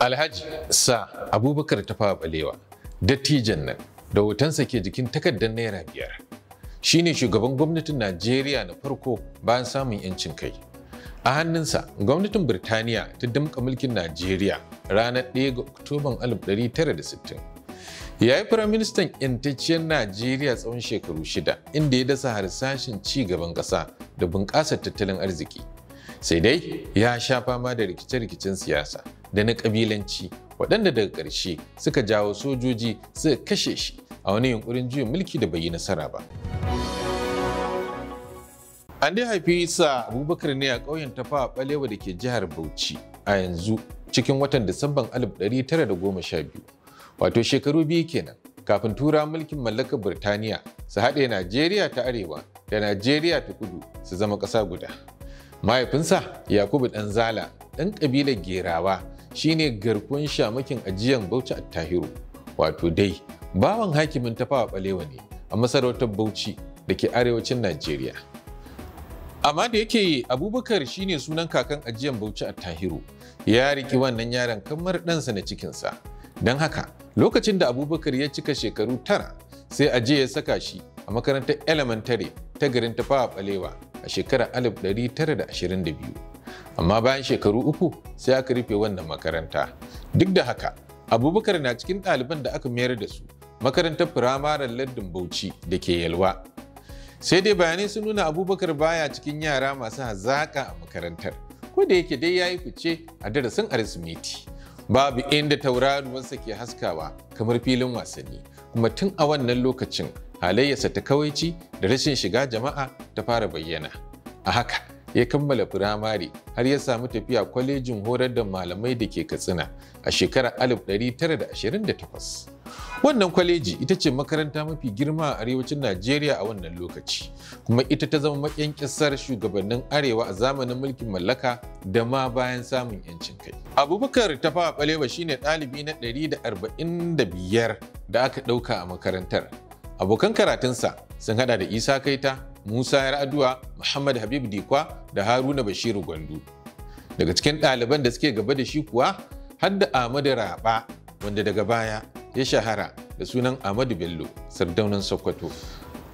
Alhaji sa Abubakar fara balewa dattijan nan da hotonsa ke jikin takardar naira biyar shine shugaban gwamnatin Najeriya na farko bayan samun 'yancin kai. A hannunsa, gwamnatin Birtaniya ta damƙa mulkin Najeriya ranar 1 ga Oktoban 1960. Ya yi firaministan 'yantacciyar Najeriya tsawon shekaru shida, inda ya dasa harsashin ci gaban ƙasa da bunƙasar tattalin arziki. Sai dai ya sha fama da rikice-rikicen siyasa. da na ƙabilanci waɗanda daga ƙarshe suka jawo sojoji suka kashe shi a wani yunkurin juyin mulki da bai yi nasara ba. An dai haifi Isa Abubakar ne a ƙauyen Tafawa Balewa da ke jihar Bauchi a yanzu cikin watan Disamban 1912 wato shekaru biyu kenan kafin tura mulkin mallakar Birtaniya su haɗe Najeriya ta arewa da Najeriya ta kudu su zama ƙasa guda. Mahaifinsa Yakubu Ɗanzala ɗan ƙabilar Gerawa shine garkuwan shamakin ajiyan Bauchi Attahiru wato dai bawan hakimin tafawa balewa ne a masarautar Bauchi da ke arewacin Najeriya. Amma da yake Abubakar shine sunan kakan ajiyan Bauchi Attahiru ya riki wannan yaron kamar ɗansa na cikinsa. Don haka lokacin da Abubakar ya cika shekaru tara sai aje ya saka shi a makarantar elementary ta garin tafawa balewa a shekarar 1922. amma bayan shekaru uku sai aka rufe wannan makaranta duk da haka abubakar na cikin ɗaliban da aka mayar da su makarantar firamaren lardin bauchi da ke yalwa sai dai bayanai sun nuna abubakar baya cikin yara masu hazaƙa a makarantar ko da yake dai ya yi fice a darasin arsimeti babu inda tauraruwarsa ke haskawa kamar filin wasanni kuma tun a wannan lokacin halayyarsa ta kawaici da rashin shiga jama'a ta fara bayyana a haka ya kammala firamare har ya samu tafiya kwalejin horar da malamai da ke katsina a shekarar 1928 wannan kwaleji ita ce makaranta mafi girma a arewacin najeriya a wannan lokaci kuma ita ta zama maƙyan ƙasar shugabannin arewa a zamanin mulkin mallaka da ma bayan samun 'yancin kai abubakar tafawa balewa shine ɗalibi na 145 da aka ɗauka a makarantar abokan karatunsa sun hada da isa kaita Musa Yar'adua, Muhammad Habib Dikwa da Haruna Bashiru Gwandu. Daga cikin ɗaliban da suke gaba da shi kuwa har da Ahmadu Raba wanda daga baya ya shahara da sunan Ahmadu Bello, sardaunan Sokoto.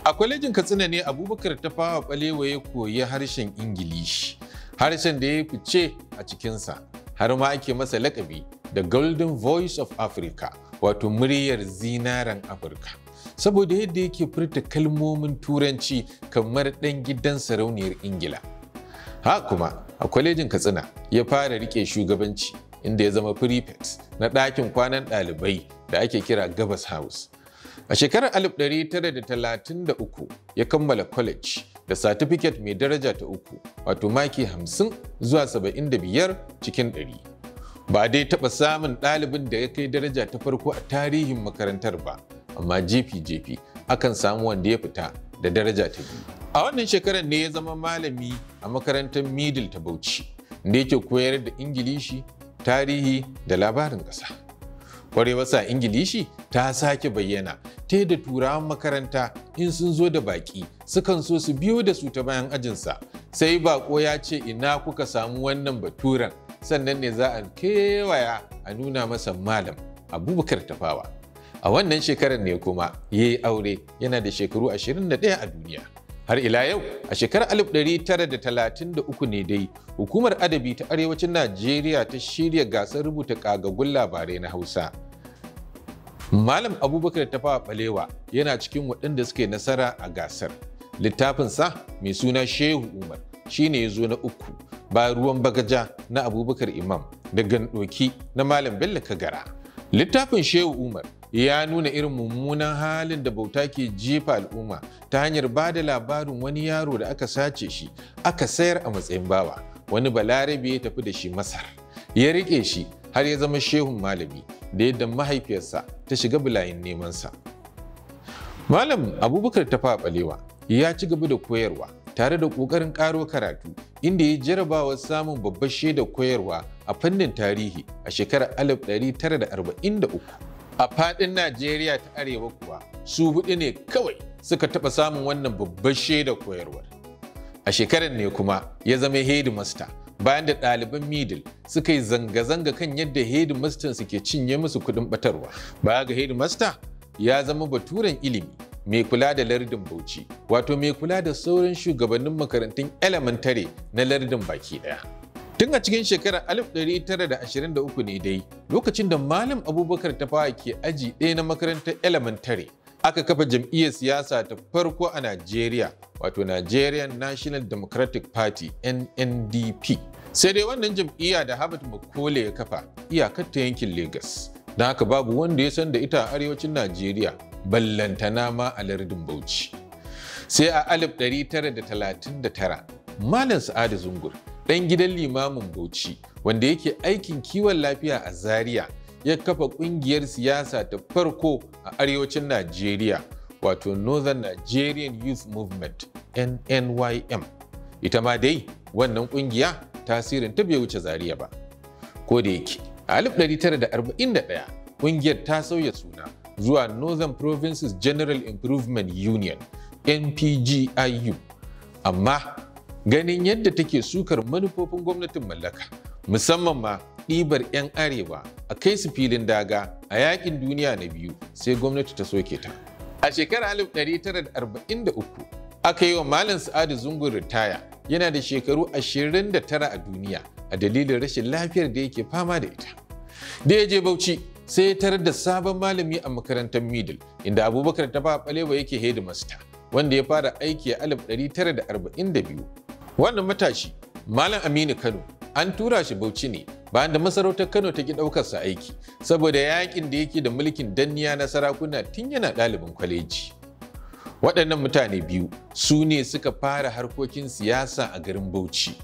A kwalejin Katsina ne Abubakar ta fawa balewa ya koyi harshen Ingilishi, harshen da ya fice a cikinsa, har ma ake masa laƙabi da Golden Voice of Africa, wato muryar zinaren Afirka. saboda yadda yake furta kalmomin turanci kamar ɗan gidan sarauniyar ingila ha kuma a kwalejin katsina ya fara rike shugabanci inda ya zama prefect na ɗakin kwanan ɗalibai da ake kira gabas house a shekarar 1933 ya kammala college da satifiket mai daraja ta uku wato maki 50 zuwa 75 cikin 100 ba dai taɓa samun ɗalibin da ya kai daraja ta farko a tarihin makarantar ba amma jefi-jefi akan samu wanda ya fita da daraja ta biyu. A wannan shekarar ne ya zama malami a makarantar Middle ta Bauchi, da yake koyar da Ingilishi, tarihi da labarin ƙasa. Ƙwarewarsa Ingilishi ta sake bayyana ta da turawan makaranta in sun zo da baƙi sukan so su biyo da su ta bayan ajinsa. Sai baƙo ya ce ina kuka samu wannan baturen sannan ne za a kewaya a nuna masa malam Abubakar Tafawa. A wannan shekarar ne kuma ya yi aure yana da shekaru 21 a duniya. Har ila yau, a shekarar 1933 ne dai, hukumar adabi ta arewacin Najeriya ta shirya gasar rubuta ƙagagun labarai na Hausa. Malam Abubakar Tafawa Balewa yana cikin waɗanda suke nasara a gasar. Littafinsa mai suna Shehu Umar shi ne ya zo na uku, ba ruwan bagaja na Abubakar Imam da gandoki na Malam Bello Kagara. Littafin Shehu Umar ya nuna irin mummunan halin da bauta ke jefa al'umma ta hanyar ba da labarin wani yaro da aka sace shi aka sayar a matsayin bawa wani balarabe ya tafi da shi masar ya riƙe shi har ya zama shehun malami da yadda mahaifiyarsa ta shiga bulayin nemansa malam abubakar ta balewa ya ci gaba da koyarwa tare da ƙoƙarin ƙaro karatu inda ya jarrabawar samun babbar shaidar koyarwa a fannin tarihi a shekarar 1943 A faɗin Najeriya ta Arewa kuwa su hudu ne kawai suka taɓa samun wannan babbar shaida koyarwar. A shekarar ne kuma ya zama hedimasta bayan da ɗaliban middle suka yi zanga-zanga kan yadda hedimasta suke cinye musu kuɗin ɓatarwa. Baya ga hedimasta ya zama baturen ilimi mai kula da lardin Bauchi, wato mai kula da sauran shugabannin makarantun elementare na lardin baki ɗaya. Tun a cikin shekarar 1923 ne dai lokacin da Malam Abubakar ta Tafawa ke aji ɗaya na makarantar elementary aka kafa jam'iyyar siyasa ta farko a Najeriya wato Nigerian National Democratic Party NNDP. Sai dai wannan jam'iyya da Habib Makole ya kafa iyakar ta yankin Legas, Don haka babu wanda ya san da ita a arewacin Najeriya ballantana ma a lardin Bauchi. Sai a 1939 Malam Sa'adu Zungur ɗan gidan limamin Bauchi wanda yake aikin kiwon lafiya a Zaria ya kafa ƙungiyar siyasa ta farko a arewacin Najeriya wato Northern Nigerian Youth Movement NNYM. Ita ma dai wannan ƙungiya tasirin ta bai wuce Zaria ba. Ko da yake a 1941 ƙungiyar ta sauya suna zuwa Northern Provinces General Improvement Union NPGIU amma ganin yadda take sukar manufofin gwamnatin mallaka musamman ma ɗibar 'yan arewa a kai su filin daga a yakin duniya na biyu sai gwamnati ta soke ta a shekarar 1943 aka yi wa malam sa'adu zungun ritaya yana da shekaru 29 a duniya a dalilin rashin lafiyar da yake fama da ita da ya je bauchi sai ya tarar da sabon malami a makarantar middle inda abubakar ta ba balewa yake hedimasta wanda ya fara aiki a 1942 Wannan matashi, Malam Aminu Kano, an tura shi Bauchi ne bayan da masarautar Kano ta ki ɗaukar ɗaukarsa aiki saboda yaƙin da yake da mulkin danniya na sarakuna tun yana ɗalibin kwaleji. Waɗannan mutane biyu su ne suka fara harkokin siyasa a garin Bauchi.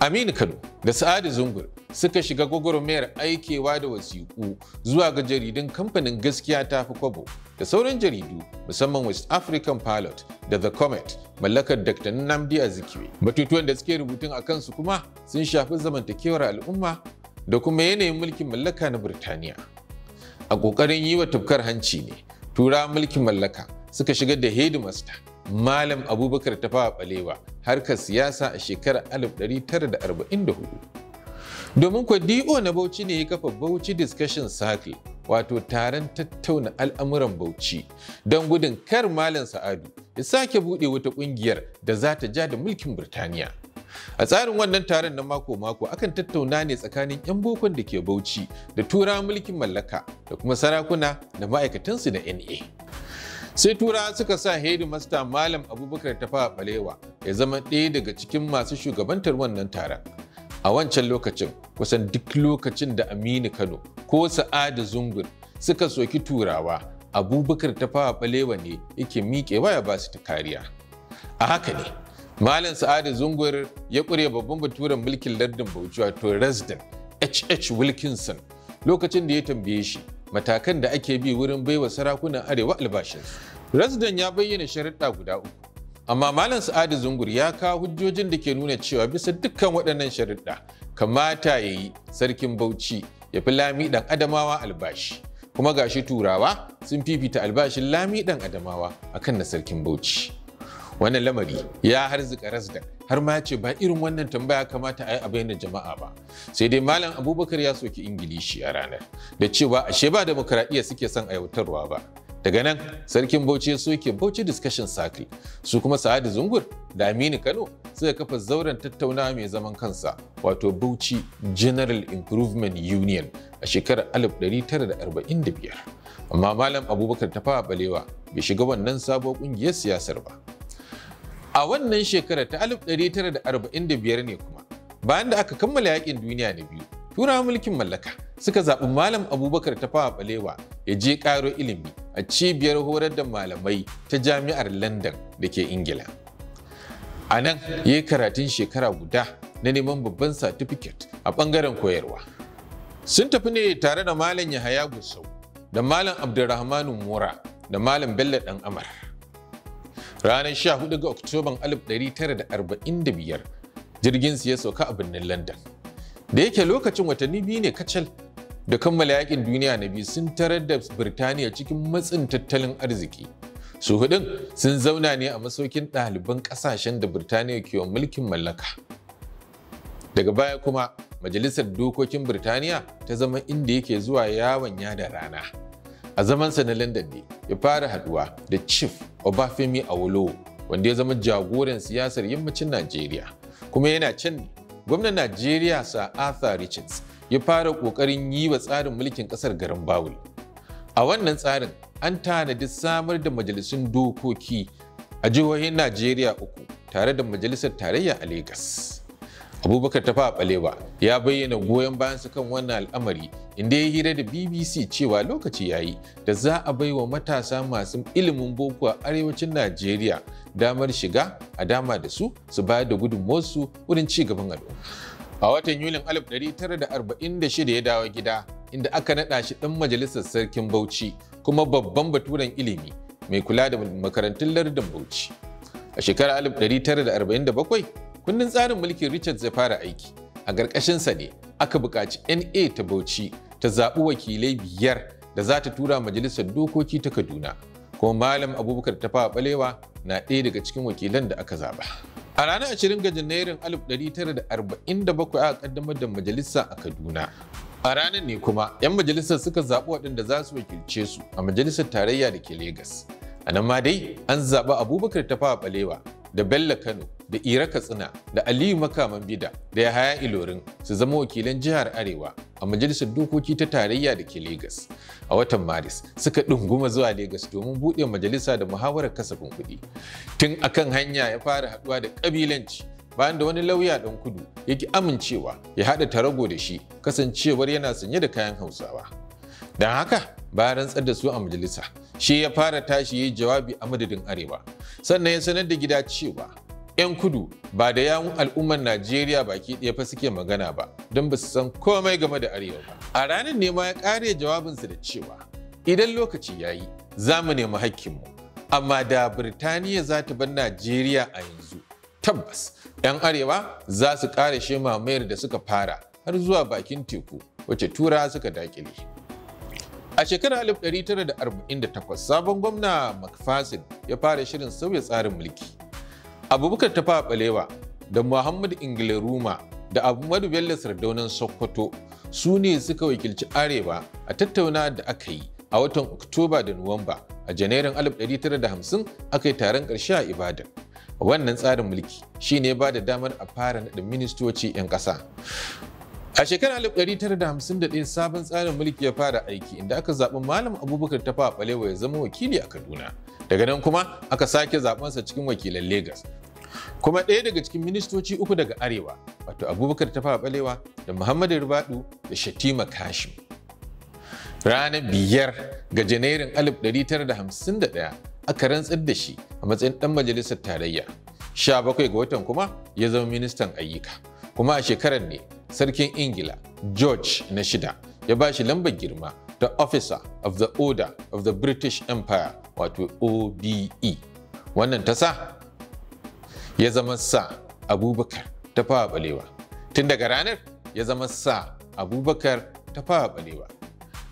Aminu Kano da Sa'adu Zungur suka shiga gwagwarmayar aikewa da wasiƙu zuwa ga jaridun kamfanin gaskiya ta fi kwabo da sauran jaridu musamman west african pilot da the comet mallakar dr nnamdi azikiwe batutuwan da suke rubutun a kansu kuma sun shafi zamantakewar al'umma da kuma yanayin mulkin mallaka na birtaniya a ƙoƙarin yi wa tufkar hanci ne tura mulkin mallaka suka shiga da hedimasta malam abubakar tafawa balewa harkar siyasa a shekarar 1944 Domin kwa DO na Bauchi ne ya kafa Bauchi Discussion Circle wato taron tattauna al'amuran Bauchi don gudun kar Malam Sa'adu ya sake buɗe wata ƙungiyar da za ta ja da mulkin Birtaniya. A tsarin wannan taron na mako-mako akan tattauna ne tsakanin 'yan bokon da ke Bauchi da tura mulkin mallaka da kuma sarakuna da ma'aikatansu na NA. Sai tura suka sa hedimasta Malam Abubakar ta Balewa ya zama ɗaya daga cikin masu shugabantar wannan taron. a wancan lokacin kusan duk lokacin da aminu kano ko sa'adu zungur suka soki turawa abubakar ta fawa balewa ne yake miƙewa ya ba su ta kariya a haka ne malam sa'adu zungur ya ƙure babban baturen mulkin lardin bauchi wato resident hh wilkinson lokacin da ya tambaye shi matakan da ake bi wurin baiwa sarakunan arewa albashin resident ya bayyana sharaɗa guda uku amma malam sa'adu zungur ya kawo hujjojin da ke nuna cewa bisa dukkan waɗannan sharuɗa kamata ya yi sarkin bauchi ya fi lami ɗan adamawa albashi kuma ga shi turawa sun fifita albashin lami ɗan adamawa akan na sarkin bauchi wannan lamari ya harzika rasda har ma ce ba irin wannan tambaya kamata a yi a bayyana jama'a ba sai dai malam abubakar ya soki ingilishi a ranar da cewa ashe ba demokradiyya suke son a yautarwa ba daga nan sarkin bauchi ya soke bauchi discussion circle su kuma sa'adu zungur da aminu kano suka kafa zauren tattaunawa mai zaman kansa wato bauchi general improvement union a shekarar 1945 amma malam abubakar tafawa balewa bai shiga wannan sabuwar kungiyar siyasar ba a wannan shekarar ta 1945 ne kuma bayan da aka kammala yakin duniya na biyu turawa mulkin mallaka suka zaɓi malam abubakar tafawa balewa ya je ƙaro ilimi a cibiyar horar da malamai ta jami'ar london da ke ingila a nan ya yi karatun shekara guda na neman babban satifiket a ɓangaren koyarwa sun tafi ne tare da malam yahaya gusau da malam abdulrahmanu mura da malam bello ɗan amar ranar 14 ga oktoban 1945 jirgin su ya sauka a birnin london da yake lokacin watanni biyu ne kacal da kammala yakin duniya na biyu sun tarar da birtaniya cikin matsin tattalin arziki su hudun sun zauna ne a masaukin ɗaliban ƙasashen da birtaniya ke wa mulkin mallaka daga baya kuma majalisar dokokin birtaniya ta zama inda yake zuwa yawon yada rana a sa na london ne ya fara haduwa da chief obafemi awolowo wanda ya zama jagoran siyasar yammacin najeriya kuma yana can gwamnan najeriya sir arthur richards ya fara ƙoƙarin yi wa tsarin mulkin ƙasar garin bawul a wannan tsarin an tanadi samar da majalisun dokoki a jihohin najeriya uku tare da majalisar tarayya a Legas. abubakar tafa balewa ya bayyana goyon bayan su kan wannan al'amari inda ya hira da bbc cewa lokaci ya yi da za a bai wa matasa masu ilimin boko a arewacin najeriya damar shiga a dama da su su bayar da gudunmuwarsu wurin ci gaban ado. a watan yulin 1946 ya dawo gida inda aka naɗa shi ɗan majalisar sarkin bauchi kuma babban baturen ilimi mai kula da makarantun lardin bauchi a shekarar 1947 kundin tsarin mulkin Richards zai fara aiki. A ƙarƙashinsa ne aka buƙaci NA ta Bauchi ta zaɓi wakilai biyar da za ta tura majalisar dokoki ta Kaduna. Kuma Malam Abubakar Tafawa Balewa na ɗaya daga cikin wakilan da aka zaɓa. A ranar 20 ga Janairun 1947 aka kaddamar da majalisa a Kaduna. A ranar ne kuma 'yan majalisar suka zaɓi waɗanda za su wakilce su a majalisar tarayya da ke Legas. A nan ma dai an zaɓi Abubakar Tafawa Balewa da Bello Kano da Ira Katsina da Aliyu Makaman Bida da Yahaya Ilorin su zama wakilan jihar Arewa a Majalisar Dokoki ta Tarayya da ke Legas. A watan Maris suka ɗunguma zuwa Legas domin buɗe majalisa da muhawarar kasafin kuɗi. Tun akan hanya ya fara haɗuwa da ƙabilanci bayan da wani lauya ɗan kudu ya ki amincewa ya haɗa tarago da shi kasancewar yana sanye da kayan Hausawa. Don haka bayan rantsar da su a majalisa shi ya fara tashi ya yi jawabi a madadin arewa sannan ya sanar da gida cewa 'yan kudu ba da yawun al'ummar najeriya baki ɗaya fa suke magana ba don ba su san komai game da arewa ba a ranar ne ma ya ƙare jawabinsa da cewa idan lokaci ya yi za mu nemi hakkinmu amma da birtaniya za ta bar najeriya a yanzu tabbas 'yan arewa za su ƙara shi mamayar da suka fara har zuwa bakin teku wacce tura suka dakile a shekarar 1948 sabon gwamna macpherson ya fara shirin sauya tsarin mulki abubakar tafa balewa da muhammad ingilaruma da Ahmadu Bello Sardaunan Sokoto su ne suka wakilci Arewa a tattauna da aka yi a watan Oktoba da Nuwamba a Janairun 1950 aka yi taron ƙarshe a Ibadan. Wannan tsarin mulki shi ne ba da damar a fara naɗin ministoci 'yan ƙasa. A shekarar 1951 sabon tsarin mulki ya fara aiki inda aka zaɓi Malam Abubakar Tafa Balewa ya zama wakili a Kaduna. Daga nan kuma aka sake zaɓensa cikin wakilan Legas kuma ɗaya daga cikin ministoci uku daga arewa wato abubakar tafawa balewa da muhammadu rubadu da shatima kashim ranar biyar ga janairun 1951 aka rantsar da shi a matsayin ɗan majalisar tarayya 17 ga watan kuma ya zama ministan ayyuka kuma a shekarar ne sarkin ingila george na shida ya ba shi lambar girma ta officer of the order of the british empire wato obe wannan ta sa ya zama sa abubakar ta fawa balewa tun daga ranar ya zama sa abubakar ta fawa balewa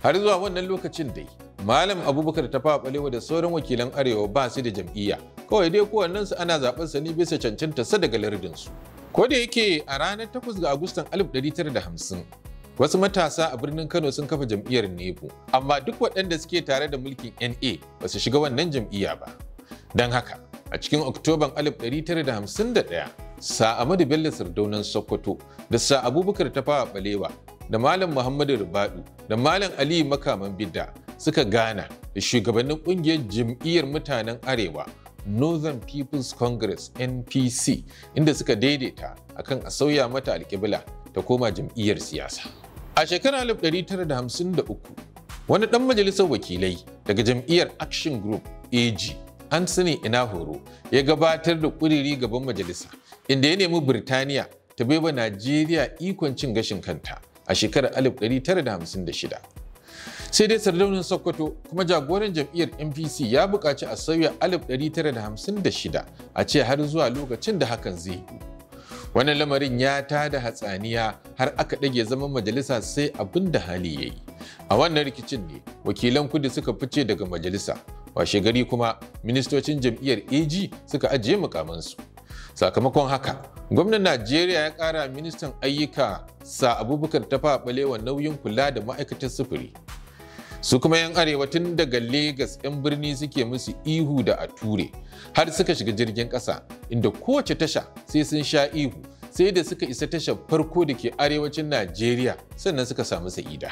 har zuwa wannan lokacin dai malam abubakar ta fawa balewa da sauran wakilan arewa ba su da jam'iyya kawai dai su ana zaben sa ne bisa cancanta sa daga lardinsu ko da yake a ranar 8 ga agustan 1950 wasu matasa a birnin kano sun kafa jam'iyyar nepo amma duk waɗanda suke tare da mulkin na ba su shiga wannan jam'iyya ba don haka a cikin oktoban 1951 sa amadu bello sardaunan sokoto da sa abubakar tafawa balewa da malam muhammadu Rubadu da malam aliyu makaman bidda suka gana da shugabannin kungiyar jam'iyyar mutanen arewa northern people's congress npc inda suka daidaita akan a sauya mata alkibla ta koma jam'iyyar siyasa a shekarar 1953 wani dan majalisar wakilai daga jam'iyyar action group ag ina horo? ya gabatar da ƙuriri gaban majalisa inda ya nemi Birtaniya ta baiwa Najeriya ikon cin gashin kanta a shekarar 1956. Sai dai sardaunin Sokoto kuma jagoran jam'iyyar MPC ya buƙaci a sauya 1956 a ce har zuwa lokacin da hakan zai yi. Wani lamarin ya ta da hatsaniya har aka ɗage zaman majalisa sai abin da hali ya yi. A wannan rikicin ne wakilan kudu suka fice daga majalisa washe gari kuma ministocin jam'iyyar ag suka ajiye mukamansu sakamakon haka gwamnan najeriya ya kara ministan ayyuka sa abubakar ta faɓalewa nauyin kula da ma'aikatar sufuri su kuma yan arewa tun daga Legas yan birni suke musu ihu da a ture har suka shiga jirgin ƙasa inda kowace tasha sai sun sha ihu sai da suka isa tashar farko da ke arewacin najeriya sannan suka samu sa'ida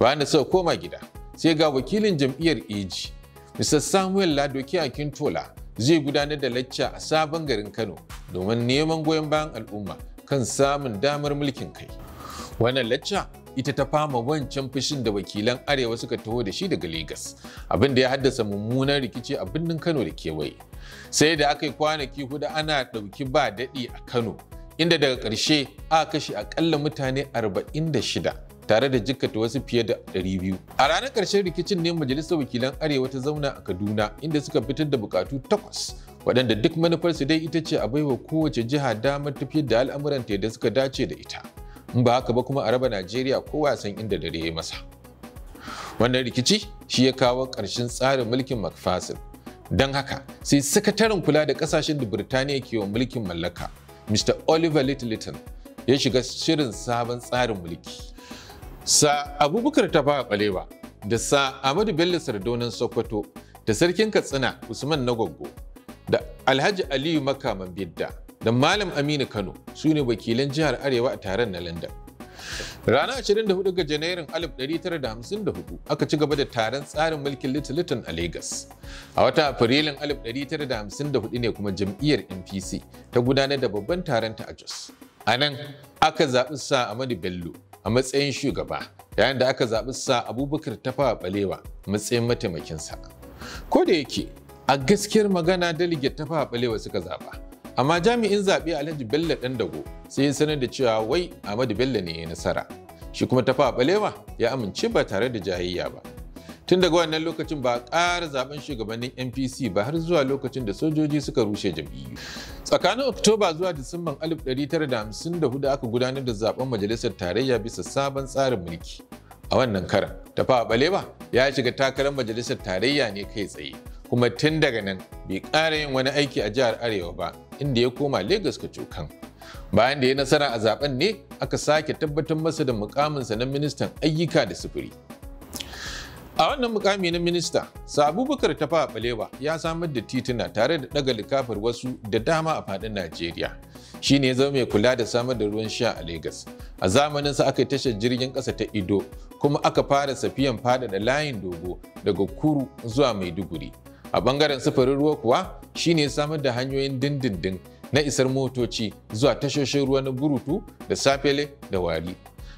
bayan da suka koma gida sai ga wakilin jam'iyyar AG Mr. Samuel Ladoki Akintola zai gudanar da lacca a sabon garin Kano domin neman goyon bayan al'umma kan samun damar mulkin kai. Wannan lacca ita ta fama wancan fushin da wakilan arewa suka taho da shi daga Legas, abin da ya haddasa mummunan rikici a birnin Kano da kewaye. Sai da aka yi kwanaki hudu ana ɗauki ba daɗi a Kano, inda daga ƙarshe aka kashe aƙalla mutane arba'in da shida. tare da jikkata wasu fiye da 200. A ranar ƙarshen rikicin ne Majalisar Wakilan Arewa ta zauna a Kaduna inda suka fitar da bukatu takwas waɗanda duk manufar su dai ita ce a baiwa kowace jiha damar tafiyar da al'amuranta yadda suka dace da ita. In ba haka ba kuma a raba Najeriya ko wasan inda dare ya masa. Wannan rikici shi ya kawo ƙarshen tsarin mulkin McPherson. Don haka sai sakataren kula da ƙasashen da Birtaniya ke wa mulkin mallaka, Mr. Oliver Littleton, ya shiga shirin sabon tsarin mulki. Sa Abubakar ta fara Balewa da Sa Ahmadu Bello Sardonan Sokoto da Sarkin Katsina Usman Nagogo da Alhaji Aliyu Makaman Bidda da Malam Aminu Kano su ne wakilan jihar Arewa a taron na London. Ranar 24 ga Janairun 1954 aka ci gaba da taron tsarin mulkin Little Little a Lagos. A wata Afrilun 1954 ne kuma jam'iyyar NPC ta gudanar da babban taron ta a Jos. A nan aka zaɓi sa Ahmadu Bello a matsayin shugaba yayin da aka zaɓi sa abubakar tafawa balewa matsayin mataimakinsa ko da yake a gaskiyar magana delegate tafawa balewa suka zaɓa amma jami'in zaɓe alhaji bello ɗan dago sai ya sanar da cewa wai ahmadu bello ne ya nasara shi kuma tafawa balewa ya amince ba tare da jayayya ba tun daga wannan lokacin ba a ƙara zaben shugabannin npc ba har zuwa lokacin da sojoji suka rushe jam'iyyu tsakanin oktoba zuwa disamban 1954 aka gudanar da zaben majalisar tarayya bisa sabon tsarin mulki a wannan karan tafawa baleba ya shiga takarar majalisar tarayya ne kai tsaye kuma tun daga nan bai ƙara yin wani aiki a jihar arewa ba inda ya koma lagos cokan. bayan da ya nasara a zaben ne aka sake tabbatar masa da mukaminsa na ministan ayyuka da sufuri A wannan mukami na minista, Sabubakar Tafa Balewa ya samar da tituna tare da ɗaga likafar wasu da dama a faɗin Najeriya. Shi ne zama mai kula da samar da ruwan sha a Legas. A zamanin sa aka tashar jirgin ƙasa ta Ido, kuma aka fara safiyan fada da layin dogo daga Kuru zuwa Maiduguri. A bangaren sufurin ruwa kuwa shi ne samar da hanyoyin dindindin na isar motoci zuwa tashoshin ruwa na Burutu da Safele da Wari.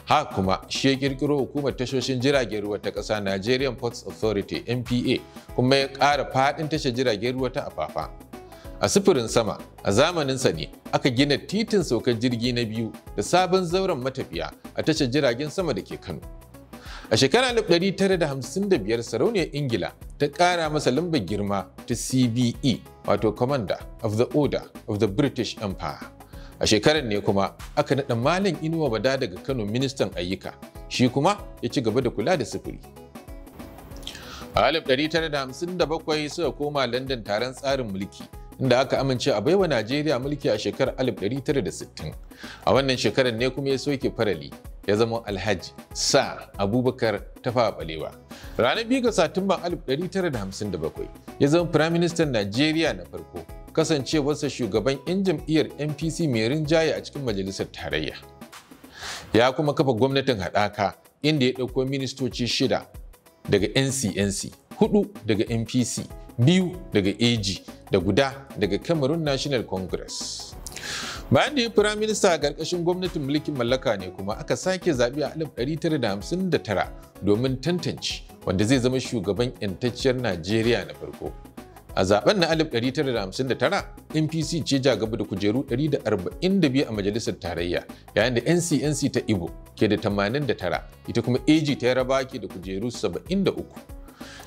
Ha kuma shi ya kirkiro hukumar tashoshin jiragen ruwa ta ƙasa Nigerian Ports Authority NPA kuma ya ƙara faɗin tashar jiragen ruwa ta Afafa. A sufurin sama a zamaninsa ne aka gina titin saukar jirgi na biyu da sabon zauren matafiya a tashar jiragen sama da ke Kano. A shekarar 1955 sarauniyar Ingila ta ƙara masa lambar girma ta CBE wato Commander of the Order of the British Empire. A shekarar ne kuma aka naɗa Malam Inuwa Bada daga Kano ministan ayyuka, shi kuma ya ci gaba da kula da sufuri. A 1957 suka koma London taron tsarin mulki, inda aka amince a baiwa Najeriya mulki a shekarar 1960. A wannan shekarar ne kuma ya soke farali ya zama Alhaji Sa Abubakar ta Balewa. Ranar 2 ga Satumban 1957 ya zama Firaministan Najeriya na farko kasancewarsa shugaban 'yan jam'iyyar NPC mai rinjaye a cikin majalisar tarayya. Ya kuma kafa gwamnatin haɗaka inda ya ɗauko ministoci shida daga NCNC, hudu daga NPC, biyu daga AG da guda daga Cameroon National Congress. Bayan da ya fira minista a ƙarƙashin gwamnatin mulkin mallaka ne kuma aka sake zaɓi a 1959 domin tantance wanda zai zama shugaban 'yantacciyar Najeriya na farko. A zaben na 1959, NPC ce jagaba da kujeru 142 a majalisar tarayya, yayin da NCNC ta Ibo ke da 89, ita kuma AG ta Yaraba ke da kujeru 73.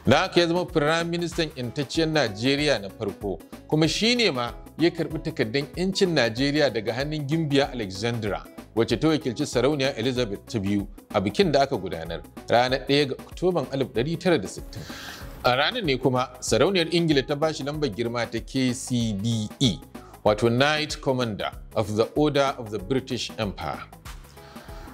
Da haka ya zama Firaministan ‘yantacciyar Najeriya na farko, kuma shi ne ma ya karɓi takardun ‘yancin Najeriya daga hannun Gimbiya Alexandra, wacce ta wakilci sarauniya Elizabeth ta biyu a bikin da aka gudanar ranar 1 ga Oktoban 1960. A ranar ne kuma sarauniyar Ingila ta bashi lambar girma ta KCBE- wato Knight Commander of the Order of the British Empire.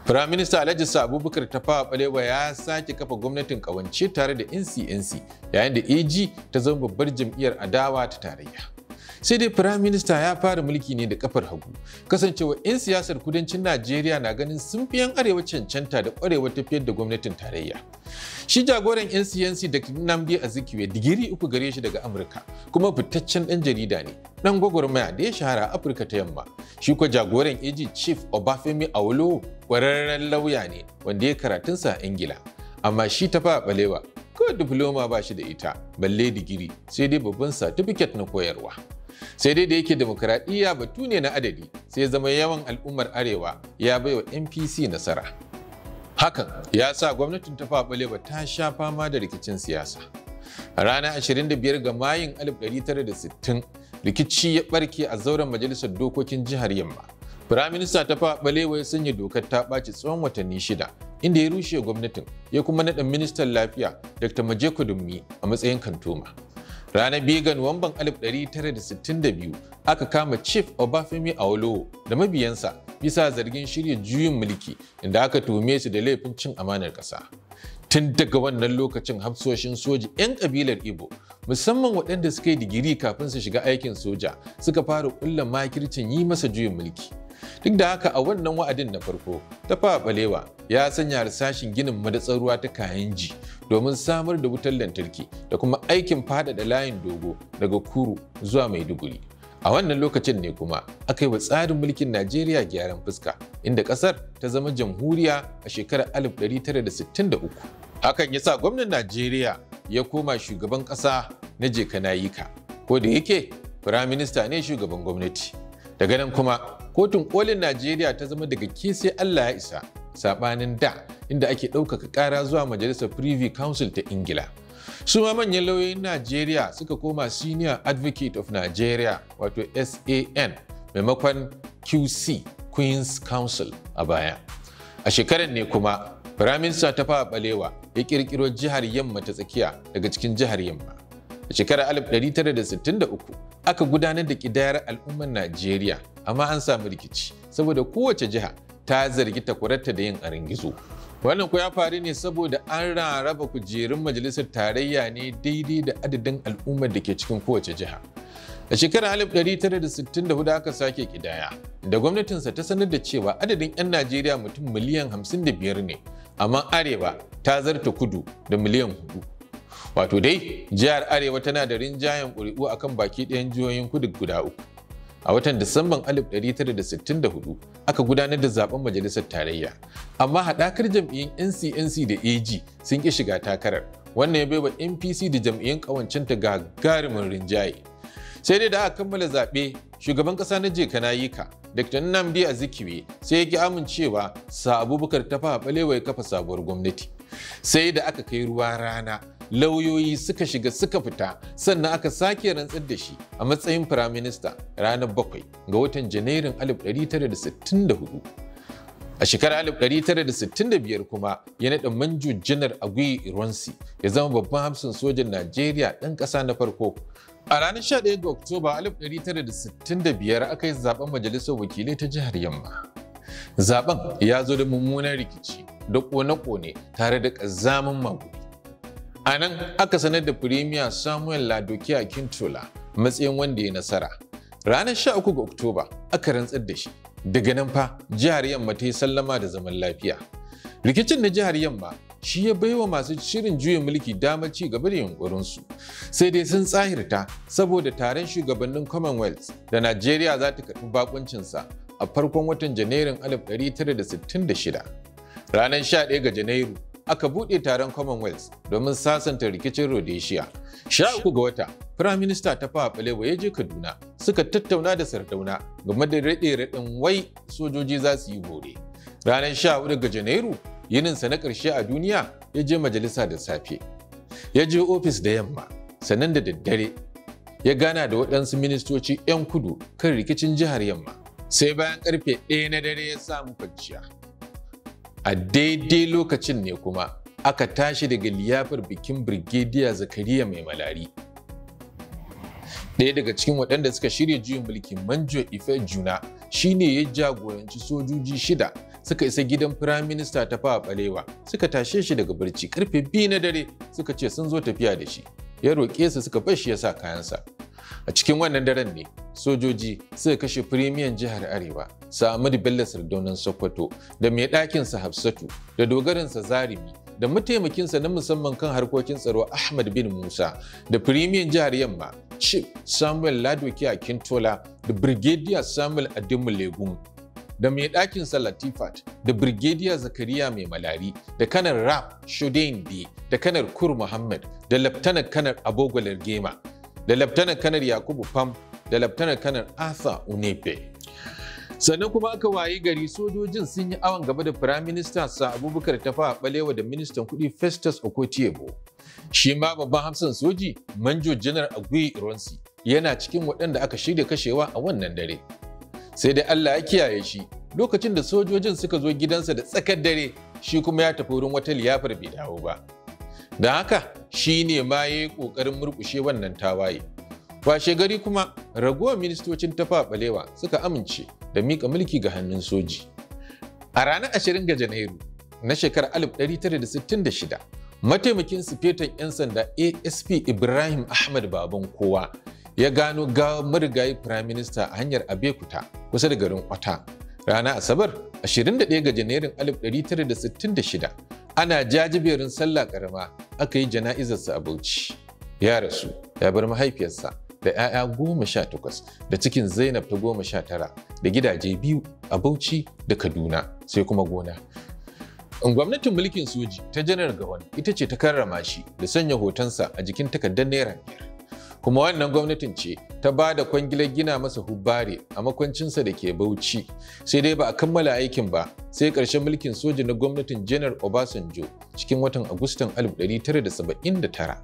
Firaminista Alhaji Abubakar fawa Balewa ya sake kafa gwamnatin kawance tare da NCNC yayin da AG ta zama babbar jam'iyyar adawa ta tarayya. sai dai firayim minista ya fara mulki ne da kafar hagu kasancewa 'yan siyasar kudancin najeriya na ganin sun fi 'yan arewa cancanta da kwarewa tafiyar da gwamnatin tarayya shi jagoran 'yan siyansi da a azikiwe digiri uku gare shi daga amurka kuma fitaccen dan jarida ne dan gwagwarmaya da ya shahara a afirka ta yamma shi kuwa jagoran ag chief obafemi awolo kwararren lauya ne wanda ya karatunsa a ingila amma shi ta fa balewa ko diploma ba shi da ita balle digiri sai dai babban satifiket na koyarwa sai dai da yake demokradiyya batu ne na adadi sai zama yawan al'ummar arewa ya baiwa npc nasara hakan ya sa gwamnatin ta faɓalewa ta sha fama da rikicin siyasa a ranar 25 ga mayun 1960 rikici ya barke a zauren majalisar dokokin jihar yamma firaminista ta faɓalewa ya sanya dokar ta ɓaci tsawon watanni shida inda ya rushe gwamnatin ya kuma naɗa ministan lafiya dr majeko dummi a matsayin kantoma Ranar biyu ga Nuwamban 1962 aka kama Chief Obafemi Awolowo da mabiyansa bisa zargin shirya juyin mulki inda aka tume su da laifin cin amanar ƙasa. Tun daga wannan lokacin hafsoshin soji 'yan ƙabilar Igbo musamman waɗanda suka yi digiri kafin su shiga aikin soja suka fara ƙulla makircin yi masa juyin mulki. Duk da haka a wannan wa'adin na farko, ta Balewa ya sanya harsashin ginin madatsar ruwa ta Kayanji domin samar da wutar lantarki da kuma aikin fadada layin dogo daga kuru zuwa maiduguri a wannan lokacin ne kuma aka yi wa tsarin mulkin najeriya gyaran fuska inda ƙasar ta zama jamhuriya a shekarar 1963 hakan ya sa gwamnan najeriya ya koma shugaban ƙasa na jeka nayika ko da yake firaminista ne shugaban gwamnati daga nan kuma kotun kolin najeriya ta zama daga ke allah ya isa saɓanin da inda ake ɗaukaka ƙara zuwa majalisar privy council ta ingila su ma manyan lauyoyin najeriya suka koma senior advocate of nigeria wato san maimakon qc queen's council a baya a shekarar ne kuma firaminista ta fara balewa ya kirkiro jihar yamma ta tsakiya daga cikin jihar yamma a shekarar 1963 aka gudanar da ƙidayar al'ummar najeriya amma an samu rikici saboda kowace jiha ta zargi takwarar da yin arin gizo. Wannan ku ya faru ne saboda an rarraba kujerun majalisar tarayya ne daidai da adadin al'ummar da ke cikin kowace jiha. A shekarar 1964 aka sake kidaya, da gwamnatinsa ta sanar da cewa adadin 'yan Najeriya mutum miliyan 55 ne, amma Arewa ta zarta kudu da miliyan 4. Wato dai, jihar Arewa tana da rinjayen ƙuri'u akan baki ɗayan jihohin kudu guda uku. A watan Disamban 1964 aka gudanar da zaben majalisar tarayya, amma haɗakar jam'iyyun NCNC da AG sun ƙi shiga takarar, wannan ya bai wa NPC da jam'iyyun ta gagarumin rinjaye. Sai dai da aka kammala zaɓe, shugaban ƙasa na Jeka ka, Dr. Nnamdi Azikiwe, sai ya ƙi amincewa sa Abubakar ta fa ya kafa sabuwar gwamnati. Sai da aka kai ruwa rana lauyoyi suka shiga suka fita sannan aka sake rantsar da shi a matsayin firaminista ranar bakwai ga watan janairun 1964 a shekarar 1965 kuma ya naɗa manjo janar agui ironsi ya zama babban hamsin sojan najeriya ɗan ƙasa na farko a ranar 11 ga oktoba 1965 aka yi zaben majalisar wakilai ta jihar yamma zaben ya zo da mummunan rikici da kone-kone tare da ƙazamin magudi A nan aka sanar da Firimiya Samuel ladoki a Kintola matsayin wanda ya nasara. Ranar 13 ga Oktoba aka rantsar da shi. Daga nan fa jihar Yamma ta yi sallama da zaman lafiya. Rikicin na jihar Yamma shi ya baiwa masu shirin juya mulki damar ci gaba da yunkurinsu. Sai dai sun tsahirta saboda taron shugabannin Commonwealth da Najeriya za ta karɓi bakuncinsa a farkon watan Janairun 1966. Ranar 11 ga Janairu aka buɗe taron Commonwealth domin sasanta rikicin Rhodesia. Sha uku ga wata, Prime Minister ta fawa Balewa ya je Kaduna suka tattauna da Sardauna game da raɗe-raɗin wai sojoji za su yi bore. Ranar sha hudu ga Janairu, yininsa na ƙarshe a duniya ya je majalisa da safe. Ya je ofis da yamma, sannan da daddare ya gana da waɗansu ministoci 'yan kudu kan rikicin jihar yamma. Sai bayan ƙarfe ɗaya na dare ya samu kwanciya. a daidai lokacin ne kuma aka tashi daga liyafar bikin Birgediya zakariya mai malari Daya daga cikin waɗanda suka shirya juyin mulkin manjo ife juna shi ne ya jagoranci sojoji shida suka isa gidan firaminista ta fawa balewa suka tashe shi daga barci karfe biyu na dare suka ce sun zo tafiya da shi ya roƙe su suka bar shi ya sa kayansa a cikin wannan daren ne sojoji suka kashe firimiyan jihar arewa Sa'amadu Bello Sardaunan Sokoto da mai ɗakinsa Hafsatu da dogarinsa Zarimi da mataimakinsa na musamman kan harkokin tsaro Ahmad bin Musa da firimiyan jihar Yamma Chief Samuel Ladoki Kintola da Brigadier Samuel Adimu Legun da mai ɗakinsa Latifat da Brigadier Zakariya Mai Malari da kanar Rap Shudain B da kanar Kur Muhammad da Laftanar kanar Abogolar Gema da Laftanar kanar Yakubu Pam da Laftanar kanar Arthur Unepe. sannan kuma aka wayi gari sojojin sun yi awon gaba da firaminista sa abubakar tafa balewa da ministan kudi festus okotiebo shi ma babban hamsin soji manjo janar agui ronsi yana cikin waɗanda aka shirya kashewa a wannan dare sai dai allah ya kiyaye shi lokacin da sojojin suka zo gidansa da tsakar dare shi kuma ya tafi wurin wata liyafar bai dawo ba da haka shi ne ma ya yi ƙoƙarin murƙushe wannan tawaye Washe gari kuma ragowar ministocin tafa balewa suka amince da mika mulki ga hannun soji. A ranar 20 ga Janairu na shekarar 1966, mataimakin sufetan 'yan sanda ASP Ibrahim Ahmad Baban Kowa ya gano gawar marigayi firaminista a hanyar Abekuta kusa da garin Kwata. Rana Asabar 21 ga Janairun 1966 ana jajiberin sallah karama aka yi jana'izarsa a Bauchi. Ya rasu ya bar mahaifiyarsa da 'ya'ya goma sha takwas da cikin zainab ta goma sha tara da gidaje biyu a bauchi da kaduna sai kuma gona gwamnatin mulkin soji ta janar gawan ita ce ta karrama shi da sanya hotonsa a jikin takardar naira biyar kuma wannan gwamnatin ce ta ba da kwangilar gina masa hubbare a makwancinsa da ke bauchi sai dai ba a kammala aikin ba sai ƙarshen mulkin Soji na gwamnatin janar obasanjo cikin watan agustan alif tara da da saba'in tara.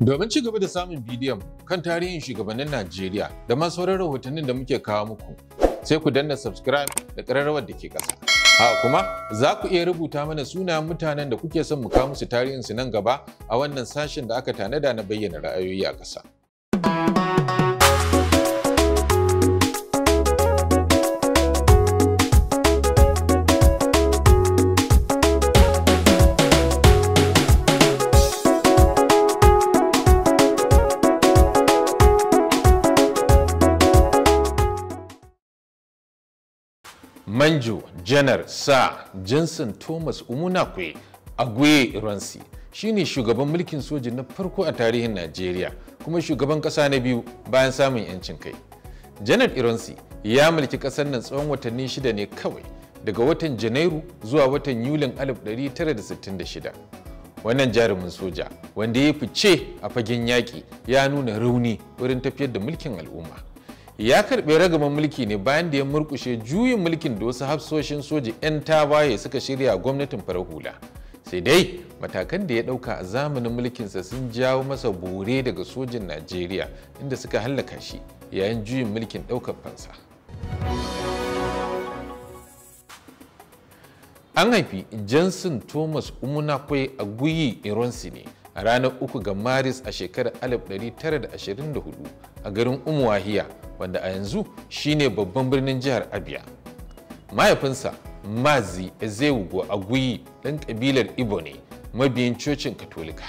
Domin ci gaba da samun bidiyon kan tarihin shugabannin Najeriya da ma sauran rahotannin da muke kawo muku, sai ku danna subscribe da ƙararrawar da ke ƙasa. A kuma za ku iya rubuta mana sunayen mutanen da kuke son mu kawo musu tarihinsu nan gaba a wannan sashen da aka tanada na bayyana ra'ayoyi a ƙasa. manjo janar sa johnson thomas umunakwe agwe ransi ne shugaban mulkin soji na farko a tarihin najeriya kuma shugaban kasa na biyu bayan samun yancin kai janar Ironsi ya mulki kasar nan tsawon watanni shida ne kawai daga watan janairu zuwa watan yulin 1966 wannan jarumin soja wanda ya fice a fagen yaƙi ya nuna rauni wurin tafiyar da mulkin al'umma ya karɓi ragaman mulki ne bayan da ya murkushe juyin mulkin da wasu hafsoshin soji 'yan tawaye suka shirya gwamnatin farar hula sai dai matakan da ya dauka a zamanin mulkinsa sun jawo masa bore daga sojin najeriya inda suka hallaka shi yayin juyin mulkin ɗaukar fansa an haifi johnson thomas umunakwai a guyi ironsi ne a ranar 3 ga maris a shekarar 1924 a garin umuwahiya wanda a yanzu shine babban birnin jihar abia mahaifinsa mazi ezewugo aguyi ɗan ƙabilar ibo ne mabiyin cocin katolika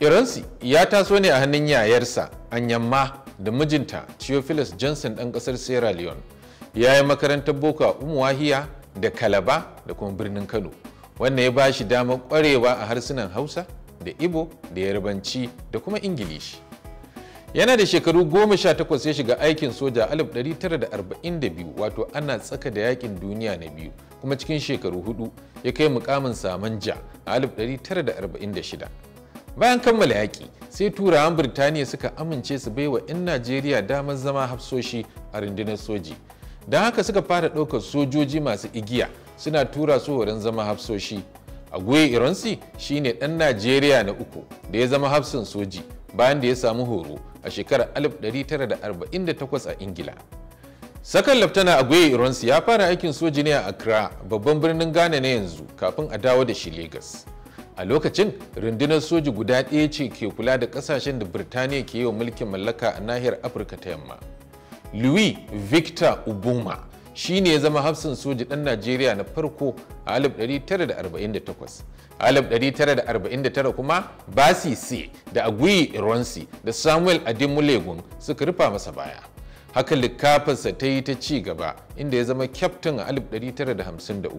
iransi ya taso ne a hannun yayarsa anyamma da mijinta theophilus johnson ɗan ƙasar sierra leone ya yi makarantar boko a umuwahiya da kalaba da kuma birnin kano wannan ya ba shi damar ƙwarewa a harsunan hausa da ibo da yarbanci da kuma ingilishi yana da shekaru goma sha takwas ya shiga aikin soja 1942 wato ana tsaka da yakin duniya na biyu kuma cikin shekaru hudu ya kai mukamin ja a 1946 bayan kammala yaƙi sai turawan birtaniya suka amince su baiwa 'yan najeriya damar zama hafsoshi a rundunar soji don haka suka fara ɗaukar sojoji masu igiya suna tura su wurin zama hafsoshi a goye ironsi shine ɗan najeriya na uku da ya zama hafsin soji bayan da ya samu horo a shekarar 1948 a ingila sakan laftana agwaye irons ya fara aikin soji ne a accra babban birnin ghana na yanzu kafin a dawo da shi legas. a lokacin rundunar soji guda ɗaya ce ke kula da ƙasashen da birtaniya ke yi wa mulkin mallaka a nahiyar afirka ta yamma louis victor ubuma shine ya zama hafsin soji ɗan najeriya na farko a 1948 1949 kuma Basi C da Agui ronsi da Samuel Adimulegun suka rufa masa baya. Haka likafinsa ta yi ta ci gaba inda ya zama kyaftin a 1953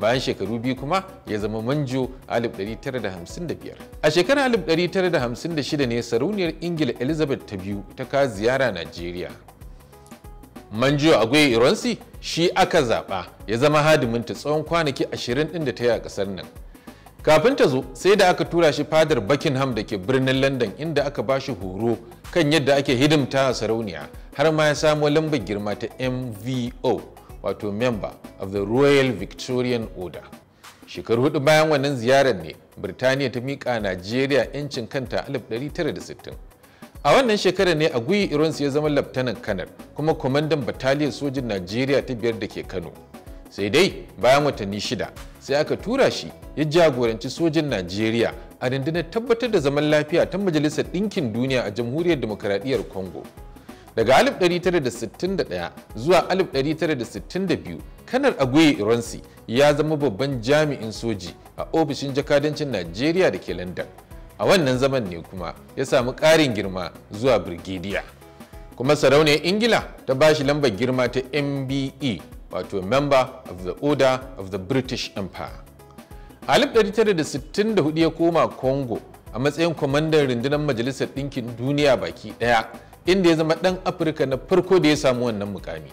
bayan shekaru biyu kuma ya zama manjo a 1955. A shekarar 1956 ne sarauniyar Ingila Elizabeth ta biyu ta ka ziyara Najeriya. Manjo Agui Ironsi shi aka zaba ya zama hadiminta tsawon kwanaki 20 ɗin da ta yi a kasar nan. kafin ta zo sai da aka tura shi fadar buckingham da ke birnin london inda aka ba shi horo kan yadda ake hidimta a sarauniya har ma ya samo lambar girma ta mvo wato member of the royal victorian order shekaru hudu bayan wannan ziyarar ne birtaniya ta miƙa najeriya 'yancin kanta 1960 a wannan shekarar ne a guyi ironsu ya zama laftanan kanar kuma kwamandan bataliyar sojin najeriya ta biyar da ke kano sai dai bayan watanni shida sai aka tura shi ya jagoranci sojin Najeriya a rundunar tabbatar da zaman lafiya ta Majalisar Ɗinkin Duniya a Jamhuriyar Demokaradiyyar Congo. Daga 1961 zuwa 1962, Kanar Agwe Ironsi ya zama babban jami'in soji a ofishin jakadancin Najeriya da ke London. A wannan zaman ne kuma ya samu ƙarin girma zuwa Birgidiya. Kuma sarauniyar Ingila ta bashi lambar girma ta MBE wato member of the order of the british empire a 1964 ya koma congo a matsayin kwamandan rundunar majalisar ɗinkin duniya baki ɗaya inda ya zama ɗan afirka na farko da ya samu wannan mukami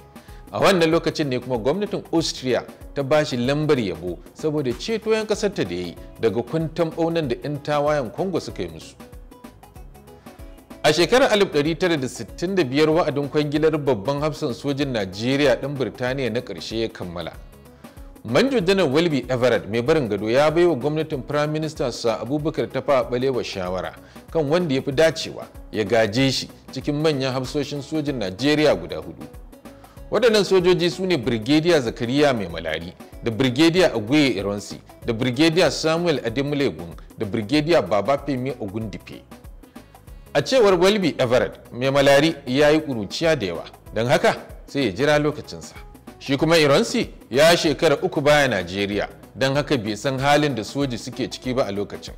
a wannan lokacin ne kuma gwamnatin austria ta bashi lambar yabo saboda ceto 'yan ƙasarta da ya yi daga kwantan ɓaunan da 'yan tawayen congo suka yi musu a shekarar 1965 wa'adin kwangilar babban hafsan sojin najeriya ɗin birtaniya na ƙarshe ya kammala manjo janar everett mai barin gado ya bai wa gwamnatin prime minister sa abubakar tafa balewa shawara kan wanda ya fi dacewa ya gaje shi cikin manyan hafsoshin sojin najeriya guda hudu waɗannan sojoji su ne Birgediya zakariya mai malari da Birgediya agweye ironsi da Birgediya samuel ademulegun da Birgediya baba femi ogundipe a cewar welby everett mai malari ya yi ƙuruciya da yawa don haka sai ya jira lokacinsa shi kuma ironsi ya shekara uku baya najeriya don haka bai san halin da soji suke ciki ba a lokacin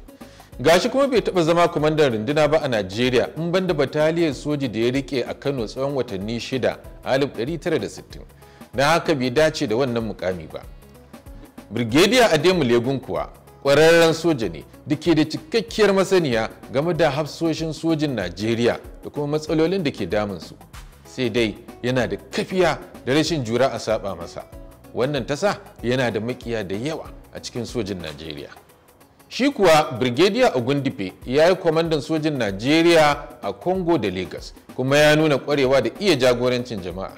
gashi kuma bai taɓa zama kwamandan runduna ba a najeriya in banda bataliyar soji da ya rike a kano tsawon watanni shida a 1960 don haka bai dace da wannan mukami ba brigadier ademu legun kuwa ƙwararren soja ne da ke da cikakkiyar masaniya game da hafsoshin sojin Najeriya da kuma matsalolin da ke damunsu. Sai dai yana da kafiya da rashin jura a saba masa. Wannan tasa yana da makiya da yawa a cikin sojin Najeriya. Shi kuwa Brigadier Ogundipe ya yi kwamandan sojin Najeriya a Congo da Lagos kuma ya nuna kwarewa da iya jagorancin jama'a.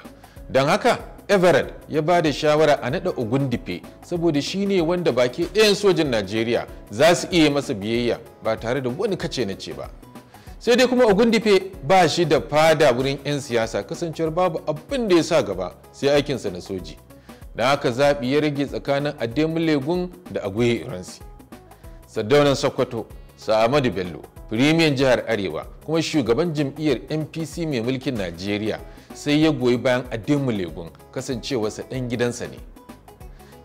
Don haka everett ya ba da shawara a naɗa ogundife saboda shi ne wanda baki ɗayan sojin najeriya za su iya masa biyayya ba tare da wani kace na ce ba sai dai kuma ogundipe ba shi da fada wurin 'yan siyasa kasancewar babu abin da ya sa gaba sai aikinsa na soji da haka zaɓi ya rage tsakanin legun da agwe iransi sadaunan sokoto sa'amadu bello firimiyan jihar arewa kuma shugaban jam'iyyar npc mai mulkin najeriya sai ya goyi bayan adinmu legun kasancewarsa ɗan gidansa ne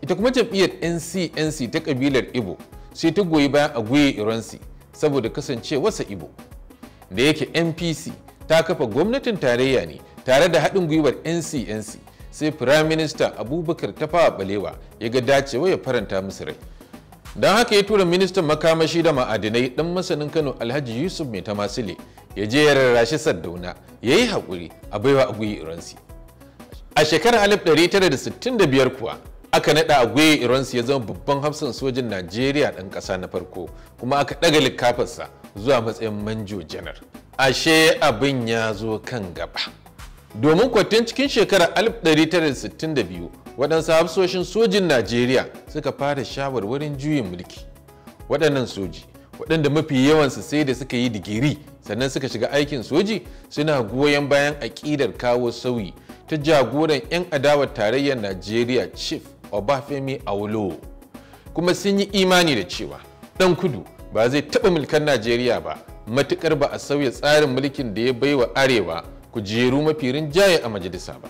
ita kuma jam'iyyar ncnc ta kabilar ibo sai ta goyi bayan aguye iransi saboda kasancewarsa ibo da yake npc ta kafa gwamnatin tarayya ne tare da haɗin gwiwar ncnc sai firayim minista abubakar tafawa balewa ya ga dacewa ya faranta musu rai don haka ya tura ministan makamashi da ma'adinai ɗan masanin kano alhaji yusuf mai tamasile ya je ya rarrashi sardauna ya yi haƙuri a baiwa aguyi iransi a shekarar 1965 kuwa aka naɗa aguyi iransi ya zama babban hafsan sojin najeriya ɗan ƙasa na farko kuma aka ɗaga likafarsa zuwa matsayin manjo janar ashe abin ya zo kan gaba domin kwatin cikin shekarar 1962 waɗansu hafsoshin sojin najeriya suka fara shawarwarin juyin mulki waɗannan soji waɗanda mafi yawansu sai da suka yi digiri sannan suka shiga aikin soji suna goyon bayan aƙidar kawo sauyi ta jagoran 'yan adawar tarayyar najeriya chief obafemi awolowo kuma sun yi imani da cewa ɗan kudu ba zai taɓa mulkar najeriya ba matuƙar ba a sauya tsarin mulkin da ya baiwa arewa kujeru mafi rinjaye a majalisa ba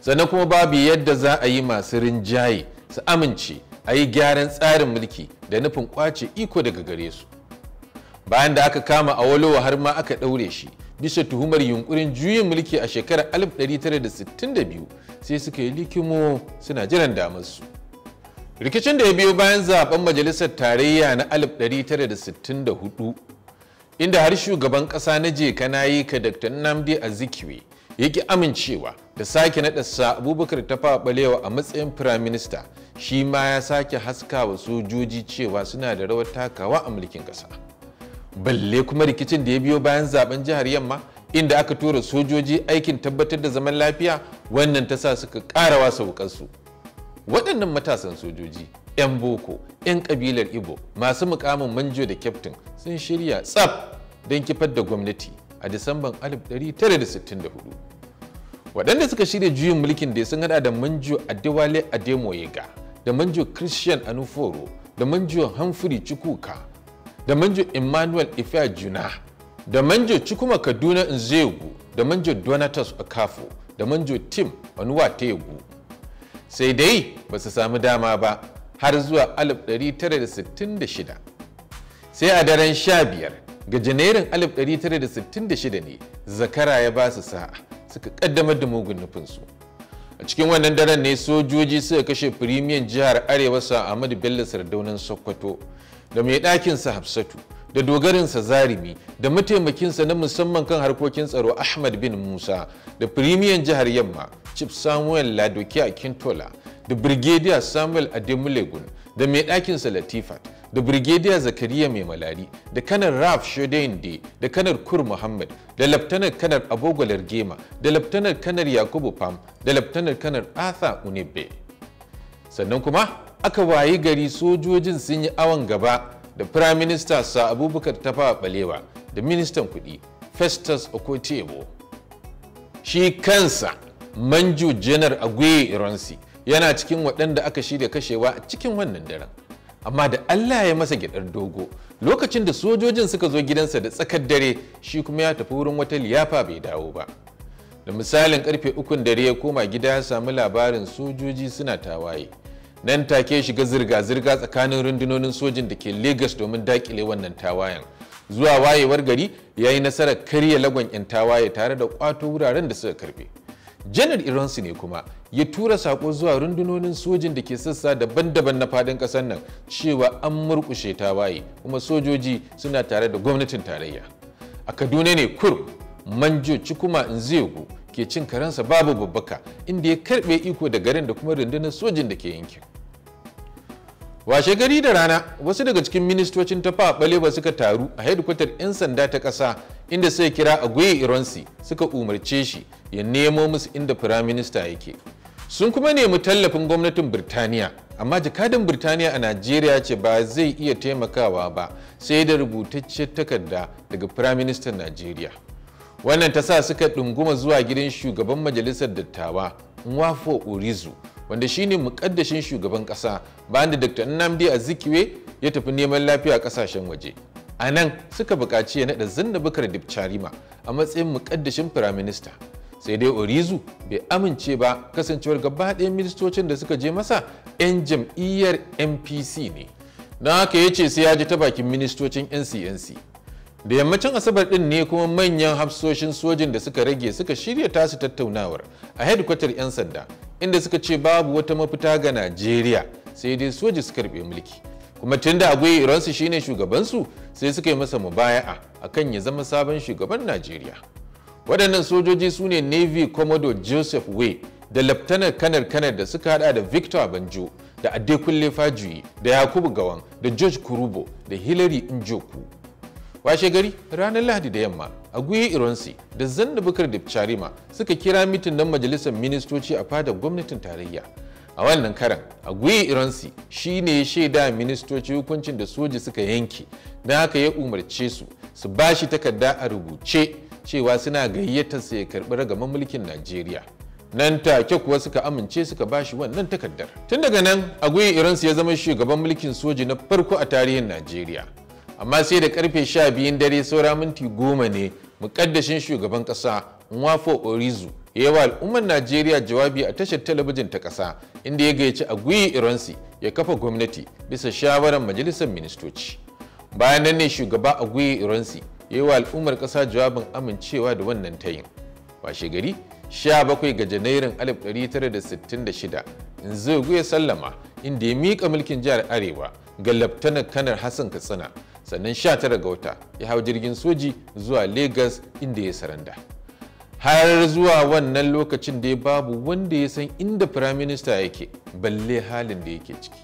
sannan kuma babu yadda za a yi masu rinjaye su amince a yi gyaran tsarin mulki da nufin kwace iko daga gare su bayan da aka kama a walowa har ma aka ɗaure shi bisa tuhumar yunkurin juyin mulki a shekarar 1962 sai suka yi likimo suna jiran damarsu rikicin da ya biyo bayan zaben majalisar tarayya na 1964 inda har shugaban ƙasa na je na yi ka dr nnamdi azikiwe ya ki amincewa da sake naɗa sa abubakar ta balewa a matsayin firayim minista shi ma ya sake haska wa sojoji cewa suna da rawar takawa a mulkin ƙasa. balle kuma rikicin da ya biyo bayan zaben jihar yamma inda aka tura sojoji aikin tabbatar da zaman lafiya wannan ta sa suka ƙara wasa wukansu waɗannan matasan sojoji 'yan boko 'yan ƙabilar ibo masu mukamin manjo da kyaftin sun shirya tsaf don kifar da gwamnati a disamban 1964 waɗanda suka shirya juyin mulkin da sun hada da manjo adewale ademoyega da manjo christian anuforo da manjo hamfuri cikuka da manjo emmanuel ife juna da manjo chukuma kaduna nzegu da manjo donatus akafo da manjo tim tegu sai dai ba su samu dama ba har zuwa 1966 sai a daren 15 ga janairun 1966 ne zakara ya ba su sa'a suka kaddamar da mugun nufinsu a cikin wannan daren ne sojoji suka kashe firimiyan jihar arewa sa ahmadu bello sardaunan sokoto da mai ɗakinsa hafsatu da dogarinsa zarimi da mataimakinsa na musamman kan harkokin tsaro ahmad bin musa da firimiyan jihar yamma chief samuel ladoki a kintola da birgediya samuel ademulegun da mai ɗakinsa latifat da brigadier zakariya mai malari da kanar raf shodeyinde da kanar kur muhammad da laftanar kanar abogolar gema da laftanar kanar yakubu pam da laftanar kanar arthur unibe sannan kuma aka wayi gari sojojin sun yi awon gaba da firaminista sa abubakar tafawa balewa da ministan kudi festus okotiebo shi kansa manjo janar agwe ronsi yana cikin waɗanda aka shirya kashewa a cikin wannan daren amma da allah ya masa gyaɗar dogo lokacin da sojojin suka zo gidansa da tsakar dare shi kuma ya tafi wurin wata liyafa bai dawo ba da misalin karfe ukun dare ya koma gida ya samu labarin sojoji suna tawaye nan take shiga zirga-zirga tsakanin rundunonin sojin da ke lagos domin dakile wannan tawayen zuwa wayewar gari ya yi nasarar karya lagon 'yan tawaye tare da kwato wuraren da suka karbe janar iransu ne kuma ya tura sako zuwa rundunonin sojin da ke sassa daban-daban na fadin kasar nan cewa an murkushe tawaye kuma sojoji suna tare da gwamnatin tarayya a kaduna ne kur manjo cikuma ke cin karansa babu babbaka inda ya karbe iko da garin da kuma rundunar sojin da ke yankin washe gari da rana wasu daga cikin ministocin ta ba suka taru a hedikwatar 'yan sanda ta ƙasa inda suka kira a agoye ironsi suka umarce shi ya nemo musu inda firaminista yake sun kuma nemi tallafin gwamnatin birtaniya amma jakadan birtaniya a najeriya ce ba zai iya taimakawa ba sai da rubutacciyar takarda daga firaministan najeriya wannan ta sa suka ɗunguma zuwa gidan shugaban majalisar dattawa nwafo urizu wanda shine mukaddashin shugaban kasa bayan da dr nnamdi azikiwe ya tafi neman lafiya a kasashen waje a nan suka buƙaci ya naɗa zinnabukar charima a matsayin mukaddashin firaminista sai dai orizu bai amince ba kasancewar gaba ministocin da suka je masa 'yan jam'iyyar npc ne don haka ya ce sai ya ji ta bakin ministocin ncnc da yammacin asabar ɗin ne kuma manyan hafsoshin sojin da suka rage suka shirya tasu tattaunawar a hedkwatar 'yan sanda inda suka ce babu wata mafita ga najeriya sai dai soji su karbe mulki kuma tun da agwai iransu shine shugabansu sai suka yi masa mubaya'a akan ya zama sabon shugaban najeriya waɗannan sojoji su ne navy commodore joseph way da laftanar kanar kanar da suka hada da victor banjo da adekunle fajuyi da yakubu gawan da george kurubo da hillary njoku washe gari ranar lahadi da yamma a guyi ironsi da zanna bukar dipcharima suka kira mitin don majalisar ministoci a fadar gwamnatin tarayya a wannan karan a guyi ironsi shi ne ya shaida ministoci hukuncin da soji suka yanke don haka ya umarce su su ba shi takarda a rubuce cewa suna gayyatar sa ya karbi ragaman mulkin najeriya nan take kuwa suka amince suka ba shi wannan takardar tun daga nan a guyi ironsi ya zama shugaban mulkin soji na farko a tarihin najeriya amma sai da karfe 12 dare saura minti goma ne mukaddashin shugaban kasa nwafo orizu ya yi wa al'ummar najeriya jawabi a tashar talabijin ta kasa inda ya gayyaci a guyi iransi ya kafa gwamnati bisa shawarar majalisar ministoci bayan nan ne shugaba a guyi iransi ya yi wa al'ummar kasa jawabin amincewa da wannan tayin washe gari 17 ga janairun 1966 in zai guya sallama inda ya mika mulkin jihar arewa ga laftanar kanar hassan katsina sannan 19 ga wata ya hau jirgin soji zuwa lagos inda ya saranda har zuwa wannan lokacin da ya babu wanda ya san inda firaminista yake balle halin da yake ciki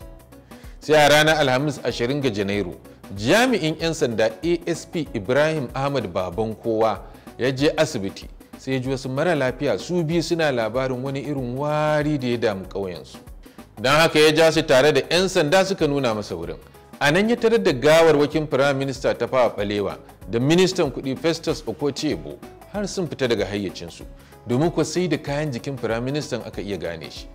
sai a ranar alhamis 20 ga janairu jami'in 'yan sanda asp ibrahim ahmad baban kowa ya je asibiti sai ji wasu mara lafiya su biyu suna labarin wani irin wari da ya damu ƙauyensu don haka ya ja su tare da 'yan sanda suka nuna masa wurin a nan ya tarar da gawarwakin firayim minista ta fawa balewa da ministan kudi festus okocebo har sun fita daga hayyacinsu domin kuwa sai da kayan jikin firayim ministan aka iya gane shi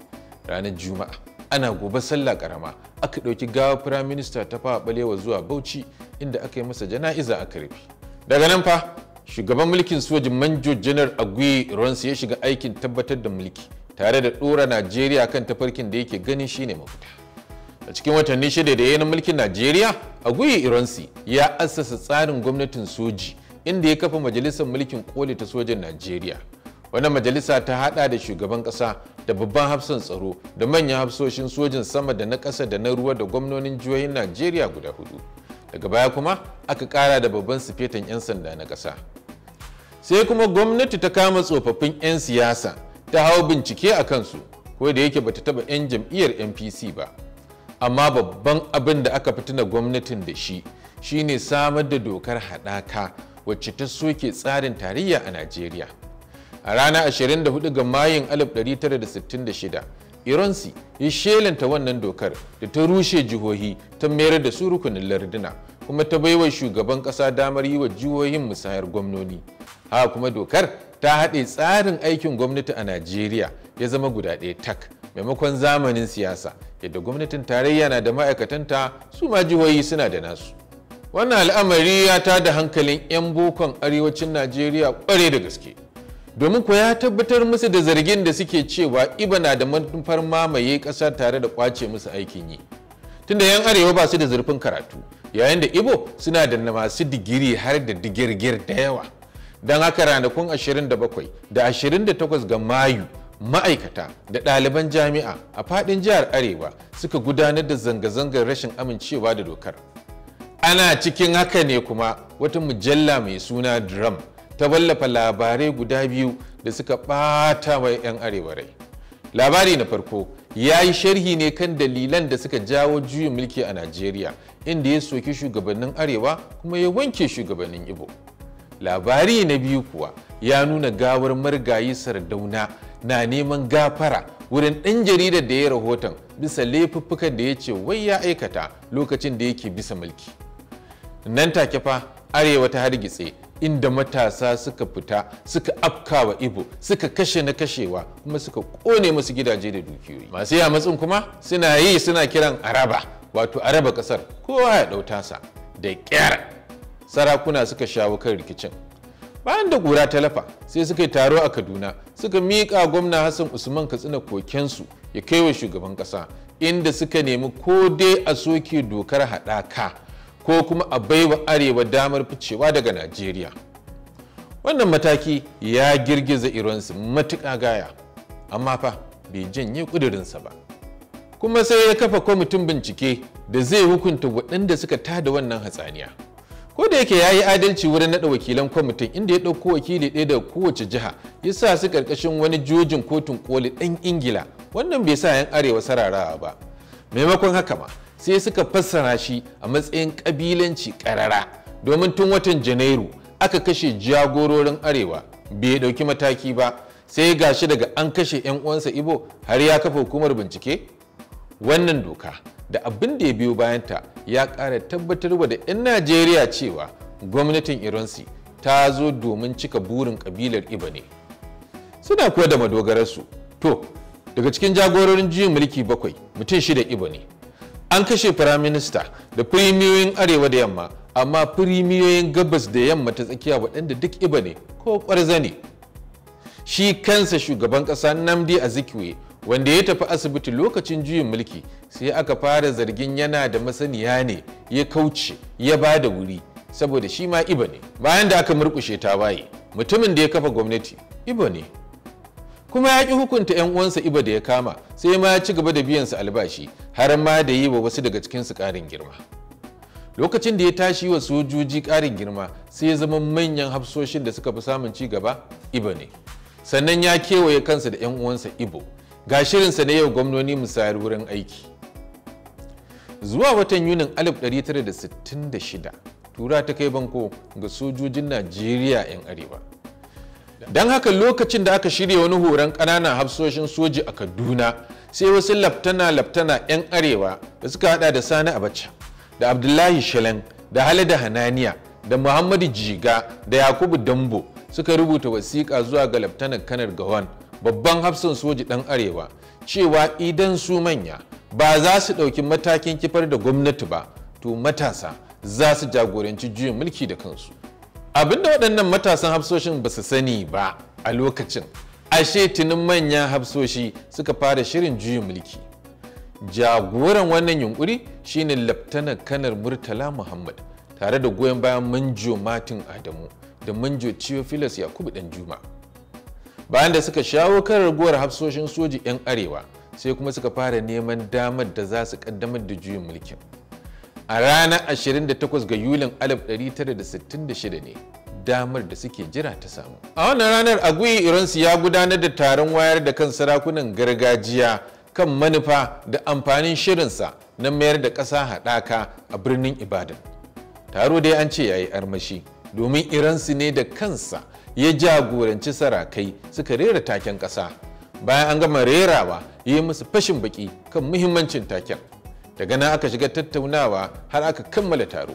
ranar juma'a ana gobe sallah karama aka ɗauki gawar firayim minista ta fawa balewa zuwa bauchi inda aka yi masa jana'iza a karfi daga nan fa shugaban mulkin sojin manjo janar agwe ronsi ya shiga aikin tabbatar da mulki tare da ɗora najeriya kan tafarkin da yake ganin shine mafita a cikin watanni shida da yayin mulkin najeriya a guyi ironsi ya assasa tsarin gwamnatin soji inda ya kafa majalisar mulkin koli ta sojan najeriya wannan majalisa ta hada da shugaban kasa da babban hafsan tsaro da manyan hafsoshin sojin sama da na kasa da na ruwa da gwamnonin jihohin najeriya guda hudu daga baya kuma aka kara da babban sifetan 'yan sanda na kasa sai kuma gwamnati ta kama tsofaffin 'yan siyasa ta hau bincike a kansu ko da yake bata taba 'yan jam'iyyar npc ba amma babban abin da aka fitina gwamnatin da shi shine samar da dokar haɗaka wacce ta soke tsarin tarayya a najeriya a rana 24 ga mayun 1966 ironsi ya shelanta wannan dokar da ta rushe jihohi ta mayar da su rukunin larduna kuma ta baiwa shugaban ƙasa damar yi wa jihohin musayar gwamnoni haka kuma dokar ta haɗe tsarin aikin gwamnati a najeriya ya zama guda ɗaya tak maimakon zamanin siyasa yadda gwamnatin tarayya na da ma'aikatanta su ma jihohi suna da nasu wannan al'amari ya ta da hankalin 'yan bokon arewacin najeriya ƙware da gaske domin ko ya tabbatar musu da zargin da suke cewa iba na da manufar mamaye ƙasa tare da ƙwace musu aikin yi tunda 'yan arewa ba su da zurfin karatu yayin da ibo suna da masu digiri har da digirgir da yawa don haka ranakun 27 da 28 ga mayu ma'aikata da ɗaliban jami'a a faɗin jihar arewa suka gudanar da zanga-zangar rashin amincewa da dokar ana cikin haka ne kuma wata mujalla mai suna drum ta wallafa labarai guda biyu da suka ɓata wa 'yan arewa rai labari na farko ya yi sharhi ne kan dalilan da suka jawo juyin mulki a najeriya inda ya soki shugabannin arewa kuma ya wanke shugabannin ibo labari na biyu kuwa ya nuna gawar marigayi sardauna na neman gafara wurin ɗan jaridar da ya rahoton bisa laifuffukan da ya ce wai ya aikata lokacin da yake bisa mulki nan take fa arewa ta hargitse inda matasa suka fita suka afkawa ibo suka kashe na kashewa kuma suka kone musu gidaje da dukiyoyi masu matsin kuma suna yi suna kiran araba wato araba kasar kowa ya ɗauta sa da ƙyar sarakuna suka shawo kan rikicin bayan da ƙura ta lafa sai suka yi taro a kaduna suka miƙa gwamna hassan usman katsina kokensu ya kai wa shugaban ƙasa inda suka nemi ko dai a soke dokar haɗaka ko kuma a baiwa arewa damar ficewa daga najeriya wannan mataki ya girgiza iransu matuƙa gaya amma fa bai janye ƙudurinsa ba kuma sai ya kafa kwamitin bincike da zai hukunta waɗanda suka tada wannan hatsaniya. ko da yake ya yi adalci wurin naɗa wakilan kwamitin inda ya ɗauko wakili ɗaya daga kowace jiha ya sa su ƙarƙashin wani jojin kotun koli ɗan ingila wannan bai sa 'yan arewa sararawa ba maimakon haka ma sai suka fassara shi a matsayin ƙabilanci ƙarara domin tun watan janairu aka kashe jagororin arewa bai ɗauki mataki ba sai gashi daga an kashe 'yan uwansa ibo har ya kafa hukumar bincike wannan doka da abin da ya biyo bayanta ya ƙara wa da 'yan najeriya cewa gwamnatin iransi ta zo domin cika burin kabilar iba suna kuwa da madogararsu to daga cikin jagororin juyin mulki bakwai mutum shida iba an kashe firaminista da firimiyoyin arewa da yamma amma firimiyoyin gabas da yamma ta tsakiya waɗanda duk iba ko ƙwarza ne shi kansa shugaban ƙasa namdi azikiwe wanda ya tafi asibiti lokacin juyin mulki sai aka fara zargin yana da masaniya ne ya kauce ya ba da wuri saboda shi ma iba ne bayan da aka murkushe tawaye mutumin da ya kafa gwamnati iba ne kuma ya ƙi hukunta 'yan uwansa iba da ya kama sai ma ya ci gaba da biyansa albashi har ma da yi wa wasu daga cikinsu ƙarin girma lokacin da ya tashi wa sojoji ƙarin girma sai ya zama manyan hafsoshin da suka fi samun ci gaba iba ne sannan ya kewaye kansa da 'yan uwansa ibo ga shirinsa na yau gwamnoni musayar wurin aiki zuwa watan yunin 1966 tura ta kai banko ga sojojin najeriya 'yan arewa don haka lokacin da aka shirya wani horon ƙananan hafsoshin soji a kaduna sai wasu laftana-laftana 'yan arewa da suka hada da sani abacha da abdullahi shalan da halada hananiya da muhammadu jiga da yakubu dambo suka rubuta wasiƙa zuwa ga laftanar kanar gawan babban hafsan soji ɗan arewa cewa idan su manya ba za su ɗauki matakin kifar da gwamnati ba to matasa za su jagoranci juyin mulki da kansu abinda waɗannan matasan hafsoshin ba su sani ba a lokacin ashe tunin manyan hafsoshi suka fara shirin juyin mulki jagoran wannan yunkuri shine laftanar kanar murtala muhammad tare da goyon bayan manjo martin adamu da manjo ciwo yakubu dan juma bayan da suka shawo kan raguwar hafsoshin soji 'yan arewa sai kuma suka fara neman damar da za su kaddamar da juyin mulkin a ranar 28 ga yulin 1966 ne damar da suke jira ta samu a wannan ranar agui iransu ya gudanar da taron wayar da kan sarakunan gargajiya kan manufa da amfanin shirinsa na mayar da ƙasa haɗaka a birnin ibadan taro dai an ce ya yi armashi domin iransu ne da kansa ya jagoranci sarakai suka rera taken ƙasa bayan an gama rerawa ya yi musu fashin baki kan muhimmancin taken daga nan aka shiga tattaunawa har aka kammala taro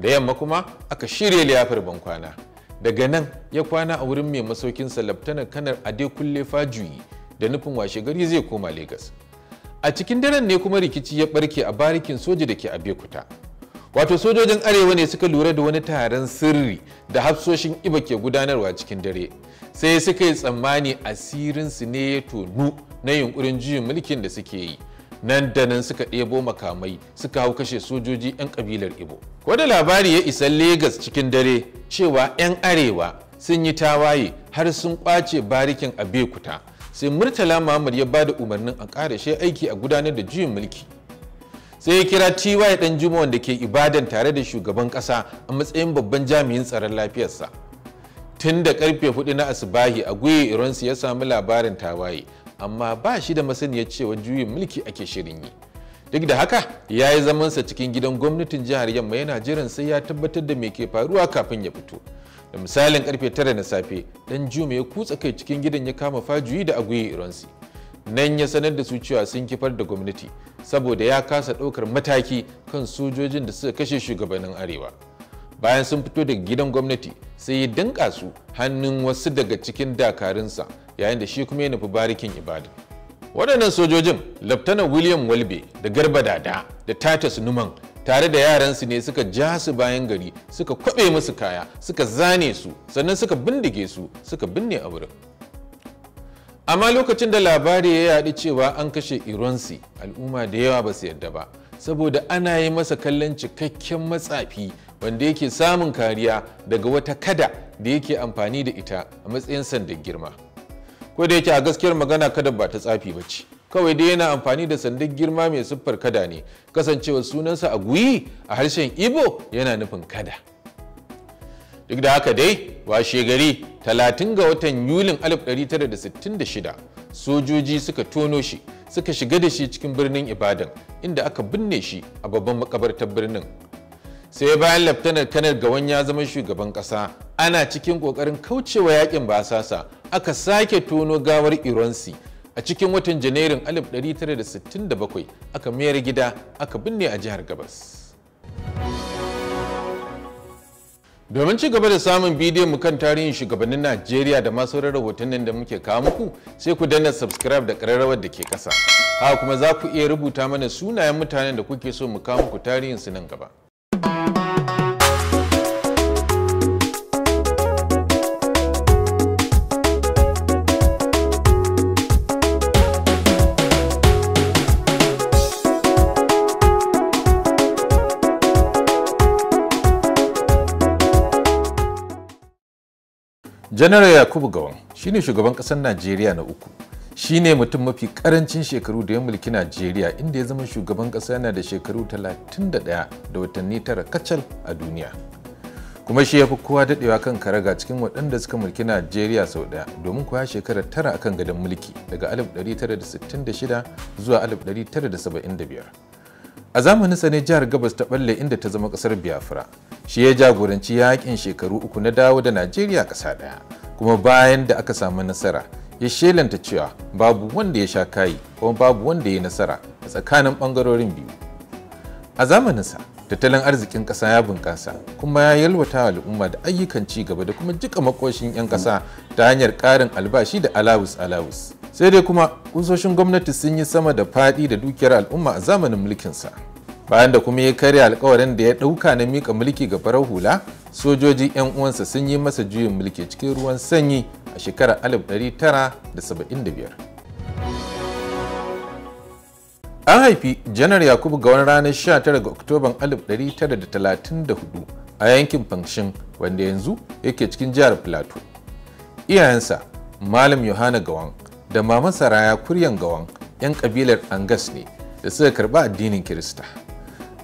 da yamma kuma aka shirya liyafar bankwana daga nan ya kwana a wurin mai masaukin salaftanar kanar adekunle fajuyi da nufin washe gari zai koma Legas. a cikin daren ne kuma rikici ya barke a barikin soja da ke abekuta wato sojojin arewa ne suka lura da wani taron sirri da hafsoshin iba ke gudanarwa cikin dare sai suka yi tsammani asirin su ne ya tonu na yunkurin juyin mulkin da suke yi nan da nan suka ɗebo makamai suka hau kashe sojoji 'yan ƙabilar ibo wani labari ya isa Legas cikin dare cewa 'yan arewa sun yi tawaye har sun ƙwace barikin abekuta sai murtala muhammad ya ba da umarnin a ƙarashe aiki a gudanar da juyin mulki sai ya kira ty dan juma da ke ibadan tare da shugaban kasa a matsayin babban jami'in tsaron lafiyarsa tun da karfe hudu na asibahi a ironsi iransu ya samu labarin tawaye amma ba shi da masaniyar cewa juyin mulki ake shirin yi duk da haka ya yi zamansa cikin gidan gwamnatin jihar yamma yana jiran sai ya tabbatar da me ke faruwa kafin ya fito da misalin karfe tara na safe dan juma ya kutsa kai cikin gidan ya kama fajuyi da aguye iransu nan ya sanar da su cewa sun kifar da gwamnati saboda ya kasa ɗaukar mataki kan sojojin da suka kashe shugabannin arewa bayan sun fito daga gidan gwamnati sai ya dinka su hannun wasu daga cikin dakarunsa yayin da shi kuma ya nufi barikin ibadan waɗannan sojojin laftanar william walbe da garba dada da titus numan tare da yaransu ne suka ja su bayan gari suka kwaɓe musu kaya suka zane su sannan suka bindige su suka binne a wurin amma lokacin da labari ya yaɗu cewa an kashe ironsi al'umma da yawa ba su yarda ba saboda ana yi masa kallon cikakken matsafi wanda yake samun kariya daga wata kada da yake amfani da ita a matsayin sandan girma ko da yake a gaskiyar magana kada ba ta tsafi ba ce kawai dai yana amfani da sandan girma mai siffar kada ne kasancewa sunansa a guyi a harshen ibo yana nufin kada duk da haka dai washe gari 30 ga watan yulin 1966 sojoji suka tono shi suka shiga da shi cikin birnin ibadan inda aka binne shi a babban makabartar birnin sai bayan laftanar kanar gawan ya zama shugaban kasa ana cikin kokarin kaucewa yakin basasa aka sake tono gawar ironsi a cikin watan janairun 1967 aka mayar gida aka binne a jihar gabas. domin ci gaba da samun bidiyon mu kan tarihin shugabannin najeriya da masu rahotannin da muke kawo muku sai ku danna subscribe da ƙararrawar da ke ƙasa haka kuma za ku iya rubuta mana sunayen mutanen da kuke so mu kawo muku tarihin su nan gaba janaral yakubu gawan shine shugaban ƙasar najeriya na uku shine mutum mafi karancin shekaru da ya mulki najeriya inda ya zama shugaban ƙasa yana da shekaru 31 da watanni tara kacal a duniya kuma shi ya fi kowa daɗewa kan karaga cikin waɗanda suka mulki najeriya sau ɗaya domin kuwa shekarar tara akan gadon mulki daga 1966 zuwa 1975 a zamanin sa ne jihar gabas ta balle inda ta zama kasar biafra shi ya jagoranci yakin shekaru uku na dawo da najeriya kasa daya kuma bayan da aka samu nasara ya shelanta cewa babu wanda ya sha kayi kuma babu wanda ya yi nasara a tsakanin bangarorin biyu a zamanin sa tattalin arzikin ƙasa ya bunkasa kuma ya yalwata al'umma da ayyukan ci gaba da kuma jika makoshin 'yan ƙasa ta hanyar karin albashi da alawus alawus sai dai kuma kusoshin gwamnati sun yi sama da faɗi da dukiyar al'umma a zamanin mulkinsa bayan da kuma ya karya alkawarin da ya ɗauka na mika mulki ga farar hula sojoji 'yan uwansa sun yi masa juyin mulki cikin ruwan sanyi a shekarar 1975 an haifi janar yakubu ga wani ranar 19 ga oktoban 1934 a yankin fanshin wanda yanzu yake cikin jihar plateau iyayensa malam yohana gawan da maman saraya kuryan gawan 'yan kabilar angas ne da suka karba addinin kirista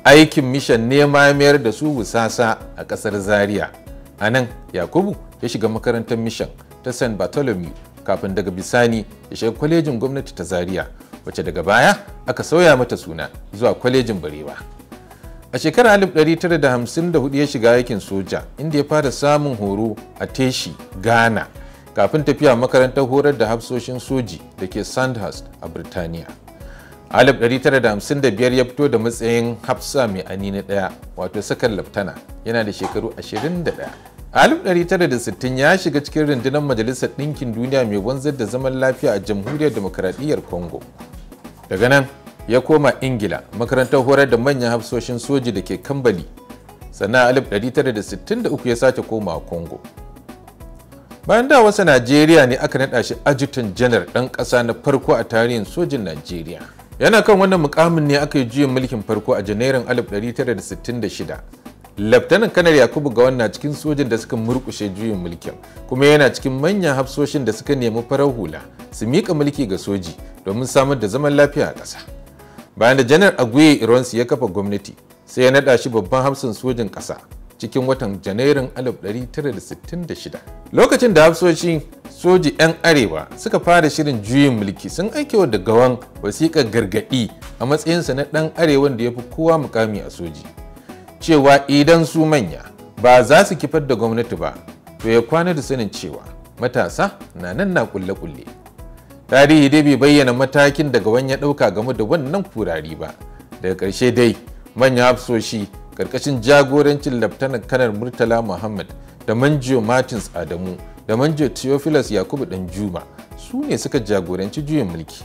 aikin mishan ne ma mayar da su wusasa a ƙasar zaria a nan yakubu ya shiga makarantar mishan ta san bartholomew kafin daga bisani ya shiga kwalejin gwamnati ta zaria wacce daga baya aka sauya mata suna zuwa kwalejin barewa a shekarar 1954 ya shiga aikin soja inda ya fara samun horo a teshi ghana kafin tafiya makarantar horar da hafsoshin soji da ke sandhurst a birtaniya 1955 ya fito da matsayin hafsa mai ani na daya wato sakan laftana yana da shekaru 21 a 1960 ya shiga cikin rundunar majalisar ɗinkin duniya mai wanzar da zaman lafiya a jamhuriyar demokaradiyyar congo daga nan ya koma ingila makarantar horar da manyan hafsoshin soji da ke kambali sannan 1963 ya sake komawa congo bayan da wasa najeriya ne aka naɗa shi ajutan janar ɗan kasa na farko a tarihin sojin najeriya yana kan wannan mukamin ne aka yi juyin mulkin farko a janairun 1966 laftanan kanar yakubu ga wannan cikin sojin da suka murkushe juyin mulkin kuma yana cikin manyan hafsoshin da suka nemi farar hula su miƙa mulki ga soji domin samar da zaman lafiya a ƙasa bayan da janar aguye ironsu ya kafa gwamnati sai ya naɗa shi babban hafsin sojin ƙasa cikin watan janairun 1966 lokacin da hafsoshi soji 'yan arewa suka fara shirin juyin mulki sun aike wa gawan wasikar gargaɗi a matsayinsa na ɗan arewan da ya fi kowa mukami a soji cewa idan su manya ba za su kifar da gwamnati ba to ya kwana da sanin cewa matasa na nan na kulle-kulle tarihi dai bai bayyana matakin da gawan ya ɗauka game da wannan kurari ba daga ƙarshe dai manyan hafsoshi karkashin jagorancin laftanar kanar murtala muhammad da manjo martins adamu da manjo theophilus yakubu dan juma su ne suka jagoranci juyin mulki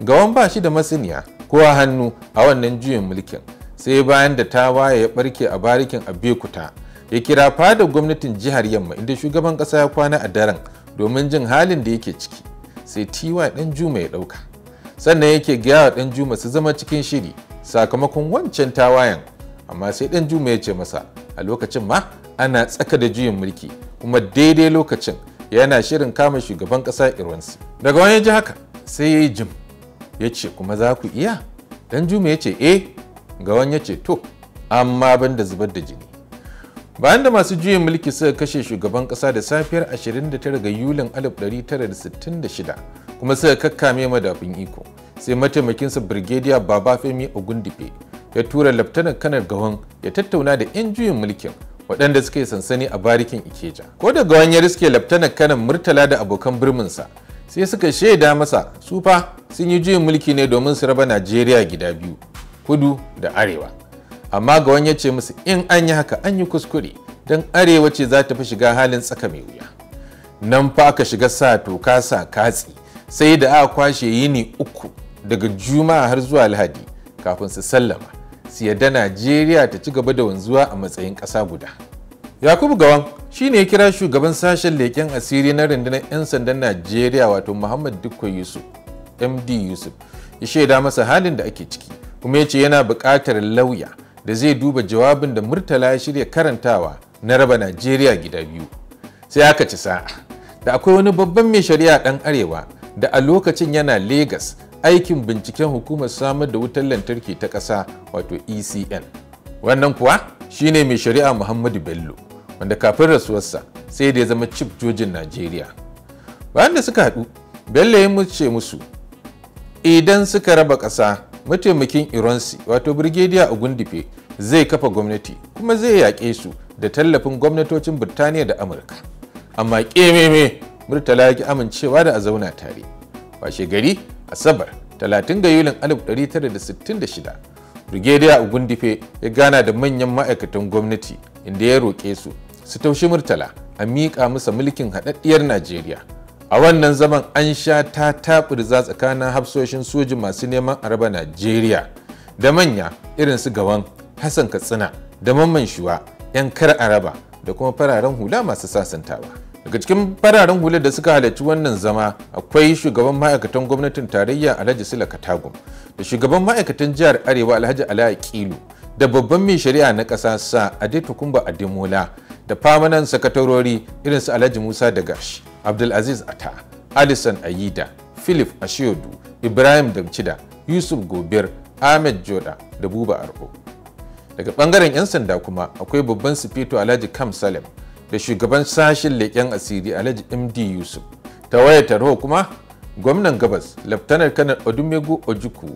gawan ba shi da masaniya ko a hannu a wannan juyin mulkin sai bayan da tawaye ya barke a barikin abekuta ya kira fadar gwamnatin jihar yamma inda shugaban kasa ya kwana a daren domin jin halin da yake ciki sai tiwa dan juma ya dauka sannan yake gaya wa dan juma su zama cikin shiri sakamakon wancan tawayen amma sai dan juma ya ce masa a lokacin ma ana tsaka da juyin mulki kuma daidai lokacin yana shirin kama shugaban kasa irwansu daga wani ji haka sai ya yi jim ya ce kuma za ku iya dan juma ya ce e ga wani ya ce to amma ban da zubar da jini bayan da masu juyin mulki suka kashe shugaban ƙasa da safiyar 29 ga yulin 1966 kuma suka kakkame madafin iko sai mataimakinsa brigadier baba femi ogundipe ya tura laftanar kanar gawon ya tattauna da 'yan juyin mulkin waɗanda suka yi sansani a barikin ikeja ko da gawan ya riske laftanar kanan murtala da abokan birminsa sai suka shaida masa su sun yi juyin mulki ne domin su raba najeriya gida biyu kudu da arewa amma gawan ya ce musu in an yi haka an yi kuskure don arewa ce za ta fi shiga halin tsaka mai wuya nan fa aka shiga sa toka sa katsi sai da aka kwashe yini uku daga juma'a har zuwa lahadi kafin su sallama su yarda najeriya ta ci gaba da wanzuwa a matsayin ƙasa guda yakubu gawan shi ne ya kira shugaban sashen leƙen asiri na rundunar 'yan sandan najeriya wato muhammad dukko yusuf md yusuf ya shaida masa halin da ake ciki kuma ya ce yana buƙatar lauya da zai duba jawabin da murtala ya shirya karantawa na raba najeriya gida biyu sai aka ci sa'a da akwai wani babban mai shari'a ɗan arewa da a lokacin yana Legas aikin binciken hukumar samar da wutar lantarki ta ƙasa wato ecn wannan kuwa shine mai shari'a muhammadu bello wanda kafin rasuwarsa sai da ya zama cif jojin najeriya bayan da suka haɗu bello ya muce musu idan suka raba ƙasa mataimakin ironsi wato birgediya a gundife zai kafa gwamnati kuma zai yaƙe su da tallafin gwamnatocin birtaniya da amurka amma ƙememe murtala ya ki amincewa da a zauna tare washe gari asabar 30 ga yulin 1966 brigadier ogundife ya gana da manyan ma'aikatan gwamnati inda ya roƙe su su taushe murtala a miƙa masa mulkin haɗaɗɗiyar najeriya a wannan zaman an sha ta taɓirza tsakanin hafsoshin soji masu neman araba najeriya da manya irin su gawan hassan katsina da mamman shuwa 'yan kar araba da kuma fararen hula masu sasantawa daga cikin fararen hular da suka halarci wannan zama akwai shugaban ma'aikatan gwamnatin tarayya alhaji sila katagum da shugaban ma'aikatan jihar arewa alhaji ala kilu da babban mai shari'a na ƙasa sa adetokunba ademola da famanan sakatarori irin su alhaji musa da gashi abdulaziz ata alison ayida philip ashiodu ibrahim damcida yusuf gobir ahmed joda da buba arko daga bangaren 'yan sanda kuma akwai babban sifito alhaji kam salem da shugaban sashen leƙen asiri alhaji md yusuf ta wayar tarho kuma gwamnan gabas laftanar kanar odumegu ojuku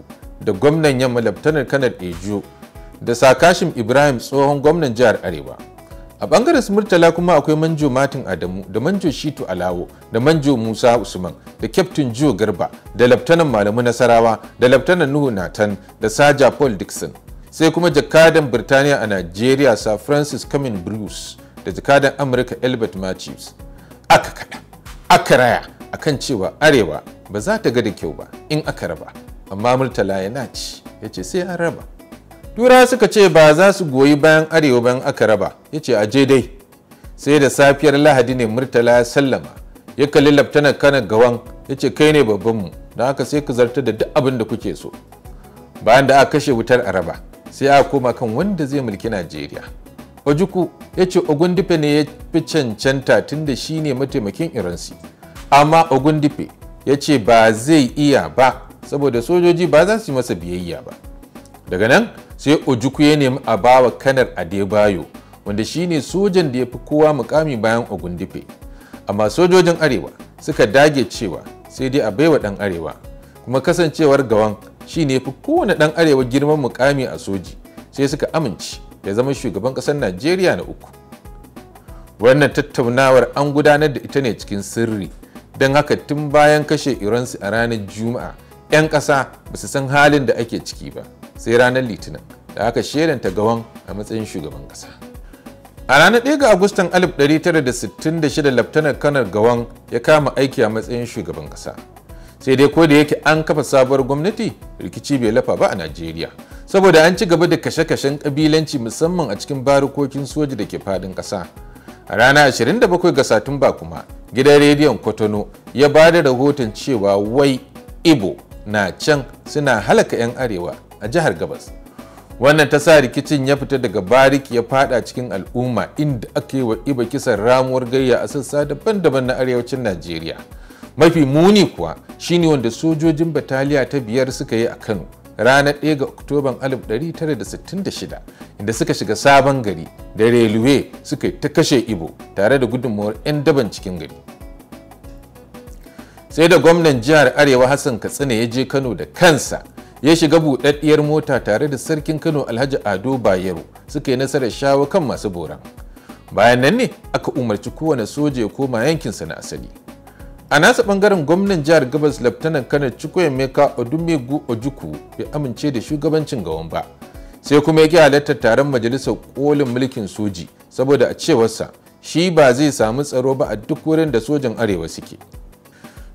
da gwamnan yamma laftanar kanar ejo da sakashin ibrahim tsohon gwamnan jihar arewa a bangaren murtala kuma akwai manjo martin adamu da manjo shitu alawo da manjo musa usman da kyaftin joe garba da laftanan malamu nasarawa da laftanan nuhu natan da saja paul dixon sai kuma jakadan birtaniya a nigeria sir francis cumming bruce da jakadan amurka albert matthews aka kada aka raya akan cewa arewa ba za ta ga da kyau ba in aka raba amma murtala yana naci ya ce sai an raba turawa suka ce ba za su goyi bayan arewa bayan aka raba ya ce aje dai sai da safiyar lahadi ne murtala ya sallama ya kalli laftanar kanar gawan ya ce kai ne babbanmu don aka sai ku zartar da duk abin da kuke so bayan da aka kashe wutar araba sai aka koma kan wanda zai mulki najeriya ojuku ya ce ogundife ne ya fi cancanta tun da shi ne mataimakin iransi amma ogundife ya ce ba zai iya ba saboda sojoji ba za su yi masa biyayya ba daga nan sai ojuku ya nemi a bawa kanar adebayo wanda shi ne sojan da ya fi kowa mukami bayan ogundife amma sojojin arewa suka dage cewa sai dai a baiwa ɗan arewa kuma kasancewar gawan shine fi kowane ɗan arewa girman mukami a soji sai suka amince ya zama shugaban ƙasar najeriya na uku wannan tattaunawar an gudanar da ita ne cikin sirri don haka tun bayan kashe iransu a ranar juma'a 'yan ƙasa ba su san halin da ake ciki ba sai ranar litinin da aka shedanta gawan a matsayin shugaban ƙasa a ranar 1 ga agustan 1966 laftanar kanar gawan ya kama aiki a matsayin shugaban ƙasa sai dai ko da yake an kafa sabuwar gwamnati rikici bai lafa ba a najeriya saboda an ci gaba da kashe-kashen kabilanci musamman a cikin barukokin soji da ke fadin kasa a ranar 27 ga satumba kuma gidan rediyon kotono ya ba da rahoton cewa wai ibo na can suna halaka 'yan arewa a jihar gabas wannan ta sa rikicin ya fita daga barik ya fada cikin al'umma inda aka yi wa iba kisan ramuwar gayya a sassa daban-daban na arewacin najeriya mafi muni kuwa shine wanda sojojin bataliya ta biyar suka yi a kano ranar 1 ga oktoban 1966 inda suka shiga sabon gari da railway suka yi ta kashe ibo tare da gudunmuwar 'yan daban cikin gari sai da gwamnan jihar arewa hassan katsina ya je kano da kansa ya shiga buɗaɗɗiyar mota tare da sarkin kano alhaji ado bayero suka yi nasarar shawo kan masu boran bayan nan ne aka umarci kowane soja ya koma yankinsa na asali a nasa bangaren gwamnan jihar gabas laftanan kanar chukwuemeka odumegu ojuku bai amince da shugabancin gawan ba sai kuma yake halartar taron majalisar kolin mulkin soji saboda a cewarsa shi ba zai samu tsaro ba a duk wurin da sojan arewa suke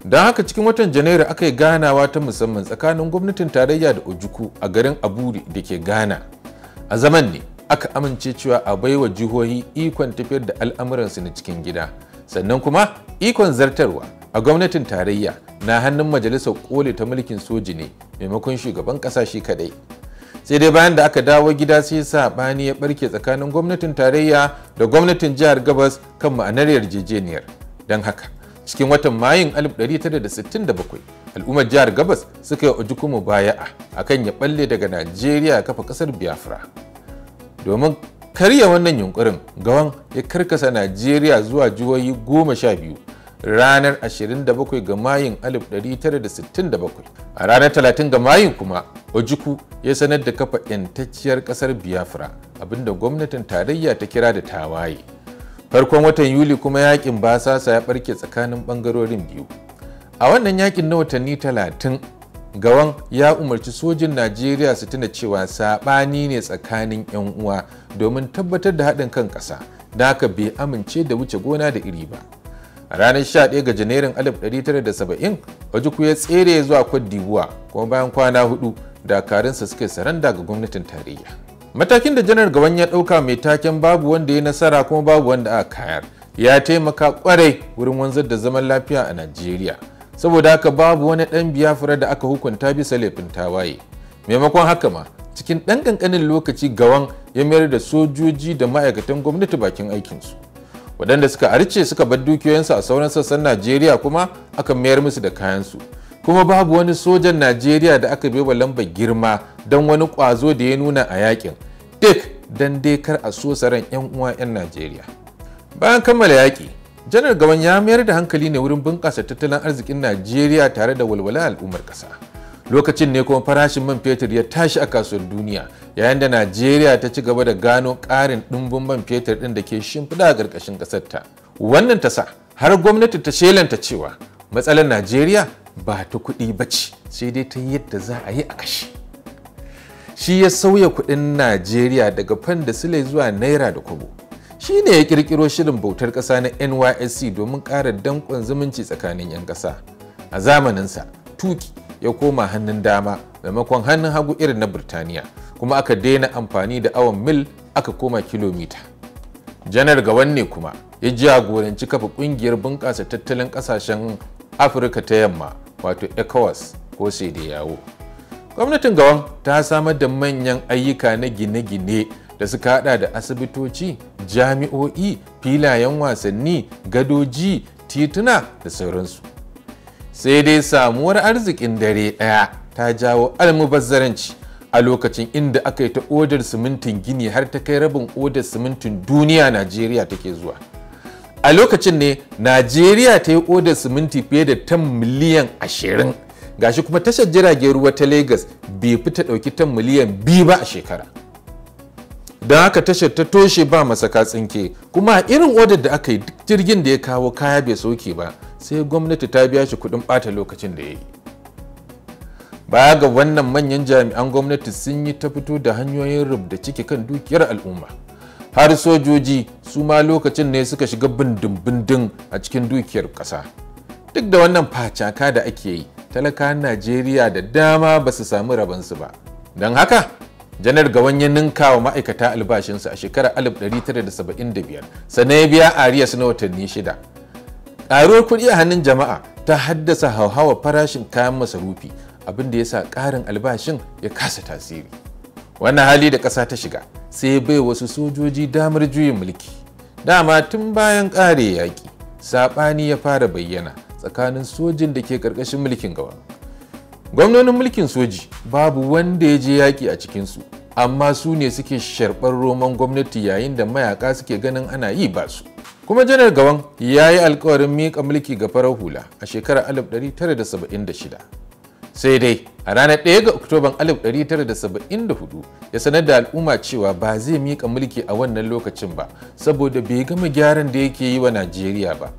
don haka cikin watan janairu aka yi ganawa ta musamman tsakanin gwamnatin tarayya da ojuku a garin aburi da ke ghana a zaman ne aka amince cewa a baiwa jihohi ikon tafiyar da al'amuransu na cikin gida sannan kuma ikon zartarwa a gwamnatin tarayya na hannun majalisar koli ta mulkin soji ne maimakon shugaban ƙasa shi kaɗai sai dai bayan da aka dawo gida sai saɓani ya ɓarke tsakanin gwamnatin tarayya da gwamnatin jihar gabas kan ma'anar yarjejeniyar don haka cikin watan mayun 1967 al'ummar jihar gabas suka yi ojukumu baya'a akan ya ɓalle daga najeriya kafa ƙasar biafra domin karya wannan yunkurin gawan ya karkasa najeriya zuwa jihohi goma sha biyu ranar 27 ga Mayun 1967. A ranar 30 ga Mayun kuma, Ojuku ya sanar da kafa 'yantacciyar ƙasar Biafra, abinda gwamnatin tarayya ta kira da tawaye. Farkon watan Yuli kuma yakin basasa ya barke tsakanin bangarorin biyu. A wannan yakin na watanni 30 gawan ya umarci sojin najeriya su tuna cewa saɓani ne tsakanin 'yan uwa domin tabbatar da haɗin kan ƙasa da aka bai amince da wuce gona da iri ba a ranar 11 ga janairun 1970 ojuku ya tsere zuwa kwadibuwa kuma bayan kwana hudu dakarunsa suke saranda ga gwamnatin tarayya matakin da janar gaban ya dauka mai taken babu wanda ya nasara kuma babu wanda aka kayar ya taimaka kwarai wurin wanzar da zaman lafiya a najeriya saboda haka babu wani dan biyafura da aka hukunta bisa laifin tawaye maimakon haka ma cikin dan kankanin lokaci gawan ya mayar da sojoji da ma'aikatan gwamnati bakin aikinsu waɗanda suka arce suka bar dukiyoyinsu a sauran sassan najeriya kuma aka mayar musu da kayansu kuma babu wani sojan najeriya da aka bewa lambar girma don wani ƙwazo da ya nuna a yakin duk don dai kar a so saran 'yan uwa 'yan najeriya bayan kammala yaƙi janar gaban ya mayar da hankali ne wurin bunƙasa tattalin arzikin najeriya tare da walwala al'ummar ƙasa lokacin ne kuma farashin man fetur ya tashi a kasuwar duniya yayin da najeriya ta ci gaba da gano karin ɗumbin man fetur ɗin da ke shimfida a ƙarƙashin ƙasarta wannan ta sa har gwamnati ta shelanta cewa matsalar najeriya ba ta kuɗi ba ce sai dai ta yadda za a yi a kashe shi ya sauya kuɗin najeriya daga fan da sule zuwa naira da kobo shi ne ya ƙirƙiro shirin bautar ƙasa na nysc domin ƙara danƙon zumunci tsakanin 'yan ƙasa a zamaninsa tuki ya koma hannun dama maimakon hannun hagu irin na Birtaniya kuma aka daina amfani da awon mil aka koma kilomita. Janar ga wanne kuma ya jagoranci kafa kungiyar bunƙasa tattalin ƙasashen Afirka ta yamma wato ECOWAS ko sai da yawo. Gwamnatin Gawan ta samar da manyan ayyuka na gine-gine da suka hada da asibitoci, jami'o'i, filayen wasanni, gadoji, tituna da sauransu. sai dai samuwar arzikin dare ɗaya ta jawo almubazzaranci a lokacin inda aka yi ta odar simintin gini har ta kai rabin odar simintin duniya najeriya take zuwa a lokacin ne najeriya ta yi odar siminti fiye da tan miliyan ashirin gashi kuma tashar jiragen ruwa ta lagos bai fita ɗauki tan miliyan biyu ba a shekara don haka tashar ta toshe ba masaka tsinke kuma a irin odar da aka yi jirgin da ya kawo kaya bai soke ba sai gwamnati ta biya shi kudin bata lokacin da ya yi baya ga wannan manyan jami'an gwamnati sun yi ta fito da hanyoyin rubda ciki kan dukiyar al'umma har sojoji su ma lokacin ne suka shiga bindin a cikin dukiyar ƙasa duk da wannan facaka da ake yi talakawan najeriya da dama ba su samu rabansu ba don haka janar gawan ya ninka wa ma'aikata albashinsu a shekarar 1975 sannan ya biya arias na watanni shida ƙaruwar kuɗi a hannun jama'a ta haddasa hauhawar farashin kayan masarufi abin da ya sa ƙarin albashin ya kasa tasiri wannan hali da ƙasa ta shiga sai bai wasu sojoji damar juyin mulki dama tun bayan ƙare yaƙi saɓani ya fara bayyana tsakanin sojin da ke ƙarƙashin mulkin gawa gwamnonin mulkin soji babu wanda ya je yaƙi a cikinsu amma su ne suke sharɓar roman gwamnati yayin da mayaka suke ganin ana yi ba su kuma janar gawan ya yi alkawarin miƙa mulki ga farar hula a shekarar 1976 sai dai a ranar 1 ga oktoban 1974 ya sanar da al'umma cewa ba zai miƙa mulki a wannan lokacin ba saboda bai gama gyaran da yake yi wa najeriya ba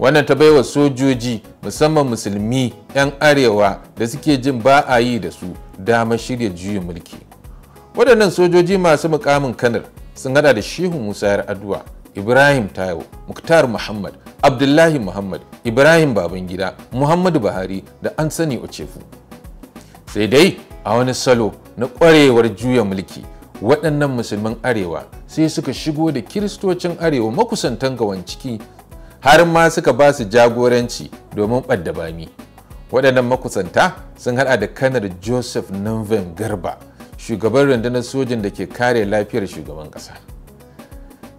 wannan ta baiwa sojoji musamman musulmi 'yan arewa da suke jin ba a yi da su dama shirya juyin mulki waɗannan sojoji masu mukamin kanar sun hada da shehu musa addu'a- ibrahim taiwo muktar muhammad abdullahi muhammad ibrahim babangida muhammadu buhari da an sani ocefu sai dai a wani salo na ƙwarewar juya mulki waɗannan musulman arewa sai suka shigo da kiristocin arewa makusantan gawan ciki har ma suka ba su jagoranci domin ɓadda bami waɗannan makusanta sun haɗa da kanar joseph nunvin garba shugaban rundunar sojin da ke kare lafiyar shugaban ƙasa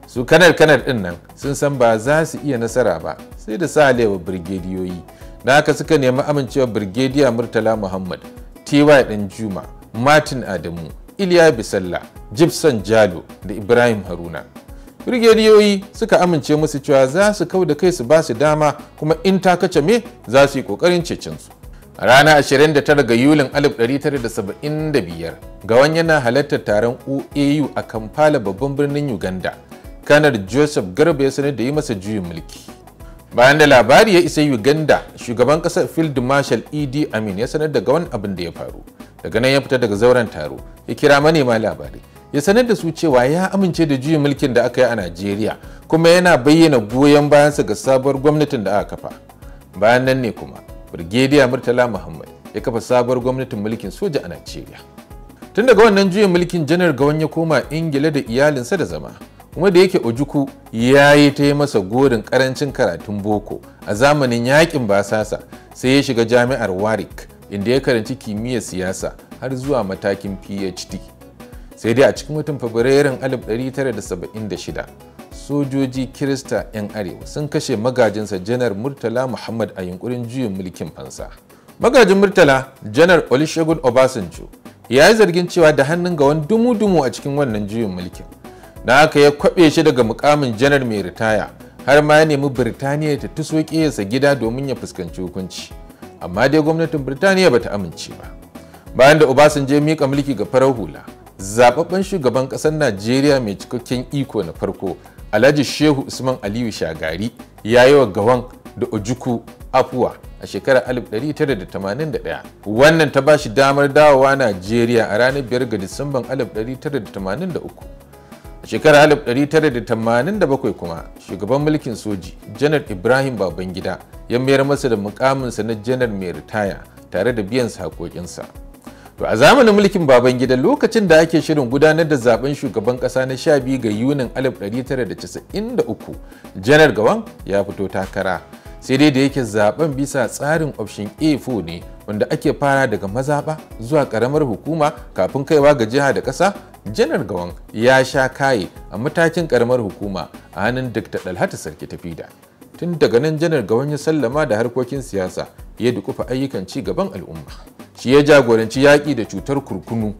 su kanar kanar ɗin nan sun san ba za su iya nasara ba sai da sa alewa birgediyoyi na haka suka nemi amincewa birgediya murtala muhammad ty ɗin juma martin adamu iliya bisalla jibson jalo da ibrahim haruna brigadiyoyi suka amince musu cewa za su kau da kai su ba su dama kuma in ta kace me za su yi kokarin cecen su a ranar 29 ga yulin 1975 gawan yana halartar taron oau a kampala babban birnin uganda kanar joseph garba ya sanar da yi masa juyin mulki bayan da labari ya isa uganda shugaban kasar field marshal ed amin ya sanar da gawan abin da ya faru daga nan ya fita daga zauren taro ya kira manema labarai ya sanar da su cewa ya amince da juyin mulkin da aka yi a najeriya kuma yana bayyana goyon bayansa ga sabuwar gwamnatin da aka kafa bayan nan ne kuma birgediya murtala muhammad ya kafa sabuwar gwamnatin mulkin soja a najeriya tun daga wannan juyin mulkin janar gawan ya koma ingila da iyalinsa da zama kuma da yake ojuku ya yi ta yi masa gorin karancin karatun boko a zamanin yakin basasa sai ya shiga jami'ar warwick inda ya karanci kimiyyar siyasa har zuwa matakin phd sai dai a cikin watan fabrairun 1976 sojoji kirista 'yan arewa sun kashe magajinsa janar murtala muhammad a yunkurin juyin mulkin fansa magajin murtala janar olusegun obasanjo ya yi zargin cewa da hannun ga dumu-dumu a cikin wannan juyin mulkin na haka ya kwaɓe shi daga mukamin janar mai ritaya har ma ya nemi birtaniya ta tusoƙiyarsa gida domin ya fuskanci hukunci amma dai gwamnatin birtaniya ta amince ba bayan da obasanjo ya mika mulki ga farar hula zababben shugaban ƙasar najeriya mai cikakken iko na farko alhaji shehu usman aliyu shagari ya yi wa gawan da ojuku afuwa a shekarar 1981 wannan ta ba shi damar dawowa najeriya a ranar 5 ga disamban 1983 a shekarar 1987 kuma shugaban mulkin soji janar ibrahim babangida ya mayar masa da mukaminsa na janar mai ritaya tare da biyan sa To a zamanin mulkin baban Babangida lokacin da ake shirin gudanar da zaben shugaban kasa na 12 ga Yunin 1993, Janar Gawan ya fito takara. Sai dai da yake zaben bisa tsarin option A4 ne wanda ake fara daga mazaba zuwa karamar hukuma kafin kaiwa ga jiha da kasa Janar Gawan ya sha kaye a matakin karamar hukuma a hannun Dr. Dalhatu Sarki Tafida. tun daga nan janar gawan ya sallama da harkokin siyasa ya dukufa ayyukan ci gaban al'umma shi ya jagoranci yaƙi da cutar kurkunu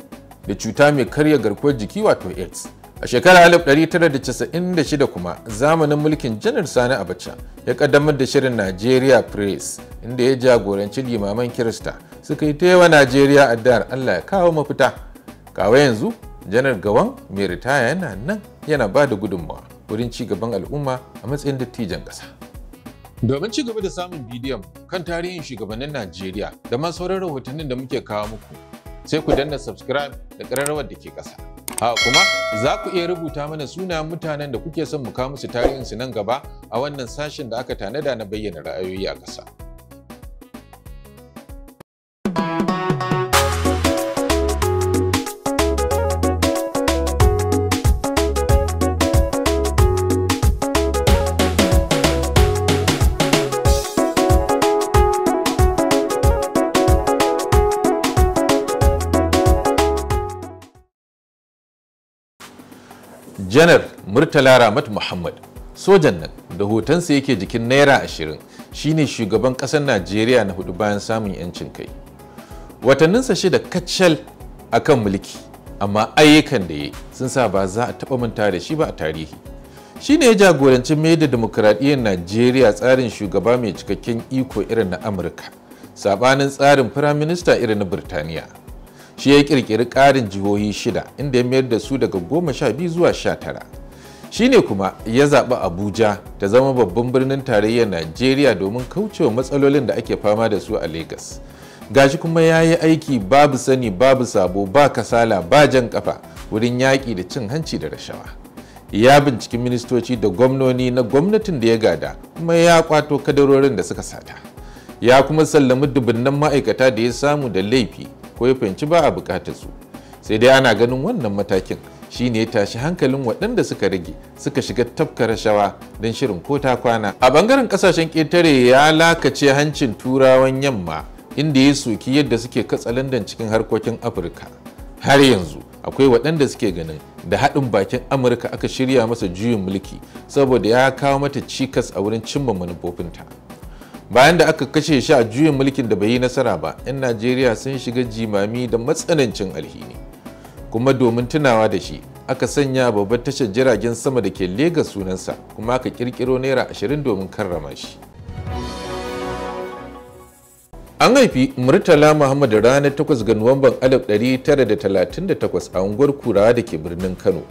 da cuta mai karya garkuwar jiki wato aids a shekarar 1996 kuma zamanin mulkin janar sani abacha ya kaddamar da shirin nigeria press inda ya jagoranci limaman kirista suka yi Najeriya nigeria addar allah ya kawo mafita kawo yanzu janar gawan mai ritaya yana nan yana ba da gudunmawa wurin ci gaban al'umma a matsayin dattijan ƙasa. Domin ci gaba da samun bidiyon kan tarihin shugabannin Najeriya da ma sauran rahotannin da muke kawo muku, sai ku danna subscribe da ƙararrawar da ke ƙasa. Ha kuma za ku iya rubuta mana suna mutanen da kuke son mu kawo musu tarihinsu nan gaba a wannan sashen da aka tanada na bayyana ra'ayoyi a ƙasa. janar murtala ramat muhammad sojan nan da hotonsa yake jikin naira ashirin shine shugaban ƙasar najeriya na hudu bayan samun 'yancin kai watanninsa shida kacal a kan mulki amma ayyukan da ya sun sa ba za a taɓa manta da shi ba a tarihi shi ne ya jagoranci mai da demokuraɗiyyar najeriya tsarin shugaba mai cikakken iko irin na amurka sabanin tsarin firaminista irin na birtaniya shi ya kirkiri ƙarin jihohi shida inda ya mayar da su daga goma sha biyu zuwa sha tara shi ne kuma ya zaɓi abuja ta zama babban birnin tarayyar najeriya domin kaucewa matsalolin da ake fama da su a lagos gashi kuma ya yi aiki babu sani babu sabo ba kasala ba jan kafa wurin yaƙi da cin hanci da rashawa ya binciki ministoci da gwamnoni na gwamnatin da ya gada kuma ya kwato kadarorin da suka sata ya kuma sallami dubunnan ma'aikata da ya samu da laifi ko ya fahimci ba a bukatar su sai dai ana ganin wannan matakin shine ya tashi hankalin waɗanda suka rage suka shiga tafka rashawa don shirin ko ta kwana a bangaren ƙasashen ƙetare ya lakace hancin turawan yamma inda ya soki yadda suke katsalandan cikin harkokin afirka har yanzu akwai waɗanda suke ganin da haɗin bakin amurka aka shirya masa juyin mulki saboda ya kawo mata cikas a wurin cimma manufofinta bayan da aka kashe shi a juyin mulkin da bai yi nasara ba 'yan najeriya sun shiga jimami da matsanancin alhini kuma domin tunawa da shi aka sanya babbar tashar jiragen sama da ke Legas sunansa kuma aka kirkiro naira 20 domin karrama shi an haifi murtala muhammad ranar 8 ga nuwamban 1938 a unguwar kurawa da ke birnin kano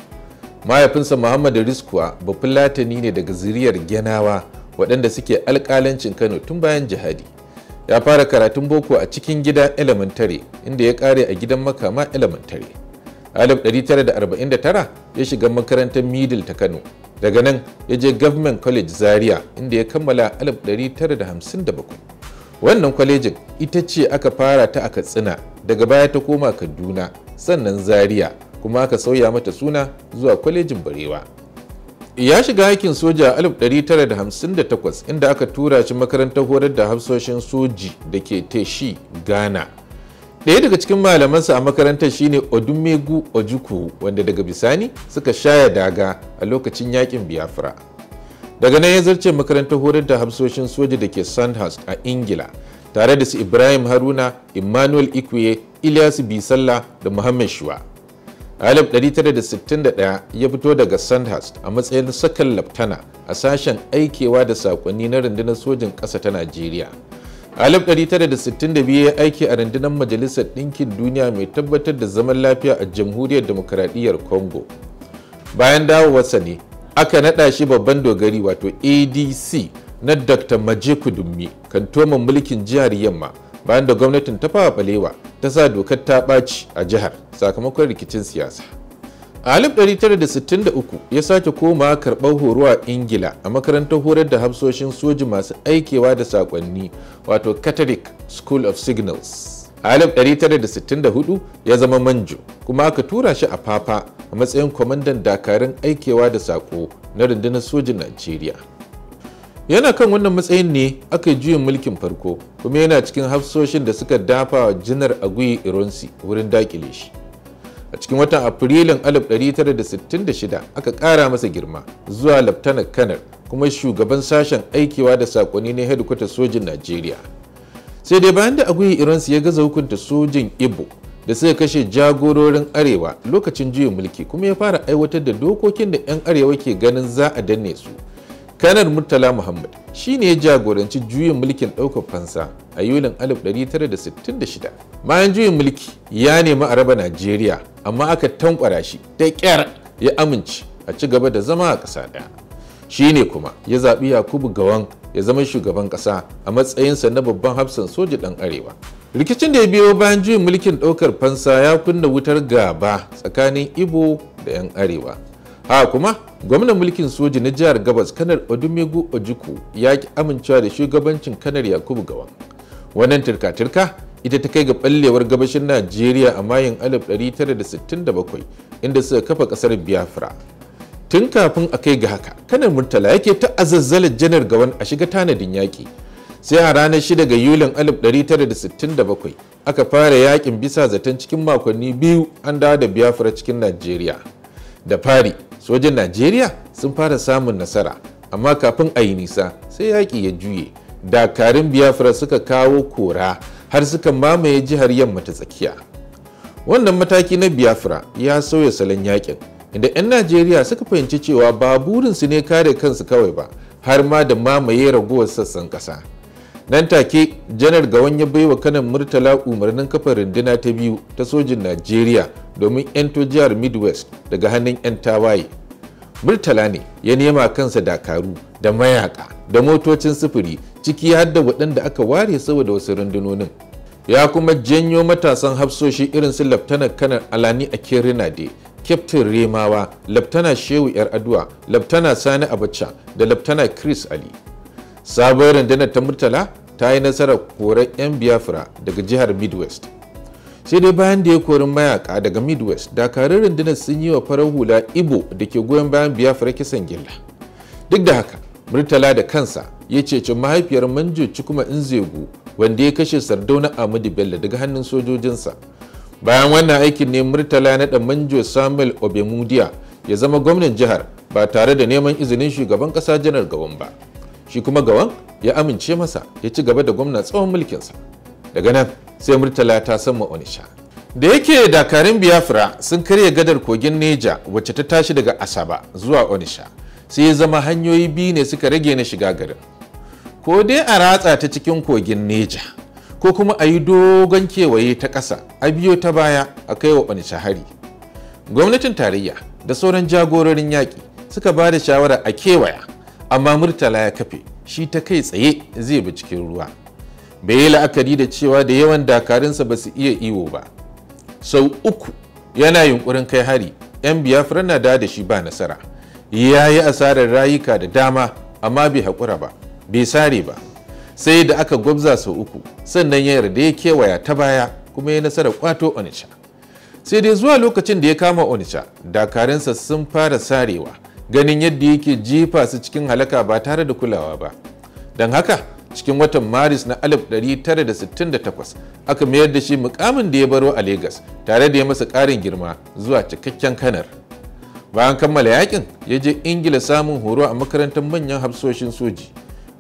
mahaifinsa muhammad riskuwa bafulatani ne daga ziriyar genawa waɗanda suke alƙalancin kano tun bayan jihadi ya fara karatun boko a cikin gida elementary inda ya ƙare a gidan makama elementary a 1949 ya shiga makarantar middle ta kano daga nan ya je government college zaria inda ya kammala 1957 wannan kwalejin ita ce aka fara ta a katsina daga baya ta koma kaduna sannan zaria kuma aka sauya mata suna zuwa kwalejin barewa ya shiga aikin soja a 1958 inda aka tura shi makarantar horar da hafsoshin soji da ke teshi ghana ɗaya daga cikin malamansa a makarantar shine odumegu ojuku wanda daga bisani suka shaya daga a lokacin yakin biafra daga nan ya zarce makarantar horar da hafsoshin soji da ke sandhurst a ingila tare da su ibrahim haruna emmanuel ikwe ilyas bisalla da muhammad shuwa alif 1961 ya fito daga sandhurst a matsayin sakan laftana a sashen aikewa da sakonni na rundunar sojin ƙasa ta najeriya alif 1962 ya aiki a rundunar majalisar ɗinkin duniya mai tabbatar da zaman lafiya a jamhuriyar demokuraɗiyyar congo bayan dawowarsa ne aka naɗa shi babban dogari wato adc na dr maje kudummi kantoman mulkin jihar yamma bayan da gwamnatin ta fawa balewa ta sa dokar ta ɓaci a jihar sakamakon rikicin siyasa a 1963 ya sake koma karɓar horo a ingila a makarantar horar da hafsoshin soji masu aikewa da sakonni wato catholic school of signals a 1964 ya zama manjo kuma aka tura shi a fafa a matsayin kwamandan dakarun aikewa da sako na rundunar sojin najeriya yana kan wannan matsayin ne aka yi juyin mulkin farko kuma yana cikin hafsoshin da suka dafa wa janar aguyi ironsi wurin dakile shi a cikin watan afrilun 1966 aka kara masa girma zuwa laftanar kanar kuma shugaban sashen aikewa da sakonni na hedikwata sojin najeriya sai dai bayan da aguyi ironsi ya gaza hukunta sojin ibo da suka kashe jagororin arewa lokacin juyin mulki kuma ya fara aiwatar da dokokin da 'yan arewa ke ganin za a danne su kanar murtala muhammad shi ne ya jagoranci juyin mulkin ɗaukar fansa a yulin 1966 bayan juyin mulki ya nemi a raba najeriya amma aka tankwara shi ta ƙyar ya amince a ci gaba da zama a ƙasa ɗaya ne kuma ya zaɓi yakubu gawan ya zama shugaban ƙasa a matsayinsa na babban hafsan soja ɗan arewa rikicin da ya biyo bayan juyin mulkin ɗaukar fansa ya kunna wutar gaba tsakanin ibo da 'yan arewa ha kuma gwamnan mulkin soji na jihar gabas kanar odumegu ojuku ya ki amincewa da shugabancin kanar yakubu gawan wannan turka-turka ita ta kai ga ɓallewar gabashin najeriya a mayin 1967 inda suka kafa ƙasar biafra tun kafin a kai ga haka kanar murtala yake ta azazzala janar gawan a shiga tanadin yaƙi sai a ranar 6 ga yulin 1967 aka fara yaƙin bisa zaton cikin makonni biyu an dawo da biafra cikin najeriya da fari sojin najeriya sun fara samun nasara amma kafin a yi nisa sai yaƙi ya juye dakarun biafra suka kawo kora har suka mamaye jihar yamma ta tsakiya wannan mataki na biafra ya sauya salon yaƙin inda 'yan najeriya suka fahimci cewa ba burinsu ne kare kansu kawai ba har ma da mamaye ragowar sassan ƙasa. nan take janar gawan ya wa kanan murtala umarnin kafar runduna ta biyu ta sojin najeriya domin to jihar midwest daga hannun 'yan tawaye murtala ne ya nema kansa dakaru da mayaka da motocin sufuri ciki har da waɗanda aka ware saboda wasu rundunonin ya kuma janyo matasan hafsoshi irin su laftanar kanar alani a kerinade kyaftin remawa laftana shehu yar aduwa laftana sani abacha da laftana chris ali sabon rundunar ta murtala ta yi nasarar korar 'yan biafra daga jihar midwest sai dai bayan da ya kori mayaka daga midwest dakarun rundunar sun yi wa farar hula ibo da ke goyon bayan biafra kisan gilla duk da haka murtala da kansa ya ceci mahaifiyar manjo kuma inzegu wanda ya kashe sardauna amadu bello daga hannun sojojinsa bayan wannan aikin ne murtala na manjo samuel obemudia ya zama gwamnan jihar ba tare da neman izinin shugaban kasa janar gawan ba shi kuma gawan ya amince masa ya ci gaba da gwamna tsawon mulkinsa daga nan sai murtala ta sama onisha da yake dakarun biafra sun karya gadar kogin neja wacce ta tashi daga asaba zuwa onisha sai ya zama hanyoyi biyu ne suka rage na shiga garin ko dai a ratsa ta cikin kogin neja ko kuma a yi dogon kewaye ta ƙasa a biyo ta baya a kai wa onisha hari gwamnatin tarayya da sauran jagororin yaƙi suka ba da shawara a kewaya amma murtala ya kafe shi ta kai tsaye zai bi cikin ruwa bai yi la'akari da cewa da yawan dakarunsa ba su iya iwo ba sau uku yana yunkurin kai hari 'yan biyafra na da shi ba nasara ya yi asarar rayuka da dama amma bai haƙura ba bai sare ba sai da aka gwabza sau uku sannan ya yarda ya kewaya ta baya kuma ya nasarar kwato onisha sai dai zuwa lokacin da ya kama onisha dakarunsa sun fara sarewa ganin yadda yake jefa su cikin halaka ba tare da kulawa ba don haka cikin watan maris na 1968 aka mayar da shi mukamin da ya baro a Legas tare da ya masa ƙarin girma zuwa cikakken kanar bayan kammala yakin ya je ingila samun horo a makarantar manyan hafsoshin soji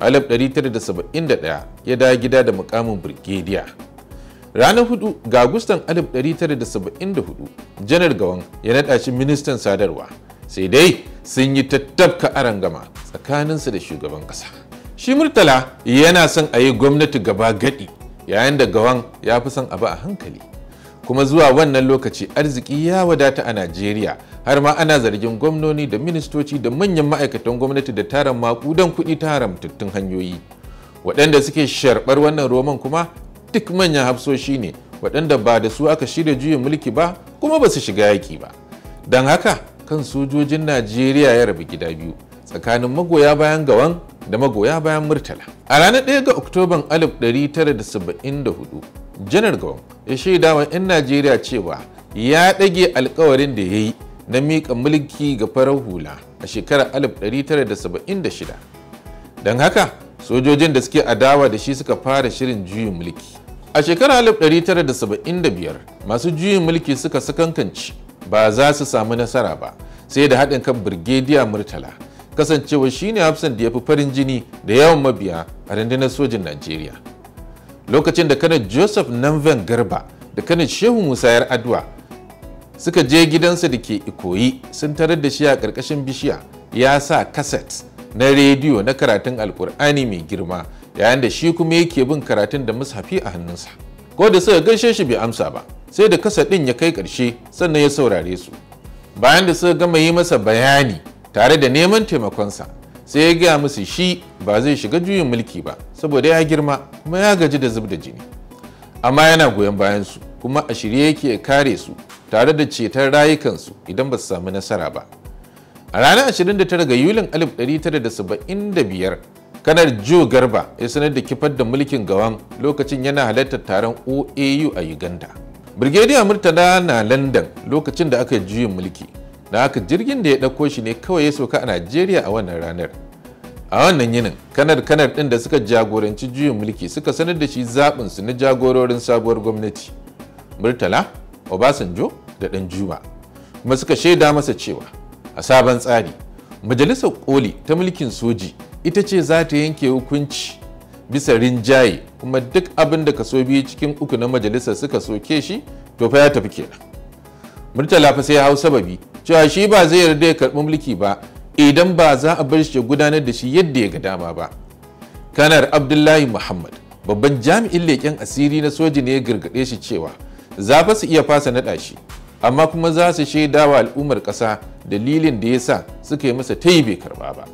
1971 ya dawo gida da mukamin birgediya ranar 4 ga agustan 1974 janar gawan ya naɗa shi ministan sadarwa sai dai sun yi tattabka gama tsakaninsu da shugaban ƙasa shi murtala yana son a yi gwamnati gaba gadi yayin da gawan ya fi son abu a hankali kuma zuwa wannan lokaci arziki ya wadata a najeriya har ma ana zargin gwamnoni da ministoci da manyan ma'aikatan gwamnati da tarin makudan kuɗi ta haramtattun hanyoyi waɗanda suke sharɓar wannan roman kuma duk manyan hafsoshi ne waɗanda ba da su aka shirya juyin mulki ba kuma ba su shiga yaƙi ba don haka kan sojojin najeriya ya rabu gida biyu tsakanin magoya bayan gawan da magoya bayan murtala a ranar 1 ga oktoban 1974 janar gawan ya shaida wa 'yan najeriya cewa ya ɗage alkawarin da ya yi na miƙa mulki ga farar hula a shekarar 1976 don haka sojojin da suke adawa da shi suka fara shirin juyin mulki a shekarar 1975 masu juyin mulki suka sakankance ba za su samu nasara ba sai da haɗin kan birgediya murtala kasancewa shine hafsan da ya fi farin jini da yawan mabiya a rundunar sojin najeriya lokacin da kanar joseph nanven garba da kanar shehu musayar yar adwa suka je gidansa da ke ikoyi sun tarar da shi a ƙarƙashin bishiya ya sa kaset na rediyo na karatun alkur'ani mai girma yayin da shi kuma yake bin karatun da mushafi a hannunsa. ko da suka gaishe shi bai amsa ba sai da kasa ɗin ya kai ƙarshe sannan ya saurare su bayan da suka gama yi masa bayani tare da neman taimakonsa sai ya gaya musu shi ba zai shiga juyin mulki ba saboda ya girma kuma ya gaji da zub da jini amma yana goyon bayan su kuma a shirye yake kare su tare da ceton rayukansu idan ba su samu nasara ba a ranar 29 ga yulin 1975 kanar joe garba ya sanar da kifar da mulkin gawan lokacin yana halartar taron oau a uganda birgediya murtala na london lokacin da aka juyin mulki na aka jirgin da ya ɗauko shi ne kawai ya sauka a najeriya a wannan ranar a wannan yinin kanar kanar ɗin da suka jagoranci juyin mulki suka sanar da shi zaɓinsu na jagororin sabuwar gwamnati murtala obasanjo da ɗan juma kuma suka shaida masa cewa a sabon tsari majalisar koli ta mulkin soji ita ce za ta yanke hukunci bisa rinjaye kuma duk abin da kaso biyu cikin uku na majalisar suka soke shi to fa ya tafi kenan murtala fa sai ya hau sababi cewa shi ba zai yarda ya karɓi mulki ba idan ba za a bar shi ya gudanar da shi yadda ya ga dama ba kanar abdullahi muhammad babban jami'in leƙen asiri na soja ne ya gargaɗe shi cewa za fa su iya fasa naɗa shi amma kuma za su shaida wa al'ummar ƙasa dalilin da ya sa suka yi masa ta yi bai karɓa ba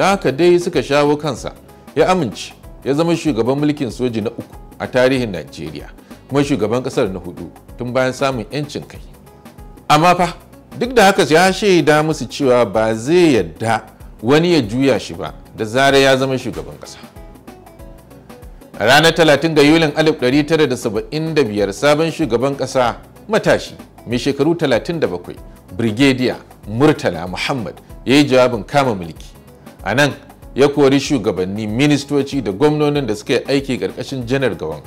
da haka dai suka shawo kansa ya amince ya zama shugaban mulkin soji na uku a tarihin najeriya kuma shugaban kasar na hudu tun bayan samun 'yancin kai amma fa duk da haka ya shaida musu cewa ba zai yadda wani ya juya shi ba da zara ya zama shugaban kasa a ranar 30 ga yulin 1975 sabon shugaban kasa matashi mai shekaru 37 brigadier murtala muhammad ya yi jawabin kama mulki a nan ya kori shugabanni ministoci da gwamnonin da suka yi aiki karkashin janar gawan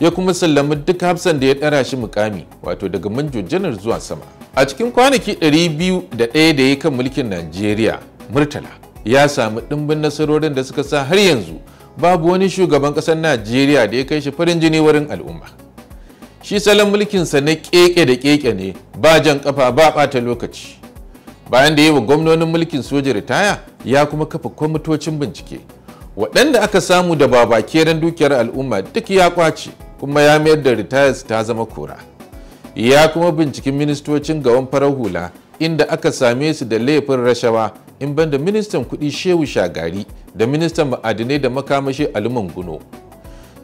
ya kuma sallami duk hafsan da ya ɗara shi mukami wato daga manjo janar zuwa sama a cikin kwanaki 201 da ya kan mulkin najeriya murtala ya samu ɗimbin nasarorin da suka sa har yanzu babu wani shugaban ƙasar najeriya da ya kai shi farin jini wurin al'umma shi salon mulkinsa na keke da keke ne ba jan kafa ba ɓata lokaci bayan da yi wa gwamnonin mulkin soja ritaya ya kuma kafa kwamitocin bincike waɗanda aka samu da ran dukiyar al'umma duk ya kwace kuma ya mayar da su ta zama kora ya kuma binciken ministocin gawan farar hula inda aka same su da laifin rashawa in ban da ministan kuɗi shehu shagari da ministan ma'adinai da makamashi alumin guno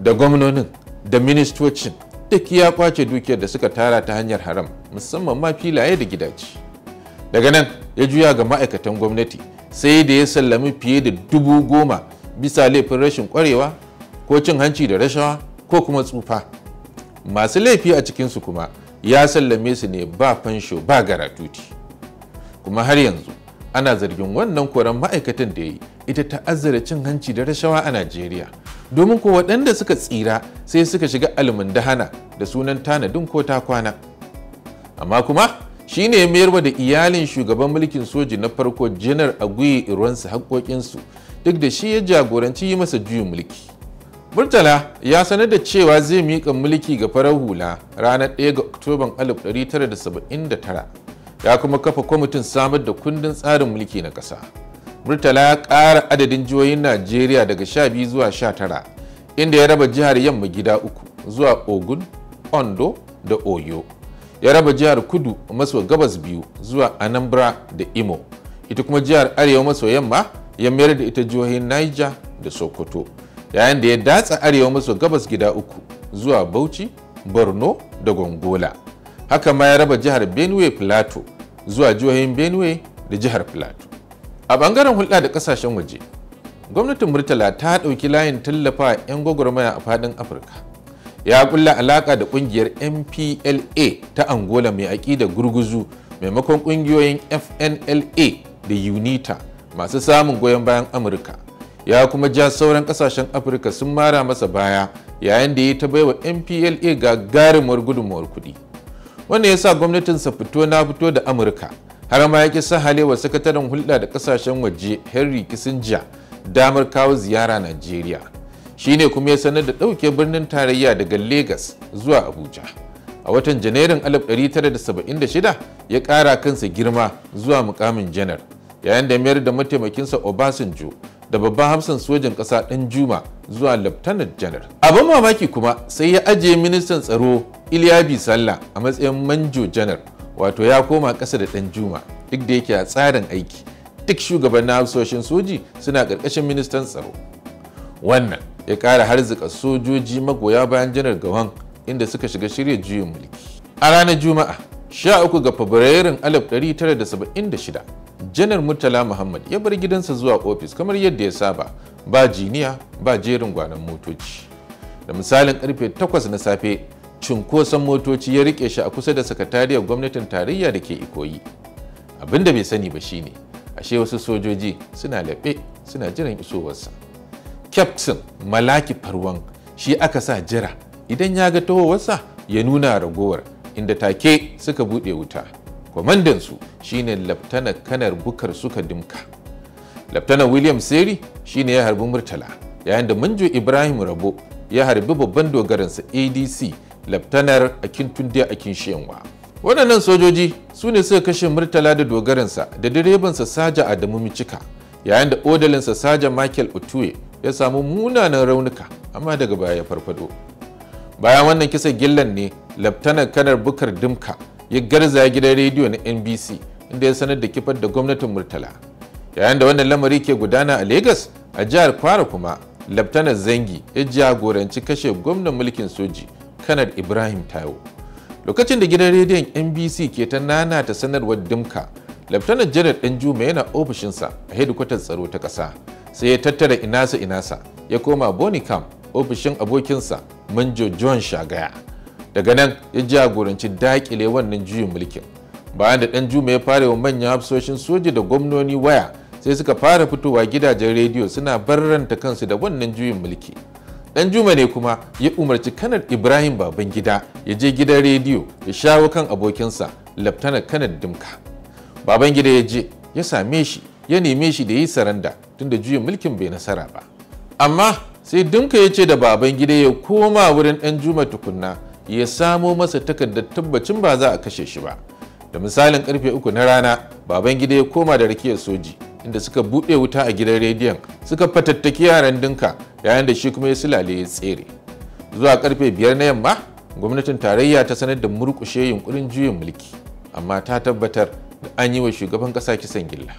da gwamnonin da ministocin duk ya kwace dukiyar da suka tara ta hanyar haram musamman ma filaye da gidaje. daga nan ya juya ga ma'aikatan gwamnati sai da ya sallami fiye da dubu goma bisa laifin rashin kwarewa ko cin hanci da rashawa ko kuma tsufa masu laifi a cikinsu kuma ya sallame su ne ba fansho ba garatuti kuma har yanzu ana zargin wannan koran ma'aikatan da ya yi ita ta'azzara cin hanci da rashawa a najeriya domin ko waɗanda suka tsira sai suka shiga almundahana da sunan tanadin ko ta kwana amma kuma shi ne mayarwa da iyalin shugaban mulkin soji na farko janar aguye iruwansu haƙoƙinsu duk da shi ya jagoranci yi masa juyin mulki murtala ya sanar da cewa zai miƙa mulki ga farar hula ranar 1 ga oktoban 1979 ya kuma kafa kwamitin samar da kundin tsarin mulki na ƙasa murtala ya ƙara adadin jihohin najeriya daga 12 zuwa 19 inda ya raba jihar yamma gida uku zuwa ogun ondo da oyo ya raba jihar kudu maso gabas biyu zuwa anambra da imo ita kuma jihar arewa maso yamma ya mayar da ita jihohin niger da sokoto yayin da ya datsa arewa maso gabas gida uku zuwa bauchi borno da gongola haka ma ya raba jihar benue plateau zuwa jihohin benue da jihar plateau a bangaren hulɗa da kasashen waje gwamnatin murtala ta ɗauki layin tallafa 'yan gwagwarmaya a faɗin afirka ya kulla alaka da kungiyar mpla ta angola mai da gurguzu maimakon kungiyoyin fnla da unita masu samun goyon bayan amurka ya kuma ja sauran kasashen afirka sun mara masa baya yayin da ya ta baiwa mpla gagarumar gudunmawar kuɗi wannan ya sa gwamnatinsa fito na fito da amurka har ma ya ƙi halewa sakataren hulɗa da kasashen waje henry kissinger damar kawo ziyara najeriya Shi ne kuma ya sanar da ɗauke birnin tarayya daga Legas zuwa Abuja. A watan Janairun 1976 ya ƙara kansa girma zuwa mukamin janar, yayin da mayar da mataimakinsa Obasanjo da babban hamsin sojan ƙasa ɗan Juma zuwa Laftanar Janar. Abin mamaki kuma sai ya ajiye ministan tsaro Iliyabi Sallah a matsayin manjo janar, wato ya koma ƙasa da ɗan Juma duk da yake a tsarin aiki. Duk shugaban na soji suna ƙarƙashin ministan tsaro. Wannan ya ƙara harzika sojoji magoya bayan janar gawan inda suka shiga shirya juyin mulki a ranar juma'a 13 ga fabrairun 1976 janar murtala muhammad ya bar gidansa zuwa ofis kamar yadda ya saba ba jiniya ba jerin gwanon motoci da misalin karfe 8 na safe cunkoson motoci ya rike shi a kusa da sakatariyar gwamnatin tarayya da ke ikoyi abinda bai sani ba shine ashe wasu sojoji suna laɓe suna jiran isowarsa kyaftin malaki farwan shi aka sa jira idan ya ga tahowarsa ya nuna ragowar inda take suka buɗe wuta kwamandansu shine laftanar kanar bukar suka dimka laftanar william seri shine ya harbi murtala yayin da manjo ibrahim rabo ya harbi babban dogaransa adc laftanar akintunde akinshiyanwa waɗannan sojoji su ne suka kashe murtala da dogaransa da direbansa saja adamu micika yayin da odalinsa saja michael otuwe ya samu munanan raunuka amma daga baya ya farfado bayan wannan kisan gillan ne laftanar kanar bukar dimka ya garza gidan rediyo na nbc inda ya sanar da kifar da gwamnatin murtala yayin da wannan lamari ke gudana a Legas, a jihar kwara kuma laftanar zangi ya jagoranci kashe gwamnan mulkin soji kanar ibrahim tayo lokacin da gidan rediyon nbc ke ta nana ta sanarwar dimka Laftanar Janar Danjuma yana ofishinsa a hedikwatar tsaro ta ƙasa sai ya tattara inasa inasa ya koma Bonicam ofishin abokinsa Manjo John Shagaya. Daga nan ya jagoranci daƙile wannan juyin mulkin. Bayan da ɗan ya fara wa manyan hafsoshin soja da gwamnoni waya sai suka fara fitowa gidajen rediyo suna barranta kansu da wannan juyin mulki. Danjuma ne kuma ya umarci kanar ibrahim babangida ya je gidan rediyo ya shawo kan abokinsa laftanar kanar dimka babangida ya je ya same shi ya neme shi da yi saranda tunda juyin mulkin bai nasara ba amma sai Dinka ya ce da babangida ya koma wurin ɗan juma tukunna ya samo masa takardar tabbacin ba za a kashe shi ba da misalin karfe uku na rana babangida ya koma da rakiyar soji inda suka buɗe wuta a gidan rediyon suka fatattaki yaran dinka yayin da shi kuma ya sulale ya tsere zuwa karfe biyar na yamma gwamnatin tarayya ta sanar da murƙushe yunkurin juyin mulki amma ta tabbatar Da an yi wa shugaban kasa kisan gilla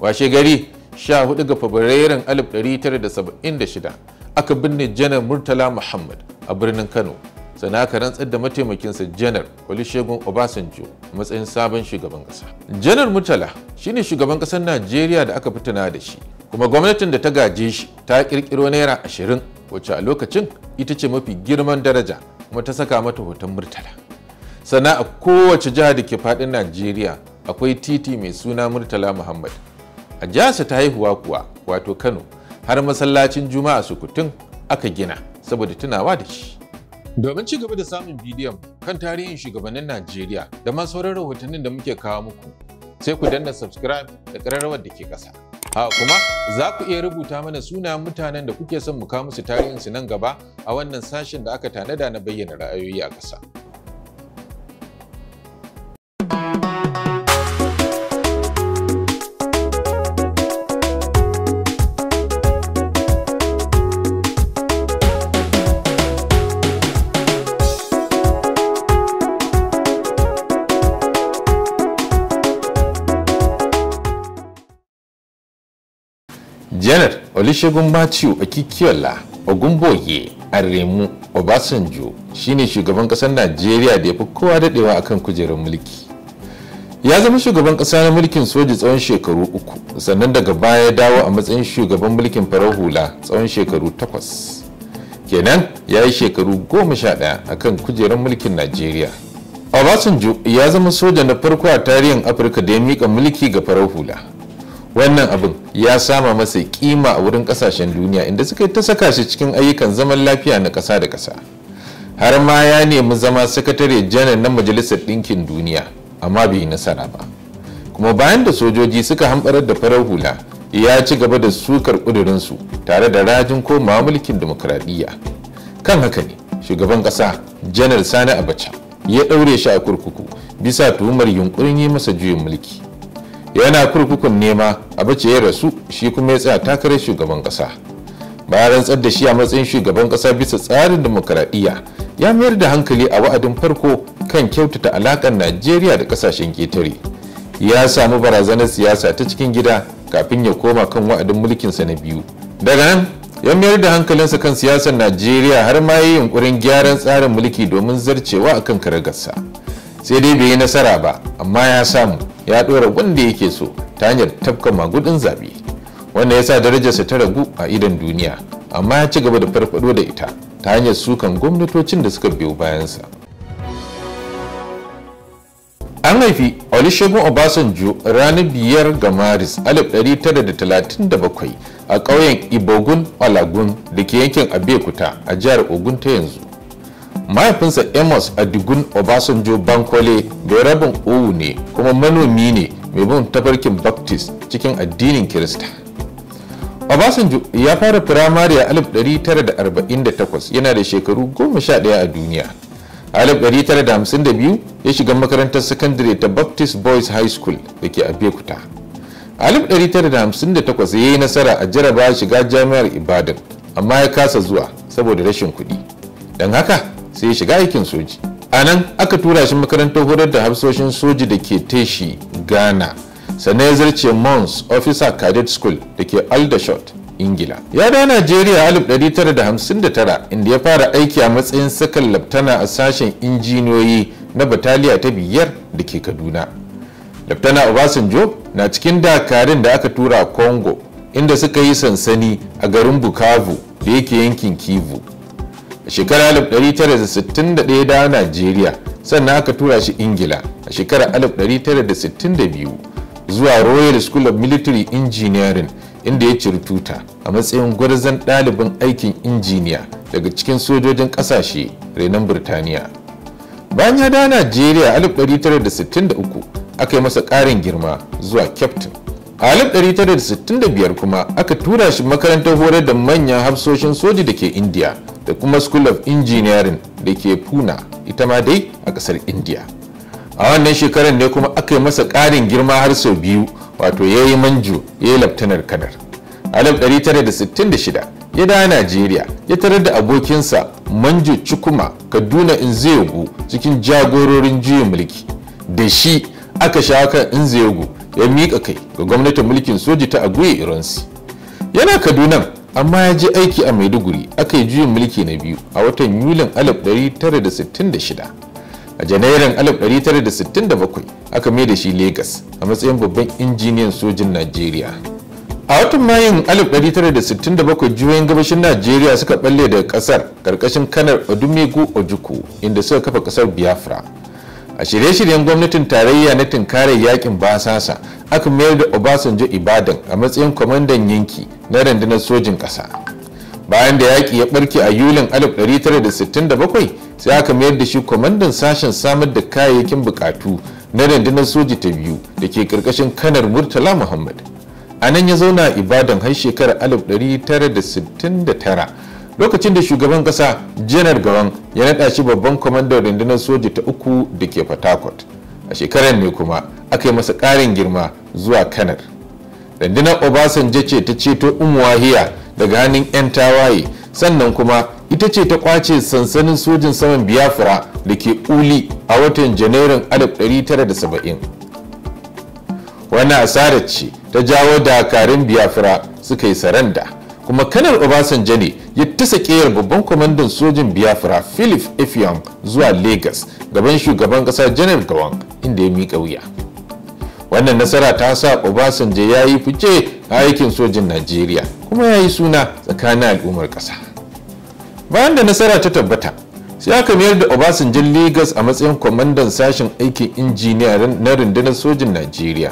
washe gari 14 ga fabrairun 1976 aka binne janar murtala muhammad a birnin kano sana aka rantsar da mataimakinsa janar olusegun obasanjo a matsayin sabon shugaban kasa janar murtala shine shugaban kasar najeriya da aka fitina da shi kuma gwamnatin da ta gaje shi ta kirkiro naira ashirin wacce a lokacin ita ce mafi girman daraja kuma ta saka mata hoton murtala sana a kowace jiha da ke faɗin najeriya akwai titi mai suna murtala muhammad a jasa ta haihuwa kuwa wato kano har masallacin juma'a sukutun aka gina saboda tunawa da shi domin ci gaba da samun bidiyon kan tarihin shugabannin najeriya da ma sauran rahotannin da muke kawo muku sai ku danna subscribe da ƙararrawar da ke ƙasa ha kuma za ku iya rubuta mana suna mutanen da kuke son mu kawo musu tarihin su nan gaba a wannan sashen da aka tanada na bayyana ra'ayoyi a ƙasa janet olusegun matthew akikiola ogunboye aremu obasanjo shine shugaban kasar najeriya da ya fi kowa dadewa akan kujerar mulki ya zama shugaban kasa na mulkin soji tsawon shekaru uku sannan daga baya dawo a matsayin shugaban mulkin farar hula tsawon shekaru takwas kenan ya yi shekaru goma sha ɗaya a kan kujerar mulkin najeriya obasanjo ya zama soja na farko a tarihin afirka da ya miƙa mulki ga farar hula wannan abin ya sama masa kima a wurin kasashen duniya inda suka ta saka shi cikin ayyukan zaman lafiya na ƙasa da ƙasa har ma ya nemi zama sakatare janar na majalisar ɗinkin duniya amma bai nasara ba kuma bayan da sojoji suka hamɓarar da farar hula ya ci gaba da sukar ƙudurinsu tare da rajin komawa mulkin dimokuraɗiyya kan haka ne shugaban ƙasa janar sani abacha ya ɗaure shi a kurkuku bisa tuhumar yunkurin yi masa juyin mulki yana kurkukun nema a bace ya rasu shi kuma ya tsaya takarar shugaban kasa bayan rantsar da shi a matsayin shugaban kasa bisa tsarin demokaradiyya ya mayar da hankali a wa'adin farko kan kyautata alakan najeriya da kasashen ketare ya samu barazanar siyasa ta cikin gida kafin ya koma kan wa'adin mulkinsa na biyu daga nan ya mayar da hankalinsa kan siyasar najeriya har ma yi yunkurin gyaran tsarin mulki domin zarcewa akan karagarsa sai dai bai yi nasara ba amma ya samu ya ɗora wanda yake so ta hanyar tafka magudin zaɓe wanda ya sa darajarsa ta ragu a idon duniya amma ya ci gaba da farfado da ita ta hanyar sukan gwamnatocin da suka biyo bayansa an haifi olusegun obasanjo ranar biyar ga maris 1937 a ƙauyen ibogun olagun da ke yankin abekuta a jihar ogun ta yanzu mahaifinsa amos adigun obasanjo bankole bai rabin owu ne kuma manomi ne mai bin tafarkin baptist cikin addinin kirista obasanjo ya fara firamare a 1948 yana da shekaru 11 a duniya a 1952 ya shiga makarantar secondary ta baptist boys high school da ke abekuta a 1958 ya yi nasara a jaraba shiga jami'ar ibadan amma ya kasa zuwa saboda rashin kuɗi don haka sai ya shiga aikin soji a nan aka tura shi makarantar horar da hafsoshin soji da ke teshi ghana sannan ya zarce mons officer cadet school da ke aldershot ingila ya da najeriya 1959 inda ya fara aiki a matsayin sakan laftana a sashen injiniyoyi na bataliya ta biyar da ke kaduna laftana obasanjo na cikin dakarun da aka tura a congo inda suka yi sansani a garin bukavu da yake yankin kivu a shekarar 1961 da najeriya sannan aka tura shi ingila a shekarar 1962 zuwa royal school of military engineering inda ya ciri tuta a matsayin gwarzon ɗalibin aikin injiniya daga cikin sojojin ƙasashe renon birtaniya bayan ya da najeriya 1963 aka yi masa ƙarin girma zuwa captain a 1965 kuma aka tura shi makarantar horar da manyan hafsoshin soji da ke indiya da kuma school of engineering da ke Puna ita ma dai a kasar india a wannan shekarar ne kuma aka yi masa ƙarin girma har sau biyu wato ya yi manjo ya yi laftanar kadar a 1966 ya da najeriya ya tarar da abokinsa manjo cikuma kaduna inzegu cikin jagororin juyin mulki da shi aka sha kan inzegu ya miƙa kai ga gwamnatin mulkin soji ta aguye iransi yana Kaduna. amma ya je aiki a maiduguri aka yi juyin mulki na biyu a watan yulin 1966 a janairun 1967 aka mai da shi legas a matsayin babban injiniyan sojin najeriya a watan mayun 1967 juyin gabashin najeriya suka balle daga kasar karkashin kanar odumegu ojuku inda suka kafa kasar biafra a shirye-shiryen gwamnatin tarayya na tunkarar yakin basasa aka mayar da obasanjo ibadan a matsayin kwamandan yanki na rundunar sojin ƙasa bayan da yaƙi ya ɓarke a yulin 1967 sai aka mayar da shi kwamandan sashen samar da kayayyakin buƙatu na rundunar soji ta biyu da ke ƙarƙashin kanar murtala muhammad a nan ya zauna ibadan har shekarar 1969 lokacin da shugaban kasa janar gawan ya naɗa shi babban kwamandar rundunar soja ta uku da ke fatakot a shekarar ne kuma aka yi masa ƙarin girma zuwa kanar rundunar obasanjo ce ta ceto umuwahiya daga hannun 'yan tawaye sannan kuma ita ce ta kwace sansanin sojin saman biafra da ke uli a watan janairun 1970 wani asarar ce ta jawo dakarun biafra suka yi saranda kuma kanar obasanjo ne ya tasa ƙeyar babban kwamandan sojin biafra philip effiong zuwa lagos gaban shugaban kasa janar gawan inda ya miƙa wuya wannan nasara ta sa obasanjo ya yi fice a aikin sojin najeriya kuma ya yi suna tsakanin al'ummar kasa. bayan da nasara ta tabbata sai aka mayar da obasanjo lagos a matsayin kwamandan sashen aikin injiniya na rundunar sojin najeriya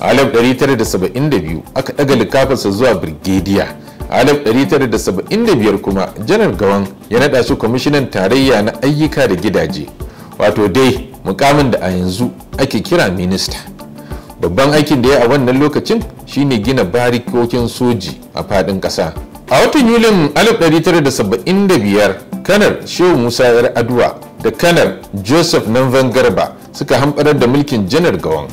a 1972 aka ɗaga likafinsa zuwa birgediya a 1975 kuma janar gawan ya naɗa su kwamishinan tarayya na ayyuka da gidaje wato dai mukamin da a yanzu ake kira minista babban aikin da ya a wannan lokacin shine gina barikokin soji a fadin ƙasa a watan yulin 1975 kanar shehu musa yar aduwa da kanar joseph nanvan garba suka hamɓarar da mulkin janar gawan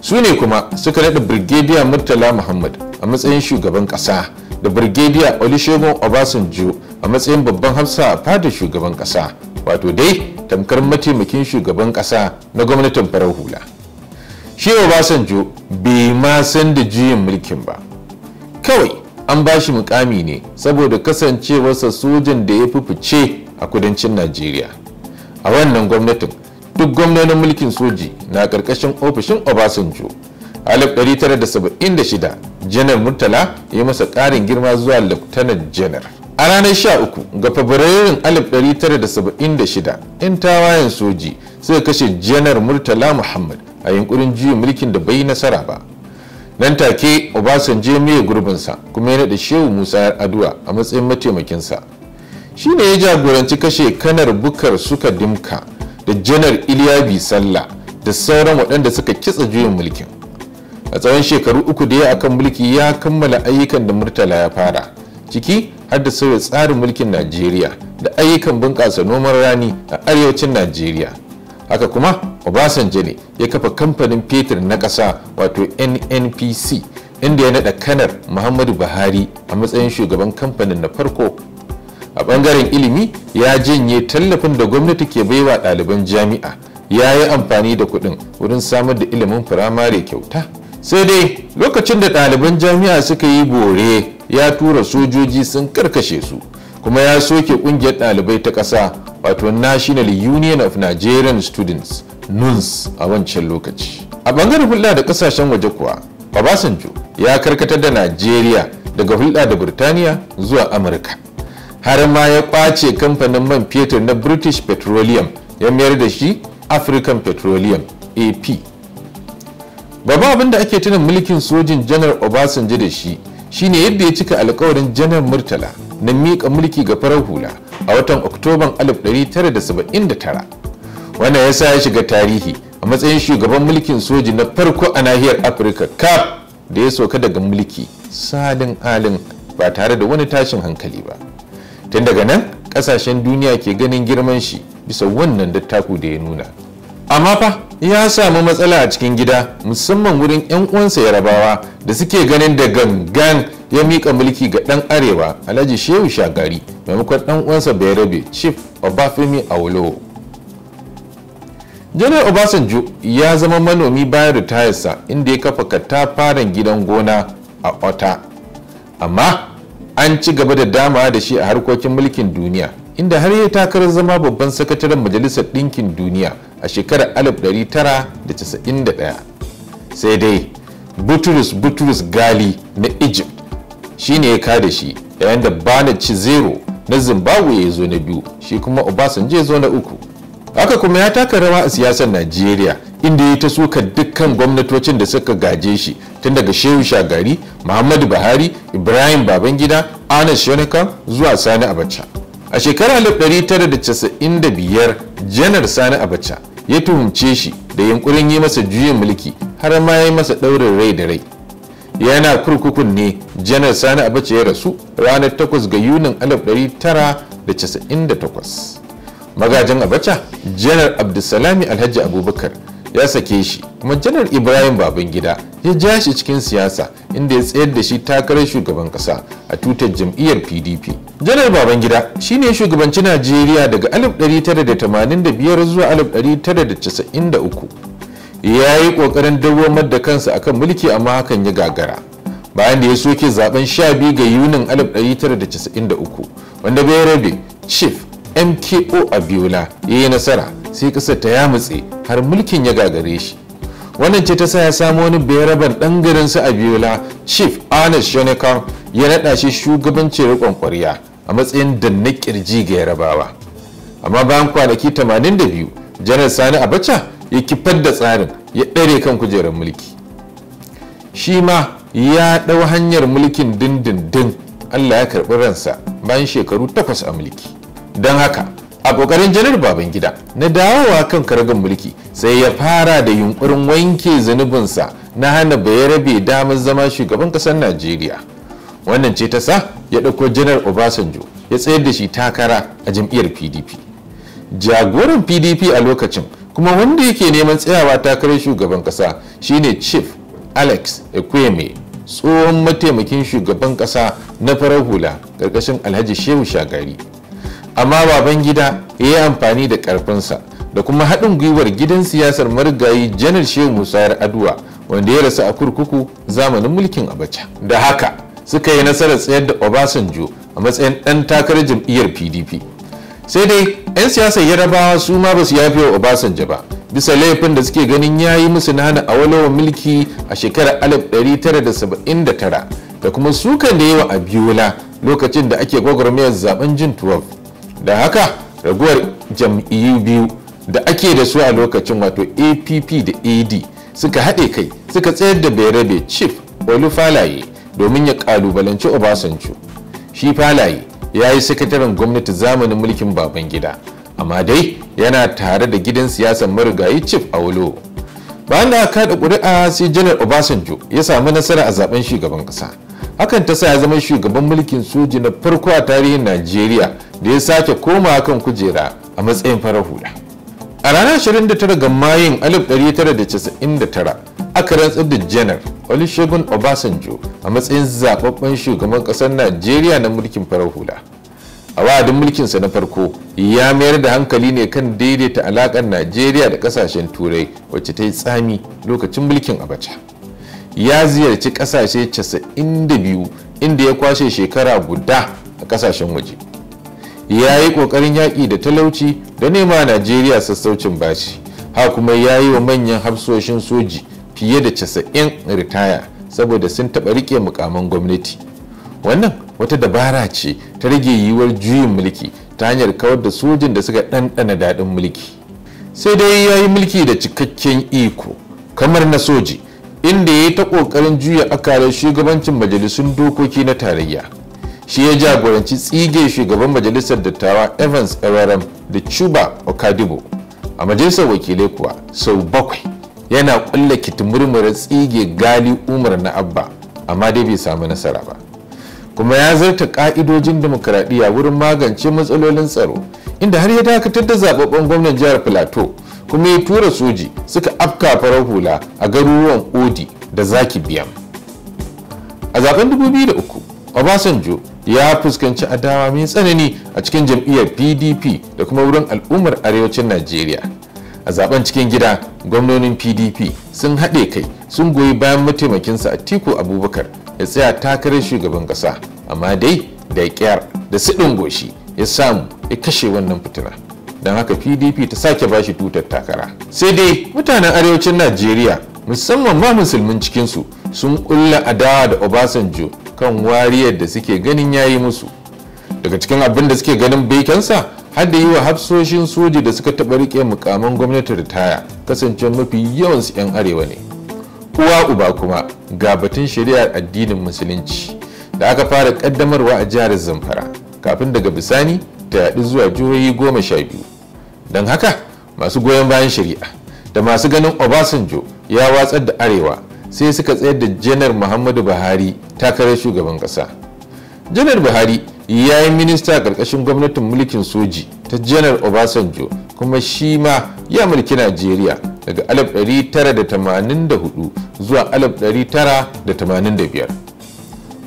su ne kuma suka naɗa birgediya murtala muhammad a matsayin shugaban ƙasa da brigadier olusegun obasanjo a matsayin babban hafsa a fadar shugaban ƙasa wato dai tamkar mataimakin shugaban ƙasa na gwamnatin farar hula shi obasanjo bai ma san da juyin mulkin ba kawai an ba shi mukami ne saboda kasancewarsa sojan da ya fifice a kudancin najeriya a wannan gwamnatin duk gwamnonin mulkin soji na ƙarƙashin ofishin obasanjo 1976 janar murtala ya masa ƙarin girma zuwa lieutenant janar a ranar 13 ga fabrairun 1976 'yan tawayen soji suka kashe janar murtala muhammad a yunkurin juyin mulkin da bai nasara ba nan take obasanjo mai gurbinsa kuma ya naɗa shehu musa yar aduwa a matsayin mataimakinsa shi ne ya jagoranci kashe kanar bukar suka dimka da janar iliyabi sallah da sauran waɗanda suka kitsa juyin mulkin a tsawon shekaru uku da ya akan mulki ya kammala ayyukan da murtala ya fara ciki har da sauya tsarin mulkin najeriya da ayyukan bunƙasa noman rani a arewacin najeriya haka kuma obasanjo ne ya kafa kamfanin fetur na ƙasa wato nnpc inda ya naɗa kanar muhammadu buhari a matsayin shugaban kamfanin na farko a ɓangaren ilimi ya janye tallafin da gwamnati ke baiwa ɗaliban jami'a ya yi amfani da kuɗin wurin samar da ilimin firamare kyauta sai dai lokacin da ɗaliban jami'a suka yi bore ya tura sojoji sun karkashe su kuma ya soke ƙungiyar ɗalibai ta ƙasa wato national union of nigerian students nuns a wancan lokaci a bangaren hulɗa da ƙasashen waje kuwa babasanjo ya karkatar da najeriya daga hulɗa da Burtaniya zuwa amurka har ma ya ƙwace kamfanin man fetur na british petroleum ya mayar da shi african petroleum ap baba abin da ake tunan mulkin sojin janar obasanjo da shi shine yadda ya cika alkawarin janar murtala na miƙa mulki ga farar hula a watan oktoban 1979 wannan ya sa ya shiga tarihi a matsayin shugaban mulkin soji na farko a nahiyar afirka kaf da ya soka daga mulki salin alin ba tare da wani tashin hankali ba tun daga nan ƙasashen duniya ke ganin girman shi bisa wannan dattaku da ya nuna amma fa ya samu matsala a cikin gida musamman wurin 'yan uwansa yarabawa da suke ganin da gangan ya mika mulki ga ɗan arewa alhaji shehu shagari maimakon ɗan uwansa bayarabe chief obafemi awolo janar obasanjo ya zama manomi bayan ritayarsa inda ya kafa katafaren gidan gona a ota amma an ci gaba da dama da shi a harkokin mulkin duniya inda har ya takarar zama babban sakataren majalisar ɗinkin duniya a shekarar 1991 sai dai butrus butrus gali na egypt shine ya kada shi yayin da ci cizero na zimbabwe ya zo na biyu shi kuma obasanjo ya zo na uku haka kuma ya taka rawa a siyasar najeriya inda ya ta suka dukkan gwamnatocin da suka gaje shi tun daga shehu shagari muhammadu buhari ibrahim babangida anas shonika zuwa sani abacha a shekarar 1995 janar sani abacha ya tuhumce shi da yunkurin yi masa juyin mulki har ma ya yi masa ɗaurin rai da rai yana kurkukun ne janar sani abace ya rasu ranar 8 ga yunin 1998 magajin abacha janar abdulsalami alhaji abubakar ya sake shi kuma janar ibrahim babangida ya ja shi cikin siyasa inda ya tsayar da shi takarar shugaban kasa a tutar jam'iyyar pdp janar baban babangida shine shugabanci najeriya daga 1985 zuwa 1993 ya yi kokarin dawomar da kansa akan mulki amma hakan ya gagara bayan da ya soke zaben 12 ga yunin 1993 wanda bai rabe chief mko abiola ya yi nasara sai kasar ta yamutse har mulkin ya gagare shi wannan ce ta sa ya samu wani bayaraban ɗan garin a abiola chief ernest shonekar ya naɗa shi shugabancin riƙon ƙwarya a matsayin na kirji ga yarabawa amma bayan kwanaki 82 janar sani abacha ya kifar da tsarin ya ɗare kan kujerar mulki shi ma ya ɗau hanyar mulkin dindindin allah ya karɓi ransa bayan shekaru takwas a mulki don haka a ƙoƙarin janar babangida na dawowa kan karagan mulki sai ya fara da yunkurin wanke zunubinsa na hana bayarabe damar zama shugaban ƙasar najeriya wannan ce ta sa ya ɗauko janar obasanjo ya tsayar da shi takara a jam'iyyar pdp jagoran pdp a lokacin kuma wanda yake neman tsayawa takarar shugaban ƙasa shine chief alex ekweme tsohon mataimakin shugaban ƙasa na farar hula ƙarƙashin alhaji shehu shagari amma baban gida ya yi amfani da karfinsa da kuma haɗin gwiwar gidan siyasar marigayi janar shehu musayar aduwa wanda ya rasu a kurkuku zamanin mulkin abacha da haka suka yi nasarar tsayar da obasanjo a matsayin ɗan takarar jam'iyyar pdp sai dai 'yan siyasar yarabawa su ma ba su yafi wa obasanjo ba bisa laifin da suke ganin ya yi musu nana hana awalowar mulki a shekarar 1979 da kuma sukan da yawa a biyola lokacin da ake gwagwarmayar zaben jin 12 da haka raguwar jam'iyyu biyu da ake da su a lokacin wato app da ad suka haɗe kai suka tsayar da berebe chief olufalaye domin ya kalubalanci obasanjo shi falaye ya yi sakataren gwamnati zamanin mulkin baban gida amma dai yana tare da gidan siyasar marigayi chief aulo bayan da aka da ƙuri'a sai janar obasanjo ya samu nasara a zaben shugaban ƙasa hakan ta sa ya zama shugaban mulkin soji na farko a tarihin najeriya da ya sake koma kan kujera a matsayin farar hula a ranar 29 ga mayun 1999 aka rantsar da janar olusegun obasanjo a matsayin zababben shugaban ƙasar najeriya na mulkin farar hula a wa'adin mulkinsa na farko ya mayar da hankali ne kan daidaita alakar najeriya da ƙasashen turai wacce ta yi tsami lokacin mulkin abacha ya ziyarci kasashe 92 inda ya kwashe shekara guda a ƙasashen waje ya yi ƙoƙarin yaƙi da talauci da nema najeriya sassaucin bashi ha kuma ya yi wa manyan hafsoshin soji fiye da casa'in ritaya saboda sun taɓa riƙe mukaman gwamnati wannan wata dabara ce ta rage yiwuwar juyin mulki ta hanyar kawar da sojin da suka ɗanɗana daɗin mulki sai dai ya yi mulki da cikakken iko kamar na soji inda ya yi ta ƙoƙarin juya akalar shugabancin majalisun dokoki na tarayya shi ya jagoranci tsige shugaban majalisar dattawa evans ewerem da chuba okadibo a majalisar wakilai kuwa sau bakwai yana kulla kitimurmura tsige gali umar na abba amma dai bai samu nasara ba kuma ya zarta ka'idojin demokuraɗiyya wurin magance matsalolin tsaro inda har ya dakatar da zaɓaɓɓen gwamnan jihar plateau kuma ya tura soji suka afka farar hula a garuruwan odi da zaki biyan a zaben 2003 obasanjo ya fuskanci adawa mai tsanani a cikin jam'iyyar pdp da kuma wurin al'ummar arewacin najeriya a zaben cikin gida gwamnonin pdp sun haɗe kai sun goyi bayan mataimakinsa a tiku abubakar ya tsaya takarar shugaban ƙasa amma dai da ƙyar da siɗin goshi ya samu ya kashe wannan fitina don haka pdp ta sake bashi tutar takara sai dai mutanen arewacin najeriya musamman ma musulmin cikinsu sun ƙulla adawa da obasanjo kan wariyar da suke ganin ya yi musu daga cikin abin da suke ganin bekensa har da yi wa hafsoshin soji da suka taɓa riƙe mukaman gwamnati ritaya kasance mafi yawansu 'yan arewa ne uwa uba kuma ga batun shari'ar addinin musulunci da aka fara ƙaddamarwa a jihar zamfara kafin daga bisani ta yaɗu zuwa jihohi goma sha biyu don haka masu goyon bayan shari'a da masu ganin obasanjo ya watsar da arewa sai suka tsayar da janar muhammadu buhari takarar shugaban kasa janar buhari ya yi minista karkashin gwamnatin mulkin soji ta janar obasanjo kuma shi ma ya mulki najeriya daga 1984 zuwa 1985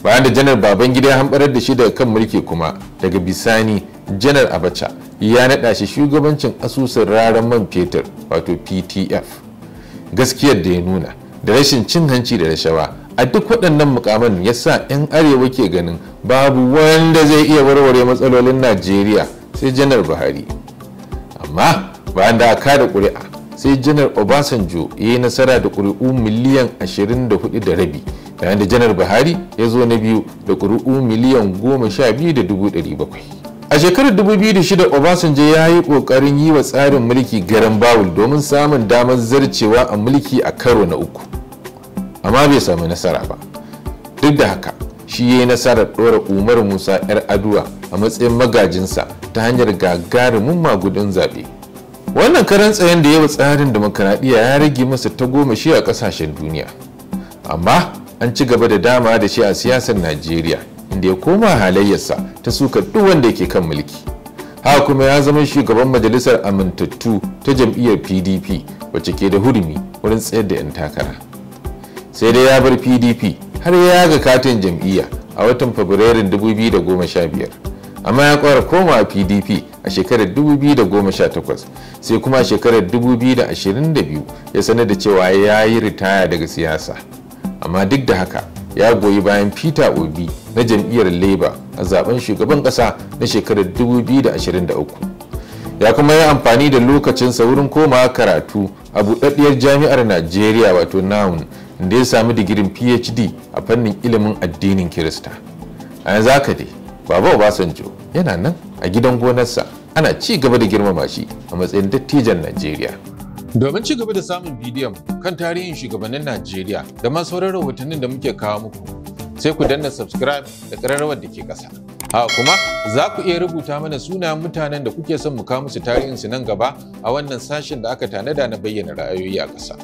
bayan da janar babangida ya hamɓarar da shi daga kan mulki kuma daga bisani janar abacha ya naɗa shi shugabancin asusun raran man fetur wato ptf gaskiyar da ya nuna da rashin cin hanci da rashawa a duk waɗannan mukaman ya sa 'yan arewa ke ganin babu wanda zai iya warware matsalolin najeriya sai janar buhari amma ba da a da ƙuri'a sai janar obasanjo ya yi nasara da ƙuri'u miliyan 24 da rabi yayin da janar buhari ya zo na biyu da ƙuri'u miliyan 12,700 a shekarar 2006 obasanjo ya yi kokarin yi wa tsarin mulki garin bawul domin samun damar zarcewa a mulki a karo na uku amma bai sami nasara ba duk da haka shi ya yi nasarar ɗora umar musa yar aduwa a matsayin magajinsa ta hanyar gagarumin magudin zaɓe wannan karan tsayen da ya wa tsarin dimokuraɗiyya ya rage masa ta goma shi a ƙasashen duniya amma an ci gaba da dama da shi a siyasar najeriya inda ya koma halayyarsa ta suka duk wanda ke kan mulki haka kuma ya zama shugaban majalisar amintattu ta jam'iyyar pdp wacce ke da hurumi wurin tsayar da 'yan takara sai dai ya bar pdp har ya yaga katin jam'iyya a watan fabrairun 2015 amma ya kwara a pdp a shekarar 2018 sai kuma a shekarar 2022 ya sanar da cewa ya yi ritaya daga siyasa amma duk da haka ya goyi bayan peter obi na jam'iyyar labour a zaben shugaban kasa na shekarar 2023 ya kuma yi amfani da lokacinsa wurin koma karatu a buɗaɗɗiyar jami'ar najeriya wato noun da ya sami digirin phd a fannin ilimin addinin kirista a yanzu haka dai baba obasanjo yana nan a gidan gonarsa ana ci gaba da girmama shi a matsayin dattijan najeriya domin ci gaba da samun bidiyon kan tarihin shugabannin najeriya da ma sauran rahotannin da muke kawo muku sai ku danna subscribe da ƙararrawar da ke ƙasa. a kuma za ku iya rubuta mana sunayen mutanen da kuke son mu kawo musu tarihinsu nan gaba a wannan sashen da aka tanada na bayyana ra'ayoyi a ƙasa.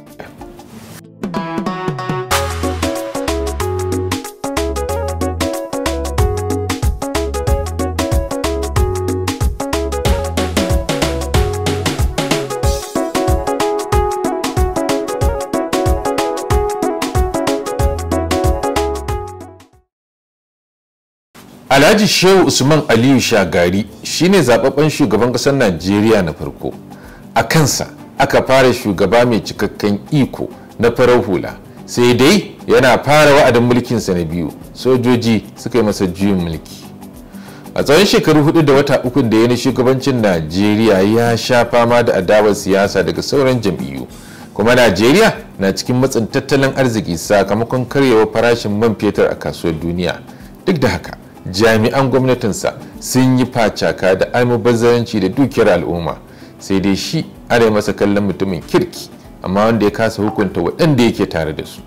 Alhaji Shehu Usman Aliyu Shagari shine zababben shugaban kasar Najeriya na farko. A kansa aka fara shugaba mai cikakken iko na farar hula. Sai dai yana fara wa'adin mulkinsa na biyu, sojoji suka yi masa juyin mulki. A tsawon shekaru hudu da wata uku da ya na shugabancin Najeriya ya sha fama da adawar siyasa daga sauran jam'iyyu. Kuma Najeriya na cikin matsin tattalin arziki sakamakon karyewar farashin man fetur a kasuwar duniya. Duk da haka, jami'an gwamnatinsa sun yi facaka da almubazzaranci da dukiyar al'umma sai dai shi ana masa kallon mutumin kirki amma wanda ya kasa hukunta waɗanda yake tare da su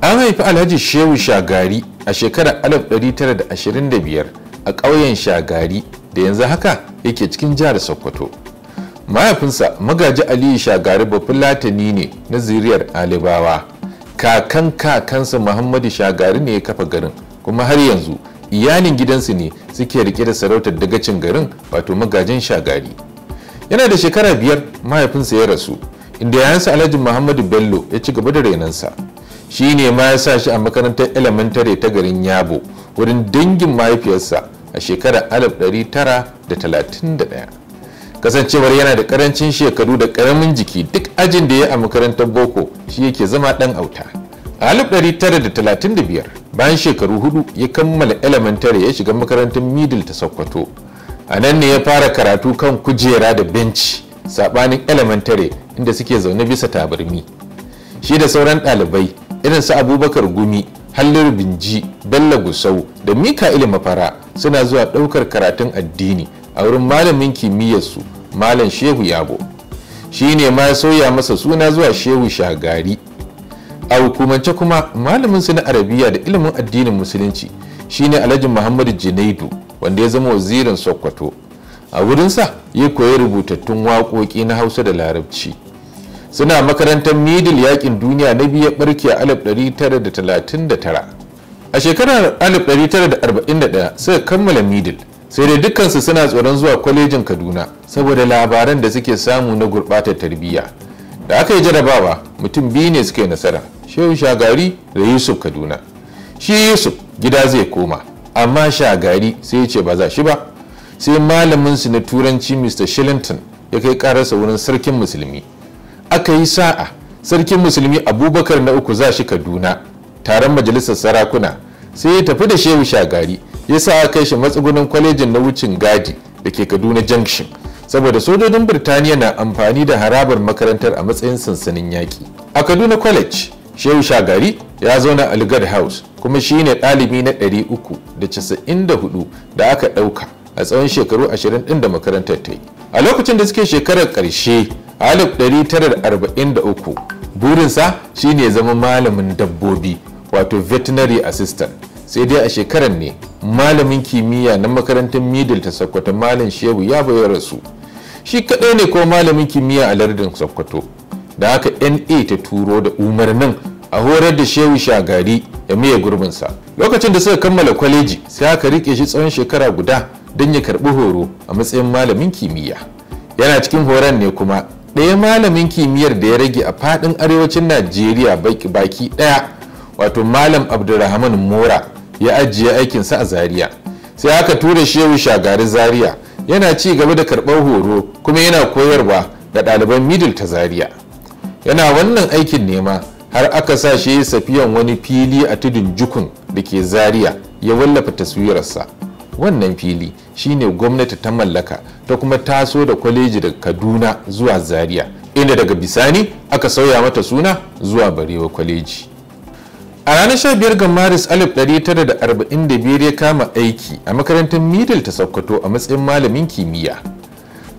an haifi alhaji shehu shagari a shekarar 1925 a ƙauyen shagari da yanzu haka yake cikin jihar sokoto mahaifinsa magaji aliyu shagari latani ne na ziriyar alibawa kakan kakansa muhammadu shagari ne ya kafa garin kuma har yanzu iyalin gidansu ne suke rike da sarautar dagacin garin wato magajin shagari yana da shekara biyar mahaifinsa ya rasu inda yayansa alhaji muhammadu bello ya ci gaba da rainansa shi ne ma ya sa shi a makarantar elementare ta garin yabo wurin dangin mahaifiyarsa a shekarar 1931 kasancewar yana da karancin shekaru da karamin jiki duk ajin da ya a makarantar boko shi yake zama dan auta a 1935 bayan shekaru hudu ya kammala elementary ya shiga makarantar middle ta sokoto a nan ne ya fara karatu kan kujera da benci sabanin elementary inda suke zaune bisa tabarmi shi da sauran ɗalibai irin su abubakar gumi hallar binji bello gusau da mika mafara suna zuwa ɗaukar karatun addini a wurin malamin kimiyyarsu malam shehu yabo shi ne ma ya sauya masa suna zuwa shehu shagari a hukumance kuma malamin su na arabiya da ilimin addinin musulunci shine alhaji muhammadu junaidu wanda ya zama wazirin sokoto a wurinsa ya koyi rubutattun waƙoƙi na hausa da larabci suna makarantar midil yakin duniya na biyu ya barke a 1939 a shekarar 1941 suka kammala middle sai dai dukkansu suna tsoron zuwa kwalejin kaduna saboda labaran da suke samu na gurbatar tarbiyya da aka yi jarabawa mutum biyu ne suke nasara shehu shagari da yusuf kaduna shi yusuf gida zai koma amma shagari sai ya ce ba za shi ba sai malamin su na turanci mr shillington ya kai karasa wurin sarkin musulmi aka yi sa'a sarkin musulmi abubakar na uku za shi kaduna taron majalisar sarakuna sai ya tafi da shehu shagari sa aka kai shi matsugunan kwalejin na wucin gadi da ke kaduna junction saboda sojojin birtaniya na amfani da harabar makarantar a matsayin sansanin yaki. a kaduna college shehu shagari ya zauna a ligard house kuma shi ne ɗalibi na 394 da aka ɗauka a tsawon shekaru 20 ɗin da makarantar ta yi a lokacin da suke shekarar ƙarshe 1943 burinsa shine zama malamin dabbobi wato veterinary assistant sai dai a shekarar ne malamin kimiyya na makarantar middle ta sokoto malam shehu ya bayar rasu shi kadai ne ko malamin kimiyya a lardin sokoto da haka na ta turo da umarnin a horar da shehu shagari ya gurbin gurbinsa lokacin da suka kammala kwaleji sai aka rike shi tsawon shekara guda don ya karbi horo a matsayin malamin kimiyya yana cikin horon ne kuma ɗaya malamin kimiyyar da ya rage a faɗin arewacin najeriya baki ɗaya wato malam abdulrahman mora ya ajiye aikinsa a zaria sai aka tura shehu shagari zaria yana ci gaba da karɓar horo kuma yana koyarwa ga ɗaliban middle ta zaria yana wannan aikin nema har aka sa shi ya safiyan wani fili a tudun jukun da ke zaria ya wallafa taswirarsa wannan fili shine gwamnati ta mallaka ta kuma taso da kwaleji daga kaduna zuwa zaria inda daga bisani aka sauya mata suna zuwa barewa kwaleji a ranar 15 ga maris 1945 ya kama aiki a makarantar middle ta sokoto a matsayin malamin kimiyya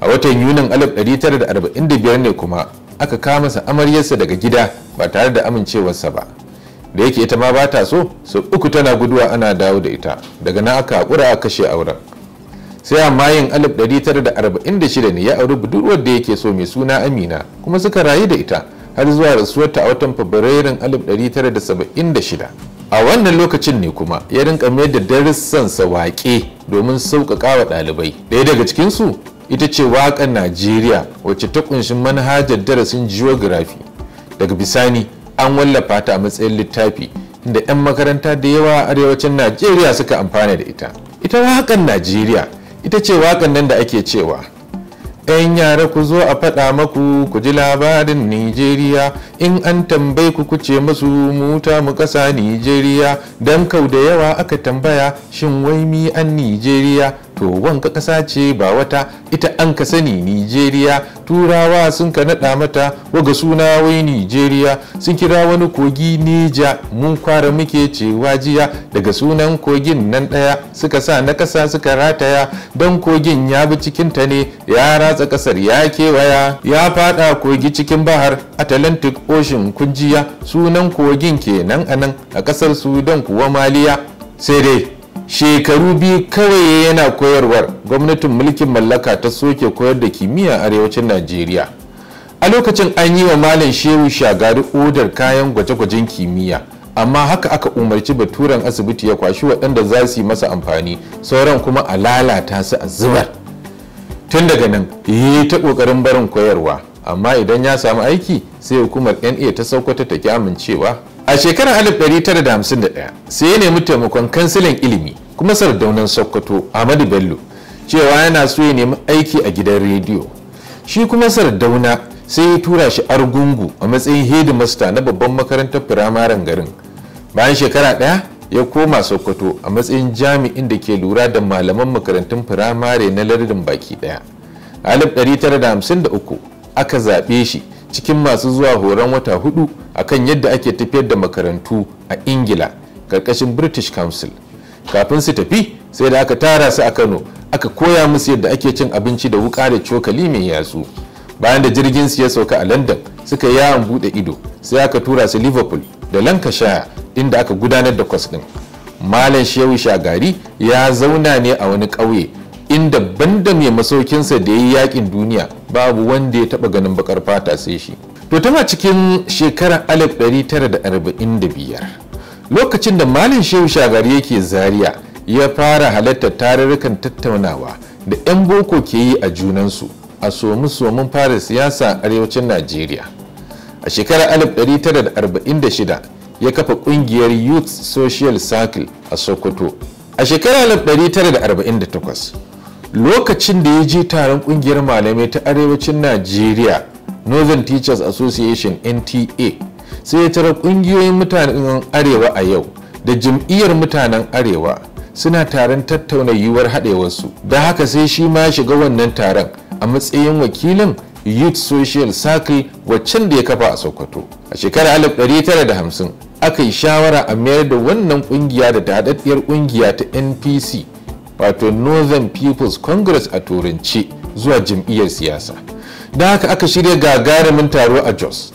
a watan yunin 1945 ne kuma aka kama sa amaryarsa daga gida ba tare da amincewarsa ba da yake ita ma ba ta so su uku tana guduwa ana dawo da ita daga na aka haƙura a kashe auren sai a mayin 1946 ne ya auri budurwar da yake so mai suna amina kuma suka rayu da ita har zuwa rasuwarta a watan fabrairun 1976 a wannan lokacin ne kuma ya rinka mai da sa waƙe domin sauƙaƙa wa ɗalibai ɗaya daga cikinsu ita ce waƙar najeriya wacce ta ƙunshi manhajar darasin geography daga bisani an wallafa ta a matsayin littafi inda 'yan makaranta da yawa a arewacin najeriya suka amfana da ita ita waƙar najeriya ita ce waƙar nan da ake cewa 'yan yara ku zo a faɗa maku ku ji labarin Nijeriya in an tambaye ku kuce masu muta mu ƙasa Nijeriya don kau da yawa aka tambaya shin wai mi an Nijeriya to wanka ƙasa ce ba wata ita an ka sani nigeria turawa sun ka naɗa mata waga suna wai nigeria sun kira wani kogi nija mun kwara muke cewa jiya daga sunan kogin nan ɗaya suka sa na ƙasa suka rataya don kogin ya bi cikin ta ne ya ratsa ƙasar ya kewaya ya faɗa kogi cikin bahar atlantic ocean kunjiya sunan kogin kenan anan a ƙasar sudan kuwa maliya sai dai shekaru biyu kawai yana koyarwar gwamnatin mulkin mallaka ta soke koyar da kimiyya arewacin najeriya a lokacin an yi wa malam shehu shagari odar kayan gwaje-gwajen kimiyya amma haka aka umarci baturen asibiti ya kwashi waɗanda za su yi masa amfani sauran kuma a lalata su a zubar tun daga nan yi ta ƙoƙarin barin koyarwa amma idan ya samu aiki sai hukumar na ta sauko ta take amincewa a shekarar 1951 sai ya nemi taimakon kansilan ilimi kuma sardaunan sokoto ahmadu bello cewa yana so ya nemi aiki a gidan rediyo shi kuma sardauna sai ya tura shi argungu a matsayin hedimasta na babban makarantar firamaren garin bayan shekara ɗaya ya koma sokoto a matsayin jami'in da ke lura da malaman makarantun firamare na lardin baki ɗaya a 1953 aka zaɓe shi cikin masu zuwa horon wata hudu akan yadda ake tafiyar da makarantu a ingila karkashin british council kafin su tafi sai da aka tara su a kano aka koya musu yadda ake cin abinci da wuka da cokali mai yatsu bayan da jirgin su ya sauka a london suka yi yawon bude ido sai aka tura su liverpool da lancashire inda aka gudanar da kwas din malam shehu shagari ya zauna ne a wani ƙauye inda banda mai masaukinsa da ya yi yakin duniya babu wanda ya taba ganin bakar fata sai shi to tana cikin shekarar 1945 lokacin da malin shehu shagari yake Zariya ya fara halartar tarurrukan tattaunawa da 'yan boko ke yi a junansu a somi somin fara siyasa a arewacin najeriya a shekarar 1946 ya kafa kungiyar youth social circle a sokoto a shekarar 1948 lokacin da ya je taron kungiyar malamai ta arewacin najeriya northern teachers association nta sai ya tara kungiyoyin mutanen arewa a yau da jam'iyyar mutanen arewa suna taron tattauna yiwuwar haɗewarsu da haka sai shi ma shiga wannan taron a matsayin wakilin youth social circle waccan da ya kafa a sokoto a shekarar 1950 aka yi shawara a mayar da wannan kungiya da haɗaɗɗiyar kungiya ta npc wato northern people's congress a turanci zuwa jam'iyyar siyasa don haka aka shirya gagarumin taro a jos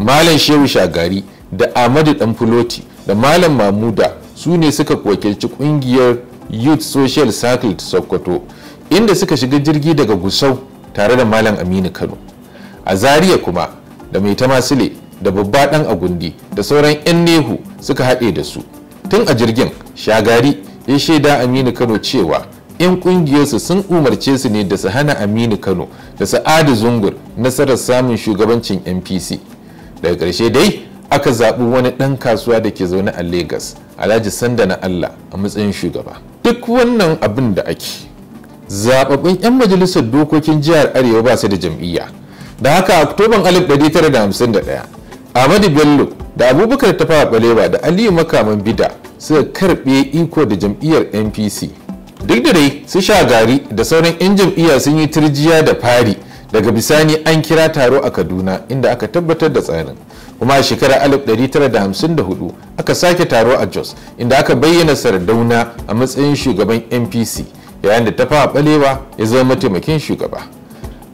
malam shehu shagari da ahmadu danfuloti da malam mamuda su ne suka wakilci kungiyar youth social circle sokoto inda suka shiga jirgi daga gusau tare da malam aminu kano a zaria kuma da mai tamasile da babba dan agundi da sauran 'yan nehu suka haɗe da su tun a jirgin shagari ya shaida aminu kano cewa 'yan kungiyarsu sun umarce su ne da su hana aminu kano da sa'adu zungur nasarar samun shugabancin npc daga ƙarshe dai aka zaɓi wani ɗan kasuwa da ke zaune a lagos alhaji sanda na allah a matsayin shugaba duk wannan abin da ake zaɓaɓɓun 'yan majalisar dokokin jihar arewa ba su da jam'iyya da haka a oktoban 1951 ahmadu bello da abubakar tafawa balewa da aliyu makaman bida suka karbe iko da jam'iyyar npc duk da dai su sha gari da sauran 'yan jam'iyya sun yi turjiya da fari daga bisani an kira taro a kaduna inda aka tabbatar da tsarin kuma a shekarar 1954 aka sake taro a jos inda aka bayyana sardauna a matsayin shugaban npc yayin da tafawa balewa ya zama mataimakin shugaba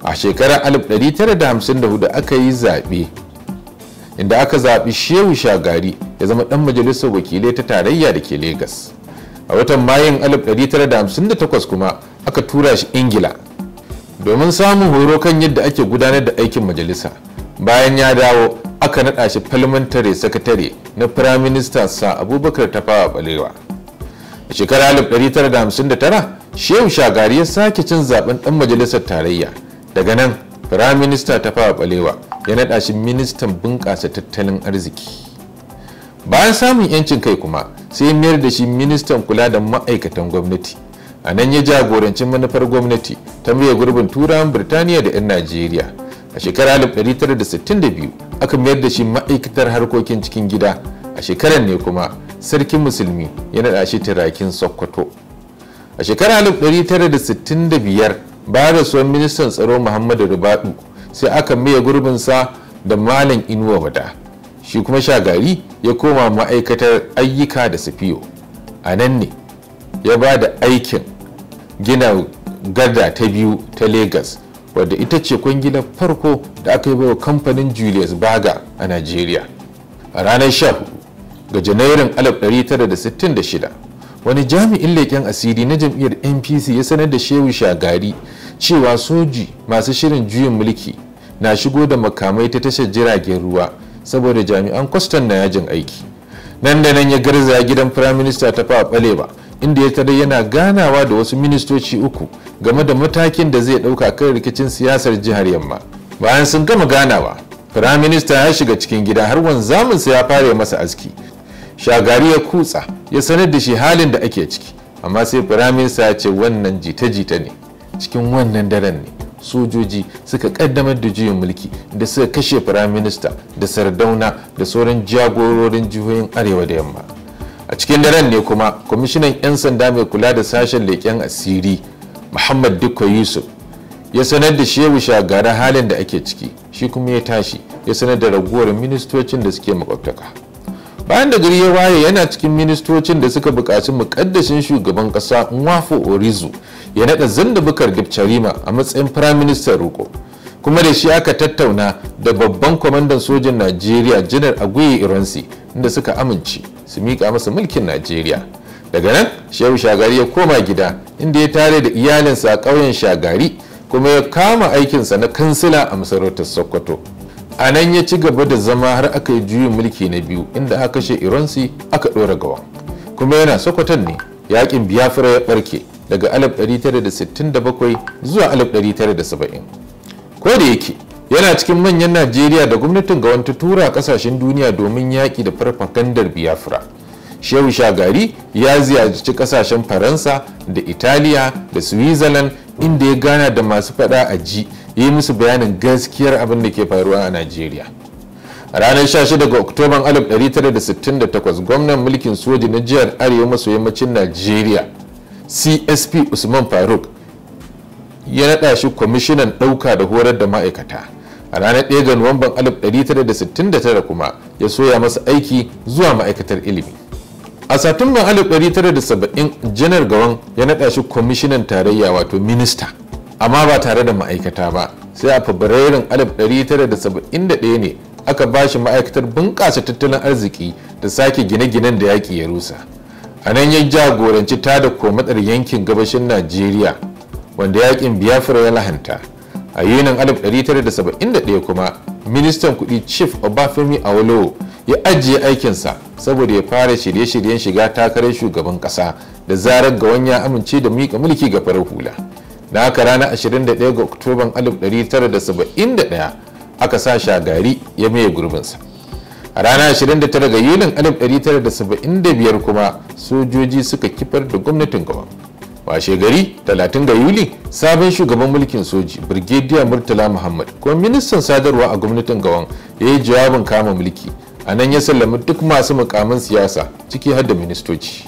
a shekarar 1954 aka yi zaɓe inda aka zaɓi shehu shagari ya zama ɗan majalisar wakilai ta tarayya da ke Legas. a watan mayun 1958 kuma aka tura shi ingila domin samun horo kan yadda ake gudanar da aikin majalisa bayan ya dawo aka naɗa shi parliamentary sakatare na prime minister sa abubakar tafawa balewa a shekarar 1959 shehu shagari ya sake cin zaben ɗan majalisar tarayya daga nan firaminista ta fara balewa ya naɗa shi ministan bunƙasa tattalin arziki bayan samun yancin kai kuma sai mayar da shi ministan kula da ma'aikatan gwamnati a nan ya jagoranci manufar gwamnati ta mai gurbin turawan birtaniya da 'yan najeriya a shekarar 1962 aka mayar da shi ma'aikatar harkokin cikin gida a shekarar ne kuma sarkin musulmi ya naɗa shi tirakin sokoto a shekarar 1965 ba da suwan ministan tsaro muhammadu rubadu sai aka maye gurbinsa da malam inuwa wada shi kuma shagari ya koma ma'aikatar ayyuka da safiyo a nan ne ya ba da aikin gina gada ta biyu ta lagos wadda ita ce kwangila farko da aka yi wa kamfanin julius baga a nigeria a ranar 14 ga janairun 1966 wani jami'in leƙen asiri na jam'iyyar npc ya sanar da shehu shagari cewa soji masu shirin juyin mulki na shigo da makamai ta tashar jiragen ruwa saboda jami'an kwastan na yajin aiki nan da nan ya garza gidan firaminista ta fa balewa inda ya tare yana ganawa da wasu ministoci uku game da matakin da zai ɗauka kan rikicin siyasar jihar yamma bayan sun gama ganawa firaminista ya shiga cikin gida har wanzaminsa ya fara masa aski shagari ya kutsa ya sanar da shi halin da ake ciki amma sai firaminista ya ce wannan jita-jita ne cikin wannan daren ne sojoji suka kaddamar da juyin mulki da suka kashe firaminista da sardauna da sauran jagororin jihohin arewa da yamma a cikin daren ne kuma kwamishinan 'yan sanda mai kula da sashen leƙen asiri muhammad dukko yusuf ya sanar da shehu shagara halin da ake ciki shi kuma ya tashi ya sanar da raguwar ministocin da suke makwabtaka bayan da gari ya waye yana cikin ministocin da suka bukaci muƙaddashin shugaban ƙasa nwafo orizu ya naɗa zindabukar dipcharima a matsayin prime minister roko kuma da shi aka tattauna da babban kwamandan sojin najeriya janar aguye iransi inda suka amince su miƙa masa mulkin najeriya daga nan shehu shagari ya koma gida inda ya tare da iyalinsa a ƙauyen shagari kuma ya kama aikinsa na kansila a masarautar sokoto a nan ya ci gaba da zama har aka yi juyin mulki na biyu inda aka kashe ironsi aka ɗora gawa kuma yana sokoton ne yaƙin biyafra ya ɓarke daga 1967 zuwa 1970 ko da yake yana cikin manyan najeriya da gwamnatin ga wanta tura kasashen duniya domin yaƙi da farfagandar biyafra shehu shagari ya ziyarci kasashen faransa da italiya da switzerland inda ya gana da masu fada a ji yi musu bayanin gaskiyar abin da ke faruwa a najeriya ranar 16 ga oktoban 1968 gwamnan mulkin soji na jihar arewa maso yammacin najeriya csp usman faruk ya naɗa shi kwamishinan ɗauka da horar da ma'aikata a ranar 1 ga nuwamban 1969 kuma ya soya masa aiki zuwa ma'aikatar ilimi a satumban 1970 janar gawan ya naɗa shi kwamishinan tarayya wato minista amma ba tare da ma'aikata ba sai a fabrairun 1971 ne aka ba shi ma'aikatar bunƙasa tattalin arziki da sake gine-ginen da yaƙi ya rusa a nan ya jagoranci ta da komatsar yankin gabashin najeriya wanda yaƙin biafra ya lahanta a yinin 1971 kuma ministan kudi chief obafemi awolo ya ajiye aikinsa saboda ya fara shirye-shiryen shiga takarar shugaban ƙasa da zarar ga wani ya amince da miƙa mulki ga farar hula da haka rana 21 ga oktoban 1971 aka sa shagari ya maye gurbinsa a ranar 29 ga yulin 1975 kuma sojoji suka kifar da gwamnatin gaba washe gari 30 ga yuli sabon shugaban mulkin soji birgediya murtala muhammad kuma ministan sadarwa a gwamnatin gawan ya yi jawabin kama mulki a nan ya sallami duk masu mukamin siyasa ciki har da ministoci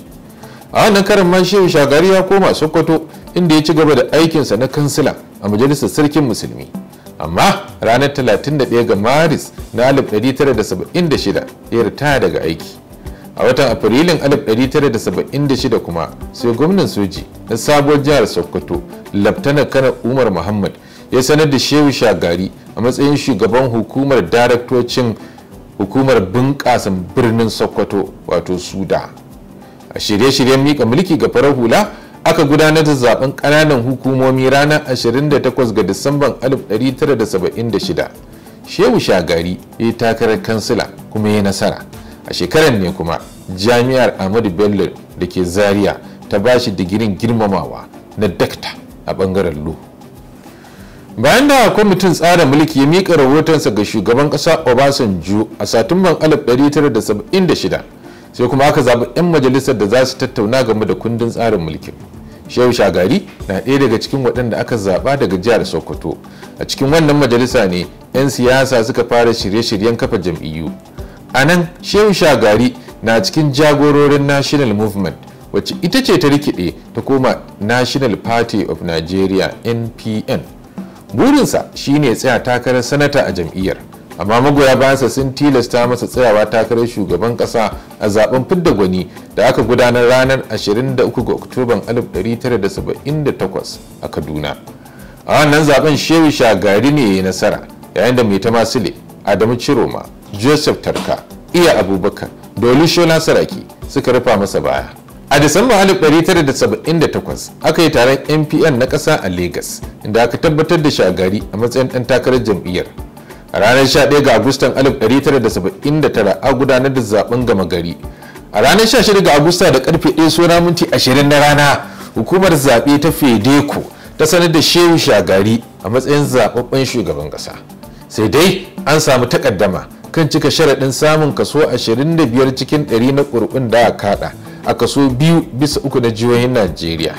a wannan karin ma shehu shagari ya koma sokoto inda ya ci gaba da aikinsa na kansila a majalisar sarkin musulmi amma ranar 31 ga maris na 1976 ya ritaya daga aiki a watan afrilun 1976 kuma sai gwamnan soji na sabuwar jihar sokoto laftana kanar umar muhammad ya sanar da shehu shagari a matsayin shugaban hukumar daraktocin hukumar bunƙasa birnin sokoto wato suda a shirye-shiryen mika mulki ga farar hula aka gudanar da zaben kananan hukumomi ranar 28 ga Disamban 1976 shehu shagari ya takarar kansila kuma ya nasara a shekarar ne kuma jami'ar ahmadu bello da ke zaria ta ba shi digirin girmamawa na dakta a bangaren lu bayan da kwamitin tsara mulki ya miƙa rahotonsa ga shugaban ƙasa obasanjo a satumban 1976 sai kuma aka zaɓi 'yan majalisar da za su tattauna game da kundin tsarin mulkin shehu shagari na ɗaya daga cikin waɗanda aka zaɓa daga jihar sokoto a cikin wannan majalisa ne 'yan siyasa suka fara shirye-shiryen kafa jam'iyyu a nan shehu shagari na cikin jagororin national movement wacce ita ce ta rikide ta koma national party of nigeria npn burinsa shine tsaya takarar sanata a jam'iyyar amma magoya bayansa sun tilasta masa tsayawa takarar shugaban kasa a zaben fidda gwani da aka gudanar ranar 23 ga oktoban 1978 a kaduna a wannan zaben shehu shagari ne ya nasara yayin da mai tamasile adamu ciroma joseph tarka iya abubakar da olushola saraki suka rufa masa baya a disambar 1978 aka yi taron mpn na kasa a lagos inda aka tabbatar da shagari a matsayin dan takarar jam'iyyar a ranar 11 ga agustan 1979 a gudanar da zaben gama gari a ranar 16 ga agusta da karfe 1 sura minti 20 na rana hukumar zaɓe ta fedeco ta sanar da shehu shagari a matsayin zaɓaɓɓen shugaban ƙasa sai dai an samu takaddama kan cika sharaɗin samun kaso 25 cikin 100 na ƙuri'un da a kaɗa a kaso biyu bisa uku na jihohin najeriya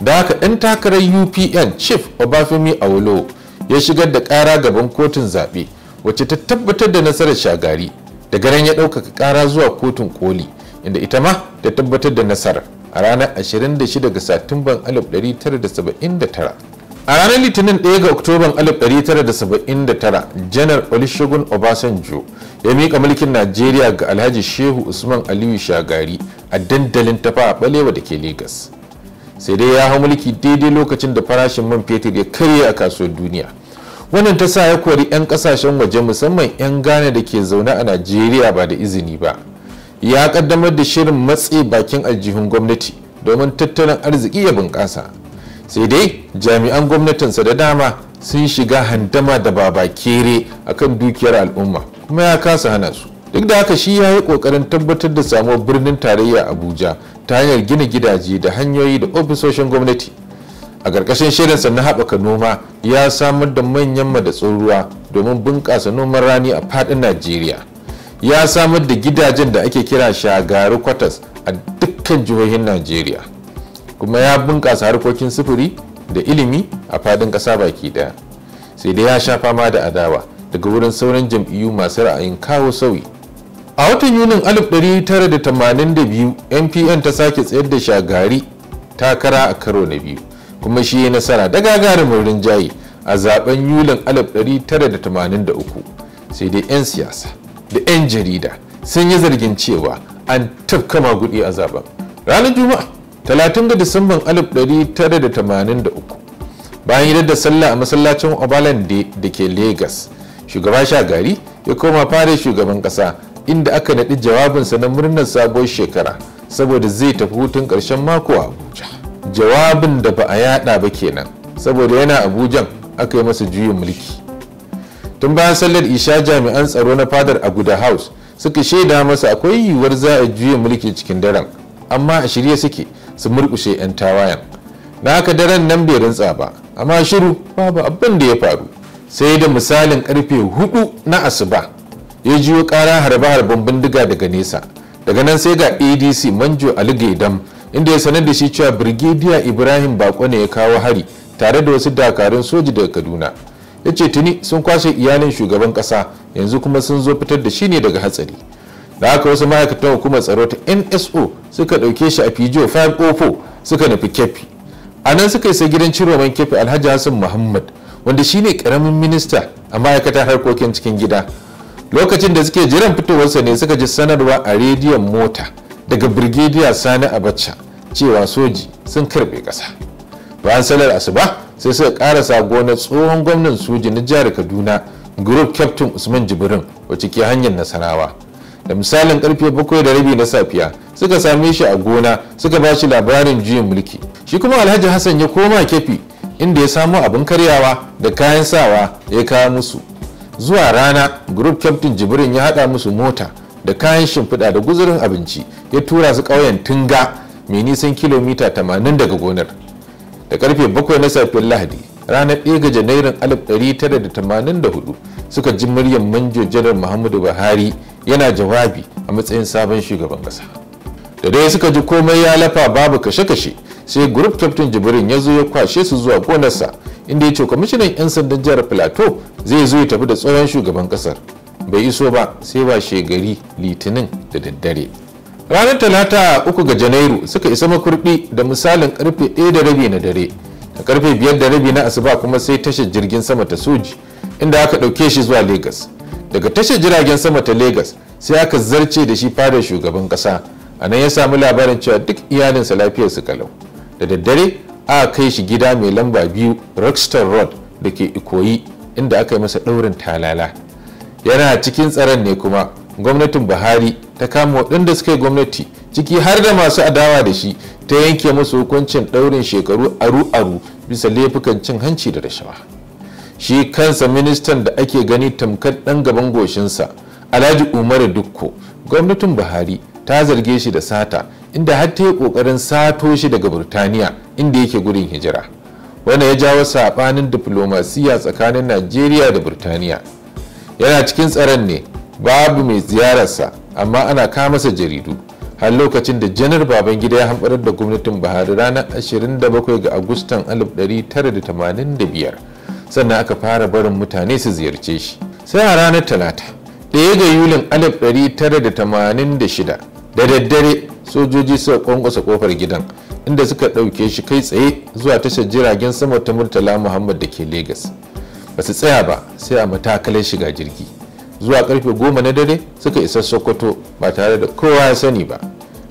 da haka ɗan takarar upn chief obafemi awolowo ya shigar da kara gaban kotun zaɓe wacce ta tabbatar da nasarar shagari daga nan ya ɗaukaka kara zuwa kotun koli inda ita ma ta tabbatar da nasarar a ranar 26 ga satumban 1979 a ranar litinin 1 ga oktoban 1979 janar olusegun obasanjo ya miƙa mulkin najeriya ga alhaji shehu usman aliyu shagari a dandalin tafa a balewa da ke lagos sai dai ya hau mulki daidai lokacin da farashin man fetur ya karye a kasuwar duniya wannan ta sa ya kori 'yan kasashen waje musamman 'yan ghana da ke zaune a najeriya ba da izini ba ya kaddamar da shirin matse bakin aljihun gwamnati domin tattalin arziki ya bunƙasa sai dai jami'an gwamnatinsa da dama sun shiga handama da baba kere akan dukiyar al'umma kuma ya kasa hana su duk da haka shi ya yi kokarin tabbatar da samuwar birnin tarayya abuja ta hanyar gina gidaje da hanyoyi da ofisoshin gwamnati a ƙarƙashin shirinsa na haɓaka noma ya samar da manyan madatsun ruwa domin bunƙasa noman rani a faɗin najeriya ya samar da gidajen da ake kira shagaru kwatas a dukkan jihohin najeriya kuma ya bunƙasa harkokin sufuri da ilimi a faɗin ƙasa baki ɗaya sai dai ya sha fama da adawa daga wurin sauran jam'iyyu masu ra'ayin kawo sauyi a watan yunin 1982 npn ta sake tsayar da shagari takara a karo na biyu kuma shi ya nasara da gagarumin rinjaye a zaben yulin 1983 sai dai 'yan siyasa da 'yan jarida sun yi zargin cewa an tafka magudi a zaben ranar juma'a 30 ga disamban 1983 bayan yadda sallah a masallacin obalande da ke Legas shugaba shagari ya koma fara shugaban kasa inda aka naɗi jawabinsa na murnar sabuwar shekara saboda zai tafi hutun ƙarshen mako a abuja jawabin da ba a yada ba kenan saboda yana abujan aka yi masa juyin mulki tun bayan sallar isha jami'an tsaro na fadar a guda house suka shaida masa akwai yiwuwar za a juya mulki cikin daren amma a shirye suke su murkushe 'yan tawayen na haka daren nan bai rintsa ba amma shiru babu abin da ya faru sai da misalin karfe hudu na asuba ya jiyo kara harbe-harben bindiga daga nesa daga nan sai ga adc manjo ali gaidam inda ya sanar da shi cewa brigadier ibrahim bako ne ya kawo hari tare da wasu dakarun soji daga kaduna ya ce tuni sun kwashe iyalin shugaban kasa yanzu kuma sun zo fitar da shi ne daga hatsari da haka wasu ma'aikatan hukumar tsaro ta nso suka ɗauke shi a fijo 504 suka nufi kefi a nan suka isa gidan ciroman kefi alhaji hassan muhammad wanda shine karamin minista a ma'aikatar harkokin cikin gida lokacin da suke jiran fitowarsa ne suka ji sanarwa a rediyon mota daga birgediya sani a abacha cewa soji sun karbe ƙasa bayan salar asuba sai suka ƙara karasa gona tsohon gwamnan soji na jihar kaduna group captain usman jibrin wacce ke hanyar nasarawa da misalin karfe bakwai da rabi na safiya suka same shi a gona suka ba shi labarin juyin mulki shi kuma alhaji hassan ya koma kefi inda ya samo abin karyawa da kayan sawa ya kawo musu zuwa rana group captain jibrin ya haɗa musu mota da kayan shimfiɗa da guzurin abinci ya tura su ƙauyen tunga mai nisan kilomita 80 daga gonar da karfe 7 na safiyar lahadi ranar 1 ga janairun 1984 suka ji muryar manjo janar muhammadu buhari yana jawabi a matsayin sabon shugaban ƙasa da dai suka ji komai ya lafa babu kashe-kashe sai group captain jibrin ya zo ya kwashe su zuwa gonarsa inda ya ce kwamishinan 'yan sandan jihar plateau zai zo ya tafi da tsohon shugaban kasar bai iso ba sai ba shegari litinin da daddare ranar talata 3 ga janairu suka isa makurdi da misalin karfe 1 da rabi na dare da karfe 5 da rabi na asuba kuma sai tashar jirgin sama ta soji inda aka dauke shi zuwa lagos daga tashar jiragen sama ta lagos sai aka zarce da shi fadar shugaban kasa a nan ya samu labarin cewa duk iyalinsa lafiyarsu kalau da daddare A kai shi gida mai lamba biyu rockstar road da ke ikoyi inda aka yi masa ɗaurin talala yana cikin tsaron ne kuma gwamnatin buhari ta kama waɗanda suka yi gwamnati ciki har da masu adawa da shi ta yanke musu hukuncin ɗaurin shekaru aru-aru bisa laifukan cin hanci da rashawa shi kansa ministan da ake gani tamkar ɗan gaban goshinsa alhaji umaru dukko gwamnatin buhari ta zarge shi da sata inda har ta yi kokarin sato shi daga burtaniya inda yake gudun hijira wanda ya jawo sabanin diflomasiya tsakanin najeriya da burtaniya yana cikin tsaron ne babu mai ziyararsa amma ana kama masa jaridu har lokacin da janar babangida ya hamɓarar da gwamnatin buhari ranar 27 ga agustan 1985 sannan aka fara barin mutane su ziyarce shi sai a ranar talata ɗaya ga yulin 1986 da daddare sojoji suka kwankwasa kofar gidan inda suka ɗauke shi kai tsaye zuwa tashar jiragen sama ta murtala muhammad da ke Legas. ba su tsaya ba sai a matakalar shiga jirgi zuwa karfe goma na dare suka isa sokoto ba tare da kowa ya sani ba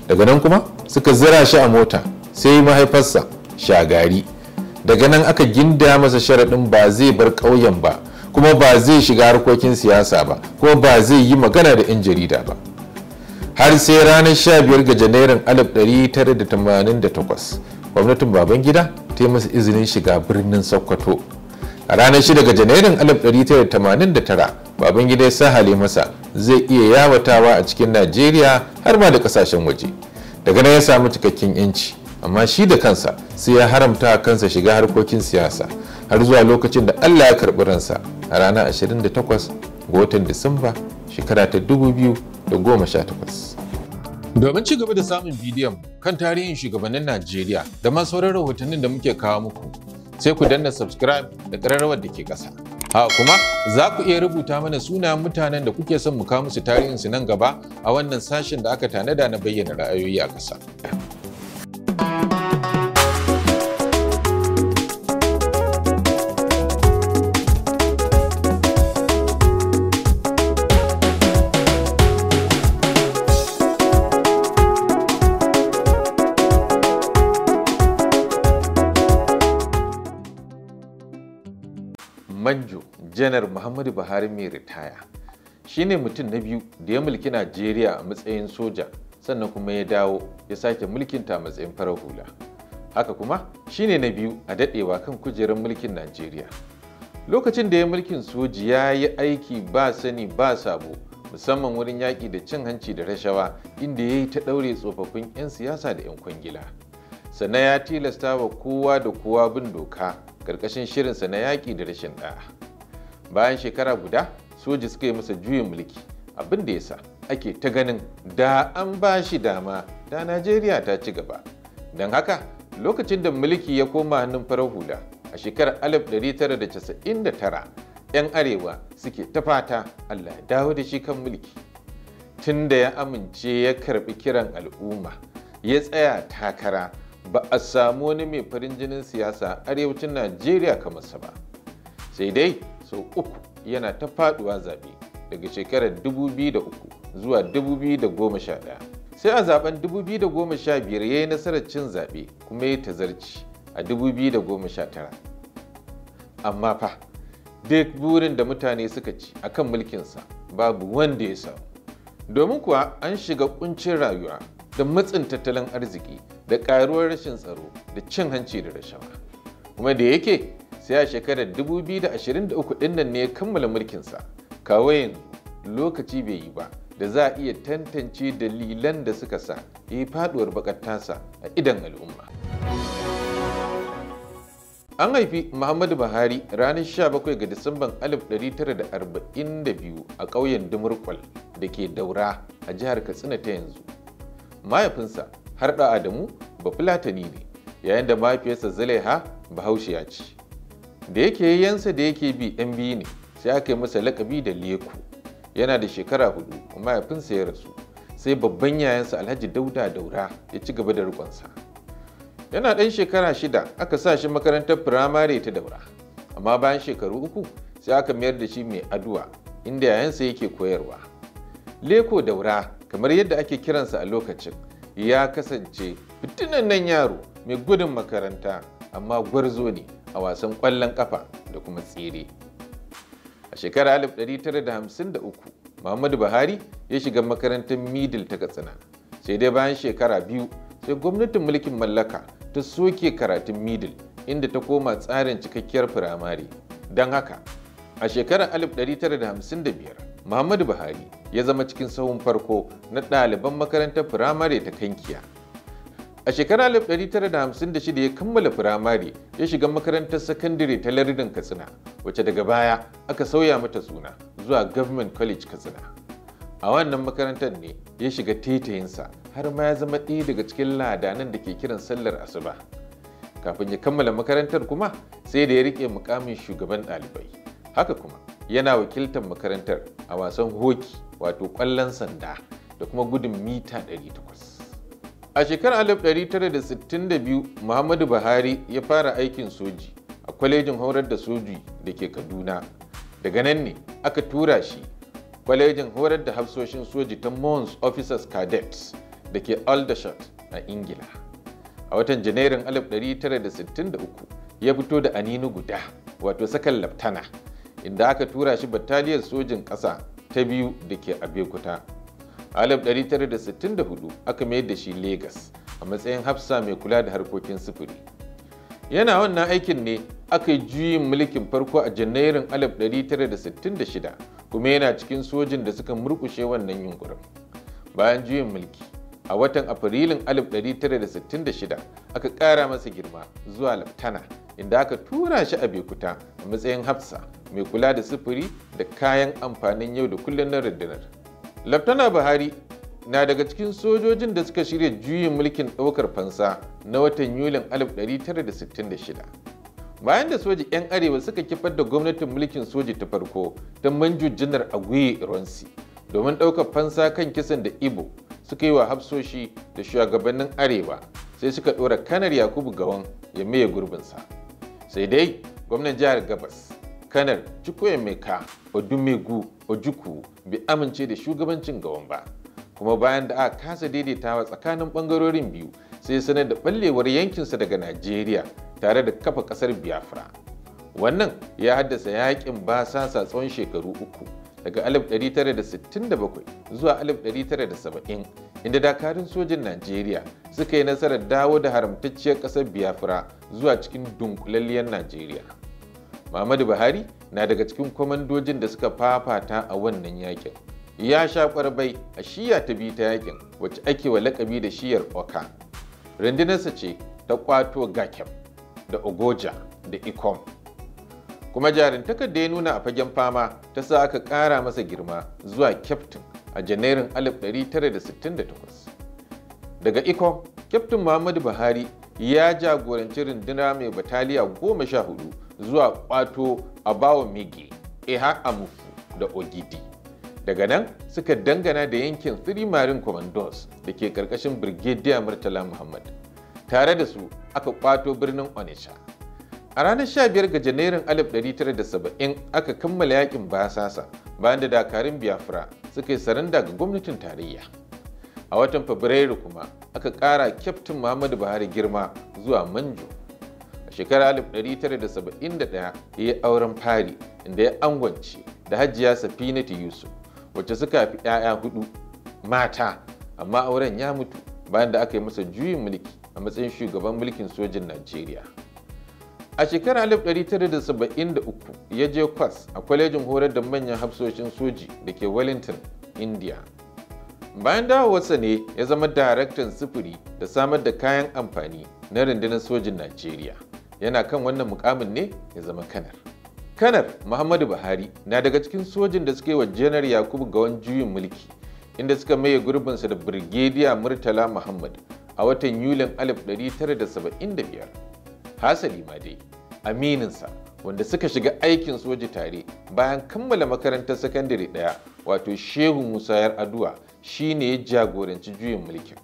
daga nan kuma suka zira shi a mota sai mahaifarsa shagari daga nan aka ginda masa sharaɗin ba zai bar ƙauyen ba kuma ba zai shiga harkokin siyasa ba kuma ba zai yi magana da 'yan jarida ba har sai ranar 15 ga janairun 1988 gwamnatin babangida ta yi masa izinin shiga birnin sokoto a ranar 6 ga janairun 1989 babangida ya sa hale masa zai iya yawatawa a cikin najeriya har ma da kasashen waje daga nan ya samu cikakken yanci amma shi da kansa sai ya haramta kansa shiga harkokin siyasa har zuwa lokacin da allah ya karɓi ransa a ranar 28 ga watan Disamba shekara ta 2018. Domin ci gaba da samun bidiyon kan tarihin shugabannin Najeriya da ma sauran rahotannin da muke kawo muku sai ku danna subscribe da ƙararrawar da ke ƙasa. a kuma za ku iya rubuta mana suna mutanen da kuke son mu kawo musu tarihinsu nan gaba a wannan sashen da aka tanada na bayyana ra'ayoyi a ƙasa. manjo janar muhammadu buhari mai ritaya shine mutum na biyu da ya mulki najeriya a matsayin soja sannan kuma ya dawo ya sake mulkinta a matsayin farar hula haka kuma shine na biyu a dadewa kan kujerar mulkin najeriya lokacin da ya mulkin soji ya yi aiki ba sani ba sabo musamman wurin yaƙi da cin hanci da rashawa inda ya yi ta ɗaure tsofaffin 'yan siyasa da 'yan kwangila sannan ya tilasta wa kowa da kowa bin doka ƙarƙashin shirinsa na yaƙi da rashin ɗaya bayan shekara guda soji suka yi masa juyin mulki abin da ya sa ake ta ganin da an ba shi dama da najeriya ta ci gaba don haka lokacin da mulki ya koma hannun farar hula a shekarar 1999 'yan arewa suke ta fata allah ya dawo da shi kan mulki tun da ya amince ya karɓi kiran al'umma ya tsaya takara ba a samu wani mai farin jinin siyasa arewacin najeriya kamar sa ba sai dai sau uku yana ta faduwa zaɓe daga shekarar 2003 zuwa 2011 sai a zaben 2015 ya yi nasarar cin zaɓe kuma ya tazarci a 2019 amma fa duk burin da mutane suka ci a kan mulkinsa babu wanda ya samu domin kuwa an shiga kuncin rayuwa da matsin tattalin arziki da karuwar rashin tsaro da cin hanci da rashawa kuma da yake sai a shekarar 2023 ɗin nan ne ya kammala mulkinsa kawo lokaci bai yi ba da za a iya tantance dalilan da suka sa ya yi faduwar bakar a idan al'umma. An haifi Muhammadu Buhari ranar 17 ga Disamban 1942 a ƙauyen Dumurkwal da ke Daura a jihar Katsina ta yanzu. Mahaifinsa har da Adamu ba Fulatani ne yayin da mahaifiyarsa Zulaiha Bahaushiya ce. Da yake yayyansa da yake bi 'yan biyu ne sai aka yi masa lakabi da Leku yana da shekara hudu mahaifinsa ya rasu sai babban yayansa Alhaji Dauda Daura ya ci gaba da rikonsa. Yana ɗan shekara shida aka sa shi makarantar firamare ta Daura amma bayan shekaru uku sai aka mayar da shi mai addu'a inda yayansa yake koyarwa. Leko Daura kamar yadda ake kiransa a lokacin ya kasance fitinan nan yaro mai gudun makaranta amma gwarzo ne a wasan ƙwallon ƙafa da kuma tsere. A shekarar 1953, Muhammadu Buhari ya shiga makarantar Middle ta Katsina. Sai dai bayan shekara biyu, sai gwamnatin mulkin mallaka ta soke karatun Middle inda ta koma tsarin cikakkiyar firamare. Don haka, a shekarar 1955, Muhammadu Buhari ya zama cikin sahun farko na ɗaliban makarantar firamare ta Kankiya. A shekarar shida ya kammala firamare ya shiga makarantar sakandare ta lardin Katsina, wacce daga baya aka sauya mata suna zuwa Government College Katsina. A wannan makarantar ne ya shiga taitayinsa har ma ya zama ɗaya daga cikin ladanan da ke kiran sallar asuba. Kafin ya kammala makarantar kuma sai da ya riƙe mukamin shugaban ɗalibai. haka kuma yana wakiltar makarantar a wasan hoki wato kwallon sanda da kuma gudun mita 800 a shekarar 1962 muhammadu buhari ya fara aikin soji a kwalejin horar da soji da ke kaduna daga nan ne aka tura shi kwalejin horar da hafsoshin soji ta mons officers cadets da ke aldershot a ingila a watan janairun 1963 ya fito da anini guda wato sakan laftana inda aka tura shi battaliyar sojin ƙasa ta biyu da ke abekuta a 1964 aka mayar da shi Legas a matsayin hafsa mai kula da harkokin sufuri yana wannan aikin ne aka yi juyin mulkin farko a janairun 1966 kuma yana cikin sojin da suka murkushe wannan yunkurin bayan juyin mulki a watan afrilun 1966 aka ƙara masa girma zuwa laftana inda aka tura shi a Bekuta a matsayin Hafsa mai kula da sufuri da kayan amfanin yau da kullum na rundunar. Laftana Buhari na daga cikin sojojin da suka shirya juyin mulkin ɗaukar fansa na watan Yulin 1966. Bayan da soji 'yan arewa suka kifar da gwamnatin mulkin soji ta farko ta manjujinar agui Ironsi domin ɗaukar fansa kan kisan da Ibo suka yi wa hafsoshi da shugabannin arewa sai suka ɗora kanar Yakubu Gawan ya maye gurbinsa. sai dai gwamnan jihar gabas kanar chukwuemeka odumegu ojuku bai amince da shugabancin gawan ba kuma bayan da aka kasa daidaitawa tsakanin bangarorin biyu sai sanar da ɓallewar yankinsa daga najeriya tare da kafa ƙasar biafra wannan ya haddasa yakin basasa tsawon shekaru uku daga 1967 zuwa 1970 inda dakarun sojin Najeriya suka yi nasarar dawo da haramtacciyar ƙasar Biafra zuwa cikin dunkulalliyar Najeriya. Muhammadu Buhari na daga cikin kwamandojin da suka fafata a wannan yakin. Ya sha kwarbai a shiya ta biyu ta yakin wacce ake wa lakabi da shiyar Oka. Rundunarsa ce ta kwato Gakem da Ogoja da Ikom kuma jarintakar da ya nuna a fagen fama ta sa aka kara masa girma zuwa kyaftin a janairun 1968 daga ikon kyaftin muhammadu buhari ya jagoranci runduna mai bataliya goma sha hudu zuwa kwato a bawa mege eha amufu da ogidi daga nan suka dangana da yankin three marine commandos da ke karkashin brigadier murtala muhammad tare da su aka kwato birnin Onitsha. A ranar 15 ga Janairun 1970 aka kammala yakin basasa bayan da dakarun Biafra suka yi saranda ga gwamnatin tarayya. A watan Fabrairu kuma aka ƙara kyaftin Muhammadu Buhari girma zuwa Manjo. A shekarar 1971 ya yi auren fari inda ya angwance da Hajiya Safinatu Yusuf wacce suka fi 'ya'ya hudu mata amma auren ya mutu bayan da aka yi masa juyin mulki a matsayin shugaban mulkin sojin Najeriya. A shekarar 1973 ya je kwas a kwalejin horar da manyan hafsoshin soji da ke Wellington, India. Bayan dawowarsa ne ya zama daraktan sufuri da samar da kayan amfani na rundunar sojin Najeriya. Yana kan wannan mukamin ne ya zama kanar. Kanar Muhammadu Buhari na daga cikin sojin da suka yi wa Janar Yakubu Gawan juyin mulki inda suka maye gurbinsa da Birgediya Murtala Muhammad a watan Yulin 1975. hasali ma dai amininsa wanda suka shiga aikin soji tare bayan kammala makarantar sakandare ɗaya wato shehu musa shi shine ya jagoranci juyin mulkin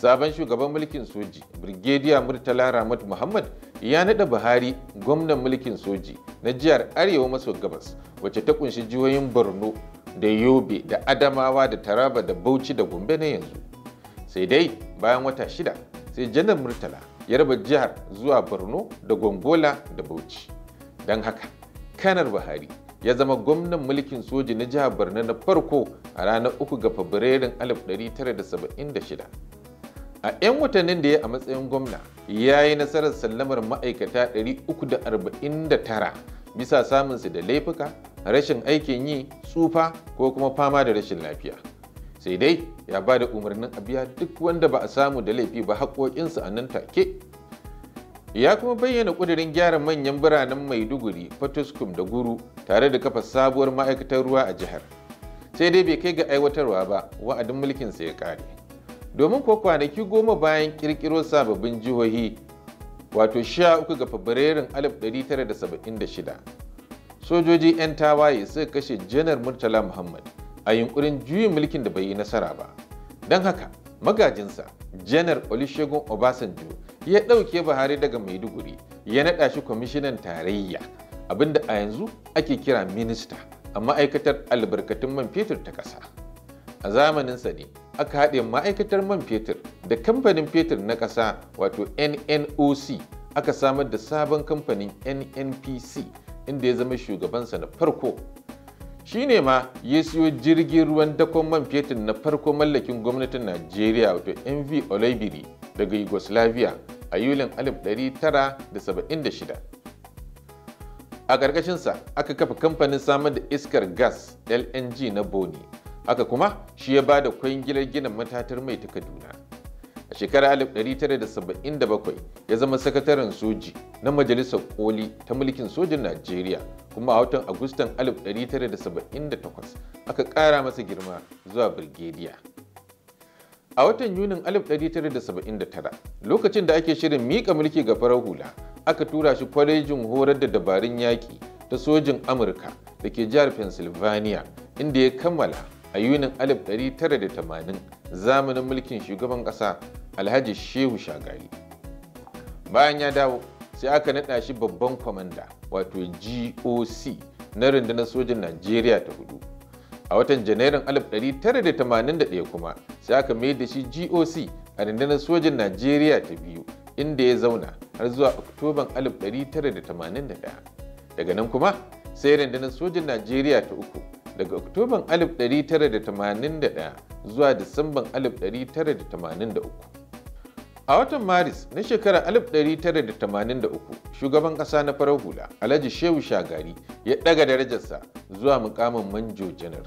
sabon shugaban mulkin soji Birgediya murtala ramat muhammad ya naɗa buhari gwamnan mulkin soji na jihar arewa maso gabas wacce ta kunshi jihohin borno da yobe da adamawa da taraba da bauchi da gombe na yanzu sai dai bayan wata shida sai janar murtala yarba jihar zuwa borno da gongola da bauchi don haka kanar buhari ya zama gwamnan mulkin soji na jihar borno na farko a ranar 3 ga fabrairun 1976 a 'yan watannin da ya a matsayin gwamna ya yi nasarar sallamar ma'aikata 349 bisa samunsu da laifuka rashin aikin yi tsufa ko kuma fama da rashin lafiya sai dai ya ba da umarnin a biya duk wanda ba a samu da laifi ba haƙoƙinsu a nan take ya kuma bayyana ƙudurin gyara manyan biranen maiduguri fatuskum da guru tare da kafa sabuwar ma'aikatar ruwa a jihar sai dai bai kai ga aiwatarwa ba wa'adin mulkin mulkinsa ya ƙare domin ko kwanaki goma bayan ƙirƙiro sababbin jihohi wato sha uku ga fabrairun 1976 sojoji 'yan tawaye suka kashe janar murtala muhammad a yunkurin juyin mulkin da bai yi nasara ba don haka magajinsa janar olusegun obasanjo ya ɗauke buhari daga maiduguri ya naɗa shi kwamishinan tarayya abinda a yanzu ake kira minista a ma'aikatar albarkatun man fetur ta ƙasa a zamaninsa ne aka haɗe ma'aikatar man fetur da kamfanin fetur na ƙasa wato nnoc aka samar da sabon kamfanin nnpc inda ya zama shugabansa na farko Shi ne ma ya siyo jirgin ruwan dakon man fetur na farko mallakin gwamnatin Najeriya wato MV Olaibiri daga Yugoslavia a Yulin 1976. A ƙarƙashinsa aka kafa kamfanin samar da iskar gas LNG na Boni, aka kuma shi ya ba da kwangilar gina matatar mai ta Kaduna. A shekarar 1977 ya zama sakataren soji na Majalisar Koli ta mulkin sojin Najeriya kuma a watan agustan 1978 aka ƙara masa girma zuwa birgediya a watan yunin 1979 lokacin da ake shirin miƙa mulki ga farar hula aka tura shi kwalejin horar da dabarun yaƙi ta sojin amurka da ke jihar pennsylvania inda ya kammala a yunin 1980 zamanin mulkin shugaban ƙasa alhaji shehu shagari bayan ya dawo sai aka naɗa shi babban kwamanda wato GOC na rundunar sojin Najeriya ta hudu. A watan Janairun 1981 kuma sai aka mai da shi GOC a rundunar sojin Najeriya ta biyu inda ya zauna har zuwa Oktoban 1981. Daga nan kuma sai rundunar sojin Najeriya ta uku daga Oktoban 1981 zuwa Disamban 1983. A watan Maris na shekarar 1983, shugaban ƙasa na farar hula, Alhaji Shehu Shagari ya ɗaga darajarsa zuwa mukamin manjo janar.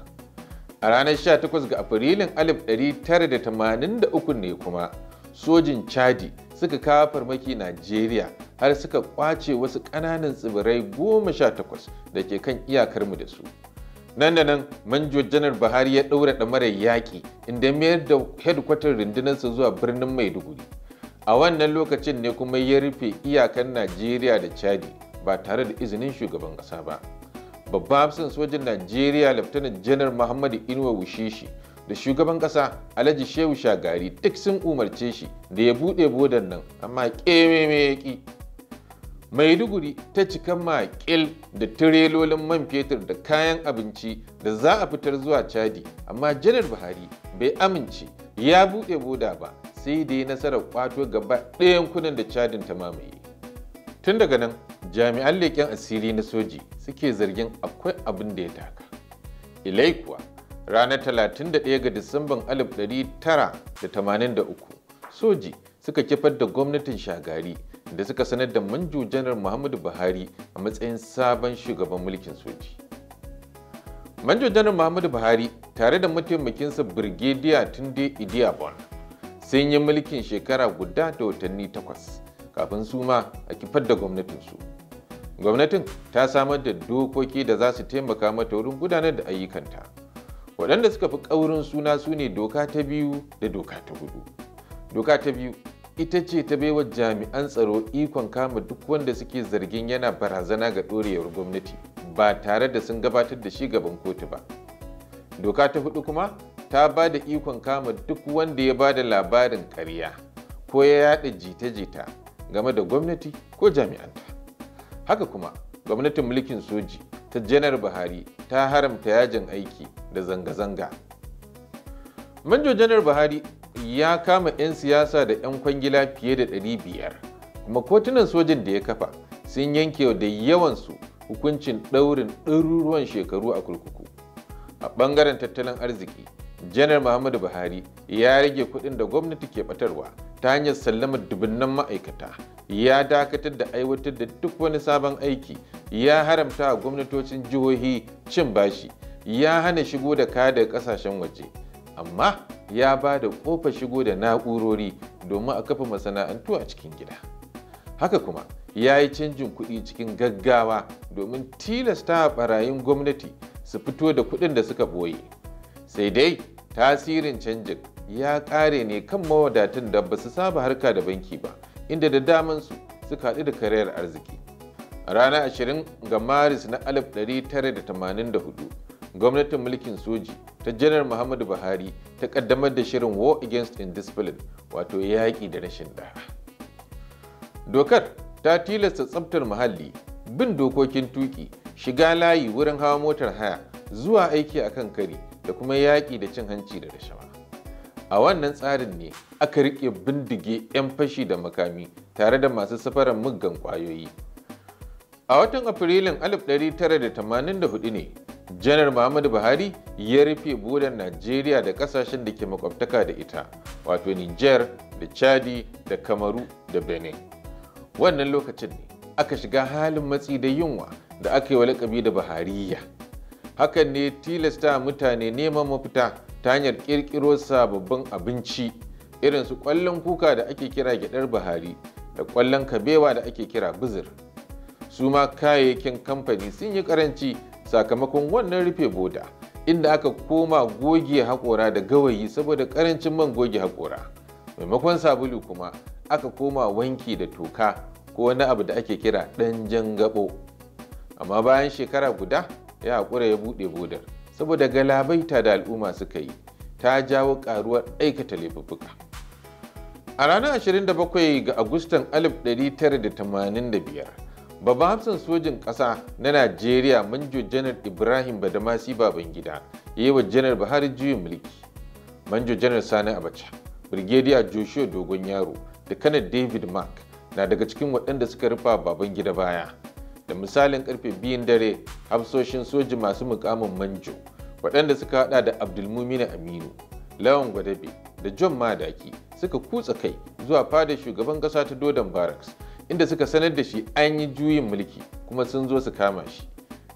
A ranar 18 ga Afrilun 1983 ne kuma sojin Chadi suka kawo farmaki Najeriya har suka kwace wasu ƙananan tsibirai 18 da ke kan iyakarmu da su. nan da nan manjo janar buhari ya ɗaura ɗamarar yaƙi inda mayar da hedkwatar rundunarsa zuwa birnin maiduguri a wannan lokacin ne kuma ya rufe iyakan najeriya da chadi ba tare da izinin shugaban ƙasa ba babban hafsan sojin najeriya Laftanar janar muhammadu inuwa wushishi da shugaban ƙasa alhaji shehu shagari duk sun umarce shi da ya buɗe bodan nan amma ƙememe ya maiduguri ta cika makil da tirelolin man fetur da kayan abinci da za a fitar zuwa chadi amma janar buhari bai amince ya buɗe boda ba sai da ya nasarar kwato gaba ɗayan yankunan da cadin ta mamaye tun daga nan jami'an leƙen asiri na soji suke zargin akwai abin da ya taka ilai kuwa ranar 31 ga disamban 1983 soji suka kifar da gwamnatin shagari da suka sanar da manjo janar muhammadu buhari a matsayin sabon shugaban mulkin soji manjo janar muhammadu buhari tare da mataimakinsa birgediya tunde idiyabon sun yi mulkin shekara guda da watanni takwas kafin su ma a kifar da gwamnatinsu gwamnatin ta samar da dokoki da za su taimaka mata wurin gudanar da ayyukanta waɗanda suka fi ƙaurin suna su ne doka ta biyu da doka ta hudu doka ta biyu ita ce ta baiwa jami'an tsaro ikon kama duk wanda suke zargin yana barazana ga ɗorewar gwamnati ba tare da sun gabatar da shi gaban kotu ba doka ta hudu kuma ta ba da ikon kama duk wanda ya ba da labarin karya ko ya yada jita-jita game da gwamnati ko jami'anta haka kuma gwamnatin mulkin soji ta janar buhari ta haramta yajin aiki da zanga-zanga manjo janar buhari ya kama 'yan siyasa da 'yan kwangila fiye da 500 kuma kotunan sojin da ya kafa sun yanke da yawansu hukuncin ɗaurin ɗaruruwan shekaru a kurkuku a ɓangaren tattalin arziki janar muhammadu buhari ya rage kuɗin da gwamnati ke batarwa ta hanyar sallama dubunnan ma'aikata ya dakatar da aiwatar da duk wani sabon aiki ya haramta a gwamnatocin jihohi cin bashi ya hana shigo da kaya daga kasashen waje amma ya ba da kofa shigo da na'urori domin a kafa masana'antu a cikin gida haka kuma ya yi canjin kuɗi cikin gaggawa domin tilasta a ɓarayin gwamnati su fito da kuɗin da suka ɓoye. sai dai tasirin canjin ya ƙare ne kan mawadatan da ba su saba harka da banki ba inda da daman su suka haɗu da karayar arziki a ranar 20 ga maris na 1984 gwamnatin mulkin soji ta janar muhammadu buhari ta kaddamar da shirin war against indiscipline wato yaƙi da rashin ɗaya dokar ta tilasta tsabtar muhalli bin dokokin tuki shiga layi wurin hawa motar haya zuwa aiki akan kari da kuma yaƙi da cin hanci da rashawa a wannan tsarin ne aka riƙe bindige 'yan fashi da makami tare da masu safarar muggan ƙwayoyi a watan afrilun 1984 ne janar muhammadu buhari ya rufe budan najeriya da ƙasashen da ke makwabtaka da ita wato niger da chadi da kamaru da benin wannan lokacin ne aka shiga halin matsi da yunwa da aka yi wa da buhariya hakan ne tilasta mutane neman mafita ta hanyar ƙirƙiro sababbin abinci irin su kwallon kuka da ake kira gyadar bahari da kwallon kabewa da ake kira buzir su ma kayayyakin kamfani sun yi karanci sakamakon wannan rufe boda inda aka koma goge haƙora da gawayi saboda karancin man goge haƙora maimakon sabulu kuma aka koma wanki da toka ko wani abu da ake kira ɗan jan gabo amma bayan shekara guda ya haƙura ya buɗe bodar saboda galabaita da al'umma suka yi ta jawo ƙaruwar aikata laifuffuka a ranar 27 ga agustan 1985 babban hafsan sojin ƙasa na najeriya manjo janar ibrahim badamasi babangida ya yi wa janar buhari juyin mulki manjo janar sani abacha birgediya joshua dogon yaro da kanar david mark na daga cikin waɗanda suka rufa babangida baya da misalin karfe biyun dare hafsoshin soji masu mukamin manjo waɗanda suka hada da abdulmumina aminu lawan gwadabe da john madaki suka kutsa kai zuwa fadar shugaban ƙasa ta dodon barracks inda suka sanar da shi an yi juyin mulki kuma sun zo su kama shi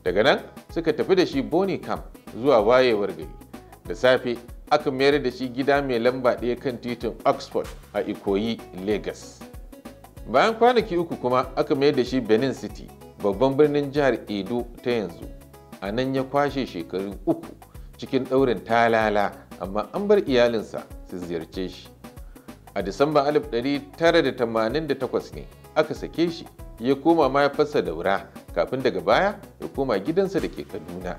daga nan suka tafi da shi boni camp zuwa wayewar gari da safe aka mayar da shi gida mai lamba ɗaya kan titin oxford a ikoyi lagos bayan kwanaki uku kuma aka mayar da shi benin city babban birnin jihar edo ta yanzu a nan ya kwashe shekaru uku cikin ɗaurin talala amma an bar iyalinsa su ziyarce shi a disamba 1988 ne aka sake shi ya koma mahaifarsa daura kafin daga baya ya koma gidansa da ke kaduna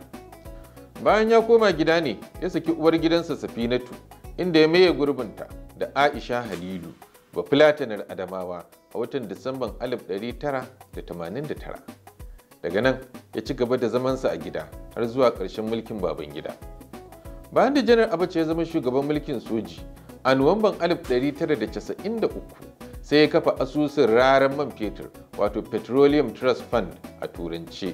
bayan ya koma gida ne ya saki uwar gidansa safinatu inda ya maye gurbinta da aisha halilu bafulatanar adamawa a watan Disamban 1989. Daga nan ya ci gaba da zamansa a gida har zuwa ƙarshen mulkin baban gida Bayan da Janar Abacha ya zama shugaban mulkin soji a Nuwamban 1993 sai ya kafa asusun raran man fetur wato Petroleum Trust Fund a Turanci.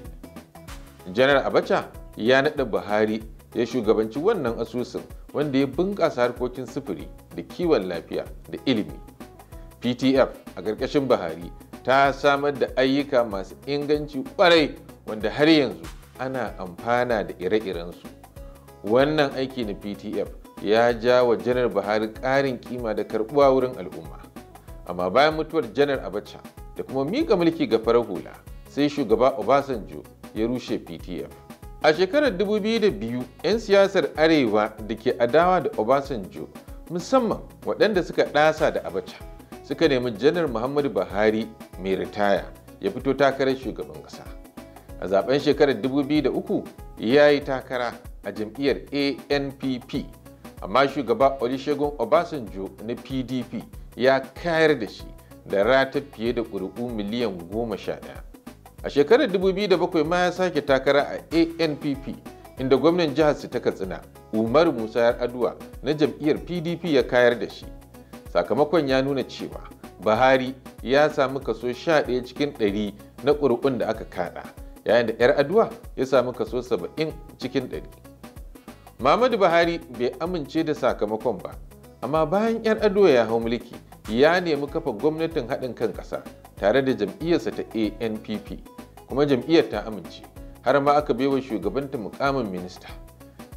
Janar Abacha ya naɗa Buhari ya shugabanci wannan asusun wanda ya bunƙasa harkokin sufuri da kiwon lafiya da ilimi. ptf a ƙarƙashin buhari ta samar da ayyuka masu inganci ƙwarai wanda har yanzu ana amfana da ire-irensu wannan aiki na ptf ya ja wa janar buhari ƙarin kima da karɓuwa wurin al'umma amma bayan mutuwar janar abacha da kuma miƙa mulki ga farar hula sai shugaba obasanjo ya rushe ptf a shekarar 2002 'yan siyasar arewa da ke adawa da obasanjo musamman waɗanda suka ɗasa da abacha suka nemi janar muhammadu buhari mai ritaya ya fito takarar shugaban kasa a zaben shekarar 2003 ya yi takara a jam'iyyar anpp amma shugaba olusegun obasanjo na pdp ya kayar da shi da rata fiye da ƙuri'u miliyan 11 a shekarar 2007 ma ya sake takara a anpp inda gwamnan jihar su ta katsina umar musa aduwa na jam'iyyar pdp ya kayar da shi sakamakon ya nuna cewa buhari ya samu kaso 11 cikin 100 na ƙuri'un da aka kada yayin da 'yar aduwa ya samu kaso 70 cikin 100 muhammadu buhari bai amince da sakamakon ba amma bayan 'yar aduwa ya hau mulki ya nemi kafa gwamnatin haɗin kan ƙasa tare da jam'iyyarsa ta anpp kuma jam'iyyar ta amince har ma aka baiwa shugabanta mukamin minista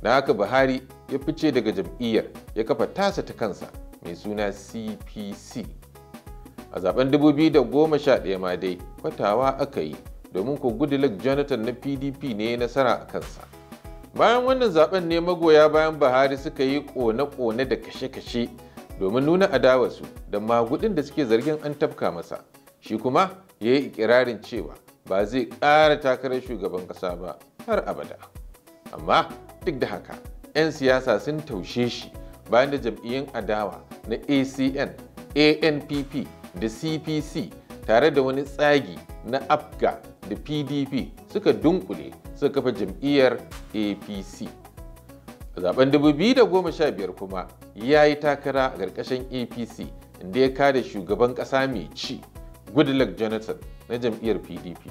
na haka buhari ya fice daga jam'iyyar ya kafa tasa ta kansa mai suna cpc a zaben 2011 ma dai kwatawa aka yi domin ko goodluck jonathan na pdp ne nasara a kansa bayan wannan zaben ne magoya bayan buhari suka yi kone-kone da kashe-kashe domin nuna adawarsu da magudin da suke zargin an tafka masa shi kuma ya yi ikirarin cewa ba zai ƙara takarar shugaban ƙasa ba har abada amma duk da haka 'yan siyasa sun taushe shi bayan da jam'iyyun adawa na acn anpp da cpc tare da wani tsagi na apga da pdp suka dunkule suka kafa jam'iyyar apc zaben 2015 kuma ya yi takara a ƙarƙashin apc inda ya kada shugaban ƙasa mai ci goodluck jonathan na jam'iyyar pdp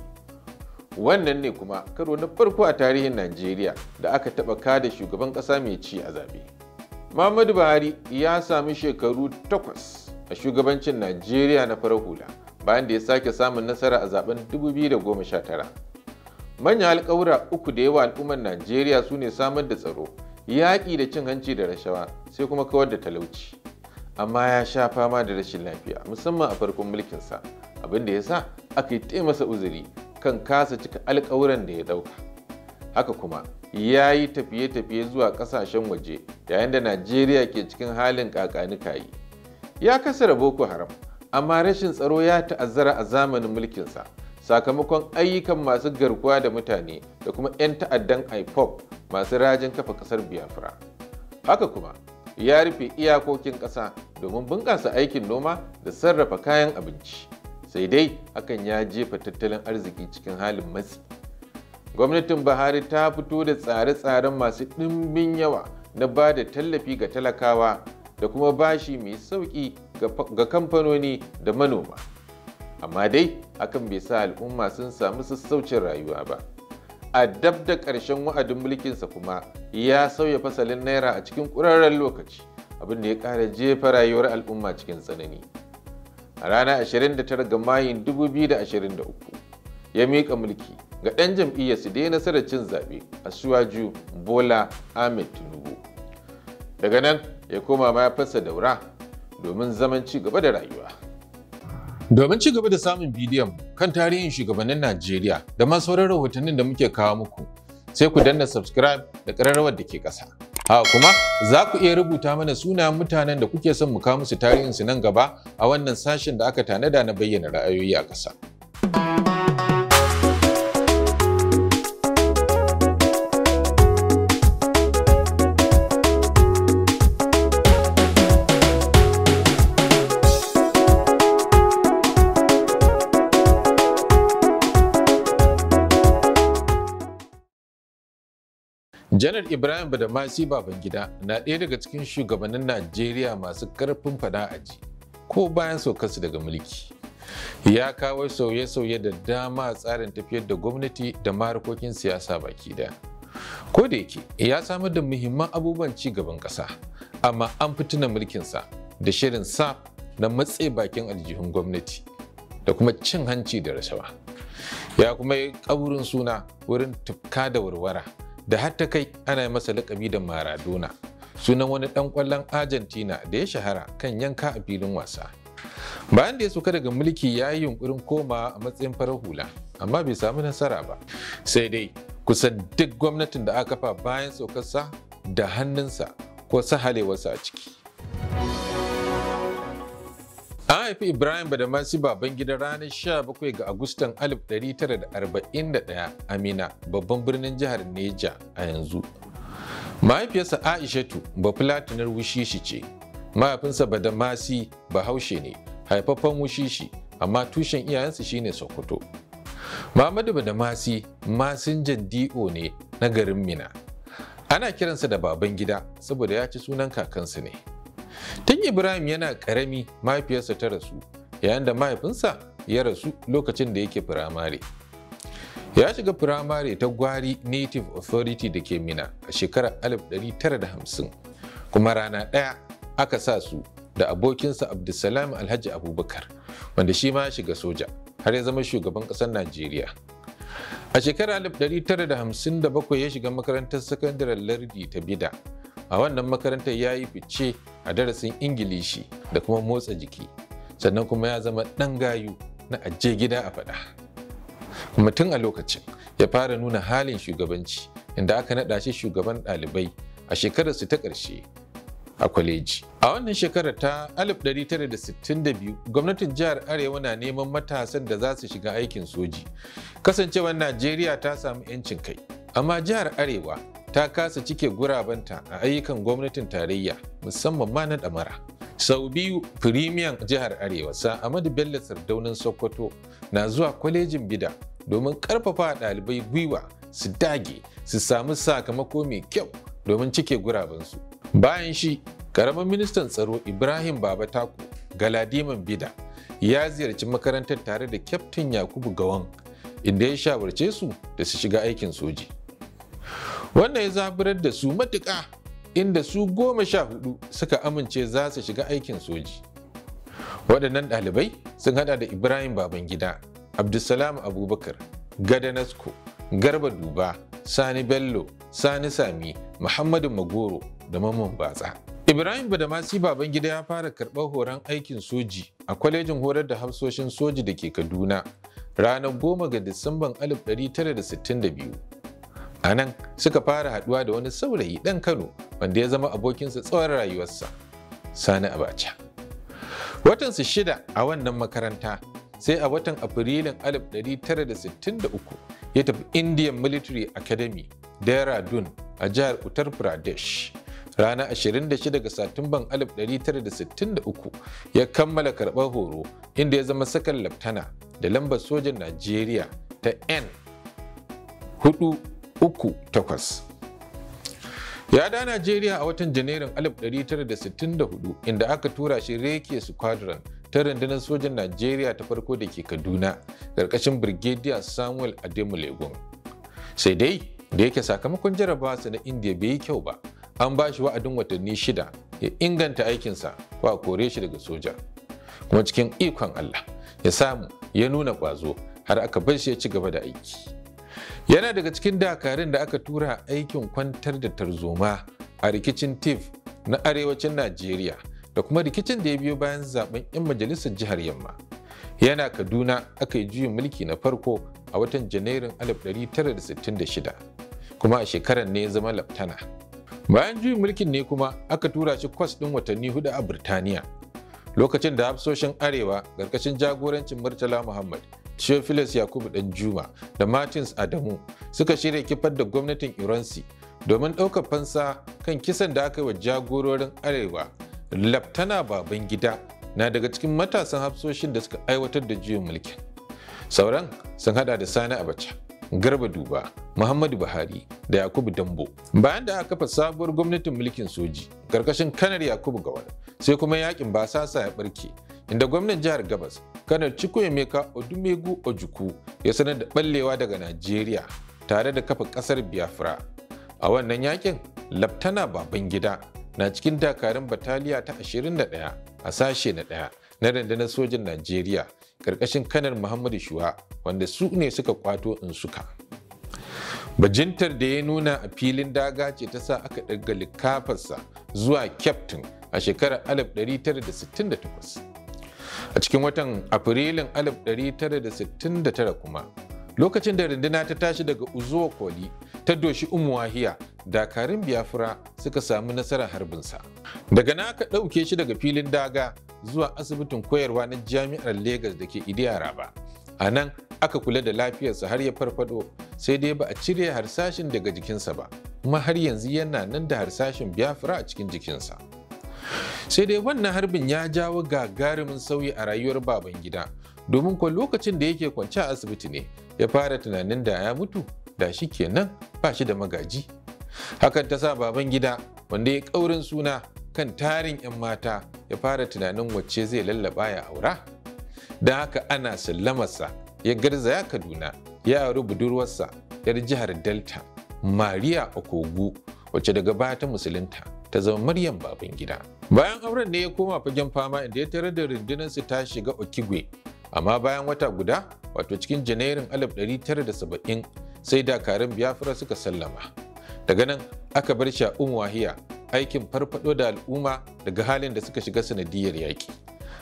wannan ne kuma karo na farko a tarihin najeriya da aka taɓa kada shugaban ƙasa mai ci a zaɓe. Muhammadu Buhari ya sami shekaru takwas a shugabancin Najeriya na farar hula bayan da ya sake samun nasara a zaben 2019. Manyan alƙawura uku da yawa al'ummar Najeriya su ne samar da tsaro, yaƙi da cin hanci da rashawa sai kuma kawar da talauci. Amma ya sha fama da rashin lafiya musamman a farkon mulkinsa abin da ya sa aka yi masa uzuri kan kasa cika alƙawuran da ya ɗauka. haka kuma ya yi tafiye-tafiye zuwa kasashen waje yayin da najeriya ke cikin halin kayi ya kasara boko haram amma rashin tsaro ya ta'azzara a zamanin mulkinsa sakamakon ayyukan masu garkuwa da mutane da kuma 'yan ta'addan ipop masu rajin kafa kasar biafra haka kuma ya rufe iyakokin ƙasa domin bunƙasa aikin noma da sarrafa kayan abinci sai dai hakan ya jefa tattalin arziki cikin halin matsi gwamnatin buhari ta fito da tsare-tsaren masu ɗimbin yawa na ba da tallafi ga talakawa da kuma bashi mai sauƙi ga kamfanoni da manoma amma dai akan bai sa al'umma sun samu sassaucin rayuwa ba a dab da ƙarshen wa'adin mulkinsa kuma ya sauya fasalin naira a cikin ƙurarren lokaci abin da ya ƙara jefa rayuwar al'umma cikin tsanani a ranar 29 ga mayun 2023 ya miƙa mulki ga ɗan jam'iyyar su dai ya nasarar cin zaɓe a shiwaju bola ahmed tinubu daga nan ya koma ma ya fasa daura domin zaman ci gaba da rayuwa domin ci gaba da samun bidiyon kan tarihin shugabannin najeriya da ma sauran rahotannin da muke kawo muku sai ku danna subscribe da ƙararrawar da ke ƙasa Ha kuma za ku iya rubuta mana suna mutanen da kuke son mu kawo musu tarihinsu nan gaba a wannan sashen da aka tanada na bayyana ra'ayoyi a ƙasa. janar ibrahim badamasi babangida na ɗaya daga cikin shugabannin najeriya masu ƙarfin fada a ji ko bayan saukarsu daga mulki ya kawo sauye-sauye da dama a tsarin tafiyar da gwamnati da maharkokin siyasa baki da ko da yake ya samar da muhimman abubuwan ci gaban ƙasa amma an fituna mulkinsa da shirin sa na matse bakin aljihun gwamnati da kuma cin hanci da rashawa ya kuma yi ƙaurin suna wurin tufka da warwara da har ta kai ana masa lakabi da Maradona sunan wani ɗan ƙwallon Argentina da ya shahara kan yanka a filin wasa. Bayan da ya suka daga mulki ya yi yunkurin koma a matsayin farar hula, amma bai samu nasara ba. Sai dai kusan duk gwamnatin da aka kafa bayan saukarsa da hannunsa ko sahalewarsa a ciki. An haifi Ibrahim Badamasi gida ranar 17 ga Agustan 1941 Amina, babban birnin jihar Neja a yanzu. Mahaifiyarsa Aishatu bafulatunar Wushishi ce, mahaifinsa Badamasi Bahaushe ne, haifaffen Wushishi, amma tushen iyayensa shine Sokoto. Muhammadu Badamasi masinjan DO ne na garin Mina. Ana kiransa da baban gida saboda ya ci sunan kakansu ne. Tun Ibrahim yana ƙarami mahaifiyarsa ta rasu, yayin da mahaifinsa ya rasu lokacin da yake firamare. Ya shiga firamare ta Gwari Native Authority da ke Mina a shekarar 1950, kuma rana ɗaya aka sa su da abokinsa Abdulsalam Alhaji Abubakar, wanda shi ma ya shiga soja, har ya zama shugaban ƙasar Najeriya. A shekarar 1957 ya shiga makarantar sakandaren lardi ta Bida, a wannan makarantar ya yi fice a darasin ingilishi da kuma motsa jiki sannan kuma ya zama ɗan gayu na ajiye gida a faɗa mutum a lokacin ya fara nuna halin shugabanci inda aka naɗa shi shugaban ɗalibai a shekararsu ta ƙarshe a kwaleji. A wannan shekara ta 1962 gwamnatin jihar Arewa na neman matasan da za su shiga aikin soji. Kasancewar Najeriya ta samu 'yancin kai, amma jihar Arewa ta kasa cike gurabanta a ayyukan gwamnatin tarayya musamman ma na mara. Sau biyu firimiyan jihar Arewa sa Amadu Bello sardaunin Sokoto na zuwa kwalejin bida domin karfafa ɗalibai gwiwa su dage su samu sakamako mai kyau domin cike gurabansu. Bayan shi, karamin ministan tsaro Ibrahim Baba taku Galadiman Bida ya ziyarci makarantar tare da Kyaftin Yakubu Gawan inda ya shawarce su da su shiga aikin soji. wannan ya zaburar da su matuƙa inda su goma sha hudu suka amince za su shiga aikin soji waɗannan ɗalibai sun hada da ibrahim babangida abdulsalam abubakar gada nasko garba duba sani bello sani sami muhammadu magoro da mamman batsa ibrahim badamasi babangida ya fara karɓar horon aikin soji a kwalejin horar da hafsoshin soji da ke kaduna ranar goma ga disamban 1962 A nan suka fara haɗuwa da wani saurayi ɗan Kano wanda ya zama abokinsa tsawon rayuwarsa, Sani Abacha. Watansu shida a wannan makaranta sai a watan Afrilun 1963 ya tafi Indian Military Academy, Dun a jihar Uttar Pradesh. rana 26 ga Satumban 1963 ya kammala karɓar horo inda ya zama sakan laftana da lambar sojan Najeriya ta N uku takwas. Ya da Najeriya a watan Janairun 1964 inda aka tura shi Reke Squadron ta rundunar sojan Najeriya ta farko da ke Kaduna ƙarƙashin Brigadier Samuel Ademulegun. Sai dai da yake sakamakon su na Indiya bai yi kyau ba, an ba shi wa'adin watanni shida ya inganta aikinsa ko a kore shi daga soja. Kuma cikin ikon Allah ya samu ya nuna ƙwazo har aka bar shi ya ci gaba da aiki. yana daga cikin dakarun da aka tura aikin kwantar da tarzoma a rikicin tif na arewacin najeriya da kuma rikicin da ya biyo bayan zaben 'yan majalisar jihar yamma yana kaduna aka yi juyin mulki na farko a watan janairun 1966 kuma a shekarar ne ya zama laftana bayan juyin mulkin ne kuma aka tura shi kwas ɗin watanni hudu a birtaniya lokacin da hafsoshin arewa ƙarƙashin jagorancin murtala muhammad Theophilus Yakubu Dan Juma da Martins Adamu suka shirya kifar da gwamnatin Iransi domin ɗaukar fansa kan kisan da aka yi wa jagororin Arewa. Laftana gida, na daga cikin matasan hafsoshin da suka aiwatar da juyin mulkin. Sauran sun hada da Sani Abacha, Garba Duba, Muhammadu Buhari da Yakubu Dambo. Bayan da aka kafa sabuwar gwamnatin mulkin soji, karkashin kanar Yakubu Gawar, sai kuma yakin basasa ya barke. inda gwamnan jihar Gabas, Kanar Chukwuemeka Odumegu Ojuku ya sanar da ɓallewa daga Najeriya tare da kafa ƙasar Biafra. A wannan yakin, Laftana Babangida na cikin dakarun bataliya ta 21 a sashe na ɗaya na rundunar sojin Najeriya ƙarƙashin kanar Muhammadu Shuwa wanda su ne suka kwato in suka. Bajintar da ya nuna a filin daga ce ta sa aka ɗaga likafarsa zuwa kyaftin a shekarar 1968. A cikin watan Afrilun 1969 kuma, lokacin da runduna ta tashi daga Uzuwa Koli ta doshi Umuwahiya, dakarun Biafra suka samu nasarar harbinsa. Daga na aka ɗauke shi daga filin daga zuwa asibitin koyarwa na Jami'ar Legas da ke Idiyara ba. A nan aka kula da lafiyarsa har ya farfado sai dai ba a cire harsashin daga jikinsa ba, kuma har yanzu yana nan da harsashin Biafra a cikin jikinsa. sai dai wannan harbin ya jawo gagarumin sauyi a rayuwar baban gida domin kuwa lokacin da yake kwance a asibiti ne ya fara tunanin da ya mutu da shi kenan ba shi da magaji hakan ta sa baban gida wanda ya ƙaurin suna kan tarin 'yan mata ya fara tunanin wacce zai lallaba ya aura don haka ana sallamarsa ya garzaya kaduna ya auri budurwarsa 'yar jihar delta maria okogu wacce daga baya ta musulunta ta zama Maryam Babangida. Bayan auren ne ya koma fagen fama inda ya tarar da su ta shiga Okigwe. Amma bayan wata guda, wato cikin Janairun 1970 sai dakarun Biafra suka sallama. Daga nan aka bar shi a Umuwahiya aikin farfaɗo da al'umma daga halin da suka shiga sanadiyar yaƙi.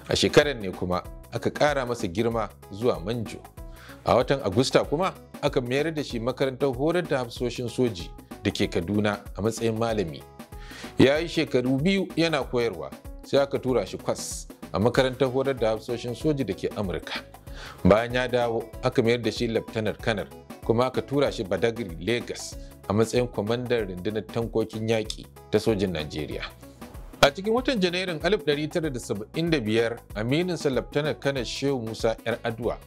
A shekarar ne kuma aka ƙara masa girma zuwa manjo. A watan Agusta kuma aka mayar da shi makarantar horar da hafsoshin soji da ke Kaduna a matsayin malami. ya yi shekaru biyu yana koyarwa sai aka tura shi kwas a makarantar horar da hafsoshin soji da ke amurka bayan ya dawo aka mayar da shi laftanar kanar kuma aka tura shi badagri lagos a matsayin kwamandan rundunar tankokin yaƙi ta sojin najeriya a cikin watan janairun 1975 sa laftanar kanar shehu musa yar aduwa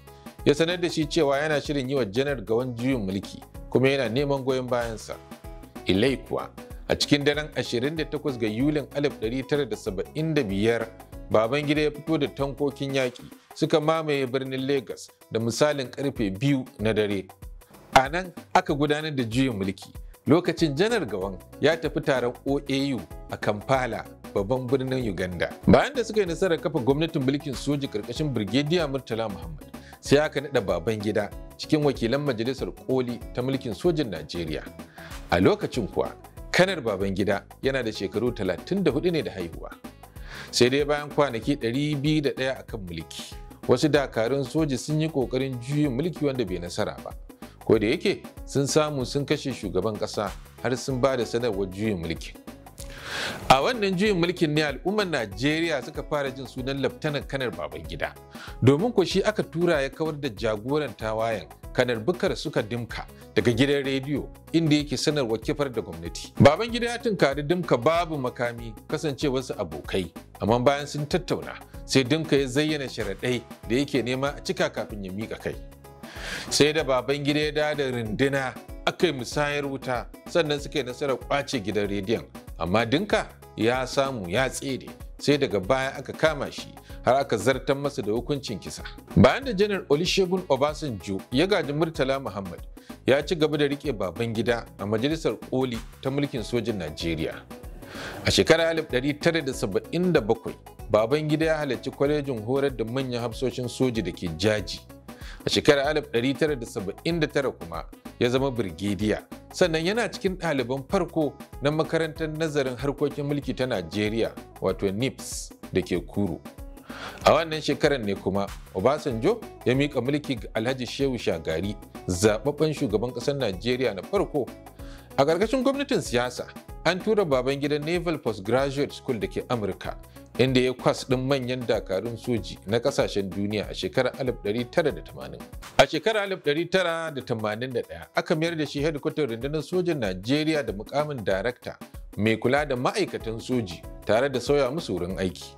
ya sanar da shi cewa yana shirin yi wa janar ga wani juyin mulki kuma yana neman goyon bayansa ilai kuwa a cikin daren 28 ga yulin 1975 gida ya fito da tankokin yaƙi suka mamaye birnin lagos da misalin karfe biyu na dare a nan aka gudanar da juyin mulki lokacin janar gawan ya tafi taron oau a kampala babban birnin uganda bayan da suka yi nasarar kafa gwamnatin mulkin soji karkashin birgediya murtala muhammad sai aka naɗa baban gida cikin wakilan majalisar koli ta mulkin sojin najeriya a lokacin kuwa kanar baban gida yana da shekaru 34 ne da haihuwa. Sai dai bayan kwanaki 201 a kan mulki, wasu dakarun soja sun yi ƙoƙarin juyin mulki wanda bai nasara ba. Ko da yake sun samu sun kashe shugaban ƙasa har sun ba da sanarwar juyin mulki. A wannan juyin mulkin ne al'ummar Najeriya suka fara jin sunan Laftanar Kanar baban gida domin ko aka tura ya kawar da jagoran tawayen kanar bukar suka dimka daga gidan rediyo inda yake sanar kifar da gwamnati baban gida ya tunkari dimka babu makami kasance wasu abokai amma bayan sun tattauna sai dimka ya zayyana sharaɗai da yake nema a cika kafin ya miƙa kai sai da baban gida ya da runduna aka yi musayar wuta sannan suka yi nasarar kwace gidan rediyon amma dinka ya samu ya tsere sai daga baya aka kama shi har aka zartar masa da hukuncin kisa. Bayan da janar Olusegun Obasanjo ya gaji Murtala Muhammad ya ci gaba da riƙe baban gida a majalisar koli ta mulkin sojin Najeriya. A shekarar 1977 baban gida ya halarci kwalejin horar da manyan hafsoshin soji da ke jaji. A shekarar 1979 kuma ya zama birgediya sannan yana cikin ɗaliban farko na makarantar nazarin harkokin mulki ta Najeriya wato NIPS da ke Kuro. a wannan shekarar ne kuma obasanjo ya miƙa mulki ga alhaji shehu shagari zaɓaɓɓen shugaban ƙasar najeriya na farko a ƙarƙashin gwamnatin siyasa an tura baban gidan naval postgraduate school da ke amurka inda ya kwas ɗin manyan dakarun soji na ƙasashen duniya a shekarar 1980. A shekarar 1981 aka mayar da shi hedikwatar rundunar Sojan Najeriya da mukamin darakta mai kula da ma'aikatan soji tare da sauya musu wurin aiki.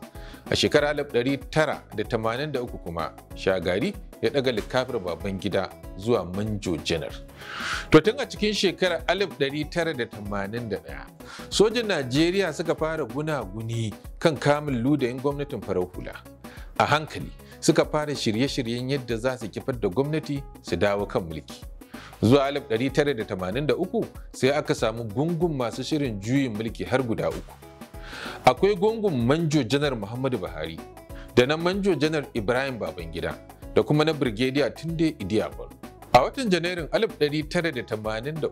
A shekarar 1983 kuma Shagari ya daga likafir baban gida zuwa Manjo Janar. To tun a cikin shekarar 1981 sojin Najeriya suka fara gunaguni kan kamun ludayin gwamnatin farar hula. A hankali suka fara shirye-shiryen yadda za su kifar da gwamnati su dawo kan mulki. Zuwa 1983 sai aka samu gungun masu shirin juyin mulki har guda uku. akwai gungun manjo janar muhammadu buhari da na manjo janar ibrahim babangida da kuma na birgediya tunde idiyabar a watan janairun 1983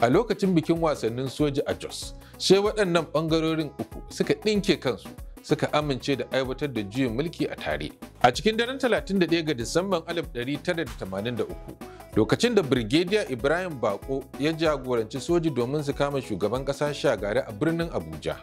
a lokacin bikin wasannin soja a jos sai waɗannan ɓangarorin uku suka ɗinke kansu suka amince da aiwatar da juyin mulki a tare. A cikin daren 31 ga Disamban 1983, lokacin da Birgediya Ibrahim Bako ya jagoranci soji domin su kama shugaban ƙasa Shagari a birnin Abuja.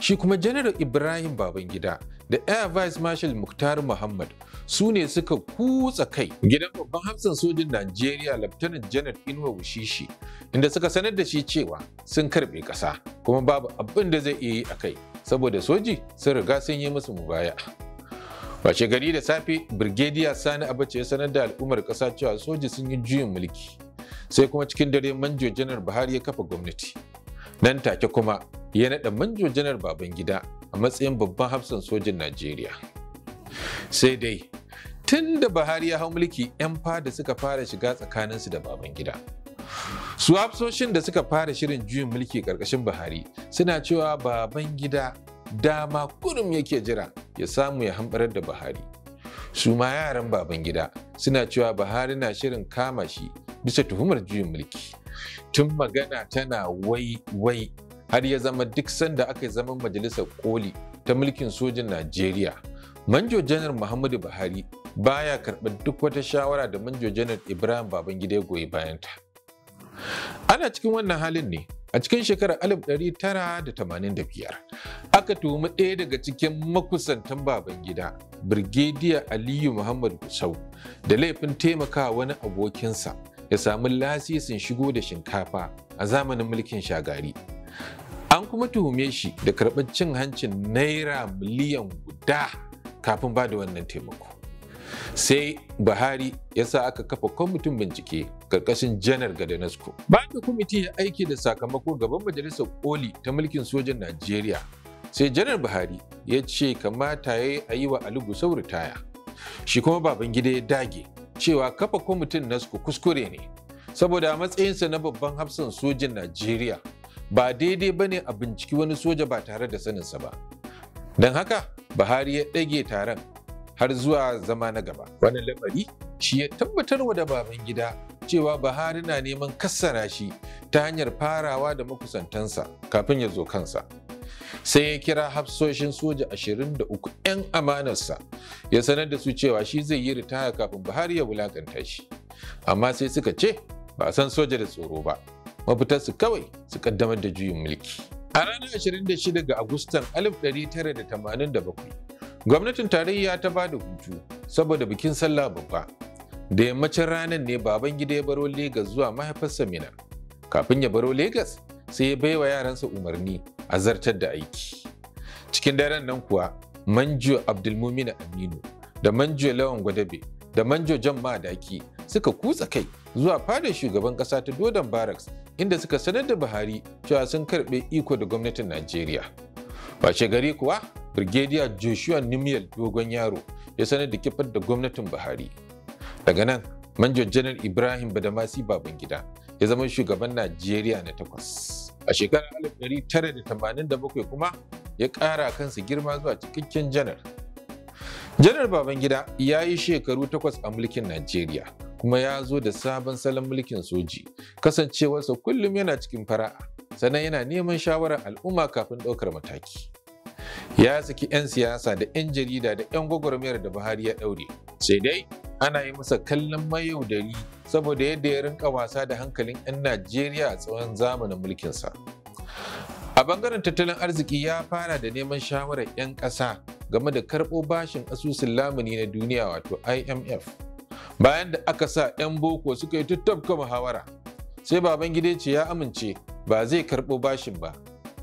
Shi kuma General Ibrahim Babangida da Air Vice Marshal Muktar Muhammad su ne suka kutsa kai gidan babban hamsin sojin Najeriya Lieutenant General Inuwa Wushishi inda suka sanar da shi cewa sun karɓe ƙasa kuma babu abin da zai iya yi a kai saboda soji sun sun riga sun yi musu mubaya washe gari da safe birgediya sani abace ya sanar da al'ummar ƙasa cewa soja sun yi juyin mulki sai kuma cikin dare manjo janar buhari ya kafa gwamnati nan take kuma ya naɗa manjo janar babangida a matsayin babban hafsan sojin najeriya sai dai tun da buhari ya hau mulki 'yan fada suka fara shiga tsakaninsu da babangida su hafsoshin da suka fara shirin juyin mulki ƙarƙashin buhari suna cewa babangida dama kurum yake jira ya samu ya hambarar da Buhari. Su ma yaran Babangida suna cewa Buhari na shirin kama shi bisa tuhumar juyin mulki. Tun magana tana wai wai har ya zama duk sanda aka yi zaman majalisar koli ta mulkin sojin Najeriya. Manjo Janar Muhammadu Buhari baya karɓar duk wata shawara da Manjo Janar Ibrahim Babangida ya goyi bayanta. Ana cikin wannan halin ne A cikin shekarar 1985 aka tuhumi ɗaya daga cikin makusantan baban gida, Birgediya Aliyu Muhammad Gusau, da laifin taimakawa wani abokinsa ya samu lasisin shigo da shinkafa a zamanin mulkin shagari. An kuma tuhume shi da karɓar cin hancin naira miliyan guda kafin ba da wannan taimako. sai buhari ya sa aka kafa kwamitin bincike karkashin janar gadanasko bayan da kwamiti ya aiki da sakamako gaban majalisar koli ta mulkin sojan najeriya sai janar buhari ya ce kamata ya yi a yi wa ali sauri taya. shi kuma baban gida ya dage cewa kafa kwamitin nasko kuskure ne saboda matsayinsa na babban hafsan sojan najeriya ba daidai ba ne a binciki wani soja ba tare da saninsa ba don haka buhari ya ɗage taron har zuwa zama na gaba. Wannan lamari shi ya tabbatar wa da baban gida cewa Buhari na neman kassara shi ta hanyar farawa da makusantansa kafin ya zo kansa. Sai ya kira hafsoshin soja 23 'yan amanarsa ya sanar da su cewa shi zai yi ritaya kafin Buhari ya wulaƙanta shi. Amma sai suka ce ba san soja da tsoro ba, mafitarsu kawai su kaddamar da juyin mulki. A ranar 26 ga Agustan 1987, Gwamnatin tarayya ta ba da hutu saboda bikin sallah babba. Da yammacin ranar ne baban gida ya baro Legas zuwa mahaifarsa Mina. Kafin ya baro Legas sai ya baiwa yaransa umarni a zartar da aiki. Cikin daren nan kuwa Manjo Abdulmumin Aminu da Manjo Lawan Gwadabe da Manjo Jan Madaki suka kutsa kai zuwa fadar shugaban ƙasa ta Dodon Barracks inda suka sanar da Buhari cewa sun karɓe iko da gwamnatin Najeriya. Washe gari kuwa, Brigadier Joshua Nimiel Dogon Yaro ya sanar da kifar da gwamnatin Buhari. Daga nan, Manjo Janar Ibrahim Badamasi Babangida ya zama shugaban Najeriya na takwas. A shekarar 1987 kuma ya ƙara kansa girma zuwa cikakken janar. Janar Babangida ya yi shekaru takwas a mulkin Najeriya. kuma ya zo da sabon salon mulkin soji kasancewarsa kullum yana cikin fara'a sannan yana neman shawarar al'umma kafin ɗaukar mataki ya saki 'yan siyasa da 'yan jarida da 'yan gwagwarmayar da buhari ya ɗaure sai dai ana yi masa kallon mayaudari saboda yadda ya rinka wasa da hankalin 'yan najeriya a tsawon zamanin mulkinsa a bangaren tattalin arziki ya fara da neman shawarar 'yan ƙasa game da karɓo bashin asusun lamuni na duniya wato imf bayan da aka sa 'yan boko suka yi tuttabka muhawara sai baban ce ya amince ba zai karɓo bashin ba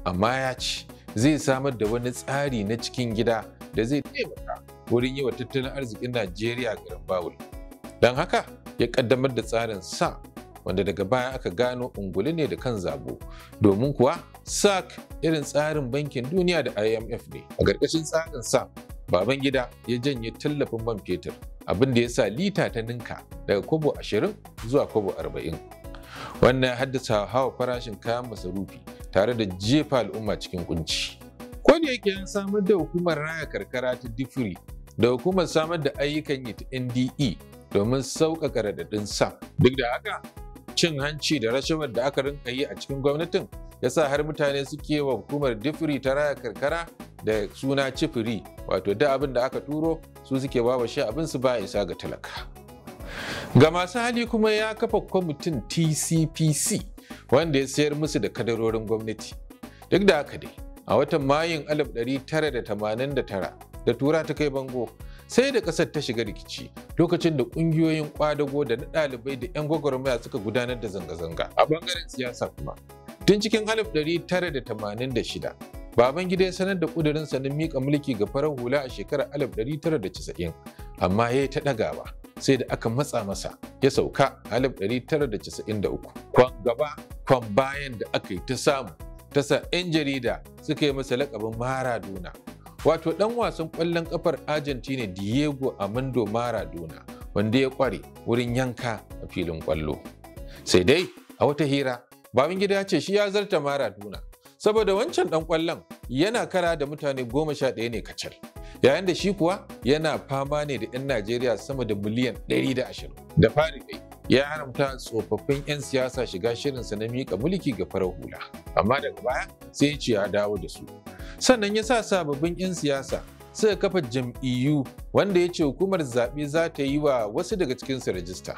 amma ya ce zai samar da wani tsari na cikin gida da zai taimaka wurin yi wa tattalin arzikin najeriya garin bawul don haka ya kaddamar da tsarin sa wanda daga baya aka gano unguli ne da kan zabo domin kuwa sac irin tsarin bankin duniya da imf ne a ƙarƙashin tsarin sa baban gida ya janye tallafin man fetur abin da ya sa lita ta ninka daga kobo 20 zuwa kobo 40 wannan ya haddasa hawa farashin kayan masarufi tare da jefa al'umma cikin kunci ko da yake an samar da hukumar raya karkara ta difiri da hukumar samar da ayyukan yi ta nde domin sauƙaƙa raɗaɗin sam duk da haka cin hanci da rashawar da aka rinka yi a cikin gwamnatin ya sa har mutane suke wa hukumar difiri ta raya karkara da suna cifiri wato da abin da aka turo su suke ba shi abin su ba isa ga talaka ga masu hali kuma ya kafa kwamitin tcpc wanda ya sayar musu da kadarorin gwamnati duk da haka dai a watan mayun 1989 da tura ta kai bango sai da ƙasar ta shiga rikici lokacin da ƙungiyoyin ƙwadago da na ɗalibai da 'yan gwagwarmaya suka gudanar da zanga-zanga a bangaren siyasa kuma tun cikin 1986 gida ya sanar da sa na miƙa mulki ga farar hula a shekarar 1990 amma ya yi ta ɗagawa sai da aka matsa masa ya sauka 1993 kwan gaba kwan bayan da aka yi ta samu ta sa 'yan jarida suka yi masa lakabin duna. Wato ɗan wasan ƙwallon ƙafar Argentina Diego Mara Maradona wanda ya ƙware wurin yanka a filin ƙwallo. Sai dai a wata hira, Babangida ya ce shi ya zarta Maradona saboda wancan ɗan ƙwallon yana kara da mutane goma sha ɗaya ne kacal. Yayin da shi kuwa yana fama ne da 'yan Najeriya sama da miliyan ɗari da ashirin. Da fari kai, ya haramta tsofaffin 'yan siyasa shiga shirinsa na miƙa mulki ga farar hula amma daga baya sai ya ce ya dawo da su sannan ya sa sababbin 'yan siyasa suka kafa jam'iyyu wanda ya ce hukumar zaɓe za ta yi wa wasu daga cikinsu rajista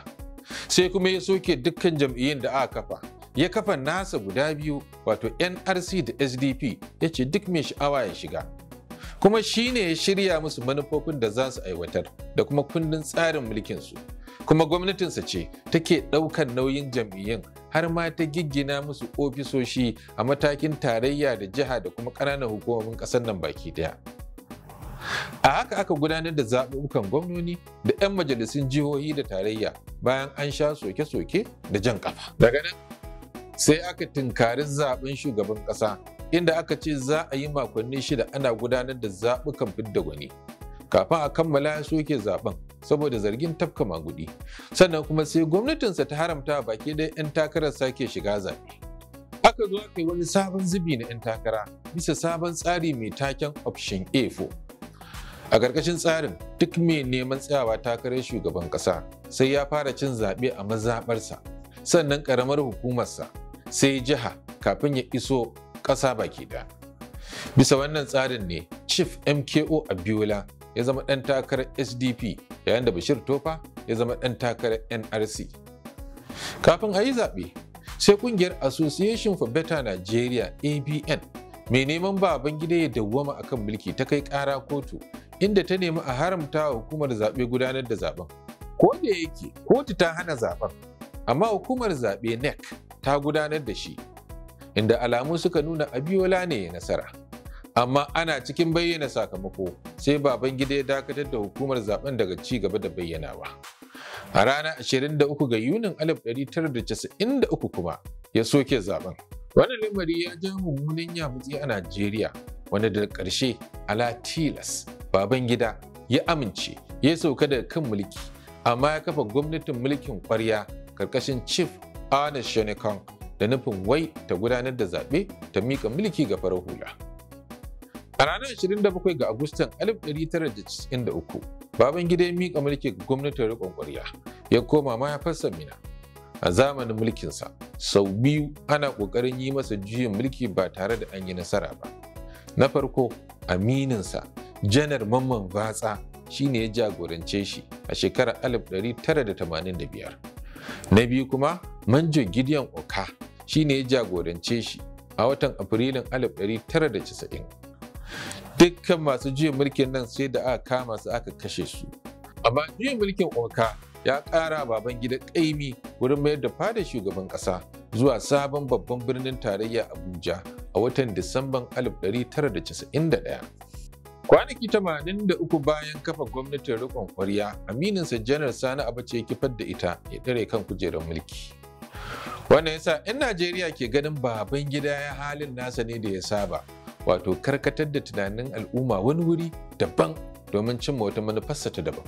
sai kuma ya soke dukkan jam'iyyun da aka kafa ya kafa nasa guda biyu wato nrc da sdp ya ce duk mai sha'awa ya shiga kuma shi ne ya shirya musu manufofin da za su aiwatar da kuma kundin tsarin mulkinsu kuma gwamnatinsa ce take ɗaukar nauyin jam'iyyun har ma ta giggina musu ofisoshi a matakin tarayya da jiha da kuma ƙananan hukumomin ƙasar nan baki daya a haka aka gudanar da zaɓuɓɓukan gwamnoni da 'yan majalisun jihohi da tarayya bayan an sha soke-soke da jan ƙafa daga nan sai aka tinkari zaɓen shugaban ƙasa inda aka ce za a yi makonni shida ana gudanar da zaɓukan fidda gwani kafin a kammala ya soke zaben saboda zargin tafka magudi sannan kuma sai gwamnatinsa ta haramta baki dai 'yan takarar sake shiga zaɓe aka zo aka wani sabon zubi na 'yan takara bisa sabon tsari mai taken option a4 a ƙarƙashin tsarin duk mai neman tsayawa takarar shugaban ƙasa sai ya fara cin zaɓe a mazaɓarsa sannan ƙaramar hukumarsa sai jiha kafin ya iso ƙasa baki ɗaya. Bisa wannan tsarin ne Chief MKO Abiola ya zama ɗan takarar SDP yayin da Bashir Tofa ya zama ɗan takarar NRC. Kafin a yi zaɓe, sai ƙungiyar Association for Better Nigeria ABN mai neman baban gida ya dawwama akan mulki ta kai ƙara kotu inda ta nemi a haramta wa hukumar zaɓe gudanar da zaɓen. Ko da yake kotu ta hana zaɓen, amma hukumar zaɓe NEC ta gudanar da shi inda alamu suka nuna Abiola ne ya nasara. Amma ana cikin bayyana sakamako sai baban gida ya dakatar da hukumar zaben daga ci gaba da bayyanawa. A ranar 23 ga Yunin 1993 kuma ya soke zaben. Wani lamari ya ja mummunan yamutse a Najeriya wanda da ƙarshe ala tilas gida ya amince ya sauka daga kan mulki amma ya kafa gwamnatin mulkin ƙwarya ƙarƙashin Chief Arnold Shonikan da nufin wai ta gudanar da zaɓe ta miƙa mulki ga farar hula. A ranar 27 ga Agustan 1993, Babangida ya mika mulki ga gwamnatin riƙon ƙwarya, ya koma ma ya fasa Mina. A zamanin mulkinsa, sau biyu ana ƙoƙarin yi masa juyin mulki ba tare da an yi nasara ba. Na farko, amininsa, Janar Mamman Vatsa shi ne ya jagorance shi a shekarar 1985. Na biyu kuma, Manjo Gideon Oka shi ne ya jagorance shi a watan afrilun 1990 dukkan masu juya mulkin nan sai da aka kama su aka kashe su amma juya mulkin oka ya kara baban gida ƙaimi wurin mayar da fada shugaban ƙasa zuwa sabon babban birnin tarayya abuja a watan disamban 1991 kwanaki 83 bayan kafa gwamnatin riƙon ƙwarya amininsa janar sani abace ya kifar da ita ya ɗare kan kujerar mulki wannan sa 'yan najeriya ke ganin baban gida ya halin nasa ne da ya saba wato karkatar da tunanin al'umma wani wuri daban domin cimma wata manufarsa ta daban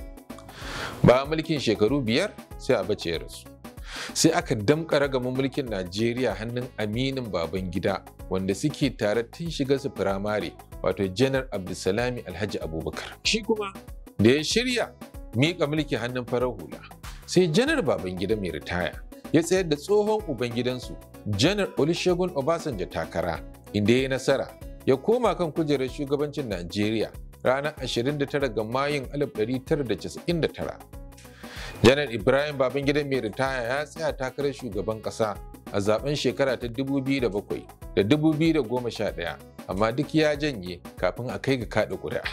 ba mulkin shekaru biyar sai a bace ya rasu sai aka damƙa ragamin mulkin najeriya hannun aminin baban gida wanda suke tare tun shiga su firamare wato janar abdulsalami alhaji abubakar shi kuma da ya shirya miƙa mulki hannun farar hula sai janar baban gida mai ritaya ya tsayar da tsohon ubangidansu janar olusegun obasanjo takara inda ya yi nasara ya koma kan kujerar shugabancin najeriya ranar 29 ga mayun 1999 janar ibrahim babangida mai ritaya ya tsaya takarar shugaban kasa a zaben shekara ta 2007 da 2011 amma duk ya janye kafin a kai ga kaɗa ƙuri'a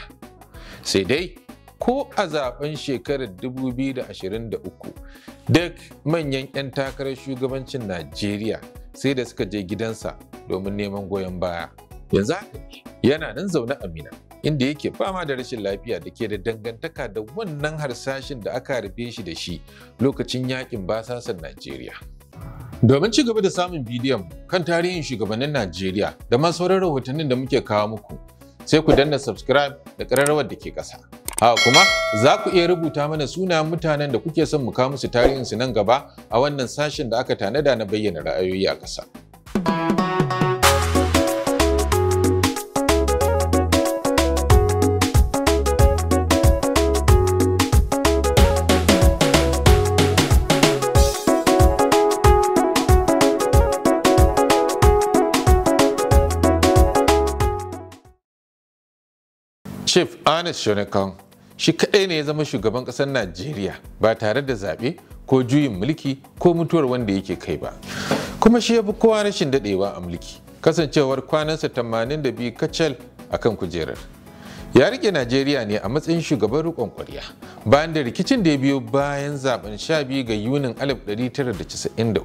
sai dai ko a zaben shekarar 2023 duk manyan 'yan takarar shugabancin najeriya sai da suka je gidansa domin neman goyon baya yanzu haka yana nan zaune amina inda yake fama da rashin lafiya da ke da dangantaka da wannan harsashin da aka rufe shi da shi lokacin yakin basasan najeriya Domin ci gaba da samun bidiyon kan tarihin shugabannin Najeriya da masu sauran rahotannin da muke kawo muku, sai ku danna subscribe da ƙararrawar da ke ƙasa. A'a, kuma za ku iya rubuta mana sunayen mutanen da kuke son mu kawo musu tarihinsu nan gaba a wannan sashen da aka tanada na bayyana ra'ayoyi a ƙasa. Chief Ernest Shonekan shi kaɗai ne ya zama shugaban ƙasar najeriya ba tare da zaɓe ko juyin mulki ko mutuwar wanda yake kai ba kuma shi ya fi kowa rashin daɗewa a mulki kasancewar kwanansa 82 kacal a kan kujerar ya rike najeriya ne a matsayin shugaban rikon kwarya bayan da rikicin da ya biyo bayan zaben 12 ga yunin 1993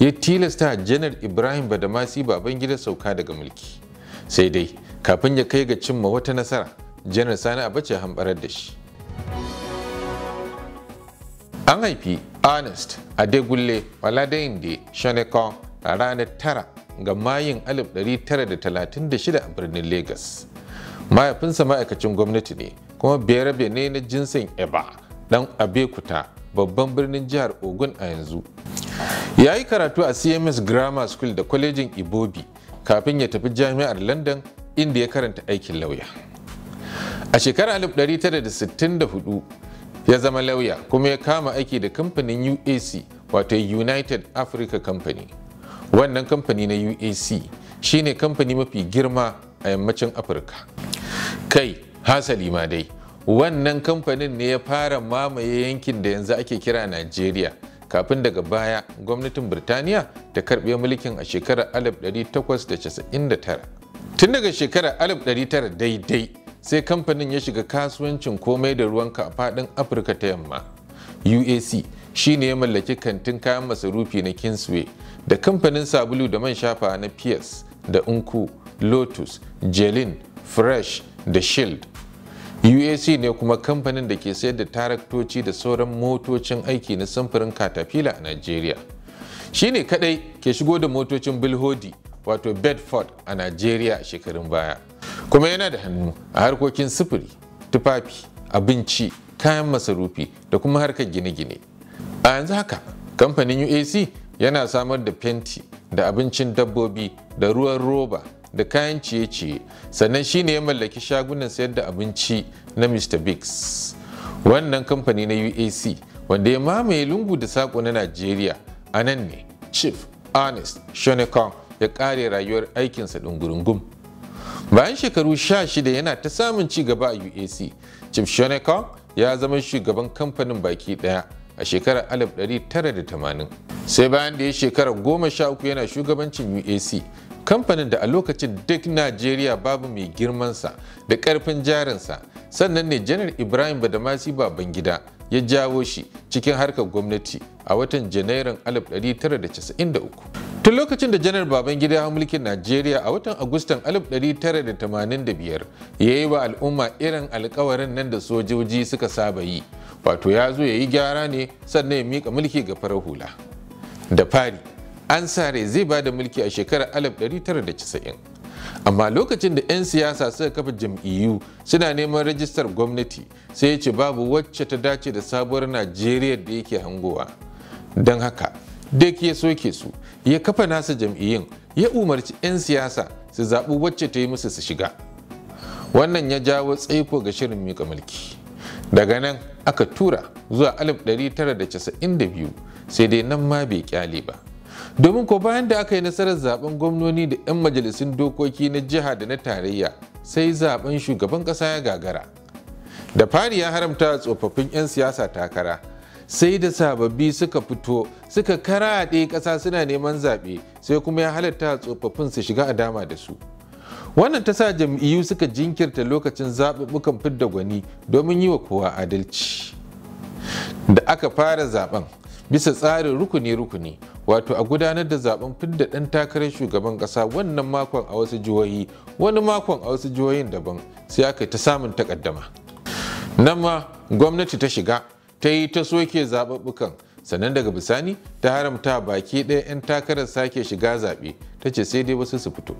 ya tilasta janar ibrahim badamasi baban gida sauka daga mulki sai dai kafin ya kai ga cimma wata nasara janar sani abace hambarar da shi an haifi ernest adegulle oladeyinde shoneko a ranar tara ga mayin 1936 a birnin Legas. mahaifinsa ma'aikacin gwamnati ne kuma berabe ne na jinsin eba dan abekuta babban birnin jihar ogun a yanzu ya yi karatu a cms grammar school da kwalejin ibobi kafin ya tafi jami'ar london inda ya karanta aikin lauya a shekarar 1964 ya zama lauya kuma ya kama aiki da kamfanin uac wato united africa company wannan kamfani na uac shine kamfani mafi girma a yammacin afirka kai hasali ma dai wannan kamfanin ne ya fara mamaye yankin da yanzu ake kira najeriya kafin daga baya gwamnatin birtaniya ta karbe mulkin a shekarar 1899 tun daga shekarar 1900 daidai sai kamfanin ya shiga kasuwancin komai da ruwanka a fadin afirka ta yamma uac shine ya mallaki kantin kayan masarufi na kingsway da kamfanin sabulu da man shafa na pierce da unku lotus jelin fresh da shield uac ne kuma kamfanin da ke sayar da taraktoci da sauran motocin aiki na samfurin katafila a nigeria shine kadai ke shigo da motocin bilhodi wato bedford a nigeria shekarun baya kuma yana da hannu a harkokin sufuri tufafi abinci kayan masarufi da kuma harkar gine-gine a yanzu haka kamfanin uac yana samar da fenti da abincin dabbobi da ruwan roba da kayan ciye-ciye sannan shine ya mallaki shagunan sayar da abinci na mr biggs wannan kamfani na uac wanda ya mamaye lungu da sako na najeriya a nan ne chief ernest shonekong ya kare rayuwar aikinsa gungun. bayan shekaru sha shida yana ta samun ci gaba a uac chief shonekong ya zama shugaban kamfanin baki daya a shekarar 1980 sai bayan da ya shekarar uku yana shugabancin uac kamfanin da a lokacin duk najeriya babu mai girmansa da karfin jarinsa sannan ne janar ibrahim badamasi babangida gida ya jawo shi cikin harkar gwamnati a watan janairun 1993 tun lokacin da janar babangida ya mulkin najeriya a watan agustan 1985 ya yi wa al'umma irin alkawarin nan da sojoji suka saba yi wato ya zo ya yi gyara ne sannan ya miƙa mulki ga farar hula da fari an sare zai ba da mulki a shekarar 1990 amma lokacin da 'yan siyasa suka kafa jam'iyyu suna neman rajistar gwamnati sai ya ce babu wacce ta dace da sabuwar najeriya da yake hangowa don haka duk ya soke su ya kafa nasa jam'iyyun ya umarci 'yan siyasa su zaɓi wacce ta yi musu su shiga wannan ya jawo tsaiko ga shirin mika mulki daga nan aka tura zuwa 1992 sai dai nan ma bai kyale ba domin ko bayan da aka yi nasarar zaben gwamnoni da 'yan majalisun dokoki na jiha da na tarayya sai zaben shugaban ƙasa ya gagara da fari ya haramta tsofaffin 'yan siyasa takara sai da sababbi suka fito suka kara a ɗaya ƙasa suna neman zaɓe sai kuma ya halatta tsofaffin su shiga a dama da su wannan ta sa jam'iyyu suka jinkirta lokacin zaɓuɓɓukan fidda gwani domin yi wa kowa adalci da aka fara zaɓen bisa tsarin rukuni-rukuni wato a gudanar da zaben fidda ɗan takarar shugaban ƙasa wannan makon a wasu jihohi wani makon a wasu jihohin daban sai aka ta samun takaddama nan ma gwamnati ta shiga ta yi ta soke zaɓuɓɓukan sannan daga bisani ta haramta baki ɗaya 'yan takarar sake shiga zaɓe ta ce sai dai wasu su fito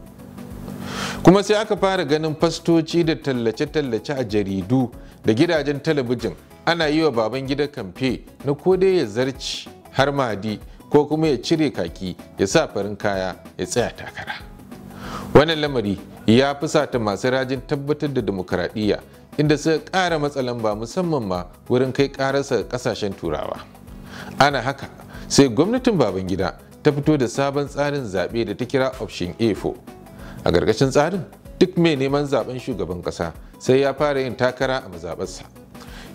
kuma sai aka fara ganin fastoci da tallace-tallace a jaridu da gidajen talabijin ana yi wa baban gida kamfe na ko dai ya zarci har madi ko kuma ya cire kaki ya sa farin kaya ya tsaya takara wannan lamari ya fusata masu rajin tabbatar da demokuraɗiyya inda suka ƙara matsalan ba musamman ma wurin kai ƙararsa ƙasashen turawa ana haka sai gwamnatin babangida ta fito da sabon tsarin zaɓe da ta kira option a4 a gargashin tsarin duk mai neman zaɓen shugaban ƙasa sai ya fara yin takara a mazaɓarsa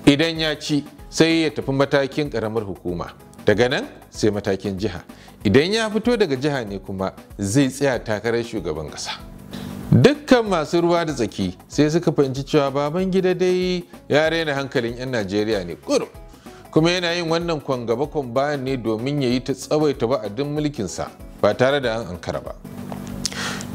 idan ya ci sai ya tafi matakin ƙaramar hukuma daga nan sai matakin jiha idan ya fito daga jiha ne kuma zai tsaya takarar shugaban ƙasa dukkan masu ruwa da tsaki sai suka fahimci cewa baban gida dai ya raina hankalin 'yan najeriya ne kurum kuma yana yin wannan kwangaba-kwamba ne domin ya yi ta tsawaita wa'adin mulkinsa ba tare da an ankara ba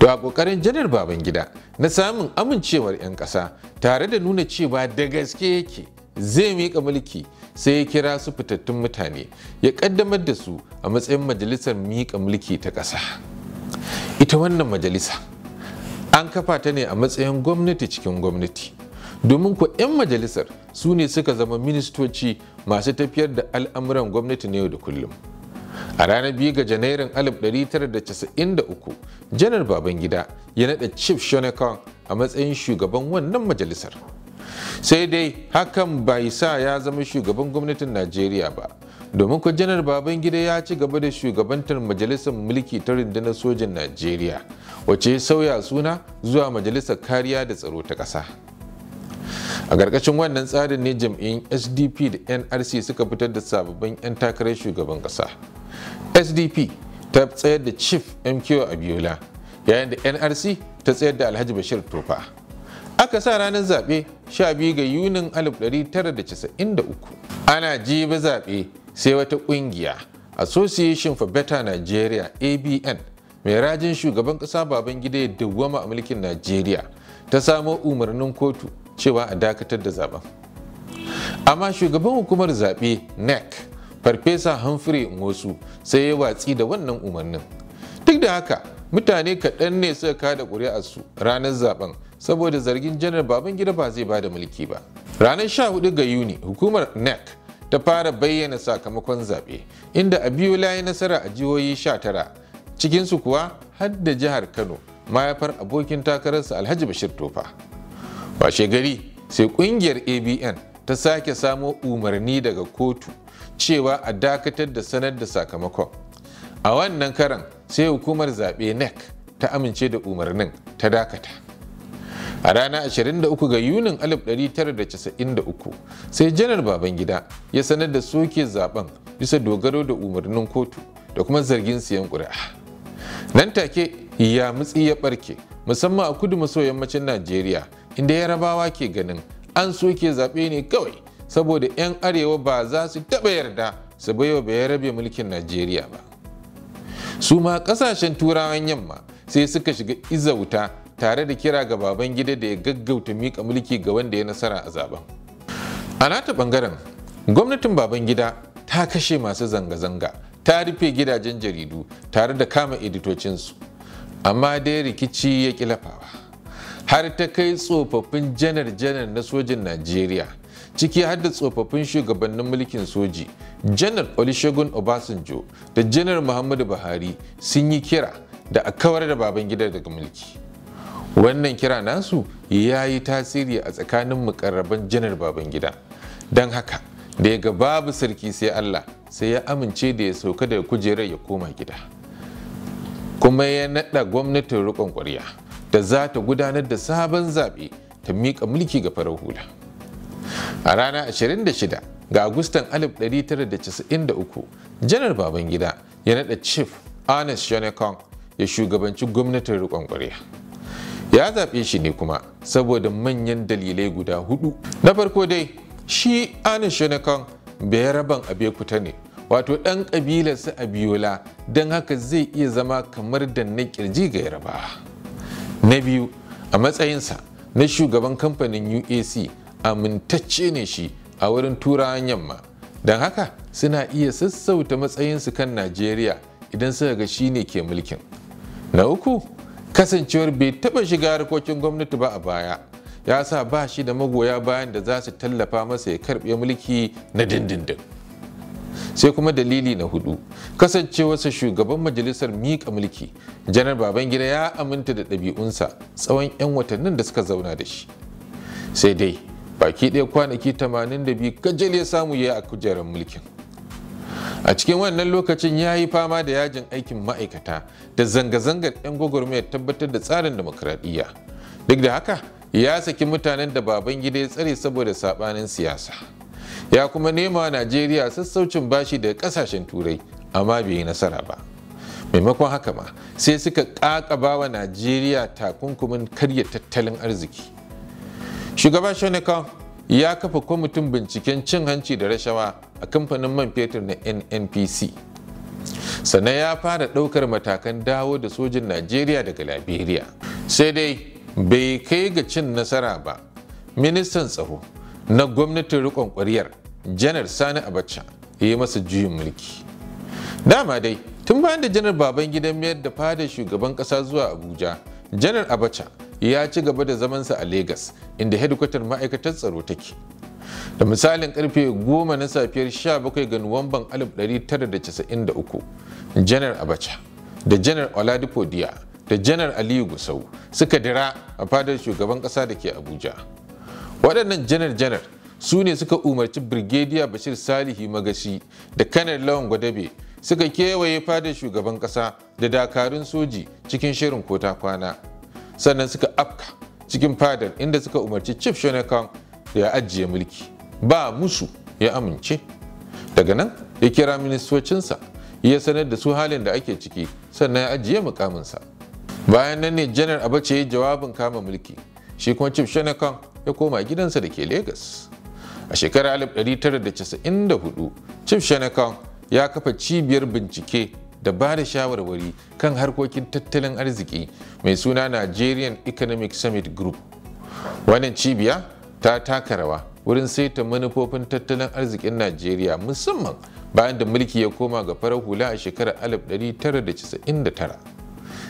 to a kokarin janar baban gida na samun amincewar 'yan ƙasa tare da nuna cewa da gaske yake zai mika mulki sai ya kira su fitattun mutane ya kaddamar da su a matsayin majalisar miƙa mulki ta ƙasa ita wannan majalisa an kafa ta ne a matsayin gwamnati cikin gwamnati domin ku 'yan majalisar su ne suka zama ministoci masu tafiyar da al'amuran gwamnati na yau da kullum a ranar 2 ga janairun 1993 janar babangida ya naɗa chief shonekong a matsayin shugaban wannan majalisar sai dai hakan bai sa ya zama shugaban gwamnatin najeriya ba domin ko janar babangida ya ci gaba da shugabantar majalisar mulki ta rundunar sojin najeriya wacce ya sauya suna zuwa majalisar kariya da tsaro ta ƙasa a ƙarƙashin wannan tsarin ne jam'iyyun sdp da nrc suka fitar da sababbin 'yan takarar shugaban ƙasa sdp ta tsayar da chief mko abiola yayin da nrc ta tsayar da alhaji bashir tofa aka sa ranar zaɓe 12 ga yunin 1993 ana jibi zaɓe sai wata ƙungiya association for better nigeria abn mai rajin shugaban ƙasa baban gida ya dawwama a mulkin nigeria ta samo umarnin kotu cewa a dakatar da zaben amma shugaban hukumar zaɓe nec farfesa humphrey wasu sai ya watsi da wannan umarnin duk da haka mutane kaɗan ne suka kada su ranar zaben saboda zargin janar gida ba zai bada mulki ba ranar 14 ga yuni hukumar nec ta fara bayyana sakamakon zaɓe inda a biyu layi nasara a jihohi 19 cikinsu kuwa har da jihar kano mayafar abokin takararsa alhaji bashir tofa washe gari sai ƙungiyar abn ta sake samo umarni daga kotu cewa a dakatar da sanar da sakamakon a wannan karan sai hukumar zaɓe nec ta amince da umarnin ta dakata a ranar 23 ga yunin 1993 sai janar babangida ya sanar da soke zaben bisa dogaro da umarnin kotu da kuma zargin siyan ƙuri'a nan take ya mutsi ya barke musamman a kudu maso yammacin najeriya inda yarabawa ke ganin an soke zaɓe ne kawai saboda 'yan arewa ba za su taɓa yarda su baiwa ya rabe mulkin najeriya ba su ma ƙasashen turawan yamma sai suka shiga izauta tare da kira ga baban gida da ya gaggauta miƙa mulki ga wanda ya nasara a zaben a nata bangaren gwamnatin baban gida ta kashe masu zanga-zanga ta rufe gidajen jaridu tare da kama editocinsu amma dai rikici ya kilafawa har ta kai tsofaffin janar-janar na sojin najeriya ciki har da tsofaffin shugabannin mulkin soji janar olusegun obasanjo da janar muhammadu buhari sun yi kira da a kawar da baban gida daga mulki wannan kira nasu ya yi tasiri a tsakanin mukarraban janar gida don haka da ya babu sarki sai allah sai ya amince da ya sauka da kujerar ya koma gida kuma ya naɗa gwamnatin riƙon ƙwarya da za ta gudanar da sabon zaɓe ta miƙa mulki ga farar hula a rana 26 ga agustan 1993 janar babangida ya naɗa chief ernest shonekong ya shugabanci gwamnatin riƙon ƙwarya ya zaɓe shi ne kuma saboda manyan dalilai guda hudu na farko dai shi anin shanakan bai raban abekuta ne wato ɗan ƙabilar su abiola don haka zai iya zama kamar da na ƙirji ga yaraba na biyu a matsayinsa na shugaban kamfanin uac amintacce ne shi a wurin turawan yamma don haka suna iya sassauta matsayinsu kan najeriya idan suka ga shi ne ke mulkin na uku kasancewar bai taɓa shiga harkokin gwamnati ba a baya ya sa ba shi da magoya bayan da za su tallafa masa ya karɓe mulki na dindindin sai kuma dalili na hudu kasancewarsa shugaban majalisar miƙa mulki janar babangida ya aminta da ɗabi'unsa tsawon 'yan watannin da suka zauna da shi sai dai baki ɗaya kwanaki 82 kajal ya samu ya a kujerar mulkin a cikin wannan lokacin ya yi fama da yajin aikin ma'aikata da zanga-zangar 'yan gwagwarmaya tabbatar da tsarin demokradiyya duk da haka ya saki mutanen da baban gida ya tsare saboda saɓanin siyasa ya kuma nema najeriya sassaucin bashi daga ƙasashen turai amma bai yi nasara ba maimakon haka ma sai suka kakaba wa najeriya takunkumin karya tattalin arziki shugaba shonekong ya kafa kwamitin binciken cin hanci da rashawa a kamfanin man fetur na nnpc sannan ya fara ɗaukar matakan dawo da sojin najeriya daga liberia sai dai bai kai ga cin nasara ba ministan tsaro na gwamnatin riƙon ƙwariyar janar sani abacha ya yi masa juyin mulki dama dai tun bayan da janar baban gidan mayar da fada shugaban ƙasa zuwa abuja janar abacha ya ci gaba da zamansa a Legas, inda hedikwatar ma'aikatar tsaro take da misalin karfe 10 na safiyar 17 ga nuwamban 1993 janar abacha da janar oladipo diya da janar aliyu gusau suka dira a fadar shugaban kasa da ke abuja waɗannan janar janar su ne suka umarci birgediya bashir salihi magashi da kanar lawan gwadabe suka kewaye fadar shugaban kasa da dakarun soji cikin shirin kota kwana sannan suka afka cikin fadar inda suka umarci chief shonekong ya ajiye mulki ba musu ya amince daga nan ya kira ministocinsa ya sanar da su halin da ake ciki sannan ya ajiye mukaminsa bayan nan ne janar abace ya jawabin kama mulki shi kuma chief shanakan ya koma gidansa da ke Legas. a shekarar 1994 chief shanakan ya kafa cibiyar bincike da ba da shawarwari kan harkokin tattalin arziki mai suna nigerian economic summit group wannan cibiya ta taka rawa wurin saita manufofin tattalin arzikin Najeriya musamman bayan da mulki ya koma ga farar hula a shekarar 1999.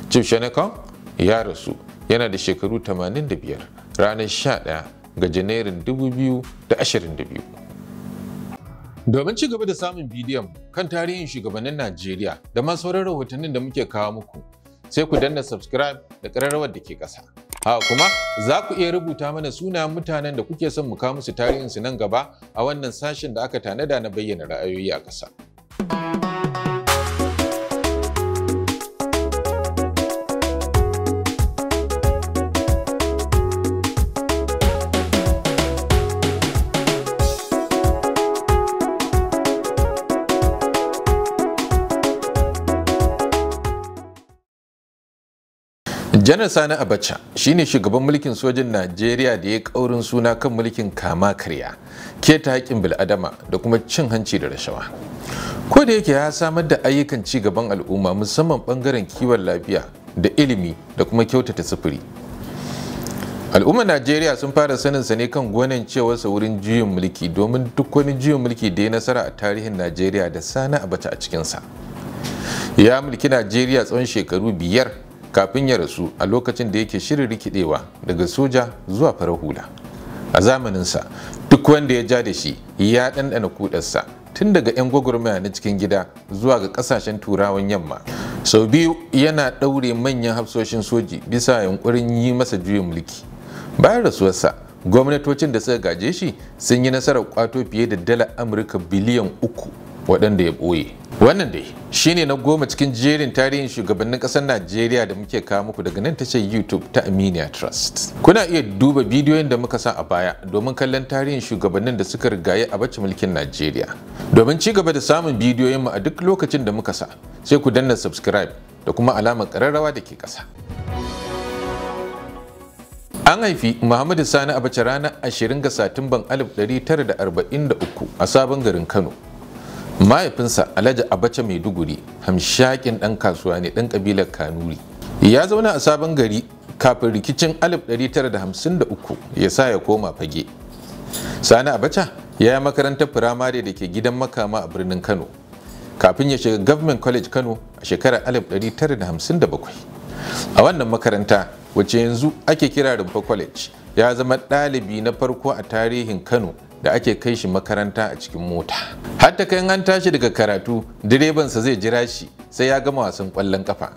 Chief Shanekong ya rasu yana da shekaru 85 ranar 11 ga Janairun 2022. Domin ci gaba da samun bidiyon kan tarihin shugabannin Najeriya da ma sauran rahotannin da muke kawo muku, sai ku danna subscribe da ƙararrawar da ke ƙasa. A kuma za ku iya rubuta mana sunayen mutanen da kuke son mu kawo musu tarihinsu nan gaba a wannan sashen da aka tanada na bayyana ra'ayoyi a ƙasa. janar sani abacha shine shugaban mulkin sojin najeriya da ya kaurin suna kan mulkin kama karya keta haƙƙin bil'adama da kuma cin hanci da rashawa ko da yake ya samar da ayyukan ci gaban al'umma musamman bangaren kiwon lafiya da ilimi da kuma kyautata sufuri al'ummar najeriya sun fara sanin sa ne kan gwanin cewarsa wurin juyin mulki domin duk wani juyin mulki da ya nasara a tarihin najeriya da sani abacha a cikinsa ya mulki najeriya tsawon shekaru biyar kafin ya rasu a lokacin da yake shirin rikidewa daga soja zuwa farar hula a zamaninsa duk wanda ya ja da shi ya ɗanɗana kudarsa tun daga 'yan gwagwarmaya na cikin gida zuwa ga ƙasashen turawan yamma sau biyu yana ɗaure manyan hafsoshin soji bisa yunkurin yi masa juyin mulki bayan rasuwarsa gwamnatocin da suka gaje shi sun yi nasarar kwato fiye da dala amurka biliyan uku waɗanda ya ɓoye wannan dai shi ne na goma cikin jerin tarihin shugabannin ƙasar najeriya da muke kawo muku daga nan tashar youtube ta aminiya trust kuna iya duba bidiyoyin da muka sa a baya domin kallon tarihin shugabannin da suka rigaye a bacci mulkin najeriya domin ci gaba da samun bidiyoyin mu a duk lokacin da muka sa sai ku danna subscribe da kuma alamar ƙararrawa da ke ƙasa An haifi Muhammadu Sani a bace ranar 20 ga Satumban 1943 a sabon garin Kano. mahaifinsa alhaji abacha maiduguri hamshakin ɗan kasuwa ne ɗan kabilar kanuri ya zauna a sabon gari kafin rikicin 1953 ya sa ya koma fage sani abacha ya yi makarantar firamare da ke gidan makama a birnin kano kafin ya shiga government college kano a shekarar 1957 a wannan makaranta wacce yanzu ake kira rumfa college ya zama ɗalibi na farko a tarihin kano da ake kai shi makaranta a cikin mota Har ta kai an tashi daga karatu direbansa zai jira shi sai ya gama wasan kwallon kafa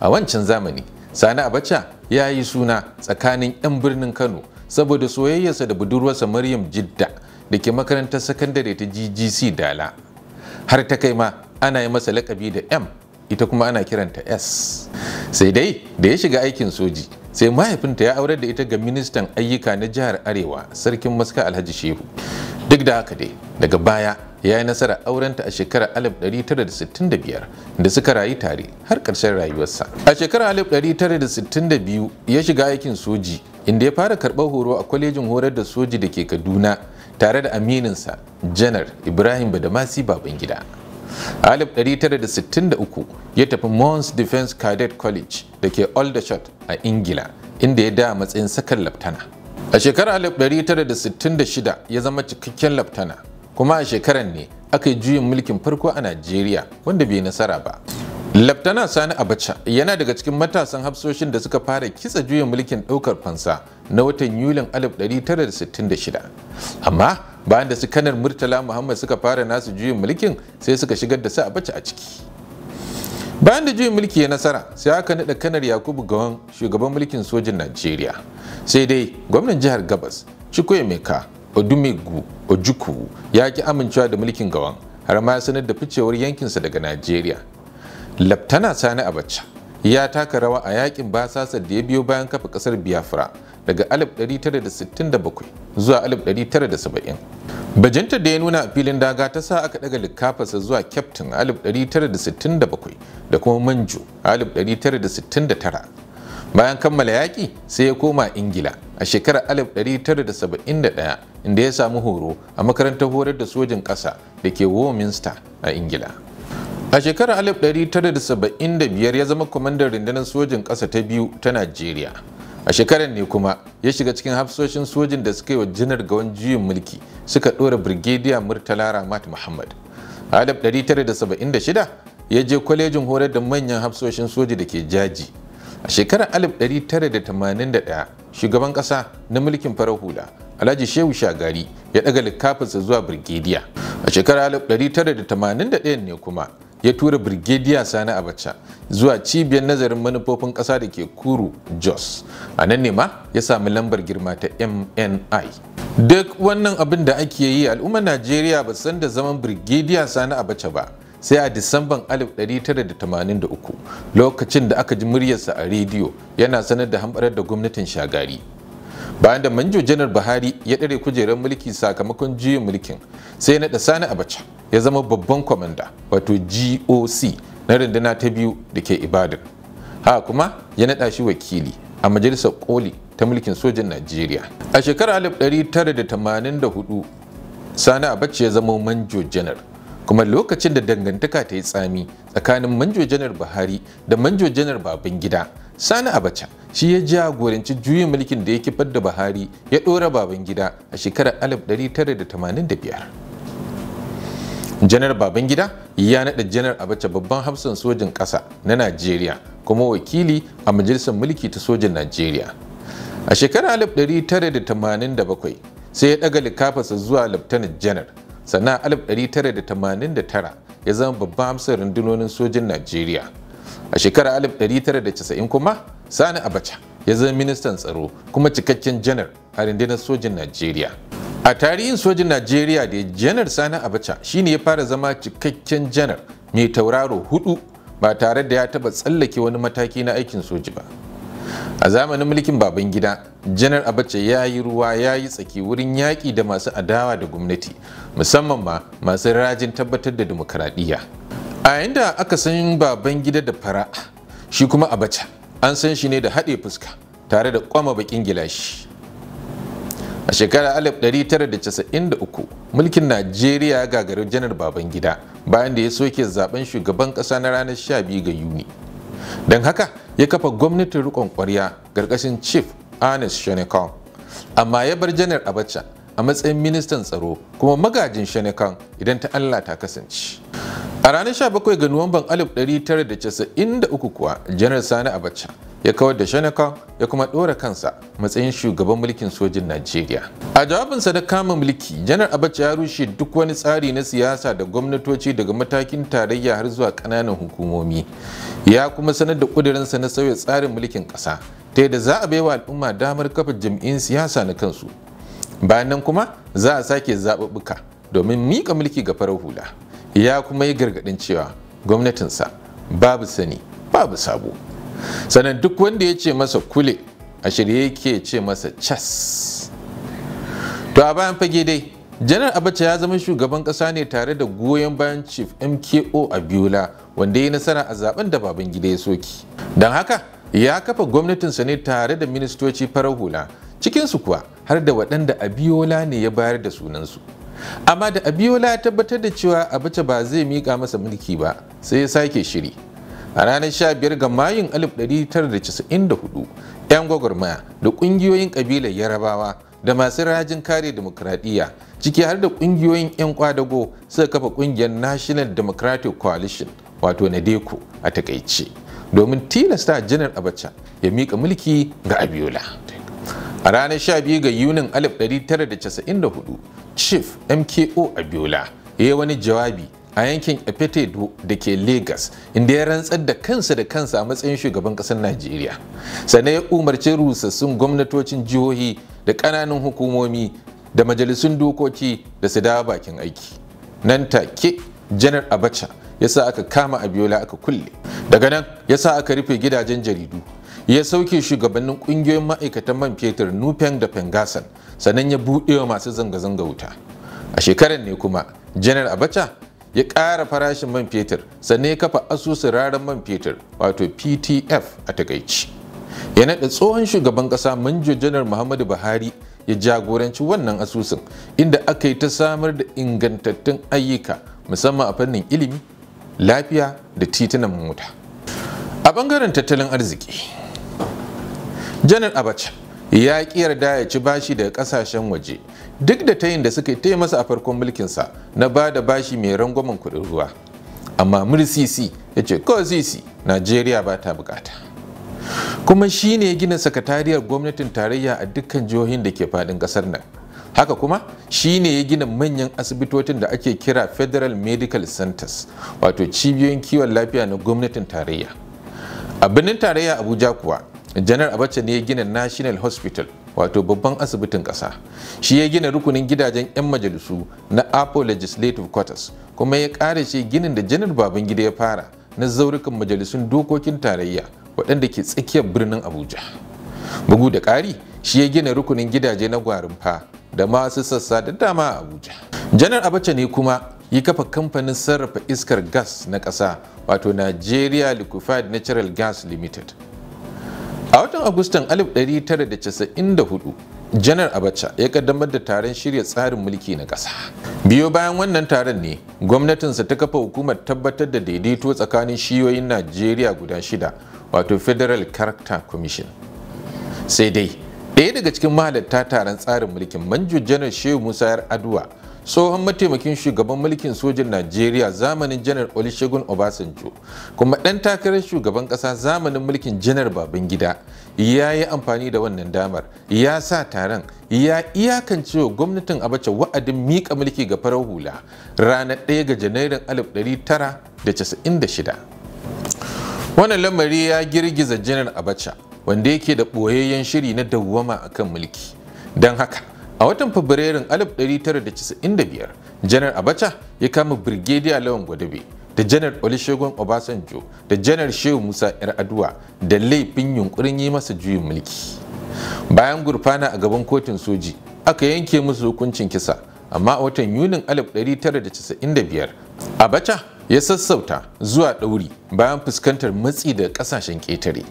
a wancan zamani sani abacha ya yi suna tsakanin 'yan birnin kano saboda soyayyarsa da budurwarsa maryam jidda da ke makarantar sakandare ta ggc dala har ta kai ma ana yi masa lakabi da m ita kuma ana kiranta s sai dai da ya shiga aikin soji sai mahaifinta ya aurar da ita ga ministan ayyuka na jihar arewa sarkin maska alhaji shehu duk da haka dai daga baya ya yi nasara, aurenta a shekarar 1965 da suka rayu tare har ƙarshen rayuwarsa a shekarar 1962 ya shiga aikin soji inda ya fara karɓar horo a kwalejin horar da soji da ke kaduna tare da amininsa janar ibrahim badamasi babangida 1963 ya tafi mons defense cadet college da ke aldershot a ingila inda ya da matsayin sakar laftana a shekarar 1966 ya zama cikakken laftana kuma a shekarar ne aka yi juyin mulkin farko a najeriya wanda bai nasara ba Laftana Sani Abacha yana daga cikin matasan hafsoshin da suka fara kitsa juyin mulkin ɗaukar fansa na watan Yulin 1966. Amma bayan da su kanar murtala muhammad suka fara nasu juyin mulkin sai suka shigar da su a bace a ciki bayan da juyin mulki ya nasara sai aka naɗa kanar yakubu gawan shugaban mulkin sojin najeriya sai dai gwamnan jihar gabas Meka, odumegu ojuku ya ki amincewa da mulkin gawan har ma ya sanar da ficewar yankinsa daga najeriya laftana sani abacha ya taka rawa a yakin basasar da ya biyo bayan kafa kasar biafra daga 1967 zuwa 1970 bajinta da ya nuna a filin daga ta sa aka daga likafarsa zuwa kyaftin 1967 da kuma manjo 1969 bayan kammala yaƙi sai ya koma ingila a shekarar 1971 inda ya samu horo a makarantar horar da sojin ƙasa da ke warminster a ingila a shekarar 1975 ya zama kwamandan rundunar sojin ƙasa ta biyu ta najeriya a shekarar ne kuma ya shiga cikin hafsoshin sojin da suka yi wa janar gawan juyin mulki suka ɗora birgediya murtala ramat muhammad a 1976 ya je kwalejin horar da manyan hafsoshin soji da ke jaji a shekarar 1981 shugaban ƙasa na mulkin farar hula alhaji shehu shagari ya ɗaga likafinsa zuwa birgediya a shekarar 1981 ne kuma ya tura Birgediya Sani Abacha zuwa cibiyar nazarin manufofin ƙasa da ke Kuru Jos. A nan ne ya sami lambar girma ta MNI. Duk wannan abin da ake yi al'ummar Najeriya ba san da zaman Birgediya Sani Abacha ba. sai a disamban 1983 lokacin da aka ji muryarsa a rediyo yana sanar da hamɓarar da gwamnatin shagari bayan da manjo janar buhari ya ɗare kujerar mulki sakamakon juyin mulkin sai naɗa sani abacha ya zama babban kwamanda wato goc na runduna ta biyu da ke ibadan ha kuma ya naɗa shi wakili a majalisar koli ta mulkin sojan najeriya a shekarar 1984 sani abacha ya zama manjo janar kuma lokacin da dangantaka ta yi tsami tsakanin manjo janar buhari da manjo janar babangida Sani Abacha shi ya jagoranci juyin mulkin da ya kifar da Buhari ya ɗora Babangida a shekarar 1985. Janar Babangida ya naɗa Janar Abacha babban hafsan sojin ƙasa na Najeriya kuma wakili a majalisar mulki ta sojin Najeriya. A shekarar 1987 sai ya ɗaga likafarsa zuwa Laftanar Janar sannan 1989 ya zama babban hafsan rundunonin sojin Najeriya. a shekarar 1990 kuma sani abacha ya zama ministan tsaro kuma cikakken janar a rundunar sojin najeriya a tarihin sojin najeriya da janar sani abacha shine ya fara zama cikakken janar mai tauraro hudu ba tare da ya taba tsallake wani mataki na aikin soji ba a zamanin mulkin baban gida janar abacha ya yi ruwa ya yi tsaki wurin yaƙi da masu adawa da gwamnati musamman ma masu rajin tabbatar da dimokuraɗiyya a da aka san baban gida da fara shi kuma abacha an san shi ne da haɗe fuska tare da kwama bakin gilashi a shekarar 1993 mulkin najeriya gagarin janar baban gida bayan da ya soke zaben shugaban ƙasa na ranar 12 ga yuni don haka ya kafa gwamnatin rikon ƙwarya, ƙarƙashin chief ernest shonikom amma ya bar janar abacha a matsayin ministan tsaro kuma magajin shanikan idan ta Allah ta kasance. A ranar 17 ga Nuwamban 1993 kuwa Janar Sani Abacha ya kawar da shanikan ya kuma ɗora kansa matsayin shugaban mulkin sojin Najeriya. A jawabinsa na kama mulki, Janar Abacha ya rushe duk wani tsari na siyasa da gwamnatoci daga matakin tarayya har zuwa ƙananan hukumomi. Ya kuma sanar da ƙudurinsa na sauya tsarin mulkin ƙasa ta yadda za a baiwa al'umma damar kafa jam'in siyasa na kansu bayan nan kuma za a sake zaɓuɓɓuka domin miƙa mulki ga farar hula ya kuma yi gargaɗin cewa gwamnatinsa babu sani babu sabo sannan duk wanda ya ce masa kule a shirye yake ce masa cas to a bayan fage dai janar abacha ya zama shugaban ƙasa ne tare da goyon bayan chief mko a abiola wanda ya nasara a zaben da baban gida ya soki don haka ya kafa gwamnatinsa ne tare da ministoci farar hula cikinsu kuwa har da waɗanda abiola ne ya bayar da sunansu amma da abiola ya tabbatar da cewa abacha ba zai miƙa masa mulki ba sai ya sake shiri a ranar 15 ga mayun 1994 'yan gwagwarmaya da ƙungiyoyin ƙabilar yarabawa da masu rajin kare demokradiyya ciki har da ƙungiyoyin 'yan kwadago suka kafa ƙungiyar national democratic coalition wato na deko a takaice domin tilasta janar abacha ya miƙa mulki ga abiola a ranar 12 ga yunin 1994 chief mko abiola ya yi wani jawabi a yankin efetedo da ke lagos inda ya rantsar da kansa da kansa a matsayin shugaban ƙasar najeriya sannan ya umarci rusassun gwamnatocin jihohi da ƙananan hukumomi da majalisun dokoki da su dawo bakin aiki nan take janar abacha ya sa aka kama abiola aka kulle daga nan ya sa aka rufe gidajen jaridu ya sauke shugabannin kungiyoyin ma'aikatan man fetur NuPen da pengasan sannan ya buɗe wa masu zanga-zanga wuta a shekarar ne kuma janar abacha ya ƙara farashin man fetur sannan ya kafa asusun raran man fetur wato ptf a takaici ya naɗa tsohon shugaban ƙasa manjo janar muhammadu buhari ya jagoranci wannan asusun inda aka yi ta samar da ingantattun ayyuka musamman a fannin ilimi lafiya da titunan mota a ɓangaren tattalin arziki janar abacha ya ƙi yarda ya ci bashi daga ƙasashen waje duk da tayin da suka yi masa a farkon mulkinsa na bada bashi mai rangwamen kuɗin ruwa amma mursisi ya ce ko sisi najeriya ba ta bukata kuma shi ne gina sakatariyar gwamnatin tarayya a dukkan jihohin da ke faɗin ƙasar nan haka kuma shi ne ya gina manyan asibitocin da ake kira federal medical centers wato cibiyoyin kiwon lafiya na gwamnatin tarayya a birnin tarayya abuja kuwa janar abacha ne ya gina national hospital wato babban asibitin kasa shi ya gina rukunin gidajen 'yan majalisu na apo legislative quarters kuma ya ƙara shi ginin da janar gida ya fara na zaurukan majalisun dokokin tarayya waɗanda ke tsakiyar birnin abuja bugu da ƙari shi ya gina rukunin gidaje na gwarinfa da masu sassa da dama a abuja janar abacha ne kuma ya kafa kamfanin sarrafa iskar gas na ƙasa wato nigeria liquefied natural gas limited a watan agustan 1994 janar abacha ya kaddamar da taron shirya tsarin mulki na ƙasa biyo bayan wannan taron ne gwamnatinsa ta kafa hukumar tabbatar da daidaito tsakanin shiyoyin najeriya guda shida wato federal character commission sai dai ɗaya daga cikin mahalatta taron tsarin mulkin manjo janar shehu musa yar aduwa tsohon mataimakin shugaban mulkin sojin najeriya zamanin janar olusegun obasanjo kuma ɗan takarar shugaban ƙasa zamanin mulkin janar babangida ya yi amfani da wannan damar ya sa taron ya iyakance wa gwamnatin abacha wa'adin miƙa mulki ga farar hula ranar 1 ga janairun 1996 wannan lamari ya girgiza janar abacha wanda yake da ɓoyayyen shiri na dawwama akan mulki don haka A watan Fabrairun 1995, Janar Abacha ya kama Birgediya Lawan Gwadabe da Janar Olusegun Obasanjo da Janar Shehu Musa Yar Yar'adua da laifin yunkurin yi masa juyin mulki. Bayan gurfana a gaban kotun soji, aka yanke musu hukuncin kisa, amma a watan Yunin 1995, Abacha ya sassauta zuwa ɗauri bayan fuskantar matsi da ƙasashen ƙetare.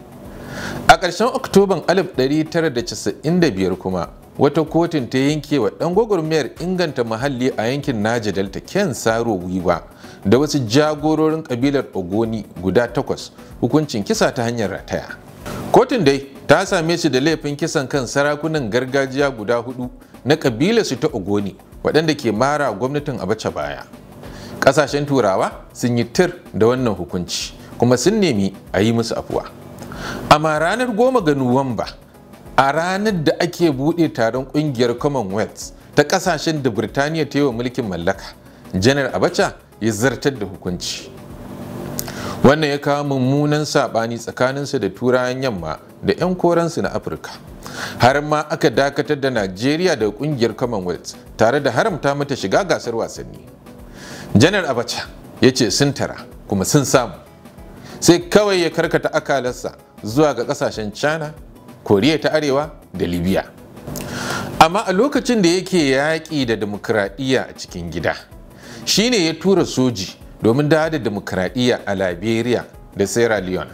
A ƙarshen Oktoban 1995 kuma, wata kotun ta yanke wa ɗan gwagwarmayar inganta muhalli a yankin naja delta ken saro gwiwa da wasu jagororin kabilar ogoni guda takwas hukuncin kisa ta hanyar rataya kotun dai ta same shi da laifin kisan kan sarakunan gargajiya guda hudu na kabilar su ta ogoni waɗanda ke mara gwamnatin abacha baya ƙasashen turawa sun yi tir da wannan hukunci kuma sun nemi a yi musu afuwa amma ranar goma ga nuwamba a ranar da ake buɗe taron ƙungiyar commonwealth ta ƙasashen da birtaniya ta yi wa mulkin mallaka janar abacha ya zartar da hukunci wannan ya kawo mummunan saɓani tsakaninsa da turayen yamma da 'yan koransu na afirka har ma aka dakatar da najeriya da ƙungiyar commonwealth tare da haramta mata shiga gasar wasanni janar abacha ya ce sun tara kuma sun samu sai kawai ya karkata akalarsa zuwa ga ƙasashen china koriya ta arewa da libya amma a lokacin da yake yaƙi da demokuraɗiyya a cikin gida shi ne ya tura soji domin da da demokuraɗiyya a liberia da sierra leone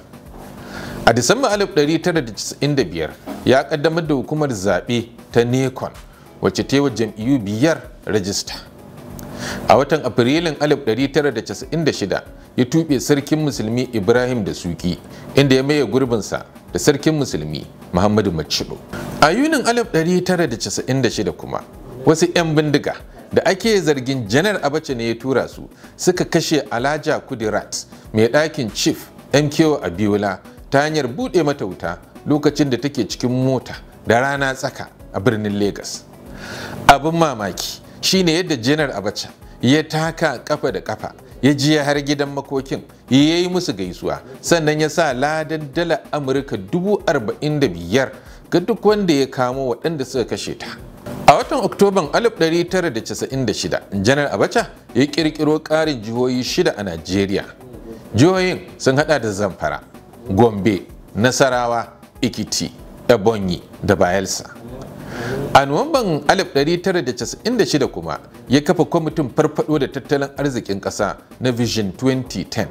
a disamba 1995 ya ƙaddamar da hukumar zaɓe ta NECON wacce ta yi wa jam'iyyu biyar rajista a watan afrilun 1996 ya tuɓe sarkin musulmi ibrahim da suki inda ya maye gurbinsa da sarkin musulmi muhammadu macido a yunin 1996 kuma wasu 'yan bindiga da ake zargin janar abacha ne ya tura su suka kashe alaja kudirat mai ɗakin chief mko abiola ta hanyar buɗe mata wuta lokacin da take cikin mota da rana tsaka a birnin Legas. abin mamaki Shi ne yadda janar abacha ya taka kafa da kafa ya ji ya har gidan makokin ya yi musu gaisuwa sannan ya sa ladan dala amurka dubu arba'in da biyar ga duk wanda ya kamo waɗanda suka kashe ta a watan oktoban 1996 janar abacha ya ƙirƙiro ƙarin jihohi shida a najeriya jihohin sun hada da zamfara gombe nasarawa ikiti ebonyi da bayelsa a nuwamban 1996 kuma ya kafa kwamitin farfado da tattalin arzikin ƙasa na vision 2010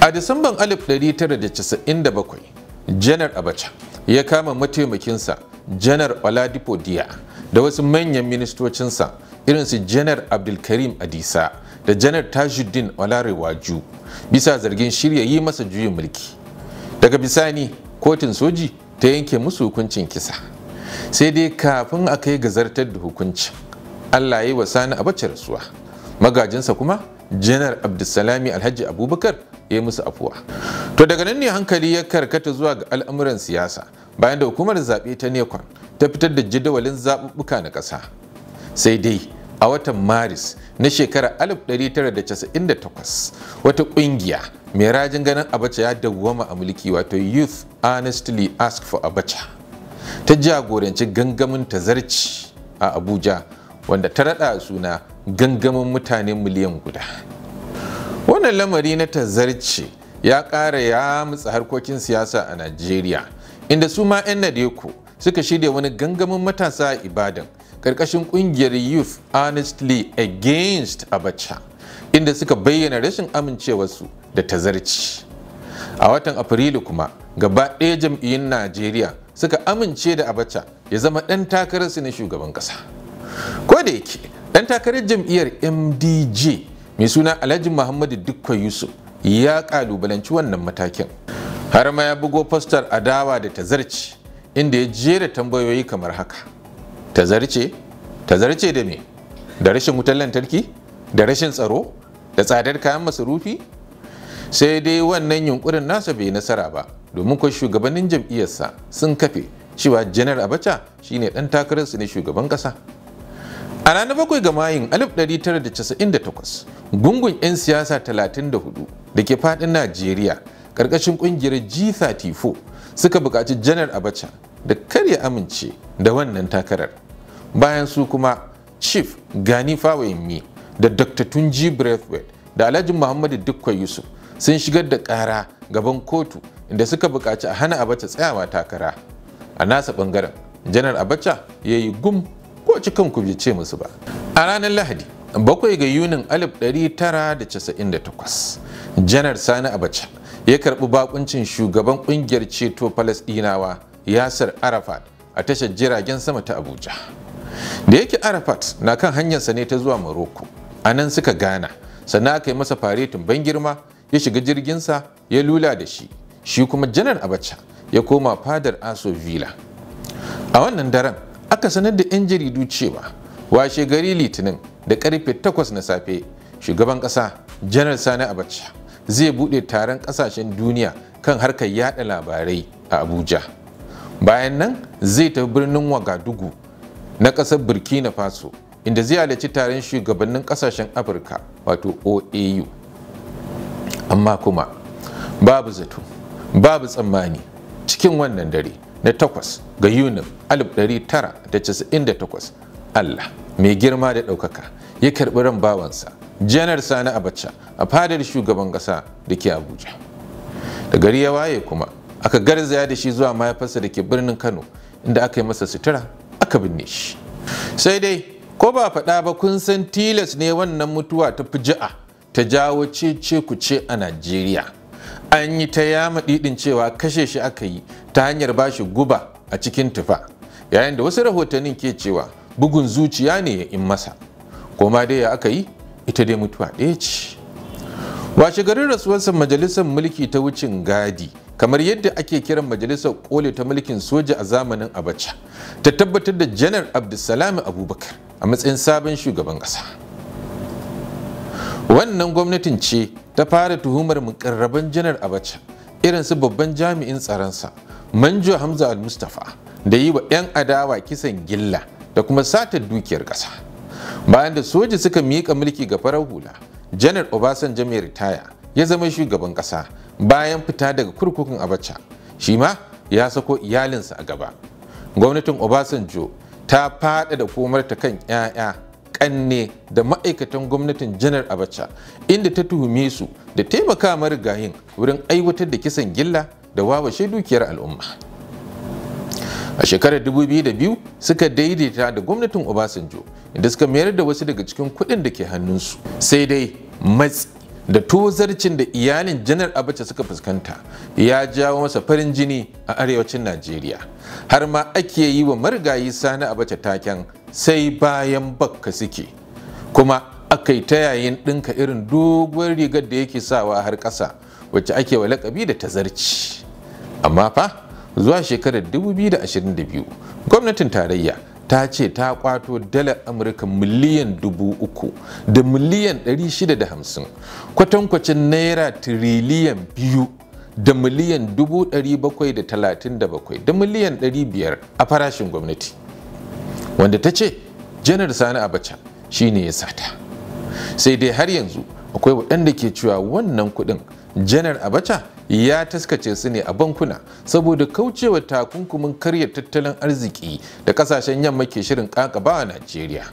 a disamban 1997 janar abacha ya kama mataimakinsa janar oladipo diya da wasu manyan ministocinsa irinsu janar abdulkarim adisa da janar tajuddin olarewaju bisa zargin shirya yi masa juyin mulki daga bisani kotun soji ta yanke musu hukuncin kisa sai dai kafin a kai gazartar da hukunci, allah ya yi wa sani a bacci rasuwa magajinsa kuma janar abdulsalami alhaji abubakar ya yi musu afuwa to daga nan ne hankali ya karkata zuwa ga al'amuran siyasa bayan da hukumar zaɓe ta nekon ta fitar da jadawalin zaɓuɓɓuka na ƙasa sai dai a watan maris na shekarar 1998 wata ƙungiya mai rajin ganin abacha ya dawwama a mulki wato youth honestly ask for abacha ta jagoranci gangamin tazarci a abuja wanda ta rada suna gangamin mutane miliyan guda wannan lamari na tazarci ya ƙara ya mutsa harkokin siyasa a najeriya inda su ma 'yan nadeko suka shirya wani gangamin matasa a ibadan ƙarƙashin ƙungiyar youth honestly against abacha inda suka bayyana rashin amincewarsu da tazarci a watan afrilu kuma gaba ɗaya jam'iyyun najeriya suka amince da abacha ya zama ɗan takararsu na shugaban ƙasa ko da yake ɗan takarar jam'iyyar MDG mai suna alhaji muhammadu dukkan yusuf ya ƙalubalanci wannan matakin har ma ya bugo fastar adawa da tazarci inda ya jera tambayoyi kamar haka tazarce tazarce da me da rashin wutar lantarki da rashin tsaro da tsadar kayan masarufi sai dai wannan yunkurin nasa bai nasara ba domin kuwa shugabannin jam'iyyarsa sun kafe cewa janar abacha shine dan takararsu ne shugaban kasa a ranar bakwai ga mayun 1998 gungun 'yan siyasa 34 da ke fadin najeriya karkashin kungiyar g34 suka buƙaci janar abacha da kar ya amince da wannan takarar bayan su kuma chief gani fawayinmi da dr tunji braithwaite da alhaji muhammadu dukkan yusuf sun shigar da ƙara gaban kotu inda suka buƙaci a hana abacha tsayawa takara a nasa ɓangaren janar abacha ya yi gum ko cikin ku ce musu ba a ranar lahadi bakwai ga yunin 1998 janar sani abacha ya karɓi bakuncin shugaban ƙungiyar ceto falasɗinawa yasir arafat a tashar jiragen sama ta abuja da yake arafat na kan hanyarsa ne ta zuwa morocco a nan suka gana sannan aka yi masa faretin ban girma ya shiga jirginsa ya lula da shi shi kuma janar abacha ya koma fadar aso villa a wannan daren aka sanar da 'yan jaridu cewa washe gari litinin da karfe 8 na safe shugaban kasa janar sani abacha zai bude taron kasashen duniya kan harkar yada labarai a abuja bayan nan zai tafi birnin wagadugu na kasar burkina faso inda zai halarci taron shugabannin kasashen afirka wato oau amma kuma babu zato babu tsammani cikin wannan dare na takwas ga yunin takwas, allah mai girma da ɗaukaka ya karɓi ran bawansa janar sani abacha a fadar shugaban ƙasa da ke abuja da gari ya waye kuma aka garzaya da shi zuwa mahaifarsa da ke birnin kano inda aka yi masa sutura aka binne shi sai dai ko ba faɗa ba kun san tilas ne wannan mutuwa ta fuji'a ta jawo ce-ce ku ce a najeriya an yi ta yama didin cewa kashe shi aka yi ta hanyar bashi guba a cikin tufa yayin da wasu rahotannin ke cewa bugun zuciya ne ya in masa koma dai ya aka yi ita dai mutuwa ɗaya ce washe garin rasuwarsa majalisar mulki ta wucin gadi kamar yadda ake kiran majalisar kole ta mulkin soja a zamanin abacha ta tabbatar da janar abdulsalami abubakar a matsayin sabon shugaban ƙasa wannan gwamnatin ce ta fara tuhumar mukarraban janar abacha irin su babban jami'in tsaronsa manjo hamza al-mustapha da yi wa 'yan adawa kisan gilla da kuma satar dukiyar ƙasa bayan da soji suka miƙa mulki ga farar hula janar Obasan mai ritaya ya zama shugaban ƙasa bayan fita daga kurkukun abacha shi ma ya sako iyalinsa a gaba gwamnatin obasanjo ta faɗa da komarta kan 'ya'ya kanne da ma'aikatan gwamnatin janar abacha inda ta tuhume su da taimaka marigayin wurin aiwatar da kisan gilla da wawashe dukiyar al'umma a shekarar 2002 suka daidaita da gwamnatin obasanjo inda suka mayar da wasu daga cikin kuɗin da ke hannunsu sai dai matsi da tozarcin da iyalin janar abacha suka fuskanta ya jawo masa farin jini a arewacin najeriya har ma ake yi wa marigayi sani abacha taken sai bayan bakka suke kuma aka yi ta yayin ɗinka irin doguwar rigar da yake sawa har ƙasa wacce ake wa lakabi da tazarci amma fa zuwa shekarar 2022 gwamnatin tarayya ta ce ta kwato dalar amurka miliyan dubu uku da miliyan 650 kwatankwacin naira tiriliyan biyu da miliyan 737 da miliyan 500 a farashin gwamnati wanda ta ce janar sani abacha shine ya sata sai dai har yanzu akwai waɗanda ke cewa wannan kuɗin janar abacha ya taskace su ne a bankuna saboda kaucewa takunkumin karyar tattalin arziki da kasashen yamma ke shirin kakaba a najeriya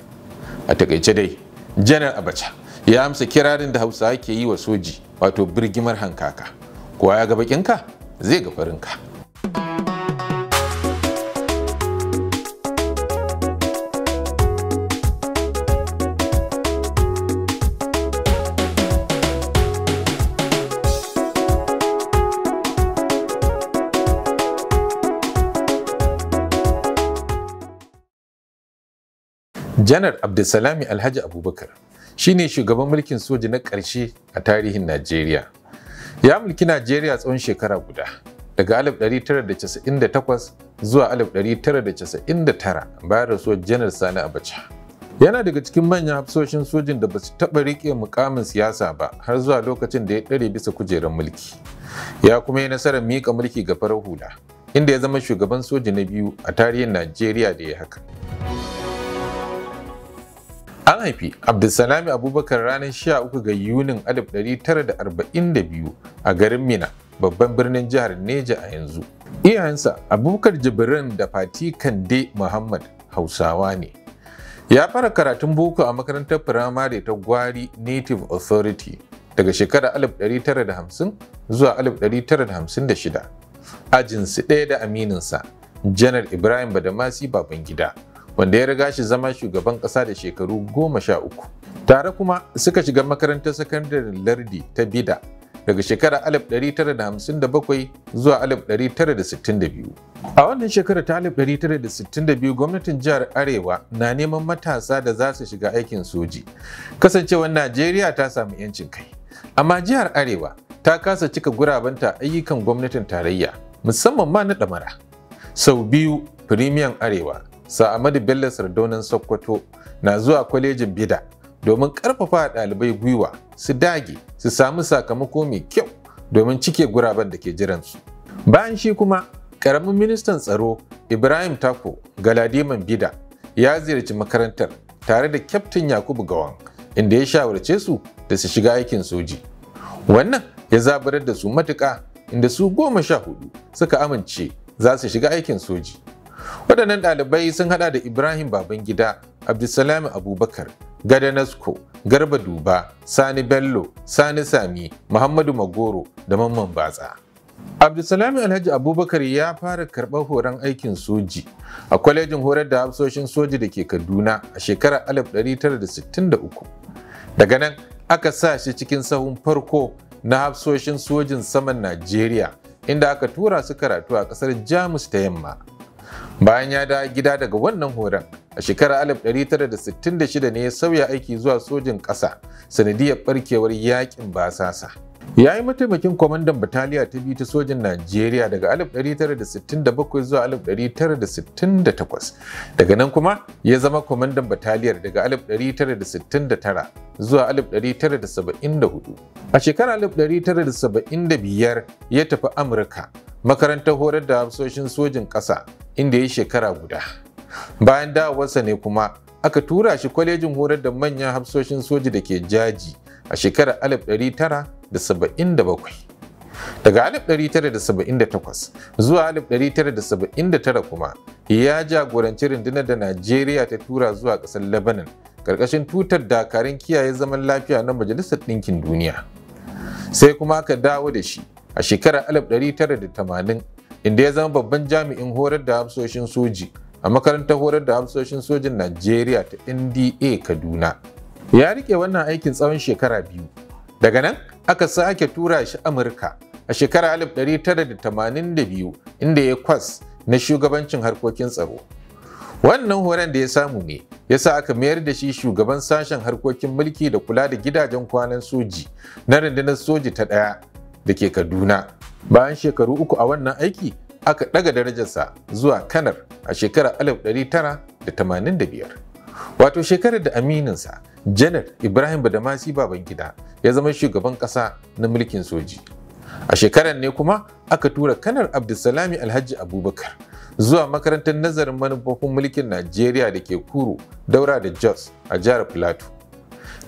a takaice dai janar abacha ya amsa kirarin da hausa ke yi wa soji wato birgimar hankaka kowa ya ga bakinka zai ga farinka janar abdulsalami alhaji abubakar shi ne shugaban mulkin soja na ƙarshe a tarihin najeriya ya mulki najeriya tsawon shekara guda daga 1998 zuwa 1999 bayan rasuwar janar sani abacha yana daga cikin manyan hafsoshin sojin da ba su taɓa riƙe mukamin siyasa ba har zuwa lokacin da ya ɗare bisa kujerar mulki ya kuma yi nasarar miƙa mulki ga farar hula inda ya zama shugaban soji na biyu a tarihin najeriya da ya haka An haifi Abdulsalami Abubakar ranar 13 ga Yunin 1942 a garin Mina, babban birnin jihar Neja a yanzu. Iyayensa Abubakar Jibrin da Fati Kande Muhammad Hausawa ne. Ya fara karatun boko a makarantar firamare ta Gwari Native Authority daga shekarar 1950 zuwa 1956. Ajinsu ɗaya da amininsa, Janar Ibrahim Badamasi Babangida. gida. wanda ya riga shi zama shugaban ƙasa da shekaru goma sha uku. Tare kuma suka shiga makarantar sakandaren lardi ta Bida daga shekara 1957 zuwa 1962. A wannan shekara ta 1962 gwamnatin jihar Arewa na neman matasa da za su shiga aikin soji. Kasancewar Najeriya ta samu 'yancin kai. Amma jihar Arewa ta kasa cika gurabanta ayyukan gwamnatin tarayya musamman ma na ɗamara. Sau biyu Firimiyan Arewa sa Bello Sardonan Sokoto na zuwa kwalejin Bida domin ƙarfafa ɗalibai gwiwa su dage su samu sakamako mai kyau domin cike guraben da ke jiransu. Bayan shi kuma, ƙaramin ministan tsaro Ibrahim Tako Galadiman Bida ya ziyarci makarantar tare da Kyaftin Yakubu Gawan inda ya shawarce su da su shiga aikin soji. Wannan ya zabarar da su matuƙa inda su goma sha hudu suka amince za su shiga aikin soji. Waɗannan ɗalibai sun haɗa da Ibrahim Babangida, Abdulsalam Abubakar, Gada Nasko, Garba Duba, Sani Bello, Sani Sami, Muhammadu Magoro da Mamman Batsa. Abdulsalam Alhaji Abubakar ya fara karɓar horon aikin soji a kwalejin horar da hafsoshin soji da ke Kaduna a shekarar 1963. Daga nan aka sa shi cikin sahun farko na hafsoshin sojin saman Najeriya inda aka tura su karatu a ƙasar Jamus ta yamma. Bayan ya dawo gida daga wannan horon, a shekarar 1966 ne ya sauya aiki zuwa sojin ƙasa sanadiyar barkewar yakin basasa. ya yi mataimakin kwamandan bataliya ta biyu ta sojin najeriya daga 1967 zuwa 1968 daga nan kuma ya zama kwamandan bataliyar daga 1969 zuwa 1974 a shekarar 1975 ya tafi amurka makarantar horar da hafsoshin sojin ƙasa inda ya yi shekara guda bayan dawowarsa ne kuma aka tura shi kwalejin horar da manyan hafsoshin soji da ke jaji a shekarar 1900 1977 daga 1978 zuwa 1979 kuma ya jagoranci rundunar da Najeriya ta tura zuwa ƙasar Lebanon ƙarƙashin tutar dakarun kiyaye zaman lafiya na Majalisar Ɗinkin Duniya. Sai kuma ka dawo da shi a shekarar 1980 inda ya zama babban jami'in horar da hamsoshin soji a makarantar horar da hamsoshin sojin Najeriya ta NDA Kaduna. Ya rike wannan aikin tsawon shekara biyu. Daga nan aka sake tura shi Amurka a shekarar 1982 inda ya kwas na shugabancin harkokin tsaro. Wannan horon da ya samu ne ya sa aka mayar da shi shugaban sashen harkokin mulki da kula da gidajen kwanan soji na rundunar soji ta ɗaya da ke Kaduna. Bayan shekaru uku a wannan aiki aka ɗaga darajarsa zuwa kanar a shekarar 1985. Wato shekarar da amininsa janet ibrahim badamasi gida ya zama shugaban ƙasa na mulkin soji a shekarar ne kuma aka tura kanar abdulsalami alhaji abubakar zuwa makarantar nazarin manufofin mulkin najeriya da ke kuro daura da jos a jihar plateau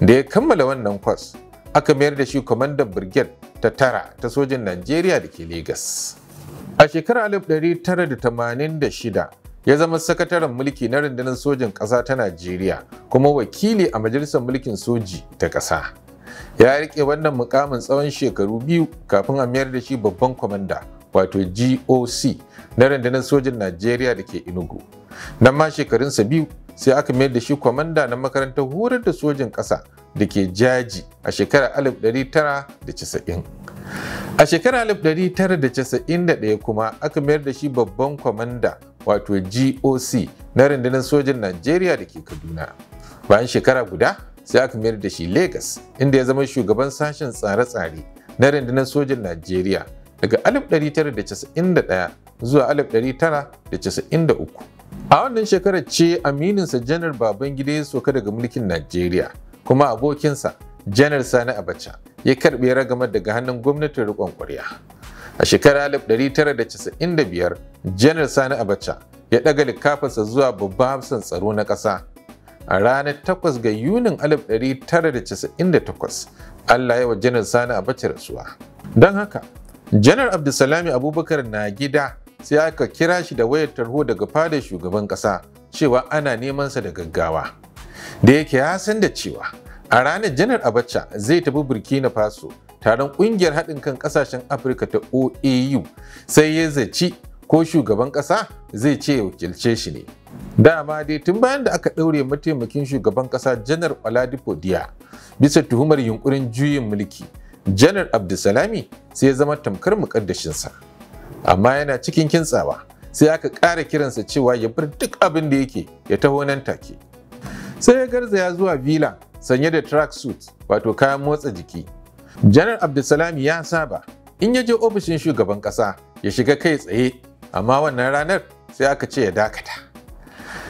da ya kammala wannan kwas aka mayar da shi kwamandan birgiyar ta tara ta sojin najeriya da ke Legas. a shekarar 1986 ya zama sakataren mulki na rundunar sojin ƙasa ta Najeriya kuma wakili a majalisar mulkin soji ta ƙasa. Ya rike wannan mukamin tsawon shekaru biyu kafin a mayar da shi babban kwamanda wato GOC na rundunar sojin Najeriya da ke Enugu. Nan ma shekarunsa biyu sai aka mayar da shi kwamanda na makarantar horar da sojin ƙasa da ke jaji a shekarar 1990. A shekarar 1991 kuma aka mayar da shi babban kwamanda wato GOC na rundunar sojin Najeriya da ke Kaduna. Bayan shekara guda sai aka mayar da shi Legas inda ya zama shugaban sashen tsare-tsare na rundunar sojin Najeriya daga 1991 zuwa 1993. A wannan shekarar ce amininsa janar Babangida ya soka daga mulkin Najeriya kuma abokinsa janar Sani Abacha ya karɓe ragamar daga hannun gwamnatin riƙon ƙwarya. A shekarar 1995, Janar Sani Abacha ya ɗaga likafinsa zuwa babban hafsan tsaro na ƙasa. A ranar 8 ga Yunin 1998, Allah ya wa Janar Sani Abacha rasuwa. Don haka, Janar Abdulsalami Abubakar na gida sai aka kira shi da wayar tarho daga fadar shugaban ƙasa cewa ana nemansa da gaggawa. Da yake ya san da cewa a ranar Janar Abacha zai tafi Burkina Faso taron ƙungiyar haɗin kan ƙasashen afirka ta oau sai ya zaci ko shugaban ƙasa zai ce ya wakilce shi ne dama dai tun bayan da aka ɗaure mataimakin shugaban ƙasa janar oladipo diya bisa tuhumar yunkurin juyin mulki janar abdulsalami sai ya zama tamkar muƙaddashinsa amma yana cikin kintsawa sai aka ƙara kiransa cewa ya bar duk abin da yake ya taho nan take sai ya garza ya zuwa villa sanye da tracksuit wato kayan motsa jiki janar abdulsalam ya saba in ya je ofishin shugaban ƙasa ya shiga kai tsaye amma wannan ranar sai aka ce ya dakata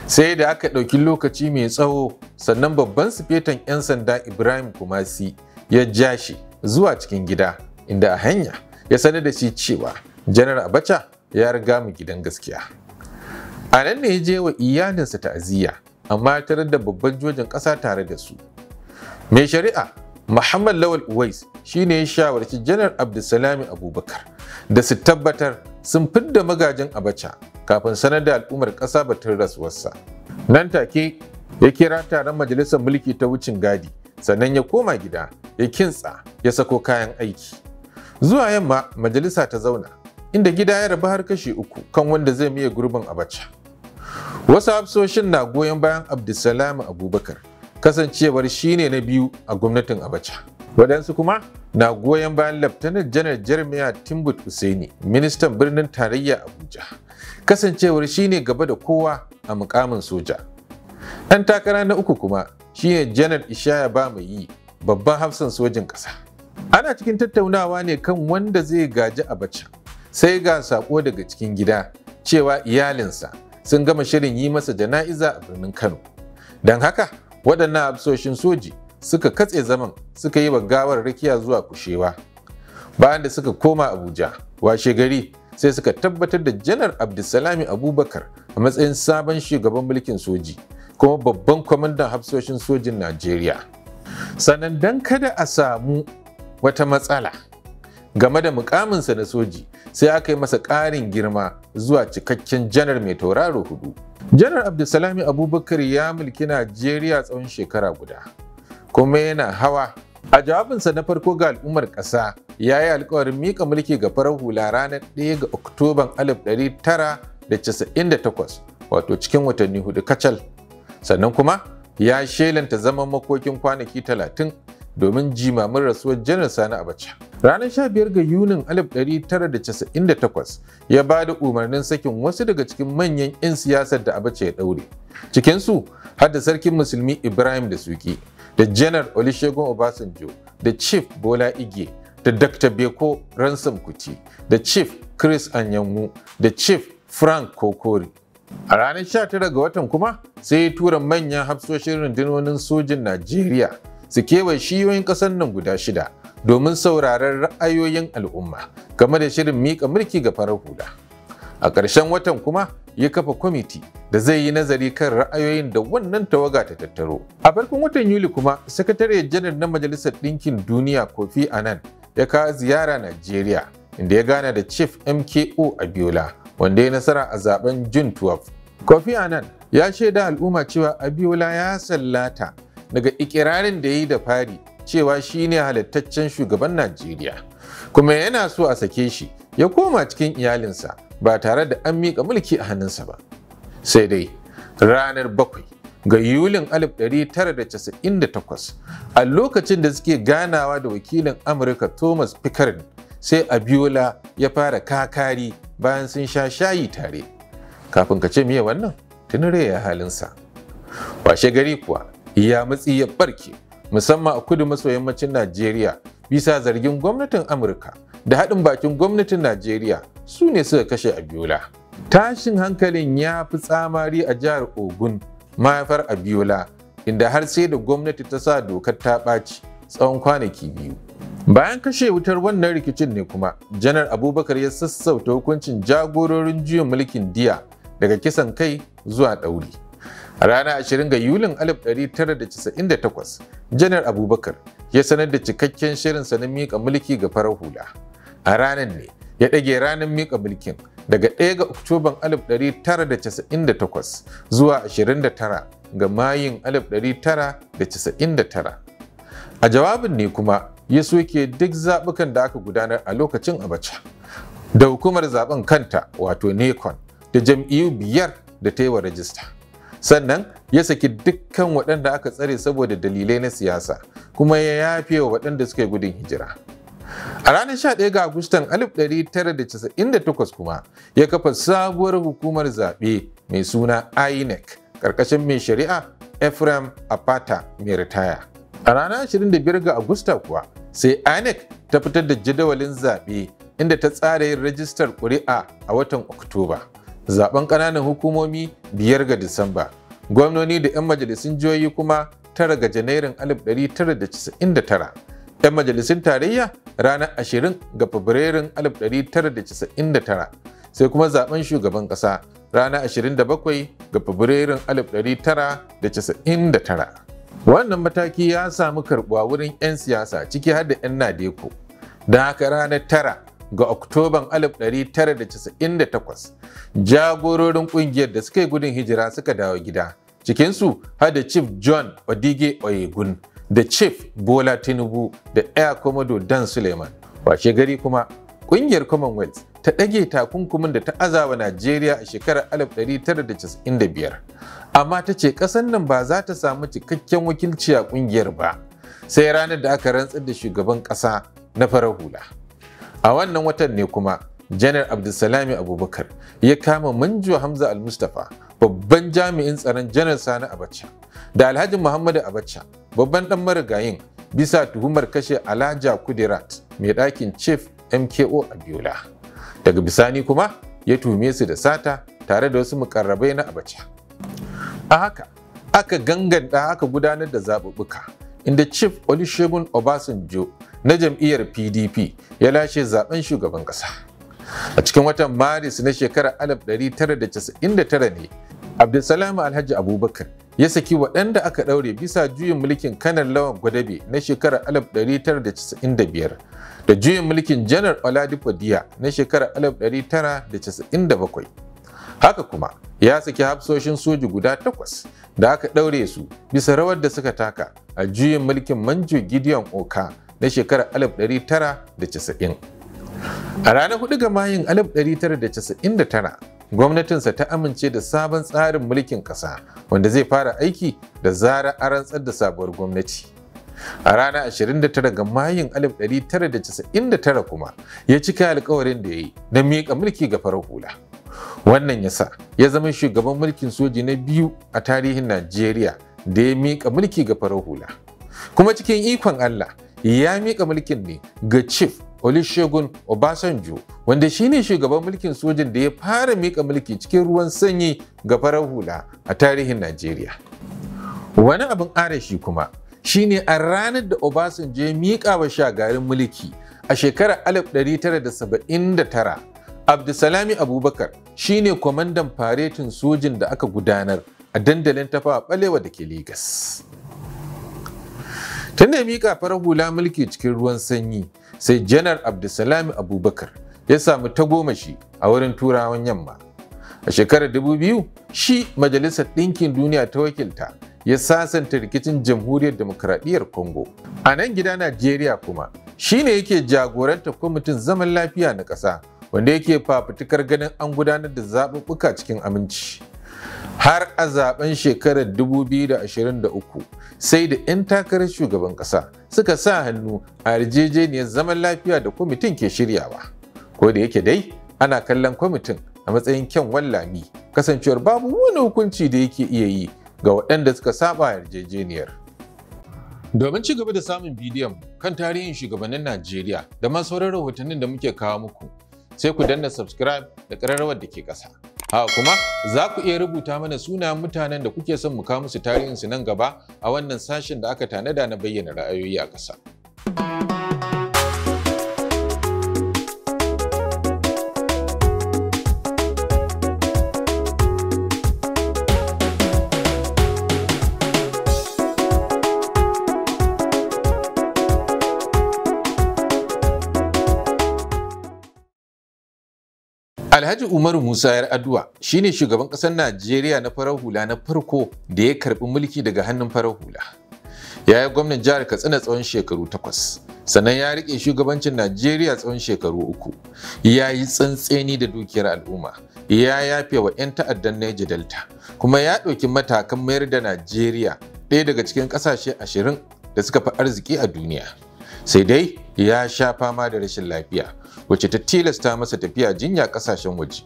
sai da aka ɗauki lokaci mai tsawo sannan babban sufetan 'yan sanda ibrahim kumasi ya ja shi zuwa cikin gida inda a hanya ya sanar da shi cewa janar abacha ya riga mu gidan gaskiya a nan ne ya je wa iyalinsa ta'aziyya amma ya tarar da babban jojin ƙasa tare da su mai shari'a Muhammad Lawal Uwais shine ya shawarci Janar Abdulsalami Abubakar da su tabbatar sun fidda magajin Abacha kafin sanar da al'ummar ƙasa batun rasuwarsa. Nan take ya kira taron majalisar mulki ta wucin gadi sannan ya koma gida ya kintsa ya sako kayan aiki. Zuwa yamma majalisa ta zauna inda gida ya rabu har kashi uku kan wanda zai miye gurbin Abacha. Wasu hafsoshin na goyon bayan Abdulsalami Abubakar kasancewar shi ne na biyu a gwamnatin abacha waɗansu kuma na goyon bayan laftanar janar jeremiah timbut Hussaini, ministan birnin tarayya abuja kasancewar shi ne gaba da kowa a mukamin soja ɗan takara na uku kuma shi ne janar ishaya ba mai yi babban hafsan sojin ƙasa ana cikin tattaunawa ne kan wanda zai gaji abacha sai ga sako daga cikin gida cewa iyalinsa sun gama shirin yi masa jana'iza a birnin kano don haka waɗannan hafsoshin soji suka katse zaman suka yi wa gawar rakiya zuwa kushewa bayan da suka koma abuja washe gari sai suka tabbatar da janar abdulsalami abubakar a matsayin sabon shugaban mulkin soji kuma babban kwamandan hafsoshin sojin najeriya sannan don kada a samu wata matsala game da mukaminsa na soji sai aka yi masa ƙarin girma zuwa cikakken janar mai tauraro hudu. Janar Abdulsalami Abubakar ya mulki Najeriya tsawon shekara guda, kuma yana hawa. A jawabinsa na farko ga al'ummar ƙasa ya yi alkawarin miƙa mulki ga farar hula ranar 1 ga Oktoban 1998 wato cikin watanni hudu kacal. Sannan kuma ya shelanta zaman makokin kwanaki talatin domin jimamin rasuwar janar sani abacha ranar sha biyar ga yunin 1998 ya ba da umarnin sakin wasu daga cikin manyan 'yan siyasar da abacha ya daure cikinsu har da sarkin musulmi ibrahim da suki da janar olusegun obasanjo da chief bola ige da dr beko ransom kuti da chief chris anyanwu da chief frank kokori A ranar 19 ga watan kuma sai ya tura manyan hafsoshin rundunonin sojin Najeriya su kewaye shiyoyin ƙasar nan guda shida domin sauraron ra'ayoyin al'umma game da shirin miƙa mulki ga farar hula. A ƙarshen watan kuma ya kafa kwamiti da zai yi nazari kan ra'ayoyin da wannan tawaga ta tattaro. A farkon watan Yuli kuma, Sakatare Janar na Majalisar Ɗinkin Duniya Kofi Annan ya kawo ziyara Najeriya, inda ya gana da Chief MKO Abiola, wanda ya nasara a zaben June 12. Kofi Annan ya shaida al'umma cewa Abiola ya sallata daga ikirarin da yi da fari cewa shi ne halittaccen shugaban Najeriya, kuma yana so a sake shi ya koma cikin iyalinsa ba tare da an mika mulki a hannunsa ba. Sai dai ranar bakwai ga Yulin 1998 a lokacin da suke ganawa da wakilin Amurka Thomas Pickering sai Abiola ya fara kakari bayan sun sha shayi tare. Kafin ka ce miye wannan, tunure ya halinsa. Washe gari kuwa ya matsi ya barke musamman a kudu maso yammacin Najeriya bisa zargin gwamnatin Amurka da haɗin bakin gwamnatin Najeriya su ne suka kashe Abiola. Tashin hankalin ya fi tsamari a jihar Ogun mahaifar Abiola inda har sai da gwamnati ta sa dokar ta ɓaci tsawon kwanaki biyu. Bayan kashe wutar wannan rikicin ne kuma, Janar Abubakar ya sassauta hukuncin jagororin juyin mulkin diya daga kisan kai zuwa ɗauri. A ranar 20 ga Yulin 1998, Janar Abubakar ya sanar da cikakken shirinsa na mika mulki ga farar hula. A ranar ne ya ɗage ranar mika mulkin daga 1 ga Oktoban 1998 zuwa 29 ga Mayun 1999. A jawabin ne kuma ya soke duk zaɓukan da aka gudanar a lokacin Abacha. Da hukumar zaben kanta wato NECON da jam'iyyu biyar da ta yi wa rajista. sannan ya saki dukkan waɗanda aka tsare saboda dalilai na siyasa kuma ya yafe wa waɗanda suka yi gudun hijira a ranar 11 ga agustan 1998 kuma ya kafa sabuwar hukumar zaɓe mai suna inec ƙarƙashin mai shari'a ephraim apata mai ritaya a ranar 25 ga agusta kuwa sai inec ta fitar da jadawalin zaɓe inda ta tsara yin rajistar ƙuri'a a watan oktoba zaben kananan hukumomi biyar ga Disamba, gwamnoni da 'yan majalisun jihohi kuma tara ga Janairun 1999, 'yan majalisun tarayya ranar 20 ga Fabrairun 1999, sai kuma zaben shugaban ƙasa ranar 27 ga Fabrairun 1999. Wannan mataki ya samu karɓuwa wurin 'yan siyasa ciki har da 'yan Nadeko. Don haka ranar tara ga Oktoban 1998 jagororin ƙungiyar da suka yi gudun hijira suka dawo gida cikinsu har da Chief John Odige Oyegun da Chief Bola Tinubu da Air Commodore Dan Suleiman. Washe gari kuma kungiyar Commonwealth ta ɗage takunkumin da ta azawa Najeriya a shekarar 1995 amma ta ce ƙasar nan ba za ta samu cikakken wakilci a kungiyar ba sai ranar da aka rantsar da shugaban ƙasa na farar hula. a wannan watan ne kuma janar abdulsalami abubakar ya kama manjo hamza al-mustapha babban jami'in tsaron janar sani abacha da alhaji muhammadu abacha babban dan marigayin bisa tuhumar kashe alhaja kudirat mai ɗakin chief mko a abiola daga bisani kuma ya tuhume su da sata tare da wasu mukarrabai na abacha a haka aka ganganta aka gudanar da zaɓuɓɓuka inda chief olusegun obasanjo na jam'iyyar pdp ya lashe zaben shugaban ƙasa a cikin watan maris na shekarar 1999 ne abdulsalam alhaji abubakar ya saki waɗanda aka ɗaure bisa juyin mulkin Kanar lawan gwadabe na shekarar 1995 da juyin mulkin janar oladipo diya na shekarar 1997 haka kuma ya saki hafsoshin soji guda takwas da aka ɗaure su bisa rawar da suka taka a juyin mulkin manjo gideon oka na shekarar 1990. A ranar 4 ga Mayun 1999, gwamnatinsa ta amince da sabon tsarin mulkin ƙasa wanda zai fara aiki da zara a rantsar da sabuwar gwamnati. A ranar 29 ga Mayun 1999 kuma ya cika alkawarin da ya yi na miƙa mulki ga farar hula. Wannan ya sa ya zama shugaban mulkin soji na biyu a tarihin Najeriya da ya miƙa mulki ga farar hula. Kuma cikin ikon Allah ya miƙa mulkin ne ga chief Olusegun Obasanjo wanda shine shugaban mulkin sojin da ya fara miƙa mulki cikin ruwan sanyi ga farar hula a tarihin Najeriya. Wani abin shi kuma shine a ranar da Obasanjo ya mika wa shagarin mulki a shekarar 1979 Abdulsalami Abubakar shine kwamandan faretin sojin da aka gudanar a dandalin tafawa balewa da ke Legas. Tun ne mika farar hula mulki cikin ruwan sanyi sai janar Abdulsalami Abubakar ya samu ta tagomashi a wurin turawan yamma. A shekarar 2000 shi Majalisar Ɗinkin Duniya ta wakilta ya sasanta rikicin Jamhuriyar Demokradiyyar Congo. A nan gida Najeriya kuma shi ne yake jagorantar kwamitin zaman lafiya na ƙasa wanda yake fafutukar ganin an gudanar da zaɓuɓɓuka cikin aminci. har a zaben shekarar 2023 sai da 'yan takarar shugaban ƙasa suka sa hannu a yarjejeniyar zaman lafiya da kwamitin ke shiryawa ko da yake dai ana kallon kwamitin a matsayin kyan wallami kasancewar babu wani hukunci da yake iya yi ga waɗanda suka saba yarjejeniyar Domin ci gaba da samun bidiyon kan tarihin shugabannin Najeriya da ma sauran rahotannin da muke kawo muku, sai ku danna subscribe da ƙararrawar da ke ƙasa. A kuma za ku iya rubuta mana sunayen mutanen da kuke son mu kawo musu tarihinsu nan gaba a wannan sashen da aka tanada na bayyana ra'ayoyi a ƙasa. Alhaji Umaru Musa yar shi ne shugaban ƙasar Najeriya na farar hula na farko da ya karɓi mulki daga hannun farar hula. Ya yi gwamnan jihar Katsina tsawon shekaru takwas, sannan ya riƙe shugabancin Najeriya tsawon shekaru uku. Ya yi tsantseni da dukiyar al'umma, ya yafe wa 'yan ta'addan Niger Delta, kuma ya ɗauki matakan mayar da Najeriya ɗaya daga cikin ƙasashe ashirin da suka fi arziki a duniya. Sai dai ya sha fama da rashin lafiya wacce ta tilasta masa tafiya jinya kasashen waje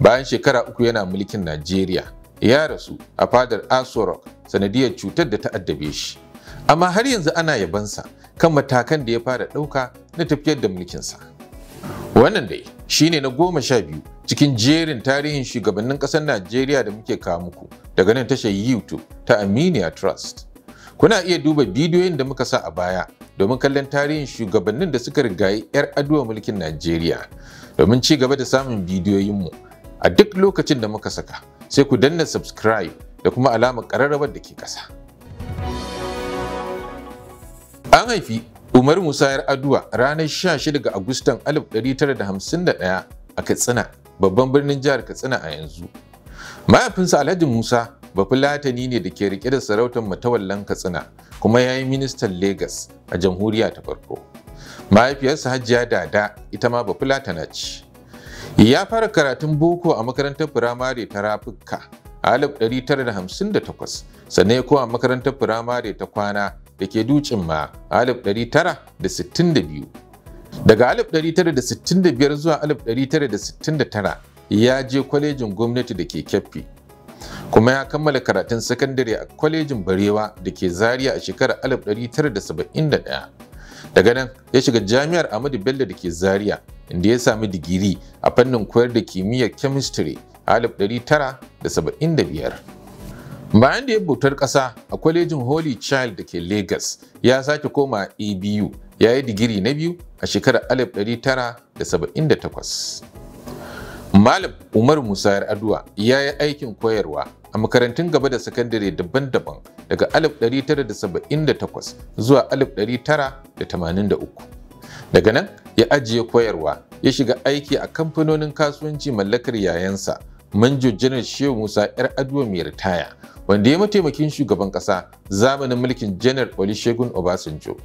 bayan shekara uku yana mulkin najeriya ya rasu a fadar asorok sanadiyar cutar da ta addabe shi amma har yanzu ana yabansa kan matakan da ya fara ɗauka na tafiyar da mulkinsa wannan dai shine na goma sha biyu cikin jerin tarihin shugabannin ƙasar najeriya da muke kawo muku daga nan tashar youtube ta aminiya trust kuna iya duba bidiyoyin da muka sa a baya domin kallon tarihin shugabannin da suka rigayi 'yar aduwa mulkin Najeriya. Domin ci gaba da samun bidiyoyinmu a duk lokacin da muka saka sai ku danna subscribe da kuma alamar ƙararrawar da ke ƙasa. An haifi Umar Musa 'yar aduwa ranar 16 ga Agustan 1951 a Katsina, babban birnin jihar Katsina a yanzu. Mahaifinsa Alhaji Musa bafulatani ne da ke rike da sarautar matawallan katsina kuma ya yi ministan Legas a jamhuriya ta farko mahaifiyarsa hajiya dada ita ma bafulatana ce ya fara karatun boko a makarantar firamare ta rafuka a 1958 sannan ya koma makarantar firamare ta kwana da ke dutsen ma a 1962 daga 1965 zuwa 1969 ya je kwalejin gwamnati da ke kyaffi kuma ya kammala karatun sakandare a kwalejin barewa da ke Zariya a shekarar 1971 daga nan ya shiga jami'ar Amadu bello da ke Zariya, inda ya sami digiri a fannin koyar da kimiyyar chemistry a 1975 bayan da ya bautar ƙasa a kwalejin holy child da ke lagos ya sake koma abu e ya yi digiri na biyu a shekarar 1978 Malam Umar Musa Yar'adua ya yi aikin koyarwa a makarantun gaba da sakandare daban-daban daga 1978 zuwa 1983. Daga nan ya ajiye koyarwa ya shiga aiki a kamfanonin kasuwanci mallakar yayansa Manjo Janar Shehu Musa Yar'adua mai ritaya wanda ya mataimakin shugaban ƙasa zamanin mulkin Janar Olusegun Obasanjo.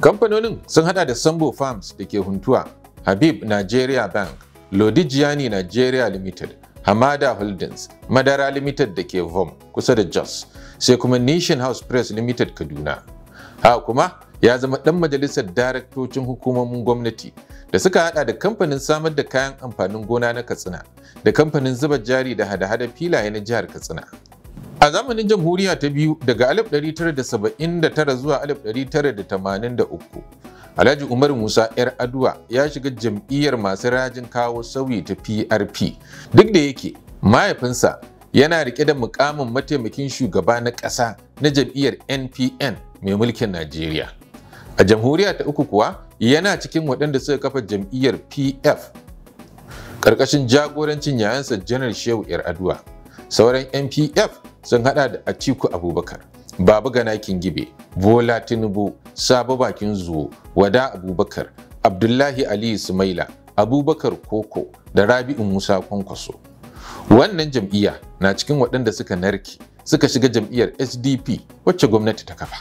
Kamfanonin sun hada da Sambo Farms da ke Huntuwa, Habib Nigeria Bank, Lodigiani Nigeria Limited, Hamada Holdings, Madara Limited da ke Vom kusa da Jos, sai kuma Nation House Press Limited Kaduna. Ha kuma ya zama ɗan majalisar daraktocin hukumomin gwamnati da suka haɗa da kamfanin samar da kayan amfanin gona na Katsina da kamfanin zuba jari da hada-hada filaye na jihar Katsina. A zamanin jamhuriya ta biyu daga 1979 zuwa 1983 Alhaji Umar Musa 'yar Aduwa ya shiga jam'iyyar masu rajin kawo sauyi ta PRP. Duk da yake mahaifinsa yana riƙe da mukamin mataimakin shugaba na ƙasa na jam'iyyar NPN mai mulkin Najeriya. A jamhuriya ta uku kuwa yana cikin waɗanda suka kafa jam'iyyar PF ƙarƙashin jagorancin yayansa janar Shehu 'yar Aduwa. Sauran NPF sun haɗa da Atiku Abubakar. Babu Gana Kingibe, Bola Tinubu, Sabo Bakin Zuwo, Wada Abubakar, Abdullahi Ali Sumaila, Abubakar Koko da Rabi'u Musa Kwankwaso. Wannan jam'iyya na cikin waɗanda suka narke suka shiga jam'iyyar SDP wacce gwamnati ta kafa.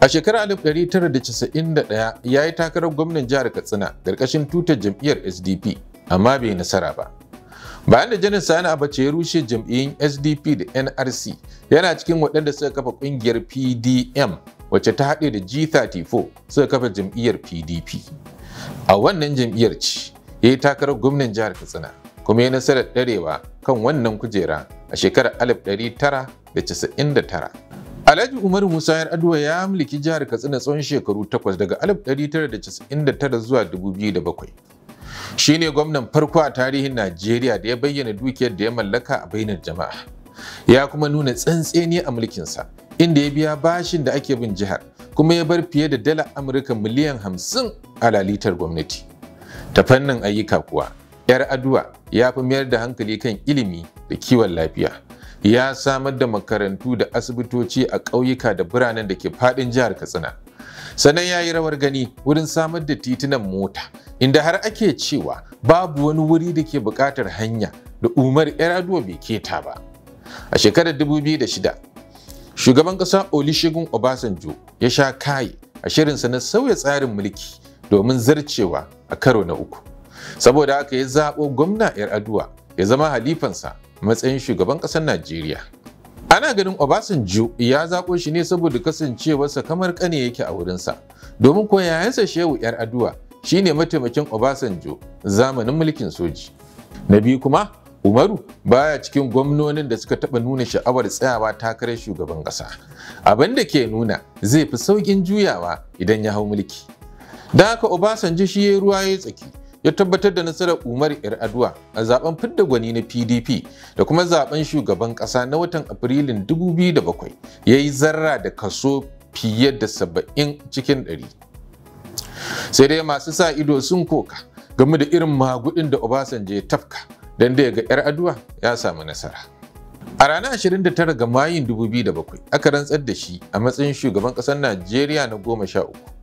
A shekarar 1991 ya yi takarar gwamnan jihar Katsina ƙarƙashin tutar jam'iyyar SDP amma bai nasara ba. bayan da janar sani abace ya rushe jam'iyyun sdp da nrc yana cikin waɗanda suka kafa ƙungiyar pdm wacce ta haɗe da g34 suka kafa jam'iyyar pdp a wannan jam'iyyar ce ya yi takarar gwamnan jihar katsina kuma ya nasarar ɗarewa kan wannan kujera a shekarar 1999 Alhaji Umar Musa yar Adwa ya mulki jihar Katsina tsawon shekaru takwas daga 1999 zuwa 2007. Shi ne gwamnan farko a tarihin Najeriya da ya bayyana dukiyar da ya mallaka a bainar jama'a. Ya kuma nuna tsantseni a mulkinsa, inda ya biya bashin da ake bin jihar, kuma ya bar fiye da dala Amurka miliyan hamsin a lalitar gwamnati. Ta fannin ayyuka kuwa, 'yar aduwa ya fi mayar da hankali kan ilimi da kiwon lafiya. ya samar da makarantu da asibitoci a ƙauyuka da biranen da ke faɗin jihar katsina sannan ya yi rawar gani wurin samar da titunan mota inda har ake cewa babu wani wuri da ke buƙatar hanya da umar yaraduwa bai keta ba a shekarar 2006 shugaban ƙasa olusegun obasanjo ya sha kayi a shirinsa na sauya tsarin mulki domin zarcewa a karo na uku saboda haka ya zaɓo gwamna yar'aduwa ya zama halifansa matsayin shugaban ƙasar Najeriya. Ana ganin Obasanjo ya zaƙo shi ne saboda kasancewarsa kamar ƙane yake a wurinsa, domin ko yayansa Shehu ‘yar Aduwa shi ne mataimakin Obasanjo zamanin mulkin soji. Na biyu kuma, Umaru baya cikin gwamnonin da suka taɓa nuna sha'awar tsayawa takarar shugaban ƙasa, abin da ke nuna zai fi sauƙin juyawa idan ya hau mulki. Da haka Obasanjo shi ya yi ruwa ya tsaki, ya tabbatar da nasarar Umar Yar'adua a zaben fidda gwani na PDP da kuma zaben shugaban ƙasa na watan Afrilun 2007 ya yi zarra da kaso fiye da 70 cikin 100. Sai dai masu sa ido sun koka game da irin magudin da Obasanjo ya tafka don da ga Yar'adua ya samu nasara. A ranar 29 ga Mayun 2007 aka rantsar da shi a matsayin shugaban ƙasar Najeriya na goma sha uku.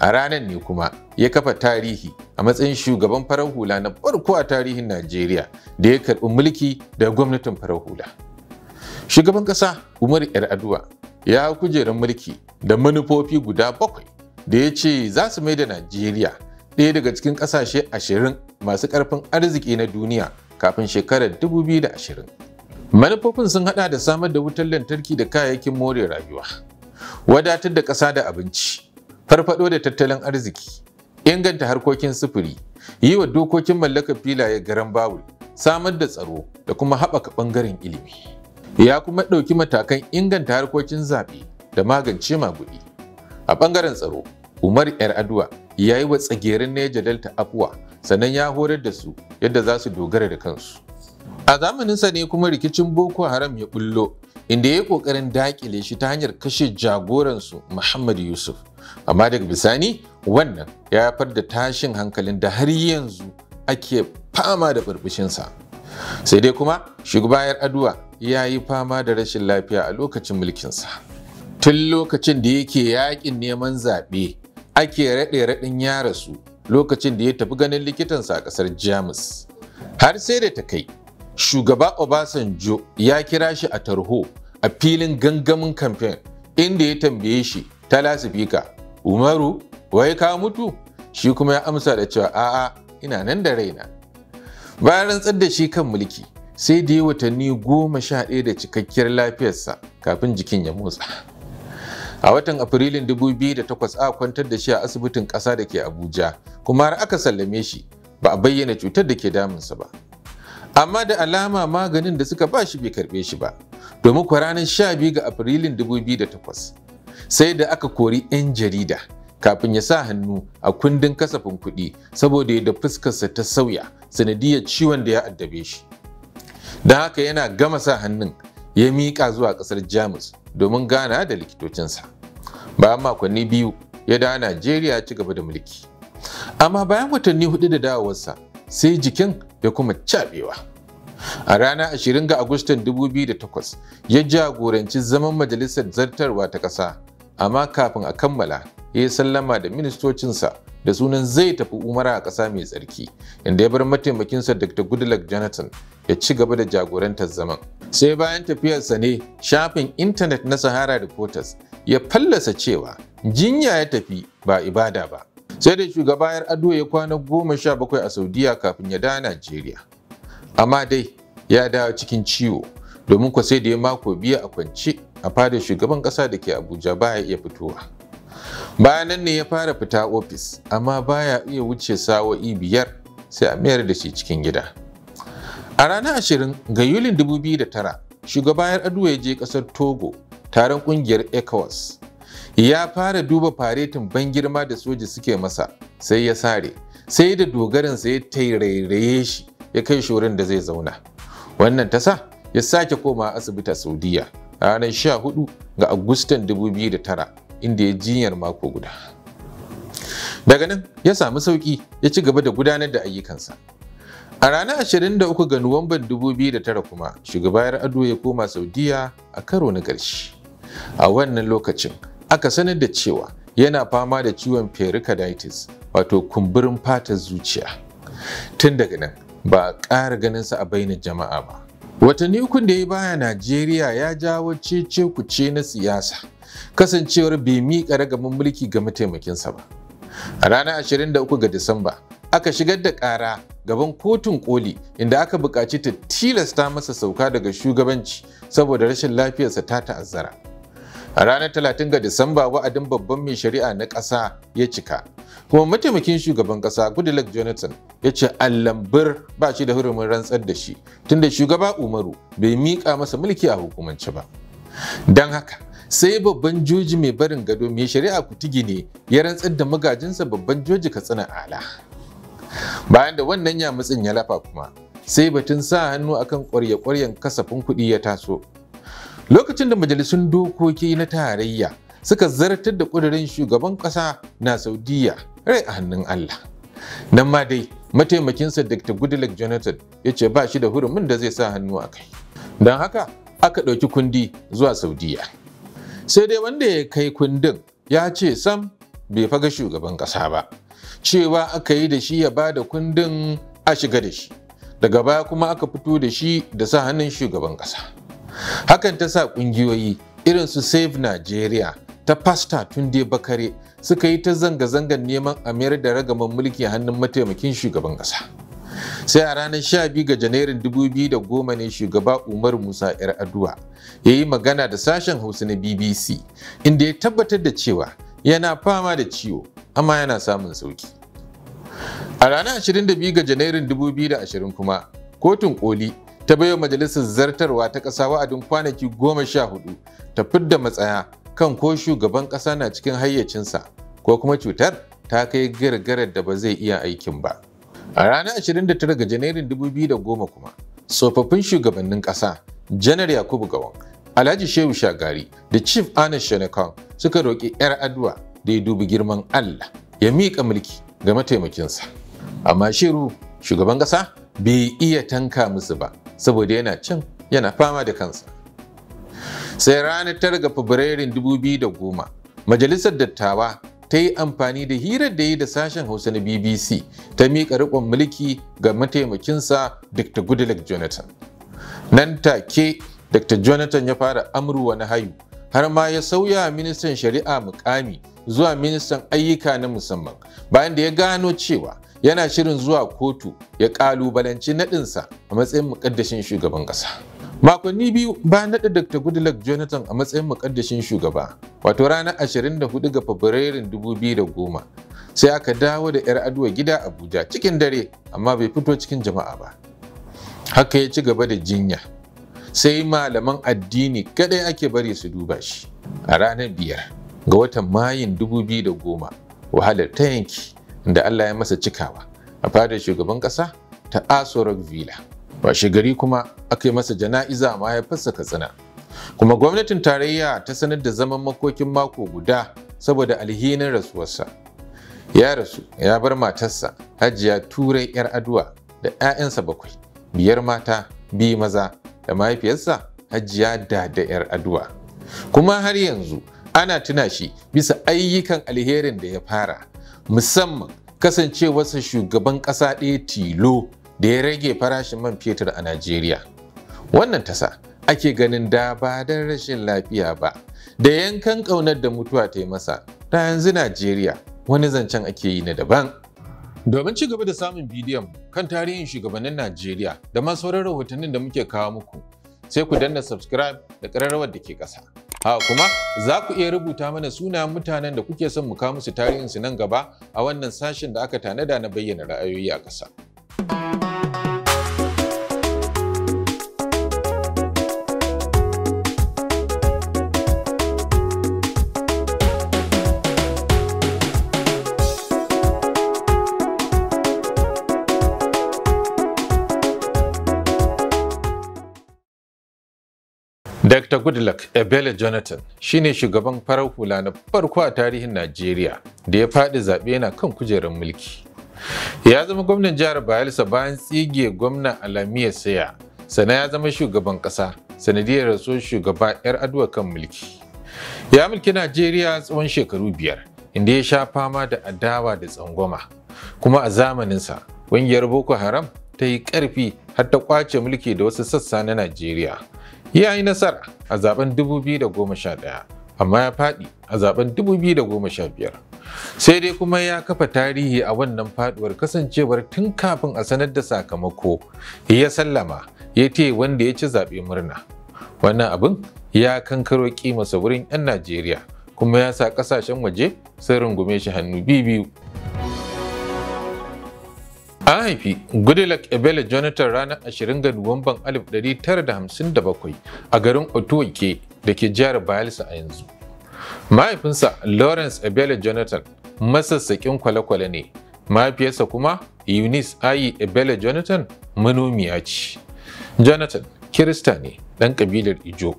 A ranar ne kuma ya kafa tarihi a matsayin shugaban farar hula na farko a tarihin Najeriya da ya karɓi mulki da gwamnatin farar hula. Shugaban ƙasa Umar Yar'adua ya kujerar mulki da manufofi guda bakwai da ya ce za su mai da Najeriya ɗaya daga cikin ƙasashe ashirin masu ƙarfin arziki na duniya kafin shekarar 2020. Manufofin sun haɗa da samar da wutar lantarki da kayayyakin more rayuwa, wadatar da ƙasa da abinci, farfado da tattalin arziki, inganta harkokin sufuri, yi wa dokokin mallakar filaye garan bawul, samar da tsaro da kuma haɓaka ɓangaren ilimi. Ya kuma ɗauki matakan inganta harkokin zaɓe da magance maguɗi. A ɓangaren tsaro, Umar Adua ya yi wa tsagerin Neja Delta afuwa sannan ya horar da su yadda za su dogara da kansu. A zamaninsa ne kuma rikicin Boko Haram ya bullo inda ya yi kokarin dakile shi ta hanyar kashe jagoransu Muhammad Yusuf. Amma daga bisani wannan ya haifar da tashin hankalin da har yanzu ake fama da burbushinsa. Sai dai kuma shugabayar Aduwa ya yi fama da rashin lafiya a lokacin mulkinsa. Tun lokacin da yake yakin neman zaɓe ake raɗe raɗin ya rasu lokacin da ya tafi ganin likitansa a ƙasar Jamus. Har sai da ta kai shugaba Obasanjo ya kira shi a tarho a filin gangamin kamfen inda ya tambaye shi ta lasifika Umaru wai ka mutu shi kuma ya amsa da cewa a'a ina nan da raina. Bayan rantsar da shi kan mulki sai da ya watanni goma sha ɗaya da cikakkiyar lafiyarsa kafin jikin ya motsa. A watan Afrilun 2008 a kwantar da shi a asibitin ƙasa da ke Abuja kuma har aka sallame shi ba a bayyana cutar da ke damunsa ba. amma da alama maganin da suka ba shi bai karbe shi ba domin kwa ranar 12 ga afrilun 2008 sai da aka kori 'yan jarida kafin ya sa hannu a kundin kasafin kuɗi saboda yadda fuskarsa ta sauya sanadiyar ciwon da ya addabe shi don haka yana gama sa hannun ya miƙa zuwa ƙasar jamus domin gana da likitocinsa bayan makonni biyu ya dawo najeriya ci gaba da mulki amma bayan watanni hudu da dawowarsa sai jikin ya kuma cabewa. A ranar 20 ga Agustan 2008 ya jagoranci zaman majalisar zartarwa ta ƙasa, amma kafin a kammala ya yi sallama da ministocinsa da sunan zai tafi umara a ƙasa mai tsarki, inda ya bar mataimakinsa Dr. Goodluck Jonathan ya ci gaba da jagorantar zaman. Sai bayan tafiyarsa ne shafin intanet na Sahara Reporters ya fallasa cewa jinya ya tafi ba ibada ba. sai da shugaba yar ado ya kwana goma sha bakwai a saudiya kafin ya dawo najeriya amma dai ya dawo cikin ciwo domin kwa sai da ya mako biyu a kwance a fadar shugaban kasa da ke abuja baya iya fitowa bayan nan ne ya fara fita ofis amma baya iya wuce sawa'i biyar sai a mayar da shi cikin gida a ranar ashirin ga yulin 2009 shugaba yar ado ya je kasar togo taron kungiyar ecowas ya fara duba faretin ban girma da soja suke masa sai ya sare sai da dogaransa ya tairaye shi ya kai shi da zai zauna wannan ta sa, ya sake koma asibiti saudiya a ranar 14 ga agustan 2009 inda ya jinyar mako guda daga nan ya samu sauki ya ci gaba da gudanar da ayyukansa a ranar 23 ga nuwamban 2009 kuma shugaba ado ya koma saudiya a karo na ƙarshe a wannan lokacin aka sanar da cewa yana fama da ciwon pericarditis wato kumburin fatar zuciya tun daga nan ba a ƙara ganin sa a bainar jama'a ba watanni ukun da ya baya najeriya ya jawo cece kuce na siyasa kasancewar bai miƙa ragaban mulki ga mataimakinsa ba a ranar 23 ga disamba aka shigar da ƙara gaban kotun koli inda aka buƙaci ta tilasta masa sauka daga shugabanci saboda rashin lafiyarsa ta ta'azzara A ranar 30 ga Disamba wa'adin babban mai shari'a na ƙasa ya cika. Kuma mataimakin shugaban ƙasa Goodluck Jonathan ya ce allambir ba shi da hurumin rantsar da shi tunda shugaba Umaru bai miƙa masa mulki a hukumance ba. Don haka sai babban joji mai barin gado mai shari'a kutigi ne ya rantsar da magajinsa babban joji Katsina Ala. Bayan da wannan yamutsin ya lafa kuma sai batun sa hannu akan kwarye-kwaryen kasafin kuɗi ya taso Lokacin da majalisun dokoki na tarayya suka zartar da ƙudurin shugaban ƙasa na Saudiya rai a hannun Allah. Nan ma dai mataimakinsa Dr. Goodluck Jonathan ya ce ba shi da hurumin da zai sa hannu a kai. Don haka aka ɗauki kundi zuwa Saudiya. Sai dai wanda ya kai kundin ya ce sam bai faga shugaban ƙasa ba. Cewa aka yi da shi ya ba da kundin a shiga da shi. Daga baya kuma aka fito da shi da sa hannun shugaban ƙasa. Hakan ta sa ƙungiyoyi irin su Save Nigeria ta Pasta Tunde Bakare suka yi ta zanga-zangar neman a mayar da ragaman mulki hannun mataimakin shugaban kasa. Sai a ranar 12 ga Janairun 2010 ne shugaba Umar Musa Yar'adua ya yi magana da sashen Hausa na BBC inda ya tabbatar da cewa yana fama da ciwo amma yana samun sauki. A ranar 22 ga Janairun 2020 kuma kotun koli ta baiwa majalisar zartarwa ta ƙasa wa'adin kwanaki goma sha hudu ta fidda matsaya kan ko shugaban ƙasa na cikin hayyacinsa ko kuma cutar ta kai gargarar da ba zai iya aikin ba. A ranar 29 ga Janairun 2010 kuma, tsofaffin shugabannin ƙasa, Janar Yakubu Gawon, Alhaji Shehu Shagari da Chief Anas Shanekong suka roƙi 'yar Adwa da ya dubi girman Allah ya miƙa mulki ga mataimakinsa. Amma shiru shugaban ƙasa, bai iya tanka musu ba. saboda yana cin yana fama da kansa sai ranar tara ga fabrairun 2010 majalisar dattawa ta yi amfani da hirar da yi da sashen hausa na bbc ta miƙa riƙon mulki ga mataimakinsa dr goodluck jonathan nan take dr jonathan ya fara amurwa na hayu har ma ya sauya ministan shari'a mukami zuwa ministan ayyuka na musamman bayan da ya gano cewa yana shirin zuwa kotu ya kalubalanci naɗinsa a matsayin muƙaddashin shugaban ƙasa. Makonni biyu bayan naɗa Dr. Goodluck Jonathan a matsayin muƙaddashin shugaba, wato ranar 24 ga Fabrairun 2010, sai aka dawo da 'yar aduwa gida Abuja cikin dare amma bai fito cikin jama'a ba. Haka ya ci gaba da jinya. Sai malaman addini kaɗai ake bari su duba shi. A ranar biyar ga watan Mayun 2010, wahalar ta yanki. da Allah ya masa cikawa a fadar shugaban ƙasa ta Aso Villa. Washe gari kuma aka yi masa jana'iza mahaifarsa Katsina. Kuma gwamnatin tarayya ta sanar da zaman makokin mako guda saboda alhinin rasuwarsa. Ya rasu ya bar matarsa Hajiya Turai 'yar aduwa da 'ya'yansa bakwai, biyar mata, biyu maza da mahaifiyarsa Hajiya da da 'yar aduwa. Kuma har yanzu ana tuna shi bisa ayyukan alherin da ya fara musamman kasancewarsa shugaban ƙasa ɗaya tilo da ya rage farashin man fetur a Najeriya. Wannan tasa ake ganin da ba don rashin lafiya ba, da yankan ƙaunar da mutuwa ta yi masa, ta yanzu Najeriya wani zancen ake yi na daban. Domin ci gaba da samun bidiyon kan tarihin shugabannin Najeriya da ma sauran rahotannin da muke kawo muku, sai ku danna subscribe da ƙararrawar da ke ƙasa. A'a kuma za ku iya rubuta mana sunayen mutanen da kuke son mu kawo musu tarihinsu nan gaba a wannan sashen da aka tanada na bayyana ra'ayoyi a ƙasa. Dr. Goodluck Ebele Jonathan shine shugaban farar hula na farko a tarihin Najeriya da ya faɗi zaɓe yana kan kujerar mulki. Ya zama gwamnan jihar Bayelsa bayan tsige gwamnan Alamiya Saya, sana ya zama shugaban ƙasa sanadiyar raso shugaba 'yar aduwa kan mulki. Ya mulki Najeriya tsawon shekaru biyar, inda ya sha fama da adawa da tsangwama. Kuma a zamaninsa, ƙungiyar Boko Haram ta yi ƙarfi har ta ƙwace mulki da wasu sassa na Najeriya. ya yi nasara a zaben 2011 amma ya faɗi a zaben 2015 sai dai kuma ya kafa tarihi a wannan faduwar kasancewar tun kafin a sanar da sakamako ya sallama ya te wanda ya ci zaɓe murna wannan abin ya kankaro ƙimasa wurin 'yan najeriya kuma ya sa ƙasashen waje sun rungume shi hannu biyu An haifi Goodluck Ebele Jonathan ranar 20 ga Nuwamban 1957 a garin Otuwake da ke jihar Bayelsa a yanzu. Mahaifinsa Lawrence Ebele Jonathan masassakin kwale-kwale ne, mahaifiyarsa kuma Eunice Ayi Ebele Jonathan manomiya ce. Jonathan Kirista ne ɗan ƙabilar Ijo.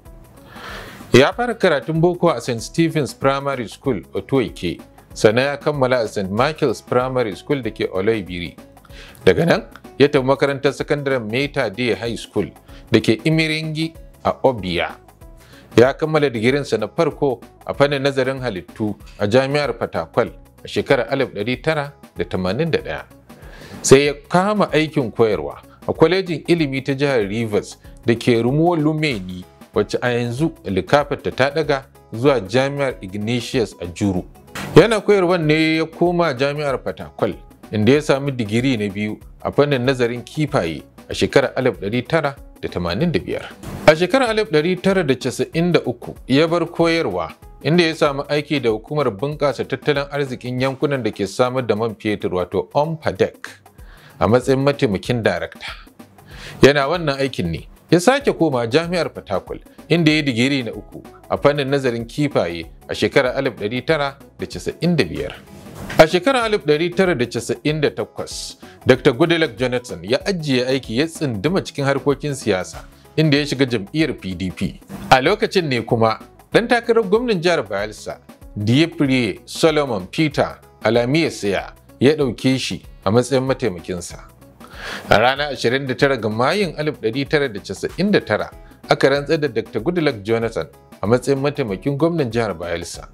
Ya fara karatun boko a St. Stephen's Primary School Otuwake, sannan ya kammala a St. Michael's Primary School da ke Oloibiri. daga nan ya tafi makarantar sakandaren meta day high school da ke imiringi a obia ya kammala digirinsa na farko a fannin nazarin halittu a jami'ar fatakwal a shekarar 1981 sai ya kama aikin koyarwa a kwalejin ilimi ta jihar rivers da ke rumuwa lumeni wacce a yanzu likafarta ta daga zuwa jami'ar ignatius a juru yana koyarwa ne ya koma jami'ar fatakwal inda ya sami digiri na biyu a fannin nazarin kifaye a shekarar 1985. A shekarar 1993 ya bar koyarwa inda ya samu aiki da hukumar bunƙasa tattalin arzikin yankunan da ke samar da man fetur wato OMPADEC a matsayin mataimakin darakta. Yana wannan aikin ne ya sake koma jami'ar Fatakwal inda ya digiri na uku a fannin nazarin kifaye a shekarar 1995. A shekarar 1998, Dr. Goodluck Jonathan ya ajiye aiki ya tsinduma cikin harkokin siyasa, inda ya shiga jam'iyyar PDP. A lokacin ne kuma, ɗan takarar gwamnan jihar Bayelsa, Dieprie Solomon Peter Alamiya Saya ya ɗauke shi a matsayin mataimakinsa. A ranar 29 ga Mayun 1999, aka rantsar da Dr. Goodluck Jonathan a matsayin mataimakin gwamnan jihar Bayelsa.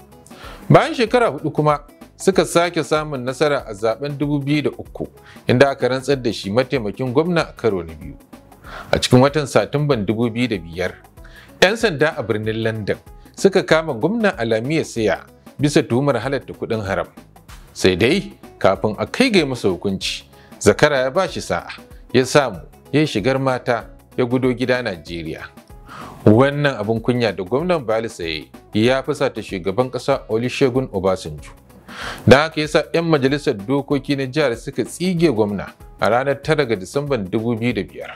Bayan shekara hudu kuma, suka sake samun nasara a zaben 2003 inda aka rantsar da shi mataimakin gwamna a karo na biyu. A cikin watan Satumban 2005, 'yan sanda a birnin London suka kama gwamna Alamiya Siya bisa tuhumar halatta kuɗin haram. Sai dai kafin a kai ga masa hukunci, zakara ya ba shi sa'a, ya samu, ya shigar mata, ya gudo gida Najeriya. Wannan abin kunya da gwamnan Bali saye ya ta shugaban ƙasa Olusegun Obasanjo. Don haka yasa 'yan majalisar dokoki na jihar suka tsige gwamna a ranar 9 ga Disamban 2005.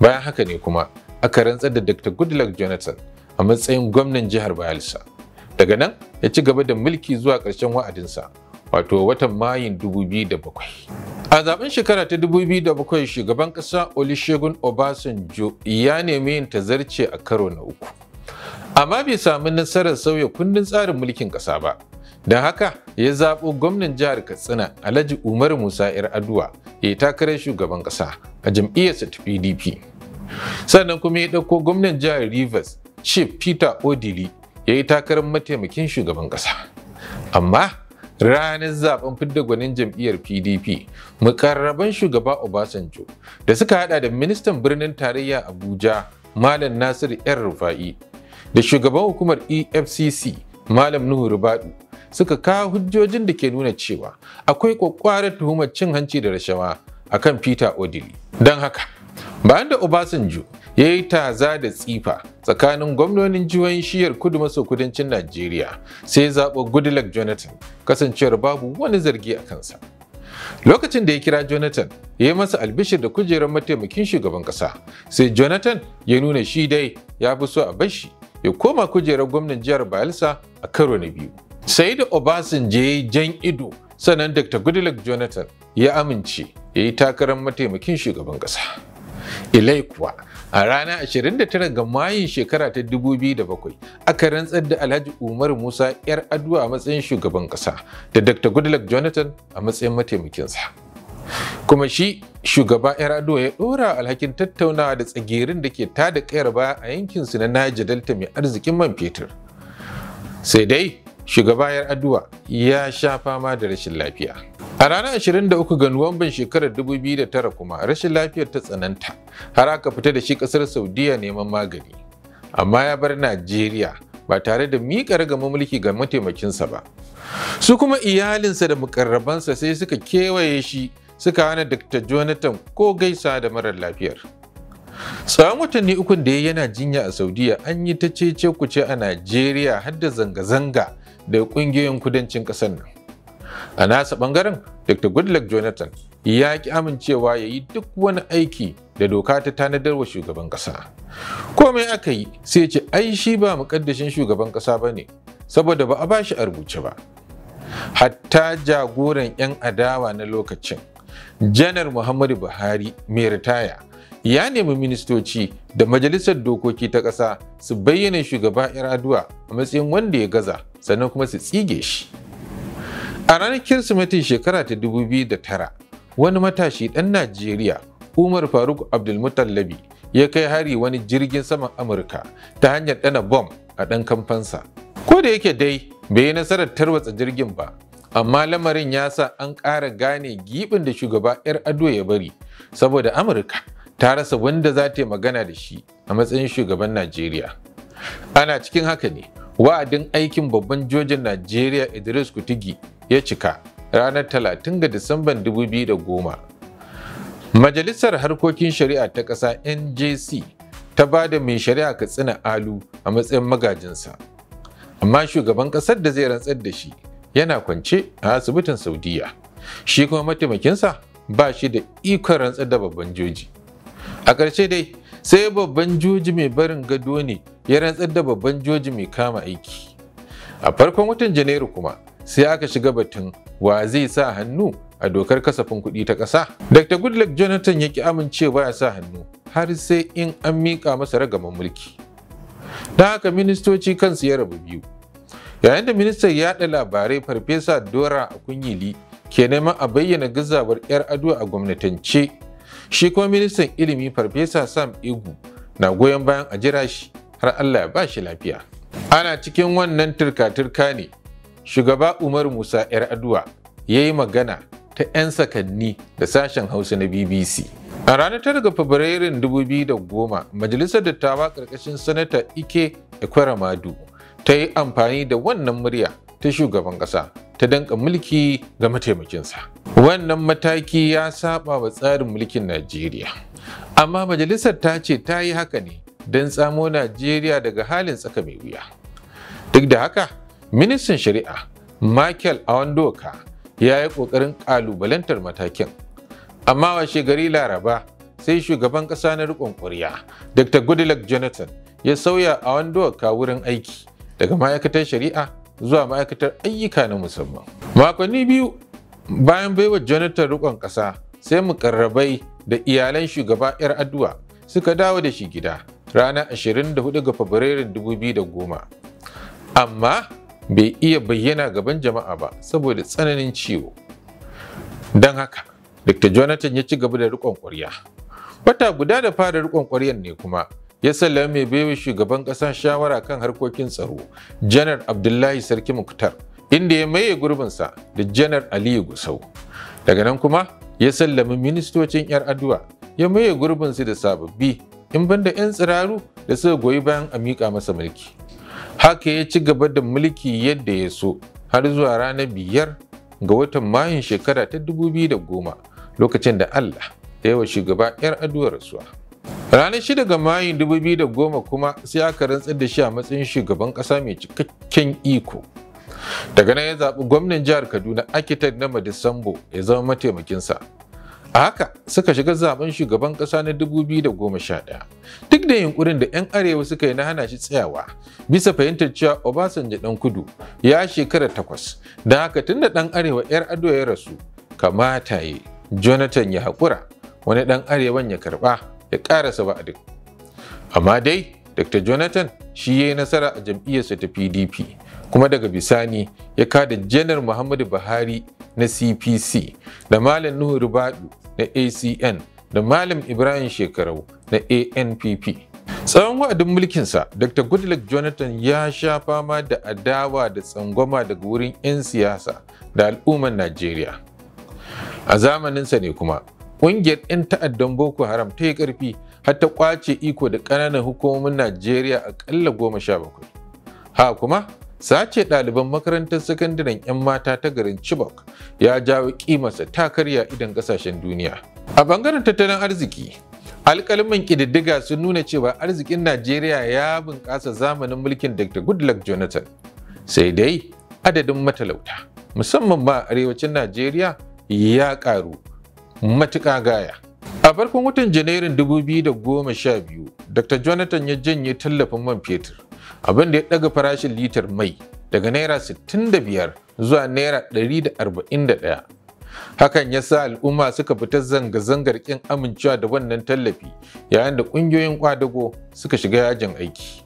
Bayan haka ne kuma aka rantsar da Dr. Goodluck Jonathan a matsayin gwamnan jihar Bayelsa. Daga nan ya ci gaba da mulki zuwa ƙarshen wa'adinsa wato watan Mayun 2007. A zaben shekara ta 2007 shugaban ƙasa Olusegun Obasanjo ya nemi yin tazarce a karo na uku. Amma bai samu nasarar sauya kundin tsarin mulkin ƙasa ba. Da haka ya zaɓo gwamnan jihar Katsina Alhaji Umar Musa 'yar Aduwa ya yi takarar shugaban ƙasa a jam'iyyarsa ta PDP. Sannan kuma ya ɗauko gwamnan jihar Rivers Chief Peter Odili ya yi takarar mataimakin shugaban ƙasa. Amma ranar zaɓen fidda gwanin jam'iyyar pdp mukarraban shugaba obasanjo da suka haɗa da ministan birnin tarayya abuja malam Nasiru yan rufa'i da shugaban hukumar efcc malam nuhu rubadu suka kawo hujjojin da ke nuna cewa akwai kwakwarar tuhumar cin hanci da rashawa a kan Peter Odili. Don haka, bayan da Obasanjo ya yi taza da tsifa tsakanin gwamnonin jihohin shiyar kudu maso kudancin Najeriya sai ya zaɓo Goodluck Jonathan kasancewar babu wani zargi a kansa. Lokacin da ya kira Jonathan ya yi masa albishir da kujerar mataimakin shugaban ƙasa sai Jonathan ya nuna shi dai ya fi so a bashi ya koma kujerar gwamnan jihar Bayelsa a karo na biyu. sai da obasanjo ya yi jan ido sannan dr goodluck jonathan ya amince ya yi takarar mataimakin shugaban ƙasa ilai kuwa a ranar 29 ga mayun shekara ta 2007 aka rantsar da alhaji umar musa yar aduwa a matsayin shugaban ƙasa da dr goodluck jonathan a matsayin mataimakinsa kuma shi shugaba yar aduwa ya ɗora alhakin tattaunawa da tsagirin da ke tada kayar baya a yankinsu na naija delta mai arzikin man fetur sai dai shugaba yar addu'a ya sha fama da rashin lafiya a ranar 23 ga nuwamban shekarar 2009 kuma rashin lafiyar ta tsananta har aka fita da shi kasar saudiya neman magani amma ya bar najeriya ba tare da miƙa ragama mulki ga mataimakinsa ba su kuma iyalinsa da mukarrabansa sai suka kewaye shi suka hana dr jonathan ko gaisa da marar lafiyar tsawon watanni ukun da ya yana jinya a saudiya an yi ta cece kuce a najeriya har da zanga-zanga da ƙungiyoyin kudancin ƙasar nan. A nasa ɓangaren, Dr. Goodluck Jonathan ya ki amincewa ya yi duk wani aiki da doka ta tanadar wa shugaban ƙasa. Komai aka yi sai ce ai shi ba muƙaddashin shugaban ƙasa ba ne, saboda ba a ba shi a rubuce ba. Hatta jagoran 'yan adawa na lokacin, Janar Muhammadu Buhari mai ritaya ya nemi ministoci da majalisar dokoki ta ƙasa su bayyana shugaba 'yar a matsayin wanda ya gaza sannan kuma su tsige shi a ranar kirsimeti shekara ta 2009 wani matashi ɗan najeriya umar faruk abdulmutallabi ya kai hari wani jirgin saman amurka ta hanyar ɗana bom a ɗan kamfansa ko da yake dai bai yi nasarar tarwatsa jirgin ba amma lamarin ya sa an ƙara gane giɓin da shugaba 'yar ado ya bari saboda amurka ta rasa wanda za ta yi magana da shi a matsayin shugaban najeriya ana cikin haka ne Wa'adin aikin babban jojin Najeriya Idris Kutigi ya cika ranar 30 ga Disamban 2010. Majalisar Harkokin Shari'a ta ƙasa NJC ta ba da mai shari'a Katsina Alu a matsayin magajinsa. Amma shugaban ƙasar da zai rantsar da shi yana kwance a asibitin Saudiya. Shi kuma mataimakinsa ba shi da ikon rantsar da babban joji. A ƙarshe dai, sai babban joji mai barin gado ne ya rantsar da babban joji mai kama aiki a farkon watan janairu kuma sai aka shiga batun wa zai sa hannu a dokar kasafin kuɗi ta ƙasa dr goodluck jonathan ya ki amincewa ya sa hannu har sai in an miƙa masa ragaman mulki don haka ministoci kansu ya rabu biyu yayin da ministan yaɗa labarai farfesa dora kunyili, ke neman a bayyana gazawar 'yar ado a gwamnatance Shi kuma ministan ilimi Farfesa Sam Igu na goyon bayan a jira shi har Allah ya ba shi lafiya. Ana cikin wannan turka-turka ne, shugaba Umar Musa 'yar aduwa ya yi magana ta 'yan sakanni da sashen Hausa na BBC. A ranar tara ga Fabrairun 2010, Majalisar Dattawa ƙarƙashin Sanata Ike Ekweramadu ta yi amfani da wannan murya ta shugaban ƙasa ta danka mulki ga mataimakinsa. wannan mataki ya saba wa tsarin mulkin najeriya amma majalisar ta ce ta yi haka ne don tsamo najeriya daga halin tsaka mai wuya duk da haka ministan shari'a michael awandoka ya yi ƙoƙarin ƙalubalantar matakin amma washe gari laraba sai shugaban ƙasa na riƙon ƙwarya dr goodluck jonathan ya sauya awandoka wurin aiki daga ma'aikatar shari'a zuwa ma'aikatar ayyuka na musamman makonni biyu Bayan baiwa Jonathan rukon ƙasa, sai mukarrabai da iyalan shugaba 'yar addu'a suka dawo da shi gida ranar 24 ga Fabrairun 2010. Amma bai iya bayyana gaban jama'a ba saboda tsananin ciwo. Don haka, Dr. Jonathan ya ci gaba da rukon ƙwarya. Wata guda da fara rikon kwaryan ne kuma, ya sallame mai baiwa shugaban kasa shawara kan harkokin tsaro, Janar Abdullahi Sarki Muktar. inda ya maye gurbinsa da janar Aliyu Gusau. Daga nan kuma ya sallami ministocin 'yar addu'a ya maye gurbinsa da sababbi in da 'yan tsiraru da suka goyi bayan amika masa mulki. Haka ya ci gaba da mulki yadda ya so har zuwa ranar biyar ga watan Mayun shekara ta dubu biyu da goma, lokacin da Allah da yi wa shugaba 'yar addu'ar rasuwa. Ranar shida ga Mayun goma kuma sai aka rantsar da shi a matsayin shugaban ƙasa mai cikakken iko. daga nan ya zaɓi gwamnan jihar kaduna akitek na madisambo ya zama mataimakinsa a haka suka shiga zaben shugaban ƙasa na 2011 duk da yunkurin da 'yan arewa suka yi na hana shi tsayawa bisa fahimtar cewa obasanjo dan kudu ya shekara takwas don haka tun da ɗan arewa 'yar ado ya rasu kamata yi jonathan ya haƙura wani ɗan arewan ya karɓa ya ƙarasa ba'adin amma dai dr jonathan shi ya yi nasara a jam'iyyarsa ta pdp kuma daga bisani ya kada janar muhammadu buhari na cpc da malam nuhu Rubadu na acn da malam ibrahim shekarau na anpp tsawon wa'adin mulkinsa dr goodluck jonathan ya sha fama da adawa da tsangwama daga wurin 'yan siyasa da al'ummar najeriya a zamaninsa ne kuma ƙungiyar 'yan ta'addan boko haram ta yi ƙarfi har ta ƙwace iko da ƙananan hukumomin najeriya aƙalla goma sha bakwai ha kuma Sace ɗaliban makarantar sakandaren 'yan mata ta garin Chibok ya jawo kimarsa ta karya idan ƙasashen duniya. A bangaren tattalin arziki, alƙalmin ƙididdiga sun nuna cewa arzikin Najeriya ya bunƙasa zamanin mulkin Dr. Goodluck Jonathan. Sai dai adadin matalauta, musamman ma a arewacin Najeriya ya ƙaru matuƙa gaya. A farkon watan Janairun 2012, Dr. Jonathan ya janye tallafin man fetur. abin da ya ɗaga farashin litar mai daga naira 65 zuwa naira 141 hakan ya sa al'umma suka fita zanga-zangar ƙin amincewa da wannan tallafi yayin da ƙungiyoyin kwadago suka shiga yajin aiki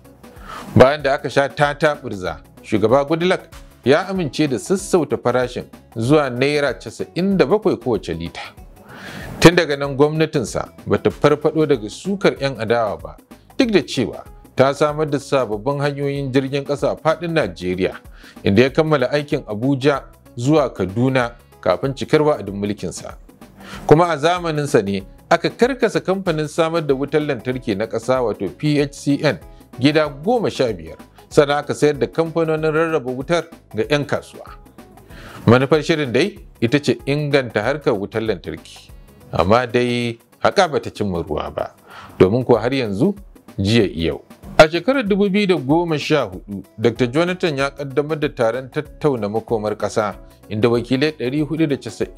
bayan da aka sha tata birza shugaba goodluck ya amince da sassauta farashin zuwa naira 97 kowace lita tun daga nan gwamnatinsa bata farfado daga sukar 'yan adawa ba duk da cewa ta samar da sababbin hanyoyin jirgin ƙasa a faɗin Najeriya, inda ya kammala aikin Abuja zuwa Kaduna kafin cikar wa'adin mulkinsa. Kuma a zamaninsa ne aka karkasa kamfanin samar da wutar lantarki na ƙasa wato PHCN gida goma sha biyar, sannan aka sayar da kamfanonin rarraba wutar ga 'yan kasuwa. Manufar shirin dai ita ce inganta harkar wutar lantarki, amma dai haƙa bata cimma ruwa ba, domin kuwa har yanzu jiya yau. A shekarar 2014, Dr. Jonathan ya kaddamar da taron tattauna makomar ƙasa, inda wakilai 492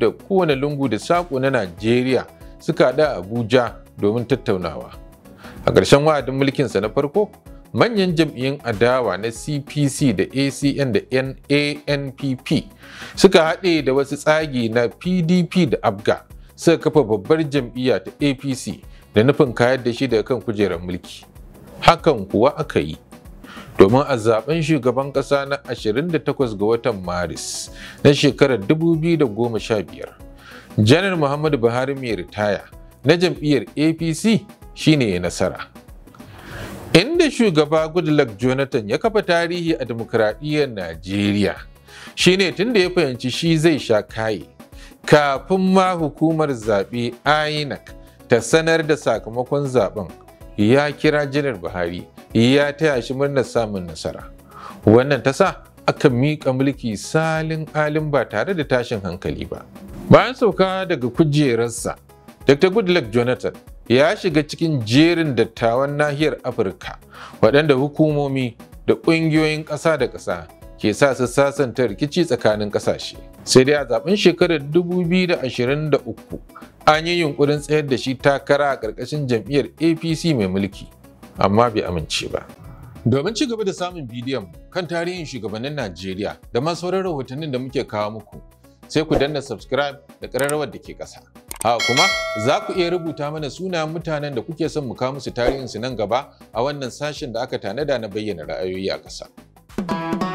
da kowane lungu da saƙo na Najeriya suka haɗa Abuja domin tattaunawa. A ƙarshen wa'adin mulkinsa na farko, manyan jam'iyyun adawa na CPC da ACN da NANPP suka haɗe da wasu tsagi na PDP da ABGA suka kafa babbar jam'iyya ta APC da nufin kayar da shi daga kan kujerar mulki. Hakan kuwa aka yi. Domin a zaben shugaban ƙasa na 28 ga watan Maris na shekarar 2015, Janar Muhammadu Buhari mai ritaya na jam'iyyar APC shine ya nasara. Inda shugaba Goodluck Jonathan ya kafa tarihi a demokradiyyar Najeriya shine tunda ya fahimci shi zai sha kaye kafin ma hukumar zaɓe INEC ta sanar da sakamakon zaben. ya kira janar buhari ya taya shi murnar samun nasara wannan ta sa aka miƙa mulki salin alin ba tare da tashin hankali ba bayan sauka daga kujerarsa dr goodluck jonathan ya shiga cikin jerin dattawan nahiyar afirka waɗanda hukumomi da ƙungiyoyin ƙasa da ƙasa ke sa su sasanta rikici tsakanin ƙasashe sai dai a zaɓen shekarar 2023 an yi yunkurin tsayar da shi takara a ƙarƙashin jam'iyyar apc mai mulki amma bai amince ba domin ci gaba da samun bidiyon kan tarihin shugabannin najeriya da ma sauran rahotannin da muke kawo muku sai ku danna subscribe da ƙararrawar da ke ƙasa haka kuma za ku iya rubuta mana suna mutanen da kuke son mu kawo musu tarihinsu nan gaba a wannan sashen da aka tanada na bayyana ra'ayoyi a ƙasa.